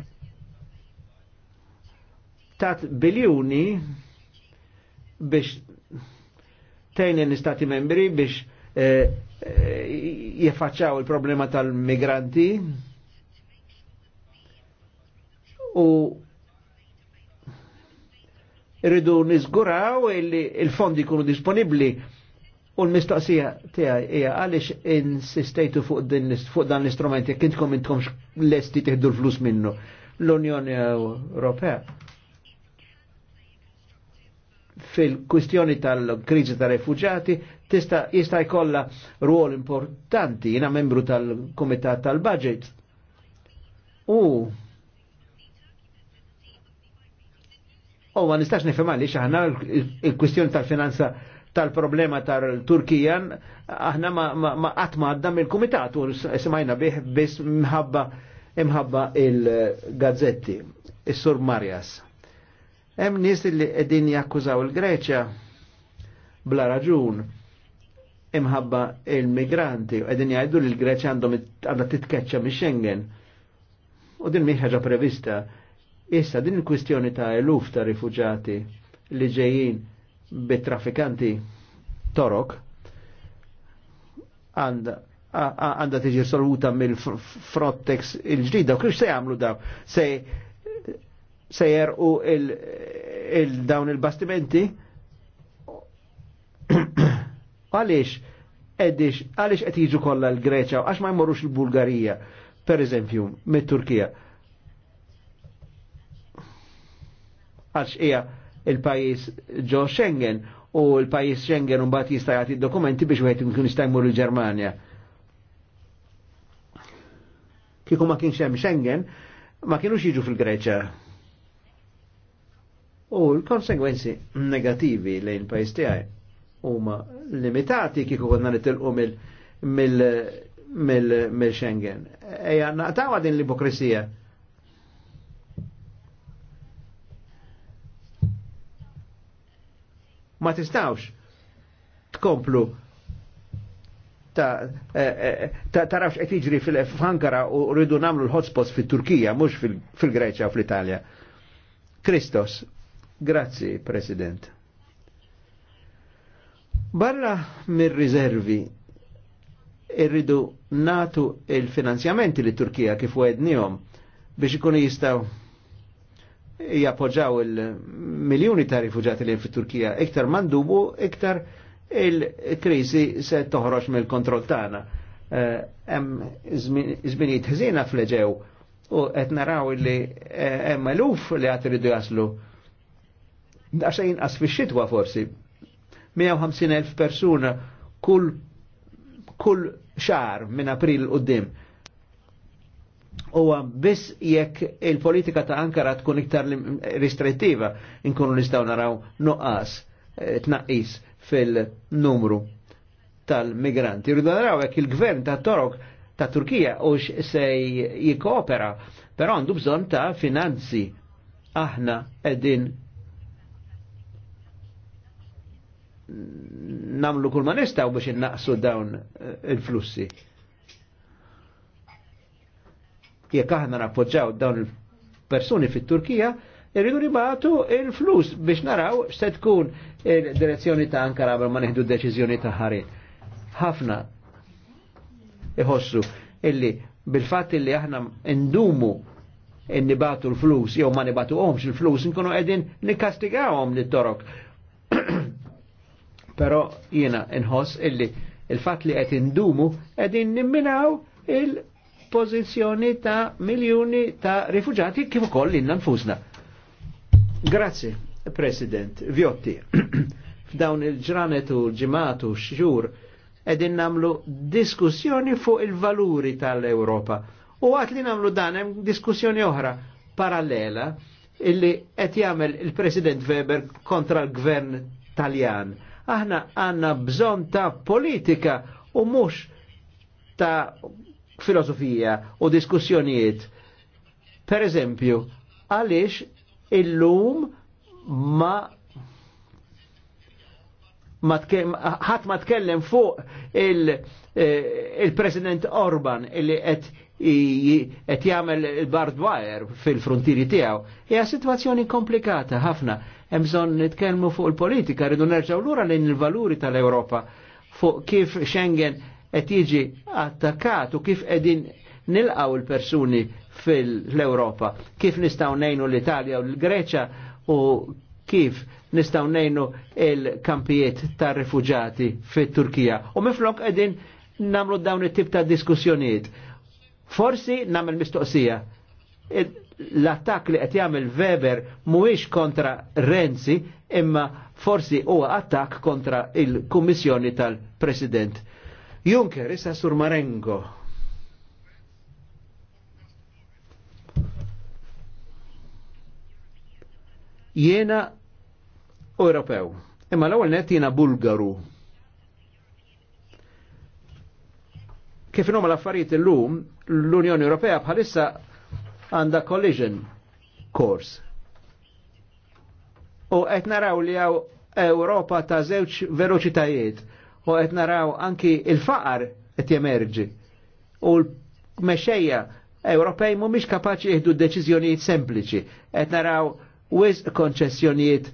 tat biljuni biex tejn l-Istati membri biex eh, eh, jeffaċċaw il-problema tal-migranti u irridu nizguraw il-fondi kunu disponibli u l-mistoqsija tiegħi hija għaliex insistejtu fuq din fuq dan l-istrument jekk intkom intkom lesti tieħdu l-flus minnu l-Unjoni Ewropea. Fil-kwistjoni tal-kriġi ta' refuġati tista' jista' jkollha ruol importanti jiena membru tal-Kumitat tal-Budget. U U ma nistax nifhem għaliex aħna il-kwistjoni tal-finanza tal-problema tal-Turkija aħna ma qatt ma għadda mill-kumitat u semajna bih biss mħabba imħabba il-gazzetti, is-Sur Marjas. Hemm nies li qegħdin jakkużaw il-Greċja bla raġun imħabba il-migranti u qegħdin jgħidu li l-Greċja għandhom għandha titkeċċa mix-Schengen. U din mhi ħaġa prevista Issa din il-kwistjoni ta' eluf ta' rifugjati li ġejjin bit-traffikanti torok għanda tiġi soluta mill-Frontex il-ġdida u kif se jagħmlu daw se se jerqu il-dawn il-bastimenti għaliex għaliex qed jiġu kollha l-Greċa għax ma jmorrux il-Bulgarija per eżempju mit-Turkija għax hija il-pajis ġo Schengen u l-pajis Schengen un bat jista' jagħti dokumenti biex wieħed imkien jista' jmur il-Ġermanja. Kieku ma kienx hemm Schengen, ma kienux jiġu fil-Greċja. U l-konsegwenzi negativi lejn pajis tiegħi huma limitati kieku konna nitilqu mill-Schengen. Mil, mil, mil Eja, naqtawa din l-ipokrisija Ma tistawx tkomplu eh, eh, ta' tarawx qed jiġri fil fankara u rridu namlu l-hotspots fit-Turkija, mhux fil-Greċja u fl-Italja. Kristos, grazzi President. Barra mir-riservi irridu natu il-finanzjamenti li Turkija kif għednijom biex ikunu jistaw jappoġġaw il-miljoni ta' rifugjati li fit-Turkija. Iktar mandubu, iktar il-krisi se toħroġ mill-kontroll tagħna. Eh, hemm żminijiet ħżiena fleġew u qed naraw li eh, hemm eluf li qatt iridu jaslu. Daqsa jinqas fix-xitwa forsi. 150,000 persuna kull kull xar minn april qudiem huwa biss jekk il-politika ta' Ankara tkun iktar ristrettiva inkunu nistgħu naraw noqas eh, tnaqqis fil-numru tal-migranti. Rridu naraw jekk il-gvern ta' Torok ta' Turkija u se jikopera, però għandu bżonn ta' finanzi. Aħna qegħdin namlu kull ma nistgħu biex innaqsu dawn il-flussi jekk aħna nappoġġaw dawn il-persuni fit-Turkija, irridu nibatu il-flus biex naraw se tkun il-direzzjoni ta' Ankara ma neħdu deċiżjoni ta' ħarin. Ħafna iħossu illi bil-fatt illi aħna indumu nibatu l-flus, jew ma nibatu omx il-flus, nkunu qegħdin nikkastigawhom lit torok. Però jiena nħoss illi il-fatt li qed indumu qegħdin nimminaw il- dispożizzjoni ta' miljuni ta' rifugjati kif ukoll inna nfusna. Grazzi, President Viotti. F'dawn il-ġranet u l-ġimatu xjur edin namlu diskussjoni fuq il-valuri tal-Europa. U għat li namlu dan hemm diskussjoni oħra parallela illi qed jagħmel il-President Weber kontra l-Gvern Taljan. Aħna għandna bżonn ta' politika u mhux ta' filosofija u diskussjonijiet. Per eżempju, għaliex illum ma ħadd ma tkellem fuq eh, il-President Orban illi qed jagħmel il bard wire fil-frontieri tiegħu. Hija sitwazzjoni komplikata ħafna. Hemm bżonn nitkellmu fuq il-politika, rridu nerġgħu lura lejn il-valuri tal-Ewropa fuq kif Schengen qed jiġi attakkat u kif qegħdin nilqaw il-persuni fil-Europa. Kif nistgħu nejnu l-Italja u l greċja u kif nistgħu nejnu il-kampijiet tar rifuġati fit turkija U miflok qegħdin namlu dawn it-tip ta' diskussjonijiet. Forsi nagħmel mistoqsija. L-attak li qed jagħmel Weber mhuwiex kontra Renzi, imma forsi huwa attak kontra il-Kummissjoni tal-President Juncker, issa sur Marengo. Jena Ewropew. Imma l-ewwel net jiena Bulgaru. Kif inhom l-affarijiet illum, l-Unjoni Ewropea bħalissa għandha collision course. U qed naraw li hawn Ewropa ta' żewġ veloċitajiet u qed naraw anki il-faqar qed jemerġi. U l-mexejja Ewropej mhumiex kapaċi jieħdu deċiżjonijiet sempliċi. Qed naraw wis konċessjonijiet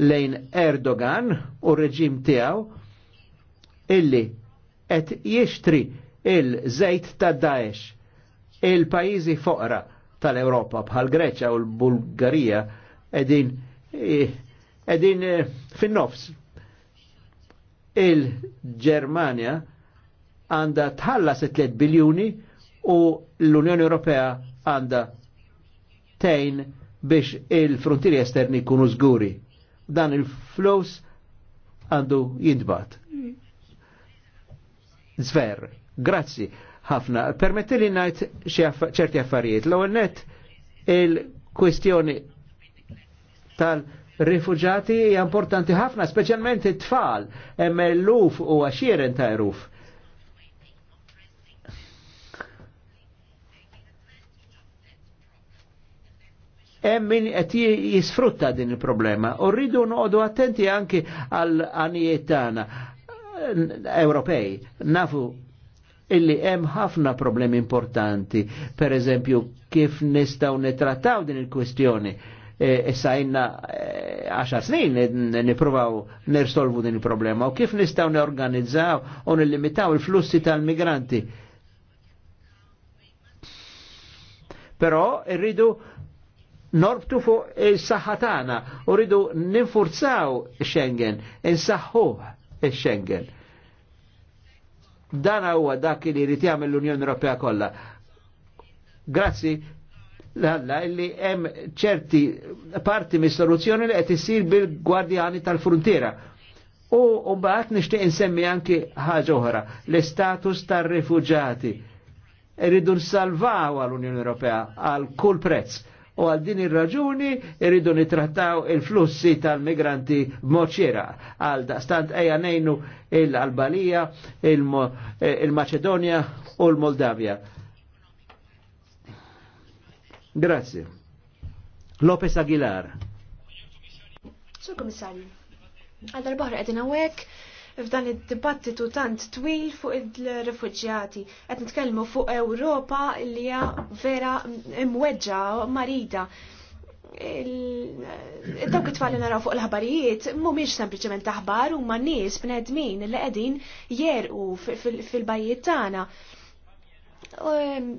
lejn Erdogan u reġim tiegħu illi qed jixtri il-żejt ta' Daesh il-pajjiżi foqra tal-Ewropa bħal Greċja u l-Bulgarija edin edin eh, eh, fin-nofs il-Germania għanda tħalla 3 biljuni u l-Unjoni Ewropea għanda tejn biex il-frontieri esterni kunu zguri. Dan il-flows għandu jindbat. Zver, grazzi ħafna. Permettili najt ċerti affarijiet. L-għonnet il-kwestjoni tal- rifugjati hija importanti ħafna, speċjalment it-tfal, hemm l-luf u għaxieren ta' ruf. hemm min qed jisfrutta din il-problema u rridu noqogħdu attenti anke għal għanijiet tagħna Ewropej. Nafu illi hemm ħafna problemi importanti, per eżempju kif nistgħu nitrattaw din il-kwestjoni issa jina 10 snin e, niprovaw nirsolvu din il-problema u kif nistaw neorganizzaw u nillimitaw il-flussi tal-migranti. Però irridu norbtu fuq il-saħħa u rridu ninfurzaw Schengen, insaħħuh schengen Dana huwa dak li jrid jagħmel l-Unjoni Ewropea kollha. Grazzi, l-ħalla illi hemm ċerti parti mis-soluzzjoni li qed issir bil-gwardjani tal-frontiera. U mbagħad nixtieq insemmi anki ħaġa oħra, l-istatus tar-rifuġati. Irridu nsalvaw għall-Unjoni Ewropea għal kull prezz. U għal din ir-raġuni irridu nitrattaw il-flussi tal-migranti b'moċira għal daqstant eja nejnu il albalija il-Maċedonja eh, u l-Moldavja. Grazie. Lopez Aguilar. Sur komissarju, għal darbaħra għedin għawek f'dan id-dibattitu tant twil fuq il-refugġjati. Qed nitkellmu fuq Ewropa li hija vera imweġġa marida. Dawk it-tfal naraw fuq l-ħabarijiet mhumiex sempliċement aħbar huma nies bnedmin li qegħdin jerqu fil-bajjiet tagħna ehm,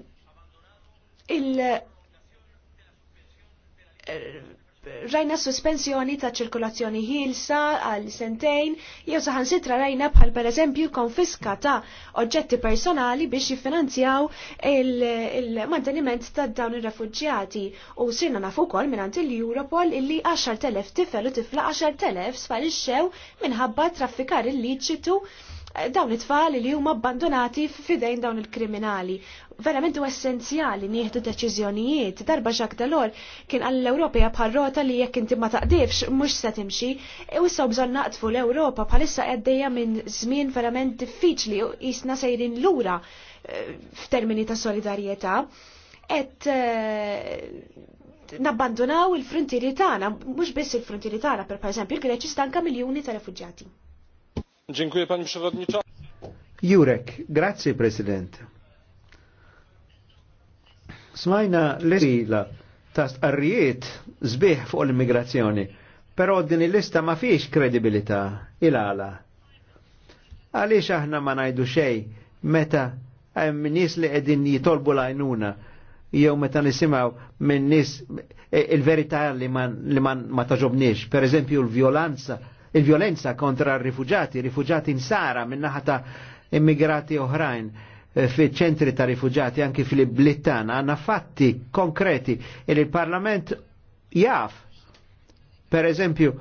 rajna sospensjoni ta' ċirkolazzjoni ħilsa għal sentejn, jew saħan sitra rajna bħal per eżempju konfiska ta' oġġetti personali biex jiffinanzjaw il-manteniment ta' dawn ir-refuġġjati. U sirna nafu kol minnant il-Europol illi 10.000 tifel u tifla 10.000 sparixxew minħabba traffikar il-liċitu dawn it-tfal li huma abbandonati f'idejn dawn il-kriminali. Verament u essenzjali nieħdu deċiżjonijiet. Darba xak Delors kien għall l-Ewropea bħal rota li jekk inti ma taqdibx mhux se timxi, e u issa bżonn naqtfu l-Ewropa bħalissa għaddejja minn żmien verament diffiċli u jisna sejrin lura eh, f'termini ta' solidarjetà. Et eh, nabbandonaw il-frontieri tagħna, mhux biss il-frontieri tagħna, per pereżempju, il-Greċi stanka miljuni ta' refuġjati. Dziękuję pani przewodniczący. Jurek, grazie president. Smajna l-esila ta' arrijiet zbih fuq l-immigrazzjoni, pero din il-lista ma fiex kredibilita il-għala. Għalix aħna ma najdu xej meta hemm nies li qegħdin jitolbu lajnuna, jew meta nisimaw minn nies e, il-verità li ma, ma taġobniex, per eżempju l-violanza il-violenza kontra r-rifuġati, rifuġati insara minnaħa ta' immigrati oħrajn eh, fi ċentri ta' rifuġati anki fil blittan għanna fatti konkreti il il-Parlament jaf. Per eżempju,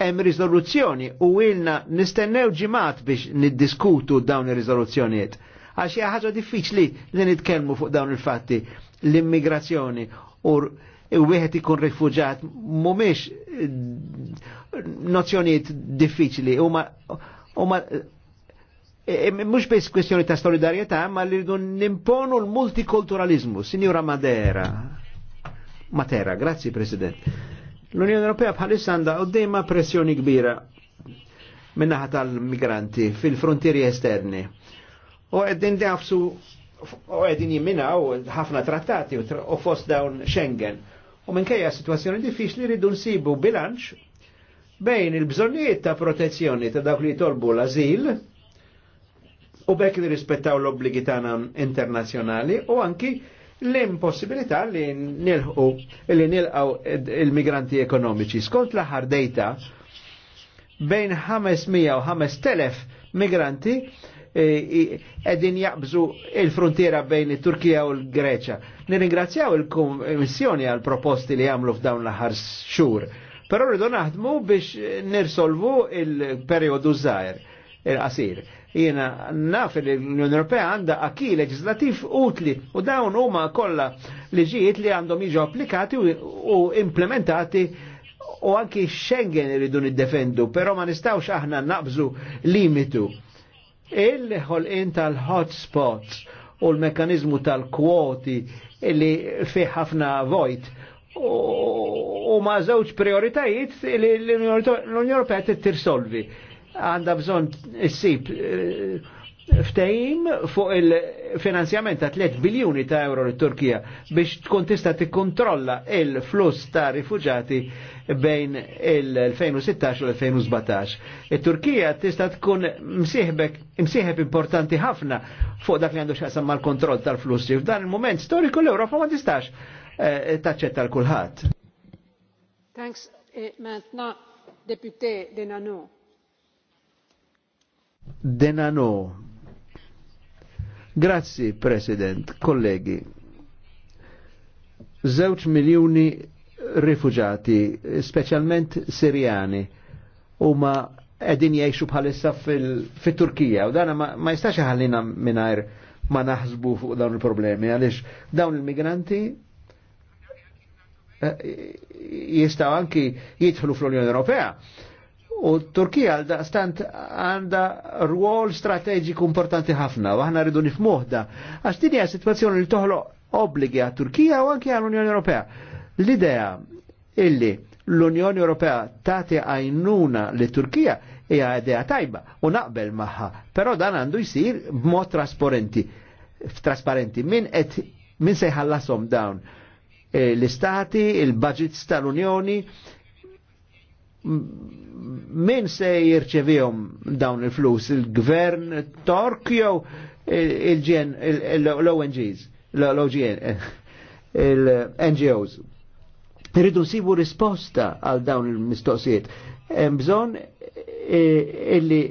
hemm rizoluzzjoni u ilna nistennew ġimat biex niddiskutu dawn ir-riżoluzzjonijiet. Għax hija ħaġa diffiċli li nitkellmu fuq dawn il-fatti l-immigrazzjoni u u wieħed ikun rifuġat mhumiex eh, nozzjonijiet diffiċli huma huma eh, eh, mhux biss kwestjoni ta' solidarjetà ma li rridu nimponu l-multikulturalizmu. Sinjura Madera. Matera, grazzi President. L-Unjoni Ewropea bħalissa għandha qudiema pressjoni kbira minnaħa tal-migranti fil-frontieri esterni. U għeddin dafsu u għedin jimminaw ħafna trattati u fost dawn Schengen. U minkejja situazzjoni diffiċli rridu nsibu bilanċ bejn il-bżonnijiet ta' protezzjoni ta' dawk li jitolbu l-azil u bekk li rispettaw l-obbligi tagħna internazzjonali u anki l-impossibilità li nilħu li nilqaw il-migranti ekonomiċi. Skont l-aħħar dejta bejn 500 u 5000 migranti E, edin jaqbżu il-frontiera bejn il-Turkija u l-Greċa. Nirringrazzjaw il-Kommissjoni għal proposti li għamlu f'dawn l-ħar xur. Però rridu naħdmu biex nirsolvu il-periodu zaħir, il-qasir. Jiena naf l-Unjoni Ewropea għandha akki leġislativ utli u dawn huma kollha liġijiet li għandhom jiġu applikati u implementati u anki Schengen irridu niddefendu, però ma nistawx aħna naqbżu limitu il-ħolqin tal-hotspots u l-mekanizmu tal-kwoti li fi ħafna vojt u ma' żewġ prioritajiet li l-Unjoni t tirsolvi. Għandha bżonn uh ftejim fuq il-finanzjament ta' 3 biljuni ta' euro li Turkija biex tkun tista' tikkontrolla il-fluss ta' rifuġati bejn il-2016 u l-2017. Il-Turkija tista' tkun msieħeb importanti ħafna fuq dak li għandu xaqsam mal-kontroll tal-flussi. F'dan il-moment storiku l-Europa ma tistax eh, taċċetta l-kulħadd. Thanks. Eh, maintenant, Denano. Denano. Grazzi, President, kollegi. Zewċ miljoni rifugiati, specialment sirjani, huma edin jiexu bħalissa fil-Turkija u dana ma, ma jistax ħallina minnajr ma naħsbu fuq dawn il-problemi għalix dawn il-migranti eh, jistaw anki jitħlu fl-Unjoni Ewropea U Turkija għal stant għanda rwol strateġiku importanti ħafna, u aħna rridu nifmuħda. Għax din hija situazzjoni li toħlo obbligi għal Turkija u anke għal Unjoni Ewropea. L-idea illi l-Unjoni Ewropea tati għajnuna li Turkija hija idea tajba u naqbel magħha, però dan għandu jsir b'mod trasparenti. Trasparenti min qed min se dawn eh, l-istati, il-budgets tal-Unjoni, min se jirċevihom dawn il-flus, il-gvern Tork jew il-ġen, l-ONGs, l-OGN, eh, il-NGOs. Rridu nsibu risposta għal dawn il-mistoqsijiet. Bżon eh, illi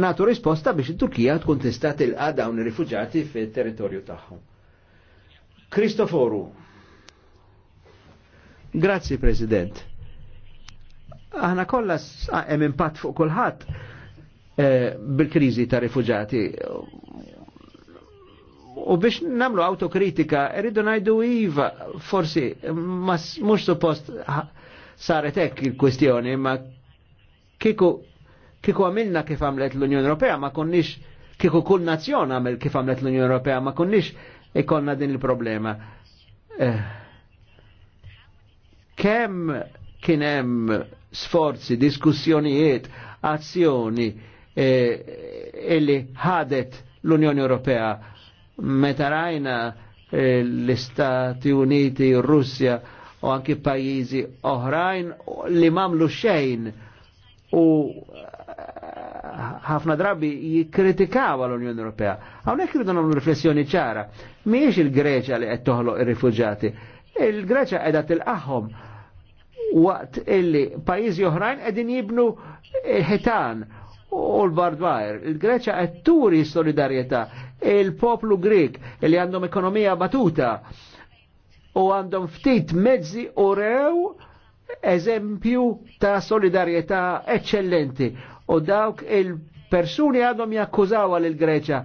natu risposta biex il-Turkija tkun tista' tilqa dawn ir-rifuġati fit-territorju tagħhom. Kristoforu. Grazzi President aħna kollha hemm impatt fuq kulħadd eh, bil-kriżi ta' rifuġati. U biex namlu autokritika, rridu najdu iva, forsi, ma mux suppost saret hekk il-kwestjoni, ma kiku kiku għamilna kif għamlet l-Unjoni Ewropea, ma konniex kieku kull nazzjon għamel kif għamlet l-Unjoni Ewropea, ma konniex ikonna din il-problema. Eh, kem kien hemm sforzi, diskussjonijiet, azzjoni eh, eh, illi eh, ħadet l-Unjoni Ewropea meta rajna eh, l-Istati Uniti, Russja u anki pajjiżi oħrajn li mamlu xejn u eh, ħafna drabi jikkritikaw l-Unjoni Ewropea. Hawnhekk irridu nagħmlu riflessjoni ċara. Mhijiex il-Greċja li qed toħloq ir-rifuġati. Il-Greċja qiegħda tilqaħħom il waqt illi pajizi oħrajn qegħdin jibnu eh, ħitan u l-bardwajr. Il-Greċa qed turi solidarjetà il-poplu Grik li għandhom ekonomija batuta u għandhom ftit mezzi u rew eżempju ta' solidarjetà eccellenti u dawk il-persuni għadhom jakkużaw għal il-Greċa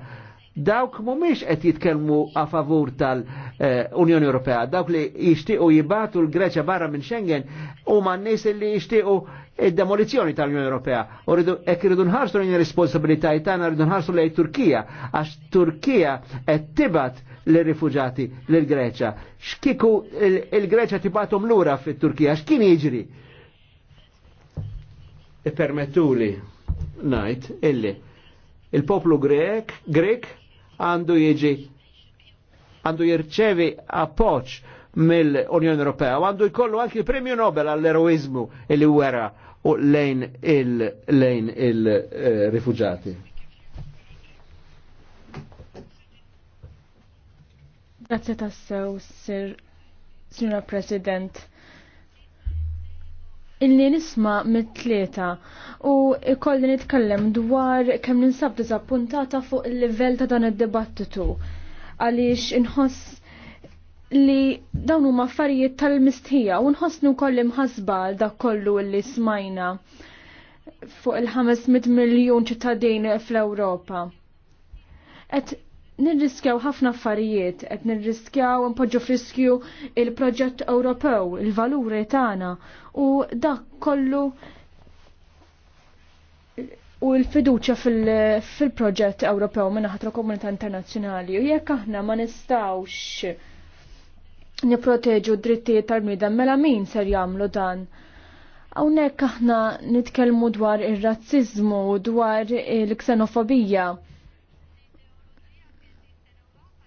dawk mumiex qed jitkellmu a favur tal- Eh, Unjoni Ewropea. Dawk li jixtiequ jibatu l-Greċja barra minn Schengen u ma' nies li jixtiequ id-demolizzjoni tal-Unjoni Ewropea. U hekk irridu nħarsu lejn ir-responsabilitajiet tagħna rridu nħarsu lejn Turkija għax Turkija qed tibat lir-rifuġati lil Greċja. X'kieku l greċja tibatom lura fit-Turkija, x'kien jiġri? Permettuli ngħid illi il-poplu Grek, Grek għandu jieġi għandu jirċevi appoġġ mill-Unjoni Ewropea, għandu jkollu anki premju Nobel għall-eroizmu li wera u lejn il-rifugġati. Grazie tassew, sir, signora President. Illi nisma mit-tlieta u ikolli nitkellem dwar kemm ninsab diżappuntata fuq il-livell ta' dan id-dibattitu għaliex inħoss li dawn huma affarijiet tal-mistħija u nħossnu kolli mħasba dak kollu li smajna fuq il-500 miljun ċittadin fl-Ewropa. Et nirriskjaw ħafna affarijiet, et nirriskjaw npoġġu friskju il-proġett Ewropew, il-valuri tagħna u dak kollu u l-fiduċa fil-proġett fil Ewropew minn komunità internazzjonali u jekk aħna ma nistawx niproteġu d-drittijiet tal-bniedem mela min ser jagħmlu dan. Hawnhekk aħna nitkellmu dwar ir-razziżmu dwar il-ksenofobija.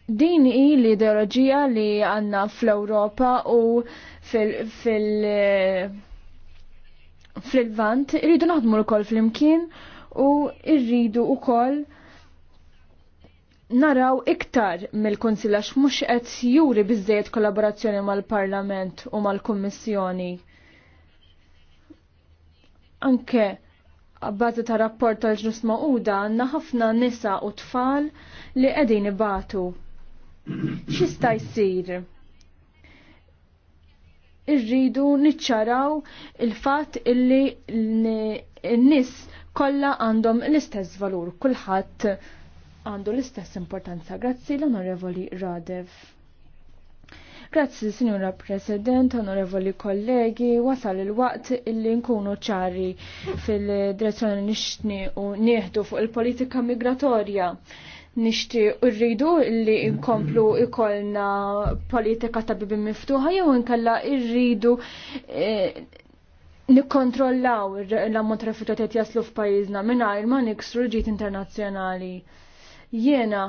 Din hi l-ideoloġija li għandna fl-Ewropa u fil-, fil fil-vant, irridu naħdmu l-kol fl-imkien u irridu wkoll naraw iktar mill konsilax mux mhux qed juri bizzejt kollaborazzjoni mal-Parlament u mal-Kummissjoni. Anke għabbazi ta' rapport tal-ġnus ma'uda għanna ħafna nisa u tfal li qegħdin ibatu. X'ista jsir? Irridu niċċaraw il-fatt illi n-nis Kolla għandhom l-istess valur, kulħadd għandu l-istess importanza. Grazzi l-Onorevoli Radev. Grazzi, Signora President, onorevoli kollegi, wasal il-waqt illi nkunu ċari fil-direzzjoni nixtni u nieħdu fuq il-politika migratorja. Nixti urridu rridu illi nkomplu ikolna politika ta' miftuħa jew inkella irridu eh, nikkontrollaw l-ammont refugjati qed jaslu f'pajjiżna mingħajr ma niksru ġid internazzjonali. Jiena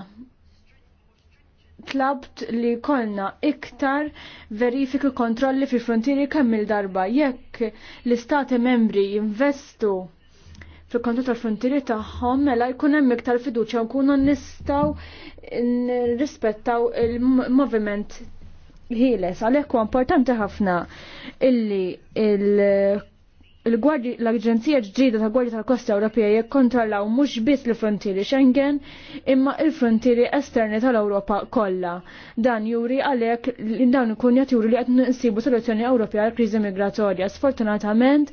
tlabt li kolna iktar verifiku kontrolli fi frontieri kemm il-darba jekk l-istati membri jinvestu fil kontrol tal-frontieri tagħhom mela jkun hemm iktar fiduċja nkunu nistgħu nirrispettaw il-moviment ħieles għalhekk importanti ħafna illi il l-Aġenzija ġdida ta' Gwardja tal-Kosta Ewropea jikkontrollaw mhux biss l-frontieri Schengen imma l-frontieri esterni tal-Ewropa kollha. Dan juri għalhekk dawn ikun qed juri li qed nsibu soluzzjoni Ewropea għall kriżi migratorja. Sfortunatament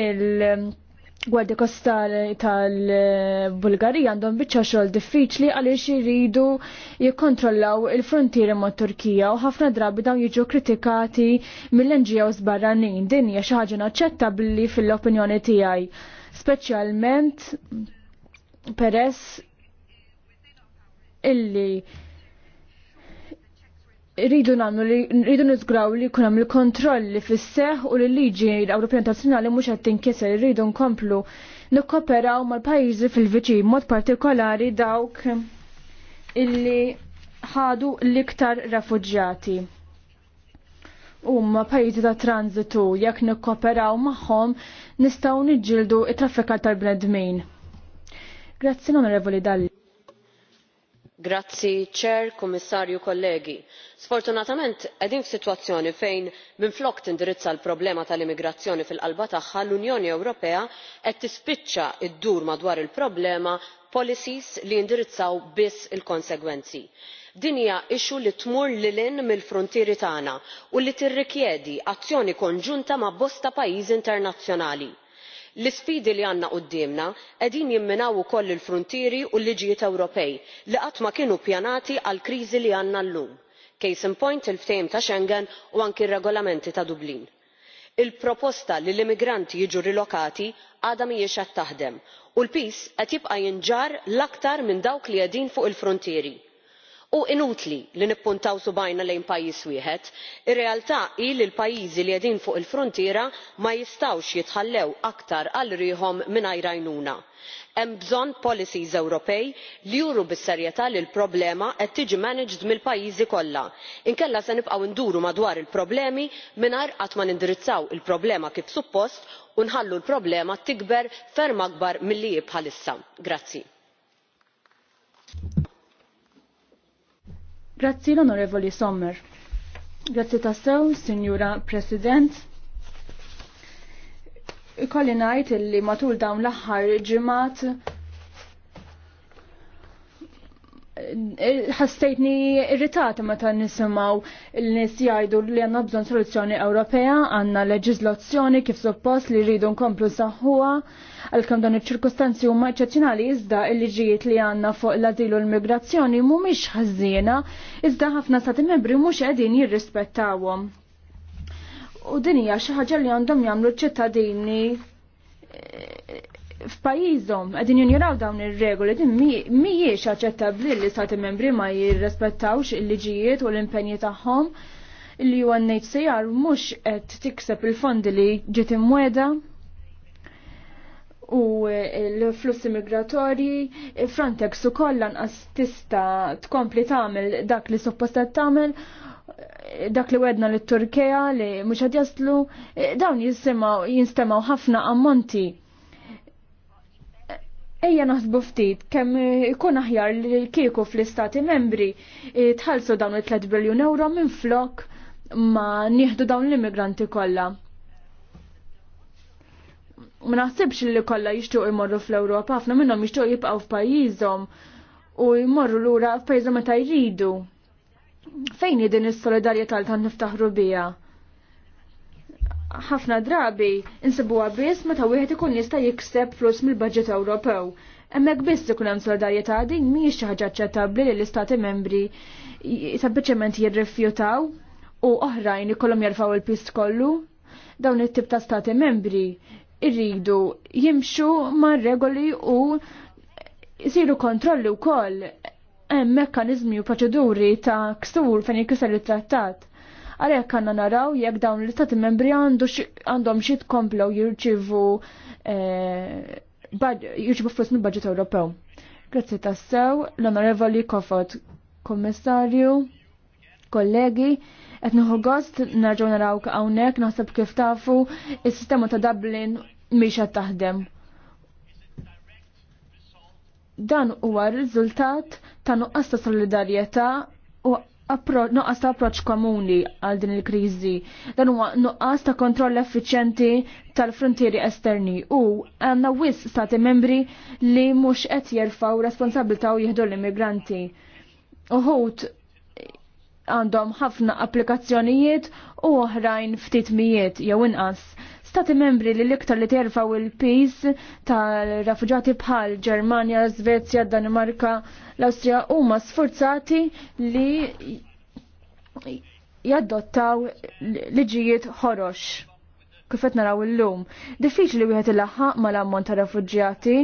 il- Gwardja Kostali tal-Bulgarija għandhom biċċa xogħol diffiċli għaliex iridu jikkontrollaw il-frontieri ma' Turkija u ħafna drabi dawn jiġu kritikati mill-NGOs barranin. Din hija xi ħaġa naċċettabbli fil-opinjoni tiegħi, speċjalment peress illi rridu namlu li rridu nizgraw li kunam il kontrolli fis fisseħ u li liġi l ewropja Internazzjonali mhux qed tinkiser rridu nkomplu nikkoperaw mal-pajjiżi fil-viċin mod partikolari dawk illi ħadu l-iktar refuġjati. Umma pajjiżi ta' tranzitu jekk nikkoperaw magħhom nistgħu niġġieldu it-traffikar tal-bnedmin. Grazzi Non. onorevoli Dalli. Grazzi, Chair, Kummissarju, kollegi. Sfortunatament, qegħdin f'sitwazzjoni fejn minflok tindirizza l-problema tal-immigrazzjoni fil-qalba tagħha l-Unjoni Ewropea qed tispiċċa ddur madwar il-problema policies li jindirizzaw biss il-konsegwenzi. Din hija issue li tmur lil hinn mill-fruntieri tagħna u li tirrikjedi azzjoni konġunta ma' bosta pajjiżi internazzjonali l isfidi li għandna qudiemna qegħdin jimminaw ukoll il-fruntieri u l-liġijiet ewropej li qatt ma kienu ppjanati għall kriżi li għandna llum case in point il ftehim ta' schengen u anki r-regolamenti ta' dublin. il proposta li l-immigranti jiġu rilokati għadha mhijiex qed taħdem u l peace qed jibqa' jinġar l aktar minn dawk li qegħdin fuq il fruntieri u inutli li nippuntaw subajna lejn pajjiż wieħed ir-realtà hi li l-pajjiżi li qegħdin fuq il-fruntiera ma jistgħux jitħallew aktar għal riehom mingħajr għajnuna. hemm bżonn policies ewropej li juru bis-serjetà li l-problema qed tiġi managed mill-pajjiżi kollha inkella se nibqgħu nduru madwar il-problemi mingħajr qatt ma nindirizzaw il-problema kif suppost u nħallu l-problema tikber ferm akbar milli hi bħalissa. Grazzi l-Onorevoli Sommer. Grazzi tassew, Signora President. Kolli najt li matul dawn l-aħħar ġimat ħassejtni irritati meta nisimgħu l-nies jgħidu li għandna bżonn soluzzjoni Ewropea, għandna leġiżlazzjoni kif suppost li rridu nkomplu saħħuha għalkemm dan iċ-ċirkustanzi huma eċċezzjonali iżda l-liġijiet li għandna fuq l-adilu l-migrazzjoni mhumiex ħażina, iżda ħafna stati membri mhux qegħdin jirrispettawhom. U din hija xi ħaġa li għandhom jagħmlu ċ-ċittadini f'pajjiżhom qegħdin jinjuraw dawn ir-regoli din mhijiex aċċettabbli li stati membri ma jirrispettawx il-liġijiet u l-impenji tagħhom li UNHCR mhux qed tikseb il-fondi li ġiet imweda u l-flussi migratorji, Frontex u kollan tista tkompli tagħmel dak li suppostat tagħmel dak li wedna l-Turkija li mhux qed jaslu dawn jinstemaw ħafna ammonti Ejja naħsbu ftit kemm eh, ikun aħjar li kieku fl-istati membri eh, tħallsu dawn it-3 biljun euro minn flok ma nieħdu dawn l-immigranti kollha. Ma naħsibx li kollha jixtiequ jmorru fl-Ewropa, ħafna minnhom jixtiequ jibqgħu f'pajjiżhom u jmorru lura f'pajjiżhom meta jridu. Fejn din is-solidarjetà li tan niftaħru biha? ħafna drabi insibuha biss meta wieħed ikun jista' jikseb flus mill-budget Ewropew. Hemmhekk biss ikun hemm solidarjetà din mhijiex xi ħaġa aċċettabbli li l-istati membri sempliċement jirrifjutaw u oħrajn ikollhom jerfgħu il-pist kollu. Dawn it-tip ta' stati membri irridu jimxu mar regoli u jisiru kontrolli wkoll hemm mekkaniżmi u proċeduri ta' ksur fejn jkisser it-trattat Għalhekk għandna naraw jekk dawn l-istati membri għandhom xi tkomplew jirċivu eh, jirċivu flus mill budget Ewropew. Grazzi tassew, l-Onorevoli Kofot, Kommissarju, kollegi, qed nieħu gost nerġgħu narawk hawnhekk naħseb kif tafu il sistema ta' Dublin miexa taħdem. Dan huwa r-riżultat ta' nuqqas ta' solidarjetà nuqqas ta' approċ komuni għal din il-kriżi. Dan huwa nuqqas ta' kontroll effiċenti tal-frontieri esterni u għandna wis stati membri li mhux qed jerfaw responsabilta' u jieħdu l-immigranti. Uħut għandhom ħafna applikazzjonijiet u oħrajn ftit mijiet jew inqas stati membri li l-iktar li terfaw il-pis tal-rafuġati bħal Ġermania, Svezja, Danimarka, l-Austria huma sforzati li jaddottaw liġijiet ħorox. Kifet naraw il-lum. Diffiċli wieħed il-laħħaq mal-ammont ta' rafuġjati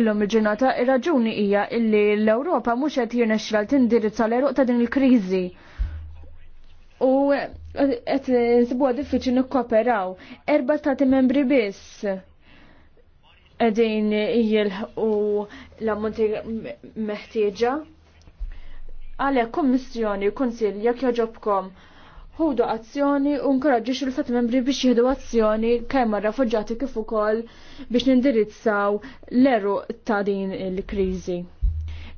illum il-ġurnata, ir-raġuni hija illi l-Ewropa mhux qed jirnexxral tindirizza l-eruq ta' din il-kriżi u qed nsibuha diffiċli nikkoperaw. Erba' stati membri biss qegħdin jilħqu l-ammonti meħtieġa. Għalhekk kommissjoni konsil, jekk joġobkom ħudu azzjoni u nkoraġġix l stat membri biex jieħdu azzjoni kemm mar-refuġġati kif ukoll biex nindirizzaw l-eru ta' din il-kriżi.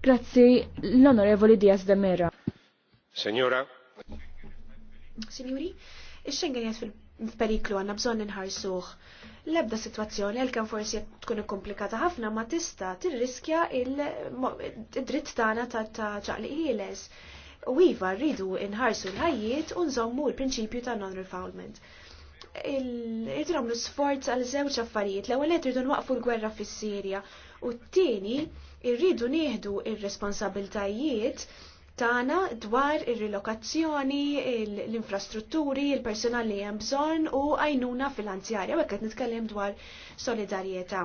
Grazzi l-Onorevoli Diaz de Mera. Senjora, Signori, il-Schengen jgħet fil-periklu għanna bżon nħarsuħ. L-ebda situazzjoni għal kan forsi tkun komplikata ħafna ma tista tirriskja il-dritt tagħna ta' ċaqli ħieles. U iva rridu nħarsu l-ħajjiet u nżommu l-prinċipju ta' non-refoulement. Irridu nagħmlu sforz għal żewġ affarijiet. L-ewwel qed irridu nwaqfu l-gwerra fis-Sirja u t-tieni irridu nieħdu ir-responsabiltajiet Tana dwar ir-rilokazzjoni, l-infrastrutturi, il-personal li hemm bżonn u għajnuna finanzjarja u qed nitkellem dwar solidarjetà.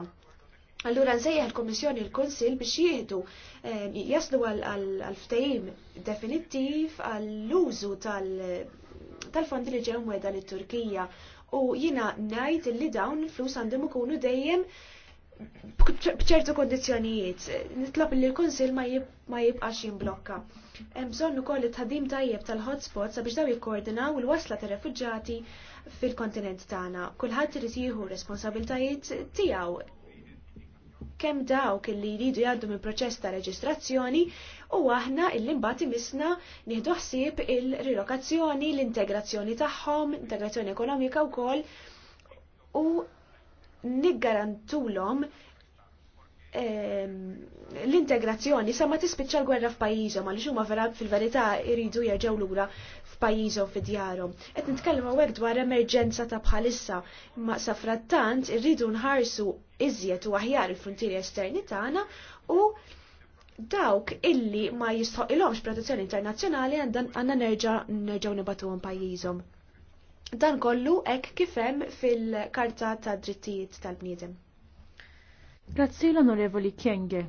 Allura nsejjaħ il komissjoni il-Konsil biex jieħdu eh, jaslu għal-ftehim definittiv għall-użu tal-fondi li ġew mweda lit turkija u jina najt li dawn il-flus għandhom ikunu dejjem bċertu kondizjonijiet, nitlob li l konsil ma jibqax jimblokka. Hemm bżonn ukoll it ħadim tajjeb tal-hotspots sabiex daw jikkoordinaw il-wasla ta' refugġati fil-kontinent tagħna. Kulħadd irid jieħu responsabiltajiet tiegħu kemm dawk li jridu jgħaddu minn proċess ta' reġistrazzjoni u aħna l-imbagħad imisna nieħdu ħsieb il-rilokazzjoni, l-integrazzjoni tagħhom, integrazzjoni ekonomika wkoll u niggarantulhom ehm, l-integrazzjoni sa ma tispiċċa l-gwerra f'pajjiżhom għaliex huma vera fil-verità jridu jerġgħu lura f'pajjiżhom fid-djarhom. Qed nitkellem hawnhekk dwar emerġenza ta' bħalissa, ma sa frattant irridu nħarsu iżjed u aħjar il fruntieri esterni tagħna u dawk illi ma jistħoqilhomx protezzjoni internazzjonali għandna nerġa' nerġgħu nibatuhom pajjiżhom. Dan kollu hekk kif hemm fil-Karta ta' Drittijiet tal-Bniedem. Grazzi l-Onorevoli Kenge.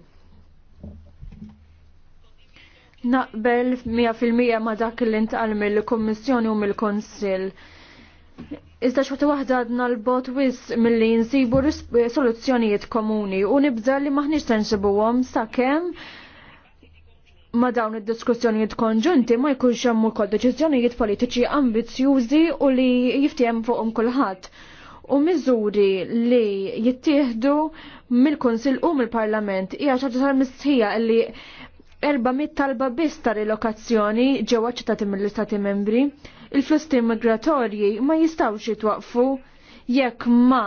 Naqbel 100% ma dak li intqal mill-Kommissjoni u mill-Konsil. Iżda xorta waħda għadna l-bot wis mill-li nsibu soluzzjonijiet komuni u nibda li maħniġ sa' sakemm ma dawn id-diskussjonijiet konġunti ma jkunx hemm ukoll deċiżjonijiet politiċi ambizjużi u li jiftiem fuqhom kulħadd u miżuri li jittieħdu mill-Kunsill u mill-Parlament hija xi ħaġa mistħija li 400 talba biss ta' relokazzjoni ġewwa ċitati mill-Istati Membri, il flusti migratorji ma jistgħux jitwaqfu jekk ma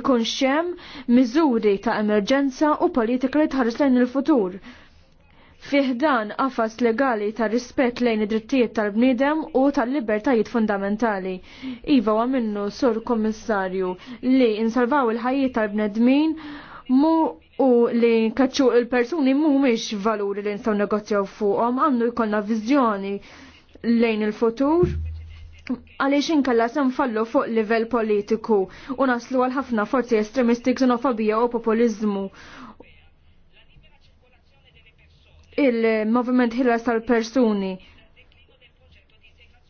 ikun xem miżuri ta' emerġenza u politika li tħares lejn il-futur fiħdan qafas legali ta' rispett lejn id-drittijiet tal-bniedem u tal-libertajiet fundamentali. Iva wa minnu sur kommissarju li insalvaw il-ħajiet tal-bnedmin mu u li kaċċu il-persuni mhumiex valuri li nistgħu negozjaw fuqhom għandu jkollna viżjoni lejn il-futur għaliex inkella sem fallu fuq livell politiku u naslu għal ħafna forzi estremisti xenofobija u populizmu il-movement ħilas tal-persuni.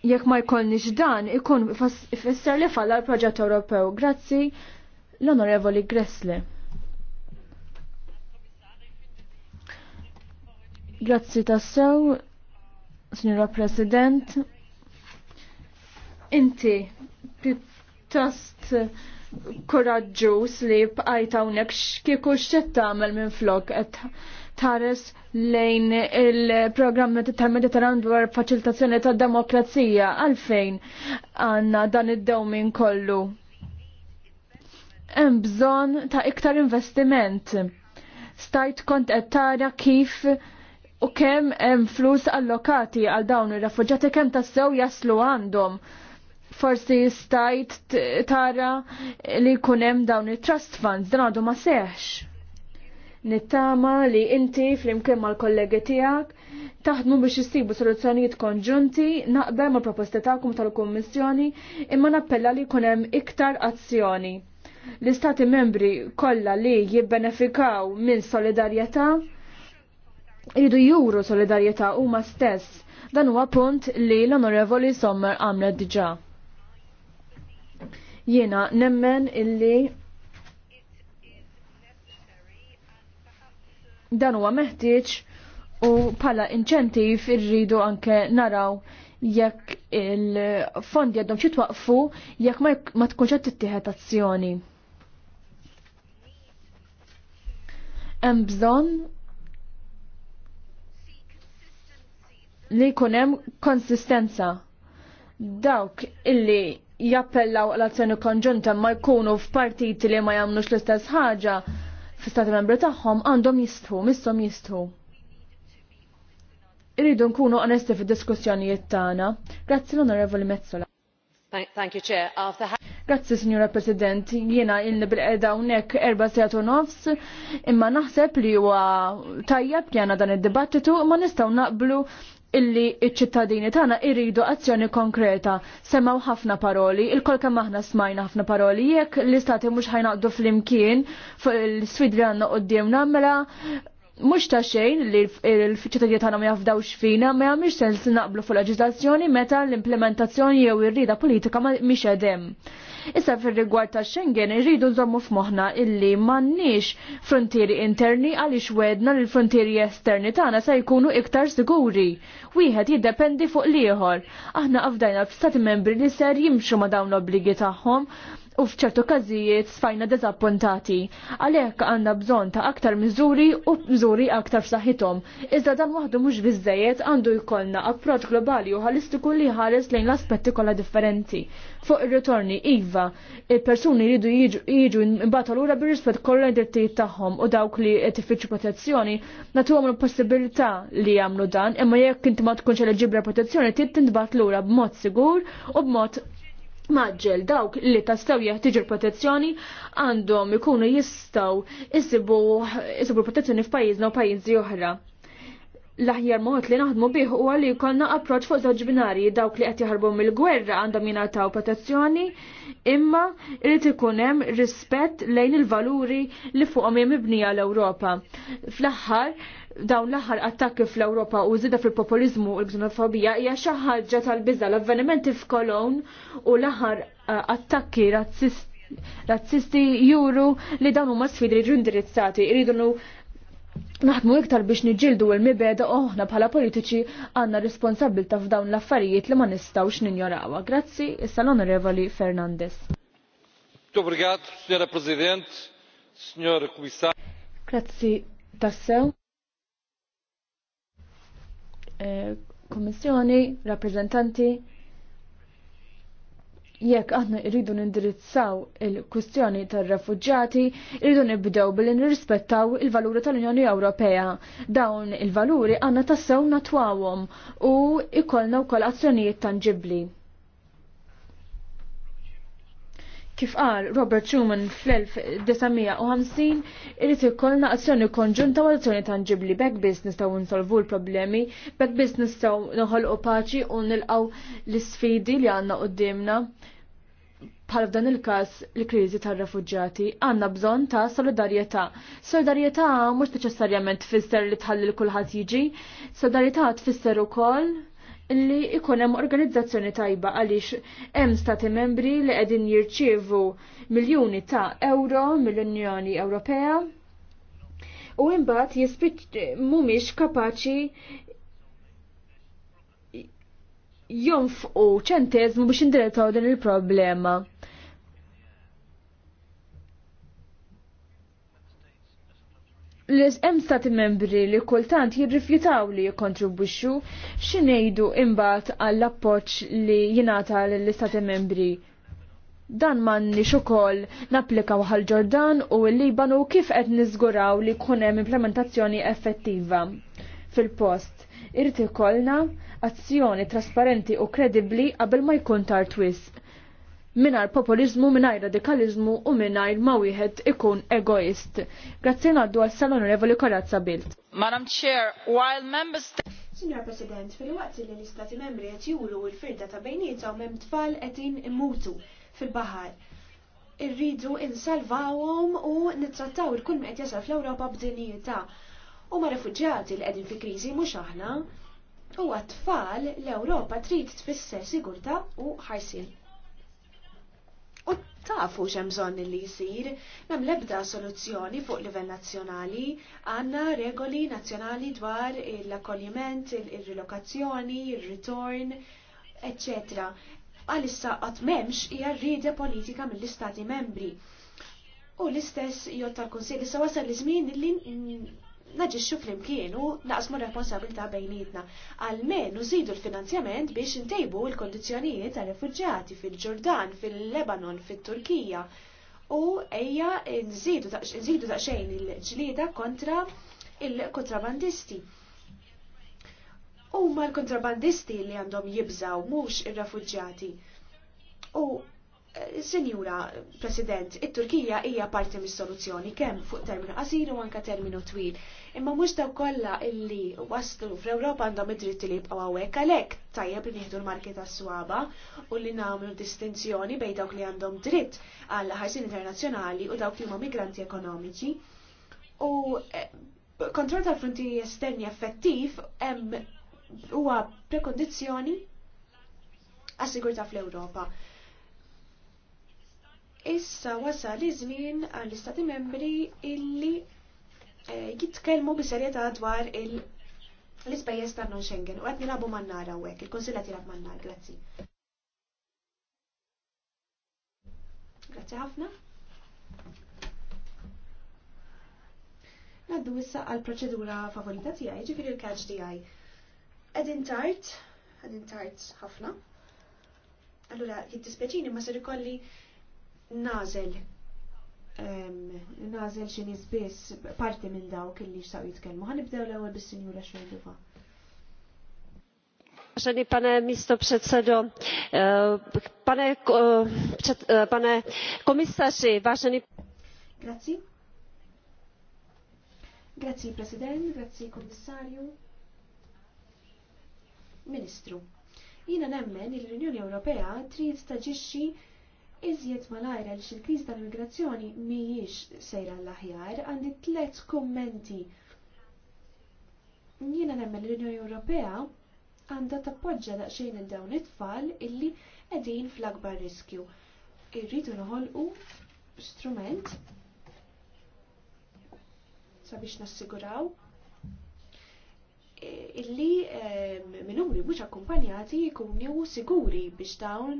Jekk ma jkollniex dan, ikun ifisser li falla l-proġett Ewropew. Grazzi l-Onorevoli Gressle. Grazzi tassew, Signora President. Inti pjuttost koraġġuż li bqajt hawnhekk kieku x'qed tagħmel minn flok qed tares lejn il-programm tal-Mediterran dwar faċilitazzjoni ta' demokrazija għalfejn għanna dan id-dewmin kollu. Hemm bżonn ta' iktar investiment. Stajt kont qed tara kif u kemm hemm flus allokati għal dawn ir-refuġjati kemm tassew jaslu għandhom. Forsi stajt tara li jkun hemm dawn it-trust funds dan għadu ma seħx nittama li inti fl-imkien mal-kollegi tijak taħdmu biex jistibu soluzzjonijiet konġunti naqbem ma' proposti tagħkom tal-Kummissjoni imma nappella li jkun hemm iktar azzjoni. L-Istati membri kollha li jibbenefikaw minn solidarjetà jidu juru solidarjetà huma stess dan huwa punt li l-Onorevoli Sommer għamlet diġà. Jiena nemmen illi dan huwa meħtieġ u pala inċentiv irridu anke naraw jekk il-fondi għaddhom xi twaqfu jekk ma tkunx qed tittieħed azzjoni. Hemm bżonn li jkun hemm konsistenza. Dawk illi jappellaw l-azzjoni konġunta ma jkunu f'partiti li ma jagħmlux l-istess ħaġa fil stati membri tagħhom għandhom jistħu, mistom jistħu. Irridu nkunu onesti fid-diskussjonijiet tagħna. Grazzi l-Onorevoli Mezzola. Thank you, Chair. After... Grazzi, Signora President. Jiena illi bil-qeda unnek erba sejatu nofs, imma naħseb li huwa tajjeb li dan id-dibattitu, imma nistaw naqblu illi iċ-ċittadini tagħna irridu azzjoni konkreta. Semgħu ħafna paroli, il-kol kemm aħna smajna ħafna paroli, jekk l-istati mhux ħajnaqdu flimkien fuq l-sfid li għandna qudiem nagħmela, mhux ta' xejn li l-ċittadini tagħna ma jafdawx fina, ma jagħmilx sens naqblu fuq leġiżlazzjoni meta l-implementazzjoni jew ir-rieda politika mhix edem. Issa fil-rigward ta' Schengen irridu nżommu f'moħħna illi m'għandniex frontieri interni għaliex wedna li l-frontieri esterni tagħna se jkunu iktar siguri. Wieħed jiddependi fuq l-ieħor. Aħna qafdajna f'stati membri li ser jimxu ma' dawn l-obbligi tagħhom u fċertu każijiet sfajna deżappuntati. Għalhekk għandna bżonn ta' aktar miżuri u mizuri aktar f'saħħithom. Iżda dan waħdu mhux biżejjed għandu jkollna approċċ globali u ħalistiku li ħares lejn l-aspetti kollha differenti. Fuq ir-ritorni iva, il-persuni jridu jiġu mbagħad lura bir-rispett kollha d-drittijiet tagħhom u dawk li qed ifittxu protezzjoni nagħtuhom il-possibilità li jagħmlu dan, imma jekk inti ma tkunx eliġibbra protezzjoni trid tintbagħat lura b'mod sigur u b'mod maġġel dawk li tastaw jeħtiġu protezzjoni għandhom ikunu jistaw jisibu protezzjoni f'pajjiżna u pajjiżi oħra. L-aħjar mod li naħdmu bih huwa li jkollna approċċ fuq żewġ binari dawk li qed jaħarbu mill-gwerra għandhom jingħataw protezzjoni imma irid ikun hemm rispett lejn il-valuri li fuqhom hemm mibnija l-Ewropa. Fl-aħħar dawn l-aħħar attakki fl-Ewropa u żida fil-populizmu u l-xenofobija hija xi ħaġa tal-biża l-avvenimenti f'Kolon u l-aħħar eh, attakki razzisti juru li dawn huma sfidi li indirizzati iridu Naħdmu iktar biex niġildu l-mibeda oħna bħala politiċi għanna responsabilta f'dawn l-affarijiet li ma nistawx ninjorawa. Grazzi, issa l-Onorevoli Fernandez. Obrigat, President, Signor Kummissar. Grazzi, tassew kommissjoni, rappresentanti, jekk aħna irridu nindirizzaw il-kustjoni tar refugġati irridu nibdew billi nirrispettaw il-valuri tal-Unjoni Ewropea. Dawn il-valuri għandna tassew natwawhom u ikollna wkoll azzjonijiet tangibli. Kif qal Robert Schumann fl-1950 irrid ikollna azzjoni konġunta u azzjoni tangibli back business taw insolvu l-problemi, back business taw noħolqu paċi u nilqaw l-sfidi li għandna qudiemna bħal f'dan il-każ l-kriżi tar-refuġġati għandna bżonn ta' solidarjetà. Solidarjetà mhux neċessarjament tfisser li tħalli kulħadd jiġi, solidarjetà tfisser ukoll li ikun hemm organizzazzjoni tajba għaliex hemm stati membri li qegħdin jirċievu miljuni ta' euro mill-Unjoni Ewropea u mbagħad jispiċ mhumiex kapaċi jonfqu ċentezmu biex indiretaw din il-problema. l hemm stati membri li kultant jirrifjutaw li jikkontribwixxu xinejdu imbagħad għall-appoġġ li jingħata lill-istati membri. Dan m'għandniex ukoll napplikaw għal Ġordan u l-Libanu kif qed niżguraw li jkun hemm implementazzjoni effettiva fil-post. irti ikollna azzjoni trasparenti u kredibbli qabel ma jkun tard wisq minar populizmu, minar radikalizmu u minar ma wieħed ikun egoist. Grazie għaddu għal sal revoli Korazza Bilt. Madam Chair, while members... Signor President, fil-waqt li l-Istati membri qed juru l-firda ta' bejnietom mem tfal qegħdin immutu fil-baħar. Irridu insalvawhom u nittrattaw il-kull qed jasal fl-Ewropa b'dinjità. U ma refuġjati li qegħdin fi kriżi mhux aħna, u għat-tfal l-Ewropa trid tfisser sigurtà u ħarsien tafu xemżon li jisir, mem lebda soluzzjoni fuq livell nazzjonali, għanna regoli nazzjonali dwar l-akkoljiment, il-rilokazzjoni, il-return, etc. Għalissa għat memx hija politika mill-istati membri. U l-istess jotta tal-Konsil, issa wasal li żmien li naġiċu flimkienu naqsmu responsabilta bejnietna. Għalmen użidu l-finanzjament biex intejbu l-kondizjonijiet ta' refugġati fil-ġordan, fil-Lebanon, fil-Turkija. U eja nżidu daqxejn il-ġlida kontra il-kontrabandisti. U ma l-kontrabandisti li għandhom jibżaw mux il-refugġati. U Eh, Sinjura President, it-Turkija hija parti mis-soluzzjoni kemm fuq terminu qasir u anka terminu twil. Imma mhux daw kollha illi waslu fl-Ewropa għandhom id-dritt li jibqgħu hawnhekk għalhekk tajjeb li nieħdu l-marki tas-swaba u li nagħmlu distinzjoni bejn dawk li għandhom dritt għal ħarsin internazzjonali u dawk li huma migranti ekonomiċi. U eh, kontroll tal-frontieri esterni effettiv huwa prekondizzjoni għas-sigurtà fl-Ewropa Issa wasal iż-żmien għall-Istati membri illi eh, jitkellmu b'serjetà dwar il- l-ispejjeż ta' non Schengen u qed nilagħbu man nara hawnhekk, il kunsilla tilab man-nar, grazzi. Grazzi ħafna. Naddu issa għal proċedura favorita tiegħi, ġifieri l-catch tiegħi. Qegħdin tard, qegħdin tard ħafna. Allura, jiddispjaċini ma ser ikolli nażel nażel xi nies biss parti minn dawk illi xtaqgħu jitkellmu. Ħanibdew l-ewwel bis-Sinjura Xejdufa. Vážený pane místo předsedo, pane, před, pane e, e, komisaři, vážený... Grazie. Grazie, president, grazie, komisarju. Ministru, jina nemmen il rinjoni Ewropea trid taġiċi iżjed malajra li xil-kriż tal-immigrazzjoni mhijiex sejra l-aħjar għandi tliet kummenti. Jiena nemmen l-Unjoni Ewropea għandha tappoġġa daqsxejn il dawn it-tfal illi qegħdin fl-akbar riskju. Irridu noħolqu strument sabiex nassiguraw eh, illi eh, minuri mhux akkumpanjati jkunu siguri biex dawn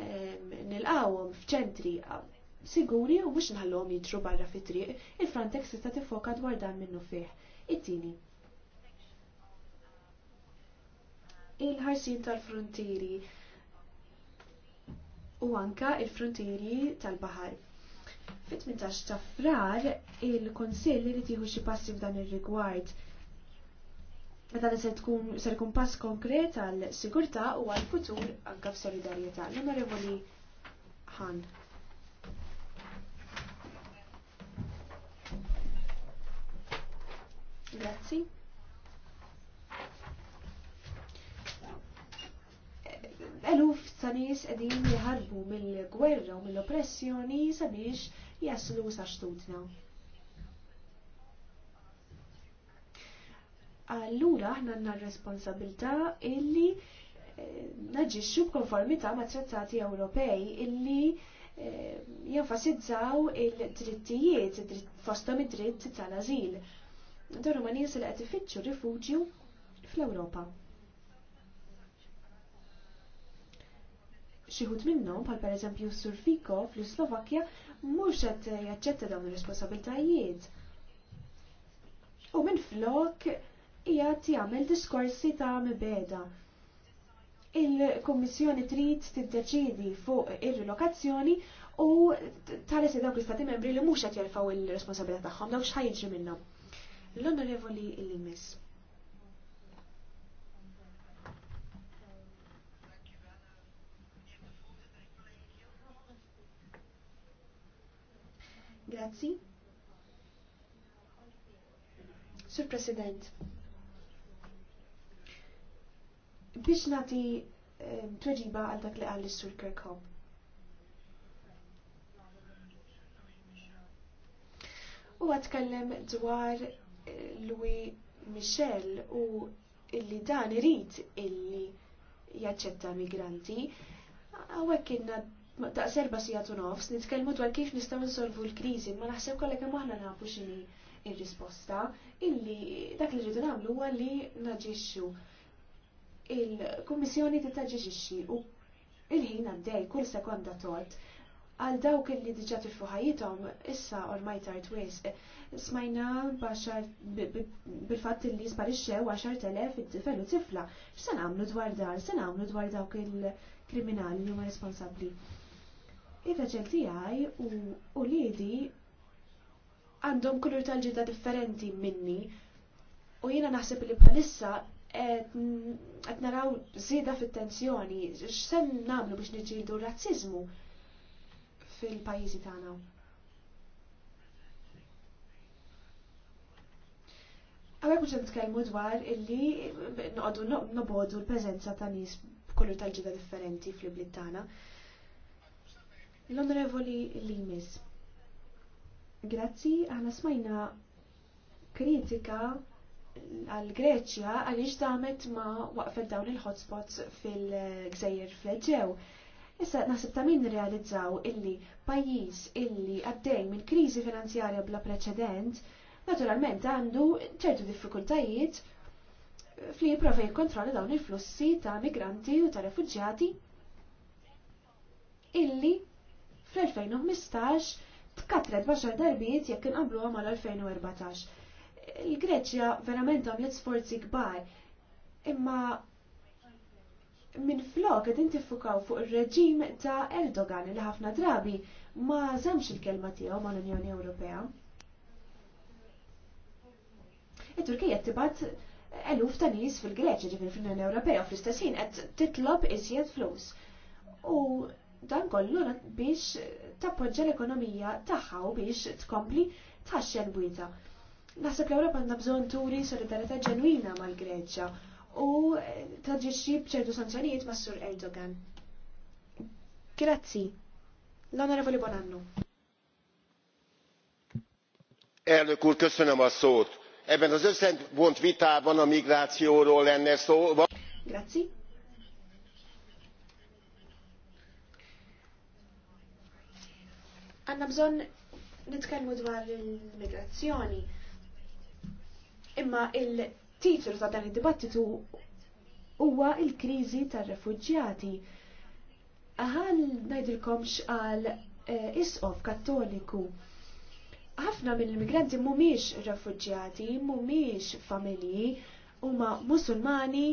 Ehm, nilqawhom f'ċentri ah, siguri u mhux nħallhom jitru barra fit-triq, il-Frontex tista' tifoka dwar dan minnu fih. It-tieni. Il-ħarsin tal-frontieri u anka il-frontieri tal-baħar. Fit-18 ta' frar, il-Konsill li tiħu xi passi f'dan ir-rigward Meta se tkun ser tkun pass konkret għal sigurtà u għal futur anke f'solidarjetà. L-Onorevoli Han. Grazzi. Eluf ta' nies qegħdin jħarbu mill-gwerra u mill-oppressjoni sabiex jaslu sa' xtutna. allura aħna għandna r-responsabilità illi eh, naġixxu b'konformità ma' trattati Ewropej illi eh, jenfasizzaw il-drittijiet fostom id-dritt tal-azil. Dawn ma nies li qed ifittxu rifuġju fl-Ewropa. Xieħut minnhom, bħal pereżempju eżempju surfiko fl-Slovakkja, mhux qed jaċċetta dawn ir-responsabiltajiet. U minn flok hija jagħmel diskorsi ta' mibeda. Il-Kummissjoni trid tiddeċidi fuq ir-relokazzjoni u tales dawk l-istati membri li mhux qed jerfgħu il-responsabilità tagħhom dawk x'ħajġri minnhom. L-Onorevoli Limis. Grazzi. Sur President biex nagħti ehm, tweġiba għal dak li qal l sur Kirkhope. U għatkellem dwar eh, Louis Michel u illi dan irid illi jaċċetta migranti. Għawek kienna daqs si jatu nofs, nitkellmu dwar kif nistgħu nsolvu l-kriżi, ma naħseb kollha kemm aħna nafu x'inhi il risposta illi dak li rridu nagħmlu għalli li naġixxu il-Kummissjoni titaġiġixxi u il-ħin għaddej kull sekonda tot għal dawk li diġa tifu ħajjithom issa ormaj tard wisq. Smajna bil-fatt li sparixxew 10,000 id tifel u tifla. X'se nagħmlu dwar dar, se nagħmlu dwar dawk il-kriminali li huma responsabbli. Il-raġel għaj u di għandhom kulur tal-ġidda differenti minni u jiena naħseb li bħalissa qed naraw żieda fit-tensjoni, x'sen nagħmlu biex r razzizmu fil-pajjiżi tagħna. Għawek mux nitkellmu dwar illi noqogħdu nobodu l-preżenza ta' nies b'kollu tal-ġida differenti fl-ibliet tagħna. L-Onorevoli Limis. Grazzi, aħna smajna kritika għal-Greċja għaliex damet ma waqfet dawn il-hotspots fil-gżejjer fl-ġew. Issa naħseb ta' min realizzaw illi pajjiż illi għaddej minn kriżi finanzjarja bla preċedent, naturalment għandu ċertu diffikultajiet fli jipprova jikkontrolla dawn il-flussi ta' migranti u ta' refuġjati illi fl-2015 tkatret baxar darbiet jekk inqabluha mal-2014 il-Greċja verament għamlet sforzi kbar, imma minn flok qed intifukaw fuq ir-reġim ta' Erdogan li ħafna drabi ma żamx il-kelma tiegħu mal-Unjoni Ewropea. it-Turkija tibat eluf ta' nies fil-Greċja ġifir fil-Unjoni Ewropea u fl-istess ħin qed titlob iżjed flus. U dan kollu biex tappoġġa l-ekonomija tagħha u biex tkompli taxxi l-bwieta. Naħseb l-Ewropa għandna bżonn turi solidarità ġenwina mal-Greċja u eh, taġġiġi bċertu sanzjonijiet mas sur Erdogan. Grazzi. L-Onorevoli Bonanno. Elnök úr, köszönöm a szót. Ebben az összebont vitában a migrációról lenne szó. Grazzi. Għanna bżon nitkellmu dwar il-migrazzjoni Imma il-titlu ta' dan id-dibattitu huwa il-kriżi tar-refuġjati. Aħal ngħidilkomx għal eh, isqof kattoliku. Ħafna mill-immigranti mhumiex refuġjati, mhumiex familji, huma musulmani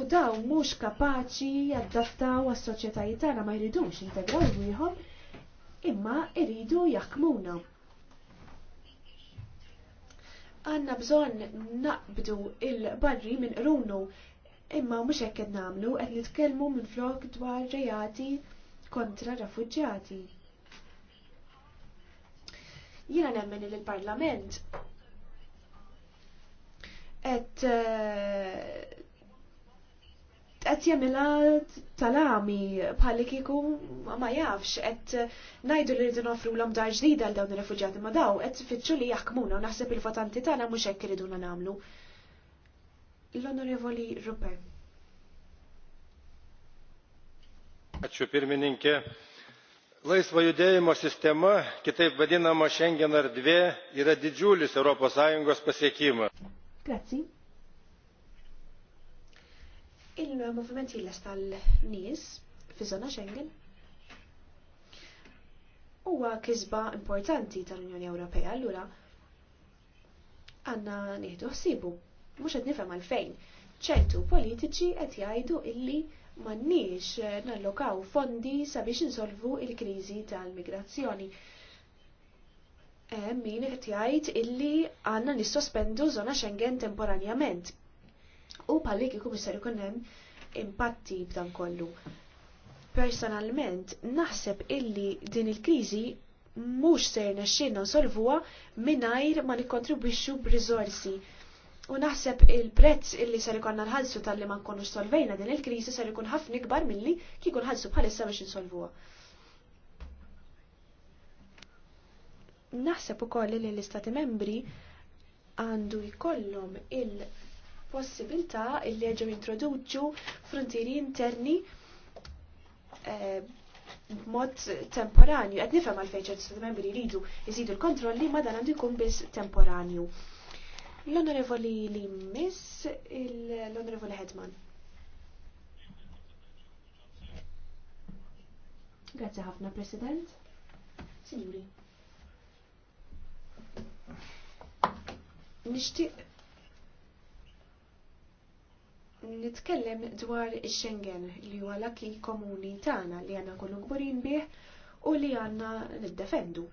u daw mhux kapaċi jaddattaw għas-soċjetajiet tagħna ma jridux integraw wieħom imma iridu jaħkmuna. Għanna bżon naqbdu il-barri minn qrunu imma mhux hekk qed nagħmlu qed nitkellmu minn flok dwar rejati kontra refuġjati. Jiena nemmen li l-Parlament qed eh, qed jagħmilha talami bħalli kiku ma jafx qed najdu li rridu nofru l nofrulhom dar ġdida għal dawn ir-refuġjati ma daw qed fitxu li jaħkmuna u naħseb il-votanti mux ekk rridu na namlu. L-Onorevoli Rupe. Ačiū pirmininkė. Laisvo judėjimo sistema, kitaip vadinama Schengen erdvė, yra didžiulis ES pasiekimas. Grazie il-movement jillas tal-nies fi żona Schengen huwa kisba importanti tal-Unjoni Ewropea allura għandna nieħdu ħsibu mhux qed nifhem għalfejn. ċertu politiċi qed jgħidu illi m'għandniex eh, nallokaw fondi sabiex insolvu il-kriżi tal-migrazzjoni. Eh, min qed jgħid illi għandna nissospendu żona Schengen temporanjament u pallik ikun ser ikun hemm impatti b'dan kollu. Personalment, naħseb illi din il-kriżi mhux ser nexxinna nsolvuha mingħajr ma nikkontribwixxu b'rizorsi. U naħseb il-prezz illi ser ikonna nħallsu tal-li ma nkunux solvejna din il-kriżi ser ikun ħafna ikbar milli kieku nħallsu bħalissa biex insolvuha. Naħseb ukoll li l-Istati Membri għandu jkollhom il- possibilità illi ġew introduċu frontieri interni eh, b'mod temporanju. Qed nifhem għalfejn ċerti stati membri jridu jizidu l-kontrolli ma dan għandu jkun biss temporanju. L-Onorevoli li miss l-Onorevoli Hedman. Grazie ħafna, President. Signori. Nishtiq nitkellem dwar Schengen li huwa l-akki komuni tagħna li għandna kollu gburin bih u li għandna niddefendu.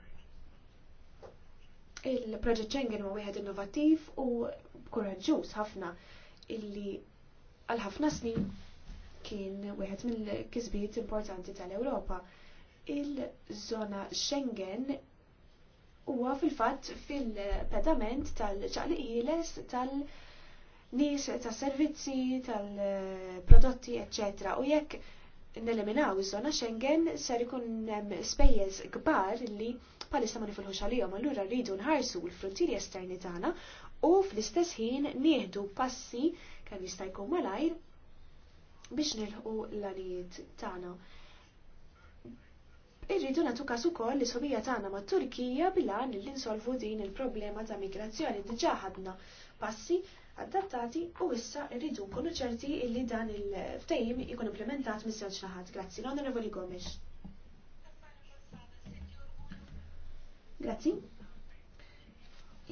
Il-proġett Schengen huwa wieħed innovattiv u kuraġġuż ħafna illi għal ħafna snin kien wieħed mill-kisbiet importanti tal-Ewropa. Il-żona Schengen huwa fil-fatt fil-pedament tal-ċaqliq tal-, -ċaqli tal nies ta' servizzi, tal-prodotti, ecc. U jekk neliminaw iż-żona Schengen ser ikun hemm spejjeż kbar li bħalissa ma nifilħux għalihom allura rridu nħarsu l-frontieri esterni tagħna u fl-istess ħin nieħdu passi kemm jista' jkun malajr biex nilħu l-għanijiet tagħna. Irridu nagħtu każ ukoll li sobija tagħna mat Turkija bilan li nsolvu din il-problema ta' migrazzjoni diġà ħadna passi adattati u issa rridu nkunu ċerti illi dan il-ftejim ikun implementat mis żewġ naħat. Grazzi, l-Onorevoli Gomes. Grazzi.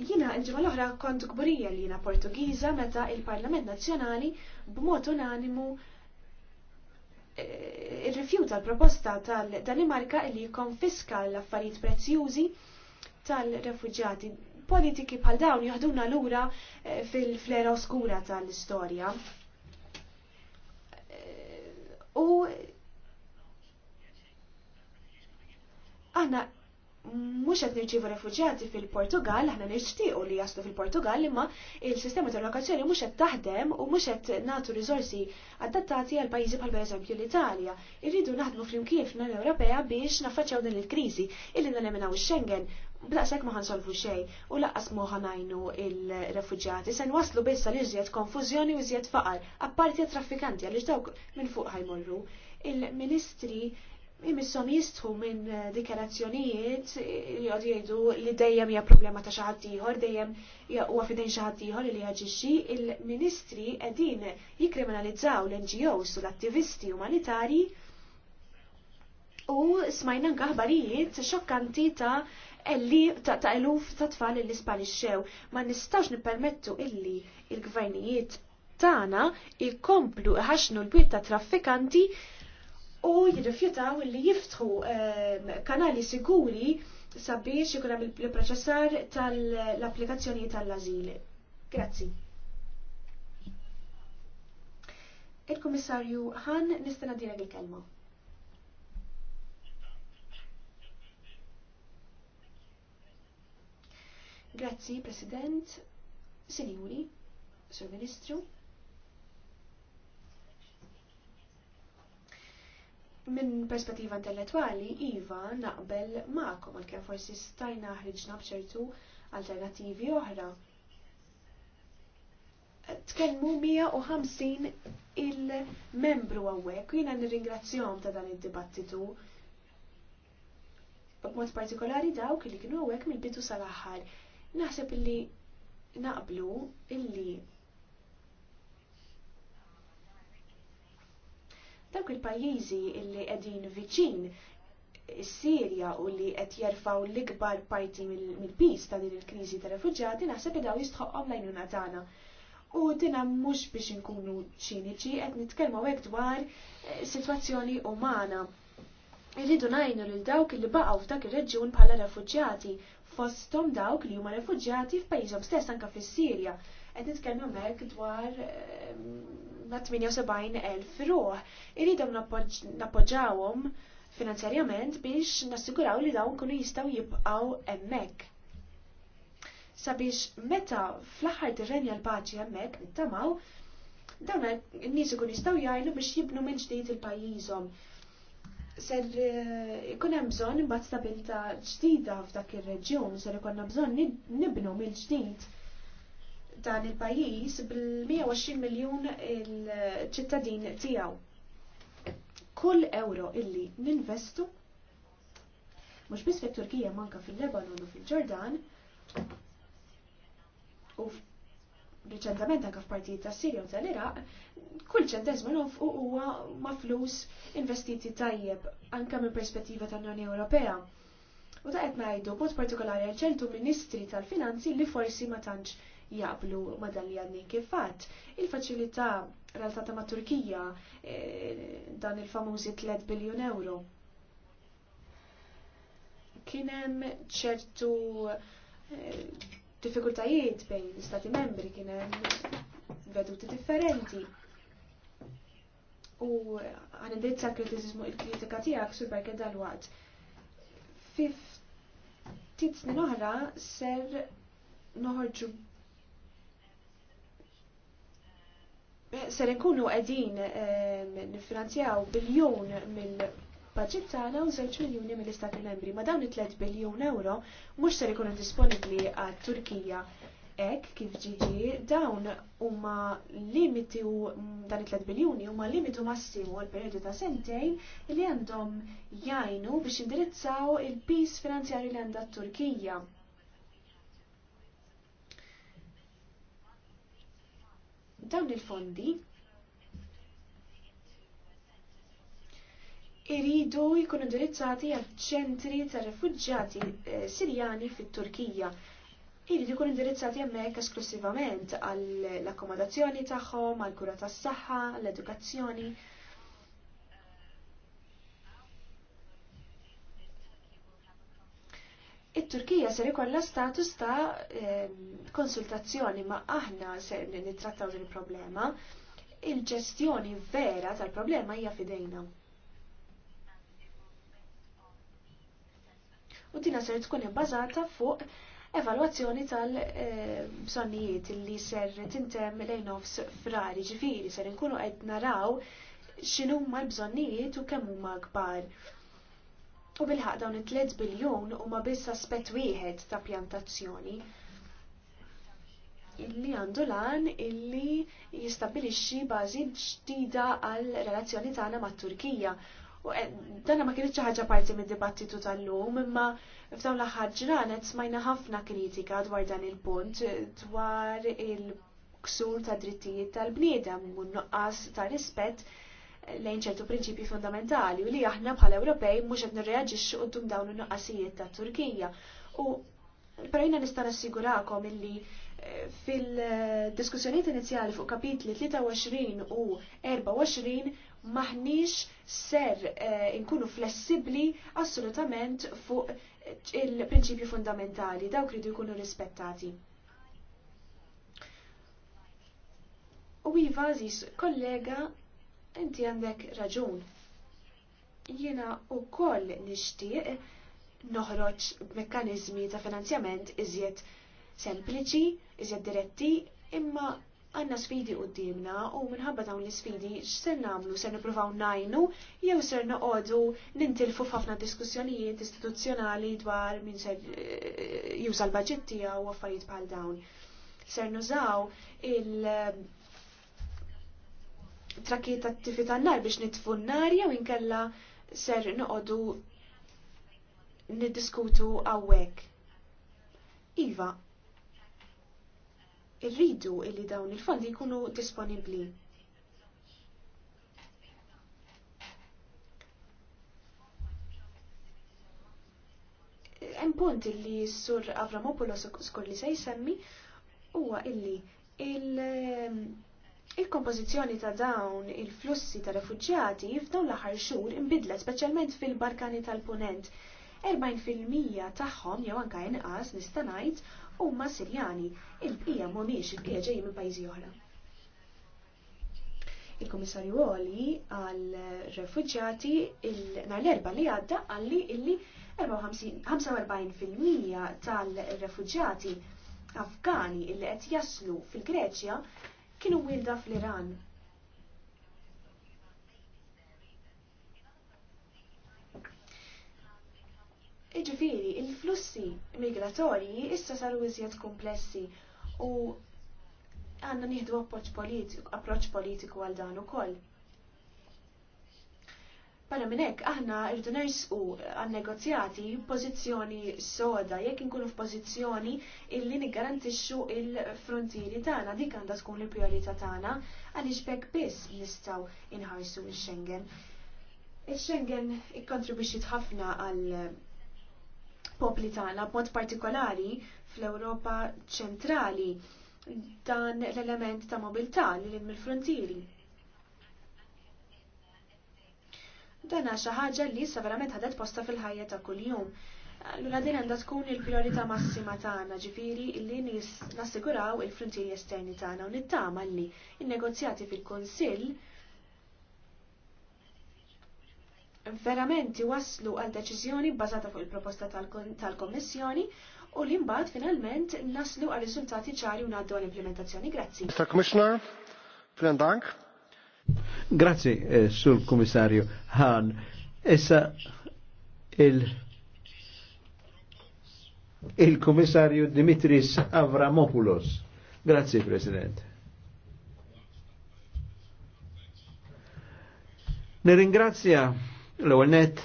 Jina l-ġimgħa l-oħra kont gburija li jina Portugiża meta il-Parlament Nazzjonali b'mod unanimu eh, irrifjuta l-proposta tal-Danimarka li konfiska l-affarijiet prezzjużi tal refugġati politiki bħal dawn jaħduna lura eh, fil-flera oskura tal-istorja. Eh, u aħna mhux qed nirċivu refuġjati fil-Portugal, aħna nixtiequ li jaslu fil-Portugal imma il-sistema tal-lokazzjoni mhux qed taħdem u mhux qed nagħtu rizorsi adattati għal pajjiżi bħal pereżempju l-Italja. Irridu naħdmu flimkien fl-Unjoni Ewropea biex naffaċċjaw din il-kriżi illi neleminaw il schengen B'daqshekk ma ħansolvu xejn u laqqas mu ħanajnu il-refuġjati se waslu biss li iżjed konfużjoni u iżjed faqar, apparti traffikanti għaliex dawk minn fuq ħajmorru. Il-Ministri imisshom jistħu minn dikarazzjonijiet li għod jgħidu li dejjem hija problema ta' xi ħadd ieħor, dejjem huwa fidejn xi ħadd ieħor li jaġixxi, il-ministri qegħdin jikkriminalizzaw l-NGOs u l-attivisti umanitarji u smajna anke ħbarijiet xokkanti ta' elli ta' eluf ta' tfal li sparixxew. Ma nistax nippermettu illi il-gvernijiet tagħna jkomplu ħaxnu l-bwiet ta' traffikanti u jirrifjutaw li jiftħu ehm, kanali siguri sabiex ikun hemm il-proċessar tal-applikazzjoni tal-azil. Grazzi. Il-Kummissarju ħan nistenna dinek il-kelma. Grazzi, President, Sinjuri, Sur Ministru. Minn perspettiva intellettuali, Iva naqbel ma'kom għal kien forsi stajna ħriġna bċertu alternativi oħra. Tkellmu 150 il-membru għawek, jina nirringrazzjom ta' dan id-dibattitu. B'mod partikolari dawk li kienu għawek mill-bitu sal-aħħar Naħseb illi naqblu illi dawk il-pajjiżi illi qegħdin viċin is-Sirja u li qed jerfgħu l-ikbar parti mill piż ta' din il-kriżi ta' refuġjati naħseb li daw jistħoqhom lajnuna tagħna. U dina mhux biex inkunu ċiniċi qed nitkellmu hekk dwar eh, sitwazzjoni umana. Irridu ngħinu lil dawk li baqgħu f'dak ir-reġjun bħala refuġjati fosthom dawk li huma refuġjati f'pajjiżhom stess anke fis-Sirja. Qed nitkellmu hekk dwar ehm, ma' 78,000 ruħ. iridhom nappoġġawhom finanzjarjament biex nassiguraw li dawn kunu jistgħu jibqgħu hemmhekk. Sabiex meta fl-aħħar tirrenja l-paċi hemmhekk nittamaw, dawn n-nies ikun jistgħu jgħinu biex jibnu minn ġdid il-pajjiżhom ser eh, ikun hemm bżonn imbagħad stabilità ġdida f'dak ir-reġjun, ser ikollna bżonn nibnu mill-ġdid dan il-pajjiż bil-120 miljun il-ċittadin tiegħu. Kull euro illi ninvestu mhux biss fit-Turkija manka fil-Lebanon u fil-Ġordan u reċentament anka f'partijiet ta' Sirja u tal-Iraq, kull ċentesmu nofqu huwa ma' flus investiti tajjeb anka minn perspettiva tal-Unjoni Ewropea. U ta' qed ngħidu b'mod partikolari għal ċertu ministri tal-finanzi li forsi ma tantx jaqblu ma dan li kif fatt. Il-faċilità relatata ma' Turkija eh, dan il-famużi 3 biljun euro. Kien hemm ċertu eh, diffikultajiet bejn l-istati membri kien hemm veduti differenti. U għan indirizza l il-kritika tiegħek sur barke dal-waqt. Ftit snin oħra ser noħorġu ser ikunu qegħdin eh, nifinanzjaw biljun mill budget tagħna u żewġ miljuni mill-Istati Membri. Ma dawn it-3 biljun euro mhux ser ikunu disponibbli għat-Turkija hekk kif ġiġi dawn huma limiti u dan it-3 biljuni huma limitu massimu għal perjodu ta' sentejn li għandhom jgħinu biex indirizzaw il-pis finanzjarju li għandha t-Turkija. Dawn il-fondi iridu jkunu indirizzati għal ċentri ta' refugġati eh, Sirjani fit-Turkija. Iridu jkunu indirizzati hemmhekk esklusivament għall akkomodazzjoni tagħhom, għall kura tas-saħħa, għall edukazzjoni. it-Turkija ser ikolla status ta' ehm, konsultazzjoni ma' aħna ser nittrattaw din il-problema. Il-ġestjoni vera tal-problema hija fidejna. u dina ser tkun ibbażata fuq evalwazzjoni tal-bżonnijiet eh, li ser tintem lejn nofs f'Rari ġifiri ser nkunu qed naraw x'inhu ma l-bżonnijiet u kemm huma kbar. U bilħaq dawn it biljon biljun huma biss aspett wieħed ta' pjantazzjoni illi għandu lan illi jistabilixxi bażi ġdida għal relazzjoni tagħna mat-Turkija Eh, dana ma kienx ħaġa parti mid-dibattitu tal-lum, imma f'dawn l-aħħar ġranet smajna ħafna kritika dwar dan il-punt dwar il-ksur ta' drittijiet tal-bniedem u n-nuqqas ta' rispett lejn ċertu prinċipji fundamentali u li aħna bħala Ewropej mhux qed nirreaġixxu quddum dawn in-nuqqasijiet tat Turkija. U però jiena nista' nassigurakom illi eh, fil-diskussjoniet inizjali fuq kapitli 23 u 24 maħniex ser eh, inkunu flessibli assolutament fuq il-prinċipju fundamentali, dawk kridu jkunu rispettati. U iva, zis, kollega, inti għandek raġun. Jena u koll nishtiq noħroċ b'mekkanizmi ta' finanzjament iżjed sempliċi, iżjed diretti, imma Għanna sfidi d-dimna u minħabba dawn l-sfidi x'ser nagħmlu ser nippruvaw najnu jew ser noqogħdu nintilfu f'ħafna diskussjonijiet istituzzjonali dwar min ser eh, juża l-baġġett tiegħu u affarijiet bħal dawn. Ser nużaw il- eh, trakkiet attività nar biex nitfu n-nar jew inkella ser noqodu niddiskutu għawek. Iva, irridu illi dawn il-fondi jkunu disponibbli. Hemm punt illi sur Avramopoulos skur li se jsemmi huwa illi ehm, il-kompożizzjoni ta' dawn il-flussi ta' refuġjati f'dawn l-aħħar xhur inbidlet speċjalment fil barkani tal-Punent. 40% tagħhom jew anke inqas nista' ngħid huma Sirjani, il-bqija mhumiex il-bqija ġej minn pajjiżi oħra. Il-Kummissarju għoli għal refugġati nhar l-erba li għadda għalli illi 45% tal refugġati Afgani illi qed jaslu fil-Greċja kienu wilda fl-Iran Iġifiri, il-flussi migratorji issa saru iżjed komplessi u għanna nieħdu approċ politiku, approċ politiku għal dan ukoll. Para mela minn hekk aħna rridu nersqu għan-negozjati pożizzjoni soda jekk inkunu f'pożizzjoni illi niggarantixxu il-frontieri tagħna dik għandha tkun il-prijorità tagħna għaliex bekk biss nistgħu inħarsu il-Schengen. Il-Schengen ikkontribwixxi ħafna għal popli tagħna b'mod partikolari fl-Ewropa ċentrali dan l-element ta' mobilità li l mill-frontieri. Dan xi ħaġa li issa verament ħadet posta fil-ħajja ta' kuljum. Allura din għandha tkun il-priorità massima tagħna, ġifieri li nassiguraw il-frontieri esterni tagħna u nittama li n negozjati fil-Kunsill verament waslu għal deċiżjoni bbażata fuq il-proposta tal-Kommissjoni u li mbagħad finalment naslu għal riżultati ċari u ngħaddu għal implementazzjoni. Grazzi. Mr. Commissioner, vielen Dank. Grazzi, eh, sul Kommissarju Issa il il-Kommissarju Dimitris Avramopoulos. Grazzi, President. ringrazia l-ewwel net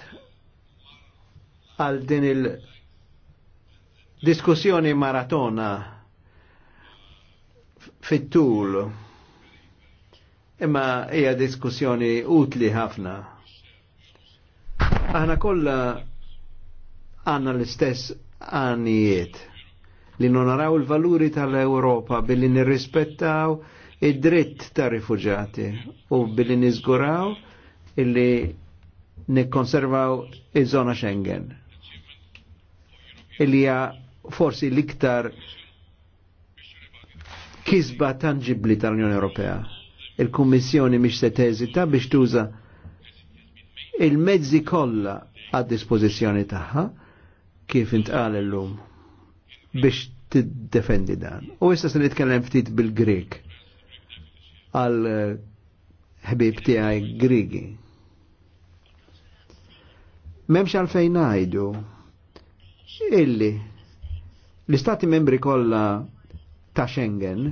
għal din il-diskussjoni maratona fit-tul. Imma hija diskussjoni utli ħafna. Aħna kollha għanna l-istess għanijiet li nonaraw il-valuri tal-Europa billi nirrispettaw id-dritt ta' rifugjati u billi nizguraw illi nikkonservaw iż-żona Schengen. Ilija forsi l-iktar kisba tangibli tal-Unjoni Ewropea. Il-Kummissjoni mhix se teżita biex tuża il-mezzi kollha għad dispożizzjoni tagħha kif intqal illum biex tiddefendi dan. U issa se nitkellem ftit bil-Grek għal ħbib tiegħi Grigi memx għalfejn ngħidu illi l-istati membri kollha ta' Schengen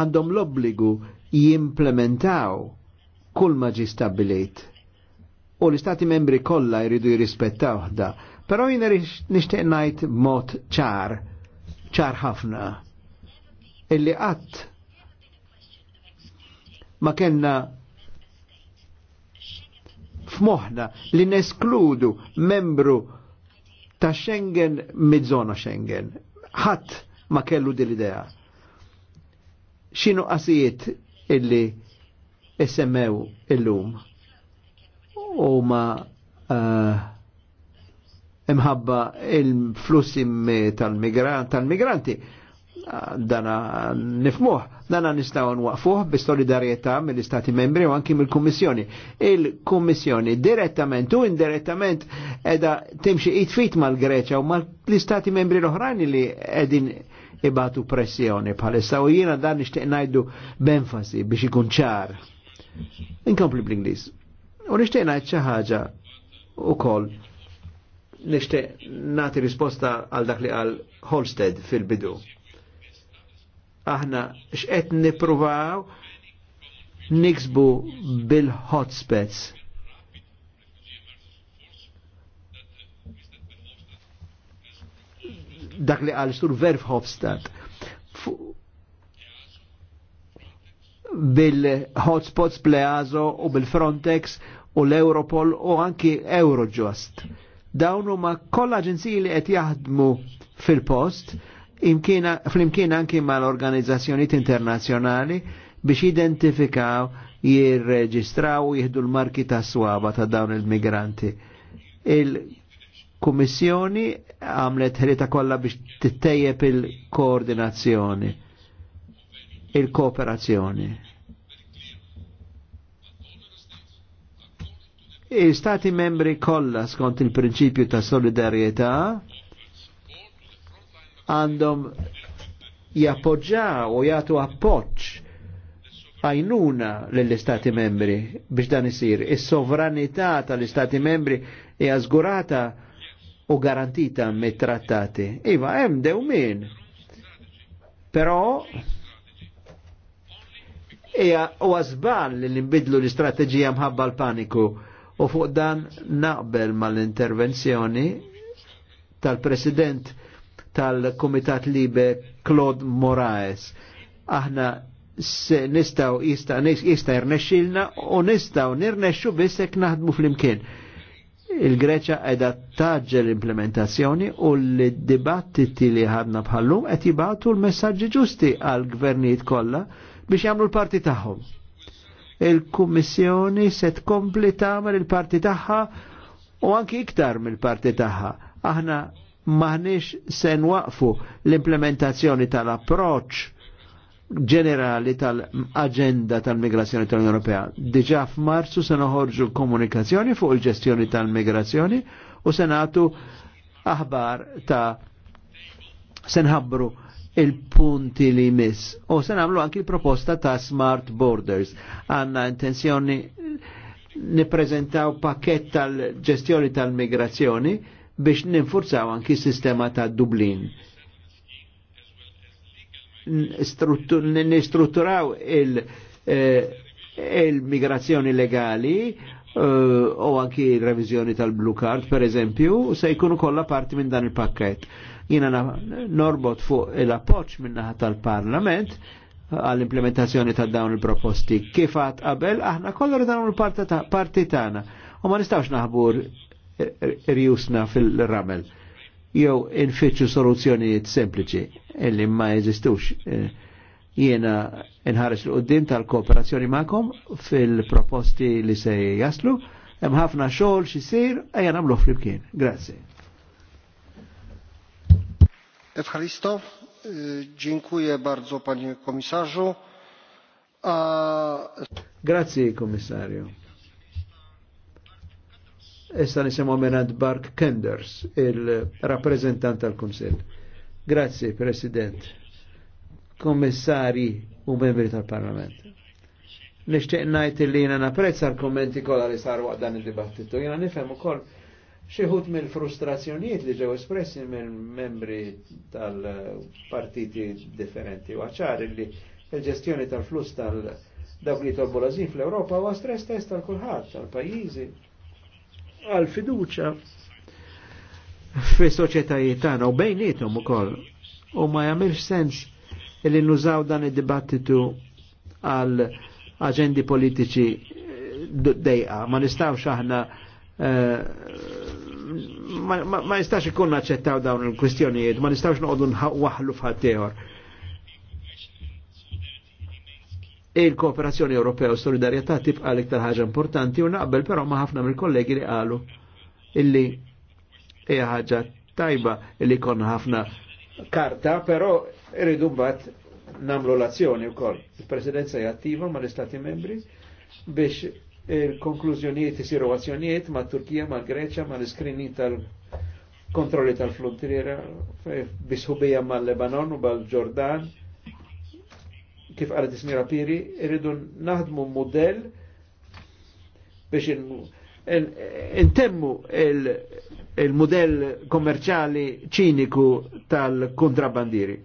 għandhom l-obbligu jimplementaw kull ma ġi U l-istati membri kolla jridu jirrispettaw da. Però jina nishtiq ngħid mod ċar, ċar ħafna, illi qatt ma kellna f'moħħna li neskludu membru ta' Schengen mid-żona Schengen. Ħadd ma kellu din l-idea. X'inhu qasijiet illi issemmew illum huma eh, imħabba uh, il-flussi tal-migranti. Tal dana nifmuħ, dana nistaw nwaqfuħ bi solidarieta mill-Istati membri u anki mill-Kummissjoni. Il-Kummissjoni direttament u indirettament edha timxi it-fit mal-Greċa u mal-Istati membri l-oħrani li edin ibatu pressjoni bħalissa u jiena dan nixtieq ngħidu b'enfasi biex ikun ċar. Inkompli bl inglis U nixtieq ngħid xi ħaġa ukoll nixtieq nagħti risposta għal dak li għal Holstead fil-bidu aħna x'qed nippruvaw niksbu bil-hotspots. Dak li għal sur Verf Hofstad. Bil-hotspots Pleazo u bil-Frontex u l-Europol u anki Eurojust. Dawn huma kollha aġenziji li qed jaħdmu fil-post fl-imkien anki ma l organizzazzjoniet internazzjonali biex identifikaw, jirreġistraw, jihdu l-marki ta' swaba ta' dawn il-migranti. Il-Kummissjoni għamlet ħrita kollha biex tittejjeb il-koordinazzjoni, il-kooperazzjoni. Il-Stati membri kollha skont il-prinċipju ta' solidarietà għandhom jappoġġaw u jagħtu appoġġ għajnuna lill-Istati membri biex dan isir. Is-sovranità tal-Istati membri hija żgurata u garantita mit-trattati. Iva, hemm dewmin. Però hija huwa żball li nbidlu l-istrateġija mħabba l-paniku u fuq dan naqbel mal-intervenzjoni tal-President tal-Komitat Libe Claude Moraes. Aħna se nistaw jista jista jirnexxilna u nistaw nirnexxu biss hekk naħdmu flimkien. Il-Greċa qiegħda taġġel l-implementazzjoni u l-dibattiti li ħadna bħallum qed jibgħatu l-messaġġi ġusti għal gvernijiet kollha biex jagħmlu l-parti tagħhom. Il-Kummissjoni se tkompli tagħmel il-parti tagħha u anki iktar mill-parti tagħha. Aħna maħniex sen waqfu l-implementazzjoni tal-approċ ġenerali tal-agenda tal-migrazzjoni tal-Unjoni Ewropea. Diġà f'Marzu se noħorġu komunikazzjoni fuq il-ġestjoni tal-migrazzjoni u se nagħtu aħbar ta' se nħabbru il-punti li miss. U se nagħmlu anki proposta ta' Smart Borders. Għandna intenzjoni niprezentaw pakket tal-ġestjoni tal-migrazzjoni biex ninfurzaw anki sistema ta' Dublin. Nistrutturaw eh, il-migrazzjoni legali u eh, anki revizjoni tal-Blue Card, per eżempju, se jkunu kollha parti minn dan il-pakket. Jina norbot fuq il-appoċ minnaħa tal-Parlament għall-implementazzjoni ta' dawn il-proposti. Kif għat qabel, aħna kollu dawn il-parti tagħna. U ma nistawx naħbur rjusna fil-ramel. Jew infittxu soluzzjonijiet sempliċi illi ma jeżistux. Eh, Jena nħares l-qoddim tal-kooperazzjoni ma'kom fil-proposti li se jaslu. Hemm ħafna xogħol xi xisir ejja nagħmlu flimkien. Grazzi. Evharisto, eh, dziękuję bardzo panie komisarzu. Grazie komisario. Issa nisimaw minnant Bark Kenders, il-rappresentant tal-Kunsil. Grazzi, President, Kommissari u membri tal-Parlament. Nishtiq najt li jina naprezza l-kommenti kolla li saru għad dan il-dibattitu. Jina nifem u koll xieħut mill-frustrazzjonijiet li ġew espressi mill-membri tal-partiti differenti. Waċar li il-ġestjoni tal-flus tal-dawk li tolbu l fl-Europa u stress test tal-kulħadd, tal-pajjiżi, għal fiduċa fi soċjetajiet tagħna u bejnietom ukoll. U ma jagħmilx sens li nużaw dan id-dibattitu għal aġendi politiċi eh, dejqa. Ma nistawx aħna eh, ma, jistax ikun naċċettaw dawn il-kwistjonijiet, ma nistawx noqogħdu waħlu f'ħaddieħor e il-kooperazzjoni Ewropea u solidarjetà tibqa' l-iktar ħaġa importanti u naqbel però ma' ħafna mill-kollegi li qalu illi hija ħaġa tajba illi konna ħafna karta, però irridu mbagħad nagħmlu l-azzjoni wkoll. Il-Presidenza hija attiva ma' l-Istati membri biex il-konklużjonijiet isiru azzjonijiet ma' Turkija, ma' Greċja, ma' l-iskrini tal-kontrolli tal-frontiera, bisħubija ma' Lebanon u mal-Ġordan kif għalet ismira piri, irridu naħdmu model biex intemmu il model il kommerċali ċiniku tal kontrabandiri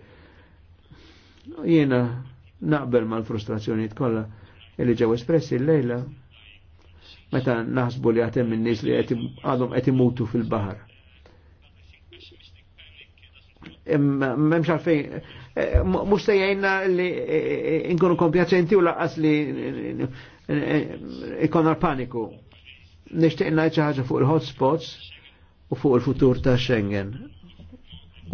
Jena naqbel mal-frustrazzjoniet kollha li ġew espressi l-lejla meta naħsbu li għatem minn nis li għadhom għetimutu fil-bahar. Memx għalfejn, Eh, mux tajajna li eh, eh, inkunu kompjaċenti u laqas li ikon paniku Nishtiqna ċaħġa fuq il-hotspots u fuq il-futur ta' Schengen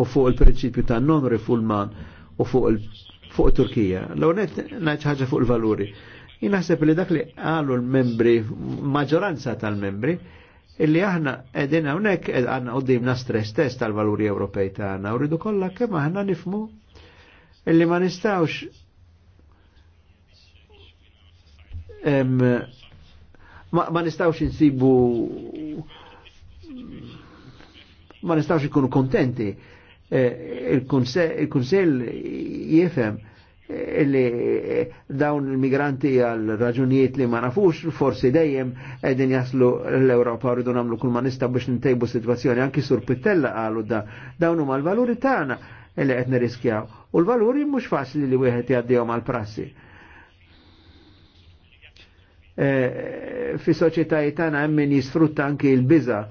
u fuq il-prinċipju ta' non-refulman u fuq il-fuq Turkija. L-għonet najċa ħaġa fuq il-valuri. Jina Jinaħseb li dak li għalu l-membri, maġoranza tal-membri, illi aħna edina unek hawnhekk għandna qudiemna stress test tal-valuri Ewropej tagħna u rridu kolla kem aħna nifmu illi ma nistawx em, ma, ma nistawx insibu ma nistawx ikunu kontenti e, il-kunsel il jifem illi dawn il-migranti għal raġunijiet li ma nafux, forsi dejjem edin jaslu l-Europa rridu namlu kull ma nista biex nintejbu situazzjoni, anki sur Pittella għalu da, dawn huma l-valuri tagħna illi għetni riskjaw. U l-valuri mux fasli li wieħed jaddijom għal prassi. E, fi soċietajiet tagħna hemm min jisfrutta anki l-biża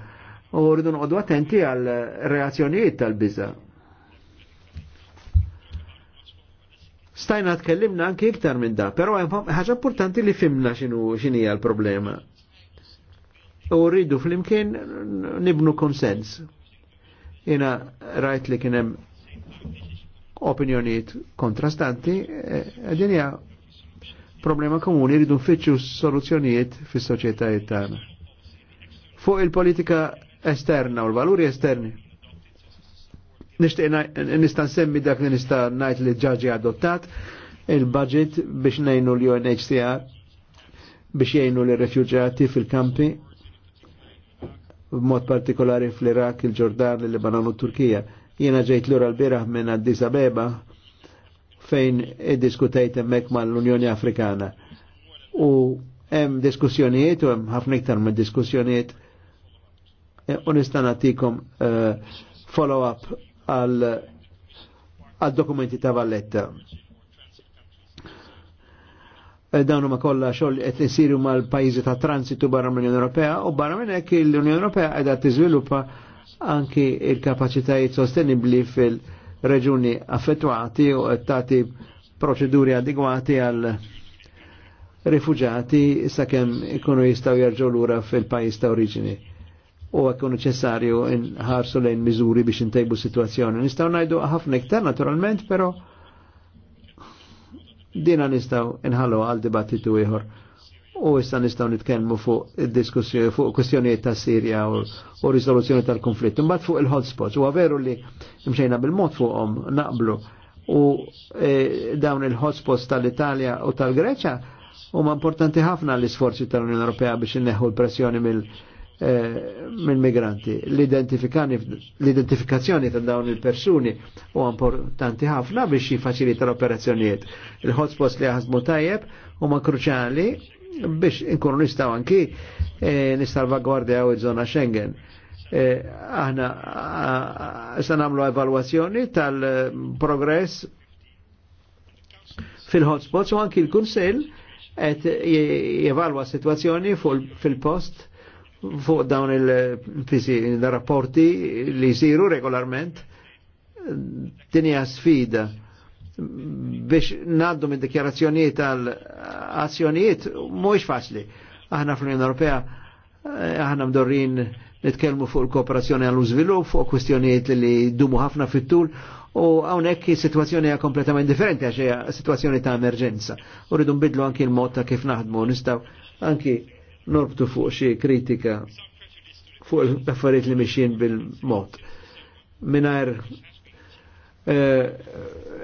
u rridu noqogħdu attenti għal reazzjonijiet tal-biża. Stajna tkellimna anki iktar minn da, però hemm ħaġa importanti li fimna x'inhu x'inhija l-problema. U rridu fl-imkien nibnu konsens. Jena rajt li kienem opinjonijiet kontrastanti, e, e, din hija problema komuni rridu nfittxu soluzzjonijiet fis soċjetà tagħna. Fuq il-politika esterna u l-valuri esterni. Nishtiq nista' nsemmi dak li nista' ngħid li ġaġi adottat il-budget biex ngħinu l-UNHCR biex jgħinu l refugjati fil-kampi b'mod partikolari fl-Iraq, il-Ġordan, il-Libanon u Turkija Jena ġejt l-ura l-biraħ minn Addis Abeba fejn id-diskutajt emmek mal-Unjoni Afrikana. U hemm diskussjonijiet u hemm ħafna iktar minn diskussjonijiet e, u nista' nagħtikom uh, follow-up għal għal dokumenti ta' Valletta. E, Dawnu ma kollha xogħol qed isiru mal-pajjiżi ta' transitu barra mill-Unjoni Ewropea u barra minn hekk l-Unjoni Ewropea qiegħda tiżviluppa uh, anki il-kapacitajiet sostenibli fil-reġuni affettuati u tati proċeduri adegwati għal rifugjati sakemm ikunu jistaw jarġu lura fil-pajis ta' oriġini u għakku neċessarju nħarsu lejn miżuri biex intajbu situazzjoni. Nistaw najdu ħafna iktar naturalment, pero dina nistaw nħallu għal dibattitu ieħor. U issa nistgħu nitkellmu fuq diskussjoni fuq kwestjonijiet ta' Sirja u risoluzzjoni tal-konflitt. Imbagħad fuq il-hotspots. Huwa veru li mxejna bil-mod fuqhom naqblu u e, dawn il-hotspots tal-Italja u tal-Greċja huma importanti ħafna l-isforzi tal-Unjoni Ewropea biex inneħħu l-pressjoni mill- e, migranti L-identifikazzjoni ta' dawn il-persuni u importanti ħafna biex jifaċilita l-operazzjonijiet. Il-hotspots li jaħdmu tajjeb huma kruċali biex inkunu nistaw anki e, eh, nistalvagwardjaw iż zona Schengen. E, aħna se nagħmlu evalwazzjoni tal-progress fil-hotspots u anki l kunsel et jevalwa situazzjoni fil-post fuq dawn il-rapporti li jisiru regolarment dinja sfida biex naddu minn dikjarazzjonijiet għal azzjonijiet mhuwiex faċli. Aħna fl-Unjoni Ewropea eh, aħna mdorrin nitkellmu fuq il-kooperazzjoni għall żvilupp fuq kwistjonijiet li jdumu ħafna fit-tul u hawnhekk is-sitwazzjoni hija kompletament differenti għax hija sitwazzjoni ta' emerġenza. U rridu nbidlu anki l-mod ta' kif naħdmu nistgħu anki norbtu fuq xi kritika fuq l-affarijiet li mixjin bil-mod. Mingħajr Eh,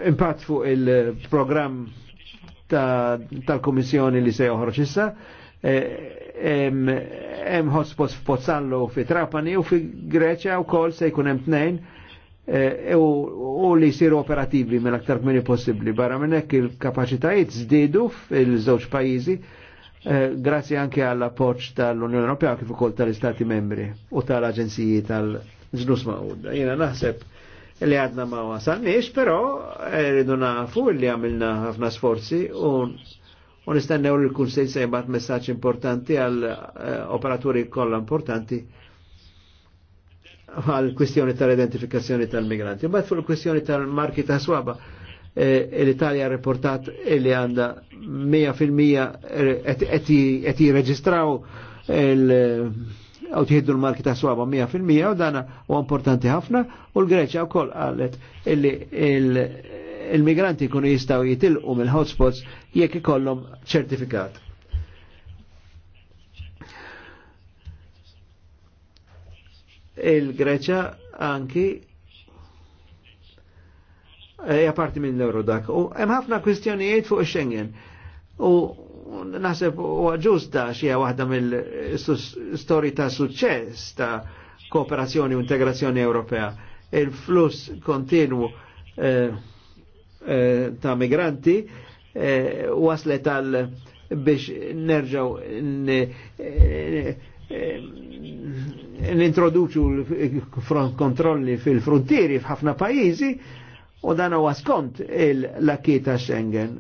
impatt fuq il-programm tal-Komissjoni li se joħroġ issa, hemm eh, hotspots f'Pozzallo fi Trapani u fi Greċja wkoll se jkun hemm tnejn eh, u li jsiru operativi mill-aktar kmini possibbli. Barra minn hekk il-kapaċitajiet żdiedu fil-żewġ pajjiżi grazzi anke għall appoġġ tal-Unjoni Ewropea kif ukoll tal-Istati Membri u tal-Aġenziji tal-Ġnus Mawda. Jiena naħseb li għadna ma wasalniex, pero eh, rridu nafu li għamilna ħafna sforzi u u nistennew li l-Kunsejl se jibat messaċ importanti għal eh, operaturi kollha importanti għal kwistjoni tal-identifikazzjoni tal-migranti. Mbagħad fuq il-kwistjoni tal-marki ta' swaba eh, l-Italja reportat li għanda 100% qed jirreġistraw il- u tħiddu l-marki ta' swaba 100% u dana u importanti ħafna u l-Greċja u koll għallet illi il-migranti kunu jistaw jitilqu mill-hotspots jekk ikollhom ċertifikat. il greċa anki hija e, parti minn l-Eurodak u hemm ħafna kwistjonijiet fuq ix-Schengen. U naħseb u ġusta xie waħda mill istori ta' suċċess ta' kooperazzjoni u integrazzjoni Ewropea. Il-fluss kontinu eh, eh, ta' migranti eh, waslet għal biex nerġaw eh, n-introduċu kontrolli fil-frontieri f'ħafna pajizi u dan huwa il l ta' Schengen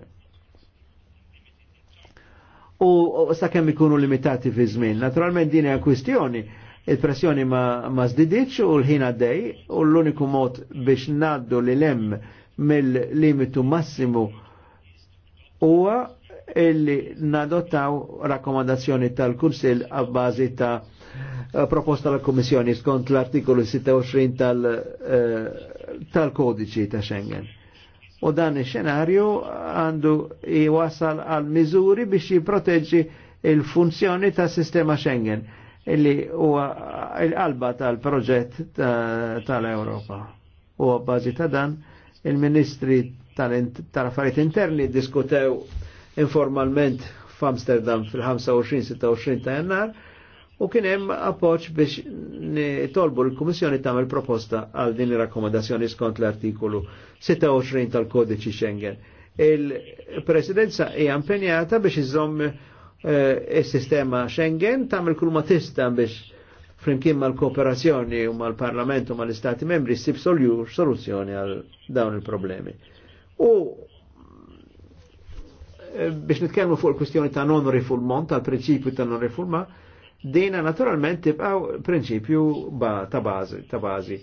u sakemm ikunu limitati fi żmien. Naturalment din hija kwistjoni il-pressjoni ma, ma zdidiċ u l-ħin għaddej u l-uniku mod biex naddu li lem mill-limitu massimu huwa illi nadottaw rakkomandazzjoni tal-Kunsil għabbażi ta' proposta l kommissjoni skont l-artikolu 26 eh, tal-kodiċi tal ta' Schengen. U dan il-xenarju għandu jwasal għal miżuri biex jiproteġġi il-funzjoni ta' sistema Schengen illi huwa l-qalba il tal-proġett tal-Europa. u bażi ta' dan il-Ministri tal-Affarijiet Interni diskutew informalment f'Amsterdam fil-25-26 ta' jannar u kien hemm appoġġ biex tolbu l-Kummissjoni tagħmel proposta għal din ir-rakkomandazzjoni skont l-artikolu 26 tal-Kodiċi Schengen. Il-Presidenza hija impenjata biex iżomm eh, is-sistema Schengen tagħmel kull ma tista' biex flimkien mal-kooperazzjoni u mal-Parlament u mal-Istati membri ssib soluzzjoni għal dawn il-problemi. U eh, biex nitkellmu fuq il-kwistjoni ta' non-refoulement, tal-prinċipju ta' non-refoulement, dina naturalment tibqaw prinċipju ba ta' bazi, ta' bazi.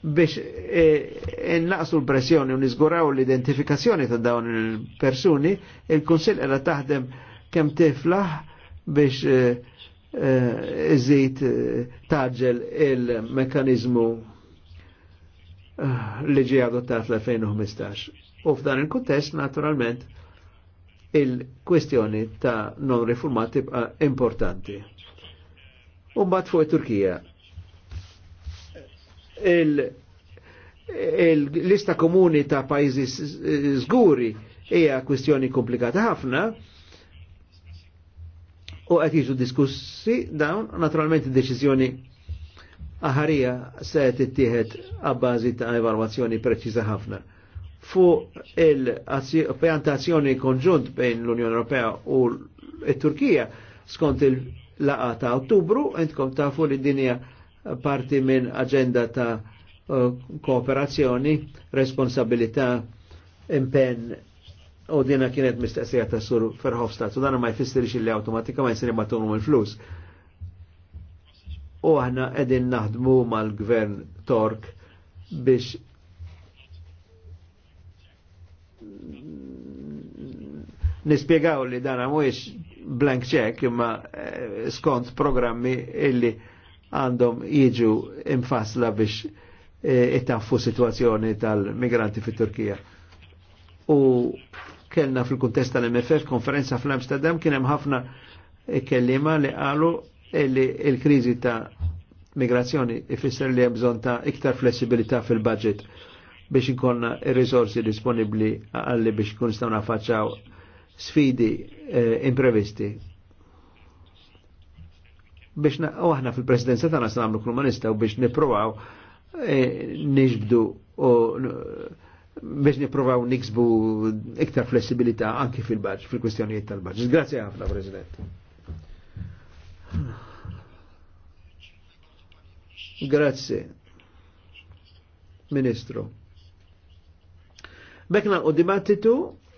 biex e, naqsu l-pressjoni u nizguraw l-identifikazzjoni ta' dawn il-persuni, il konsil era taħdem kem tiflaħ biex e, e, iżid e, e, taġġel il-mekanizmu e, li ġi adottat l-2015. U f'dan il-kuntest, naturalment, il-kwestjoni ta' non reformat tibqa importanti. Umbat fuq Turkija. Il-lista il komuni ta' pajzi zguri hija kwestjoni komplikata ħafna u qed jiġu diskussi dawn naturalment deċiżjoni aħarija se tittieħed għabbażi ta' evalwazzjoni preċiża ħafna fuq il-pjantazzjoni konġunt bejn l-Unjoni Ewropea u l-Turkija skont il-laqa ta' Ottubru, entkom ta' fuq id-dinja parti minn agenda ta' kooperazzjoni, responsabilità, impenn u dina kienet mistaqsija ta' sur Ferhofstadt u dana ma jfissirix li ma' se nibatunu il-flus. U aħna qegħdin naħdmu mal-gvern Tork biex nispiegaw li dana mhuwiex blank check imma eh, skont programmi illi għandhom jiġu imfasla biex eh, itaffu situazzjoni tal-migranti fit turkija U kellna fil-kuntest tal-MFF konferenza fl-Amsterdam kien hemm ħafna eh, kellima li qalu illi il-kriżi ta' migrazzjoni ifisser li hemm bżonn ta' iktar flessibilità fil-budget biex inkonna il-risorsi disponibli għalli biex kun staw nafaċċaw sfidi eh, imprevisti. Biex u aħna fil-presidenza tagħna se nagħmlu krumanista eh, u biex niprovaw eh, nixbdu u biex niprovaw niksbu iktar flessibilità anki fil-baġġ, fil kwestjonijiet tal-baġġ. Grazie ħafna, President. Grazie. Ministru. Bekna u dibattitu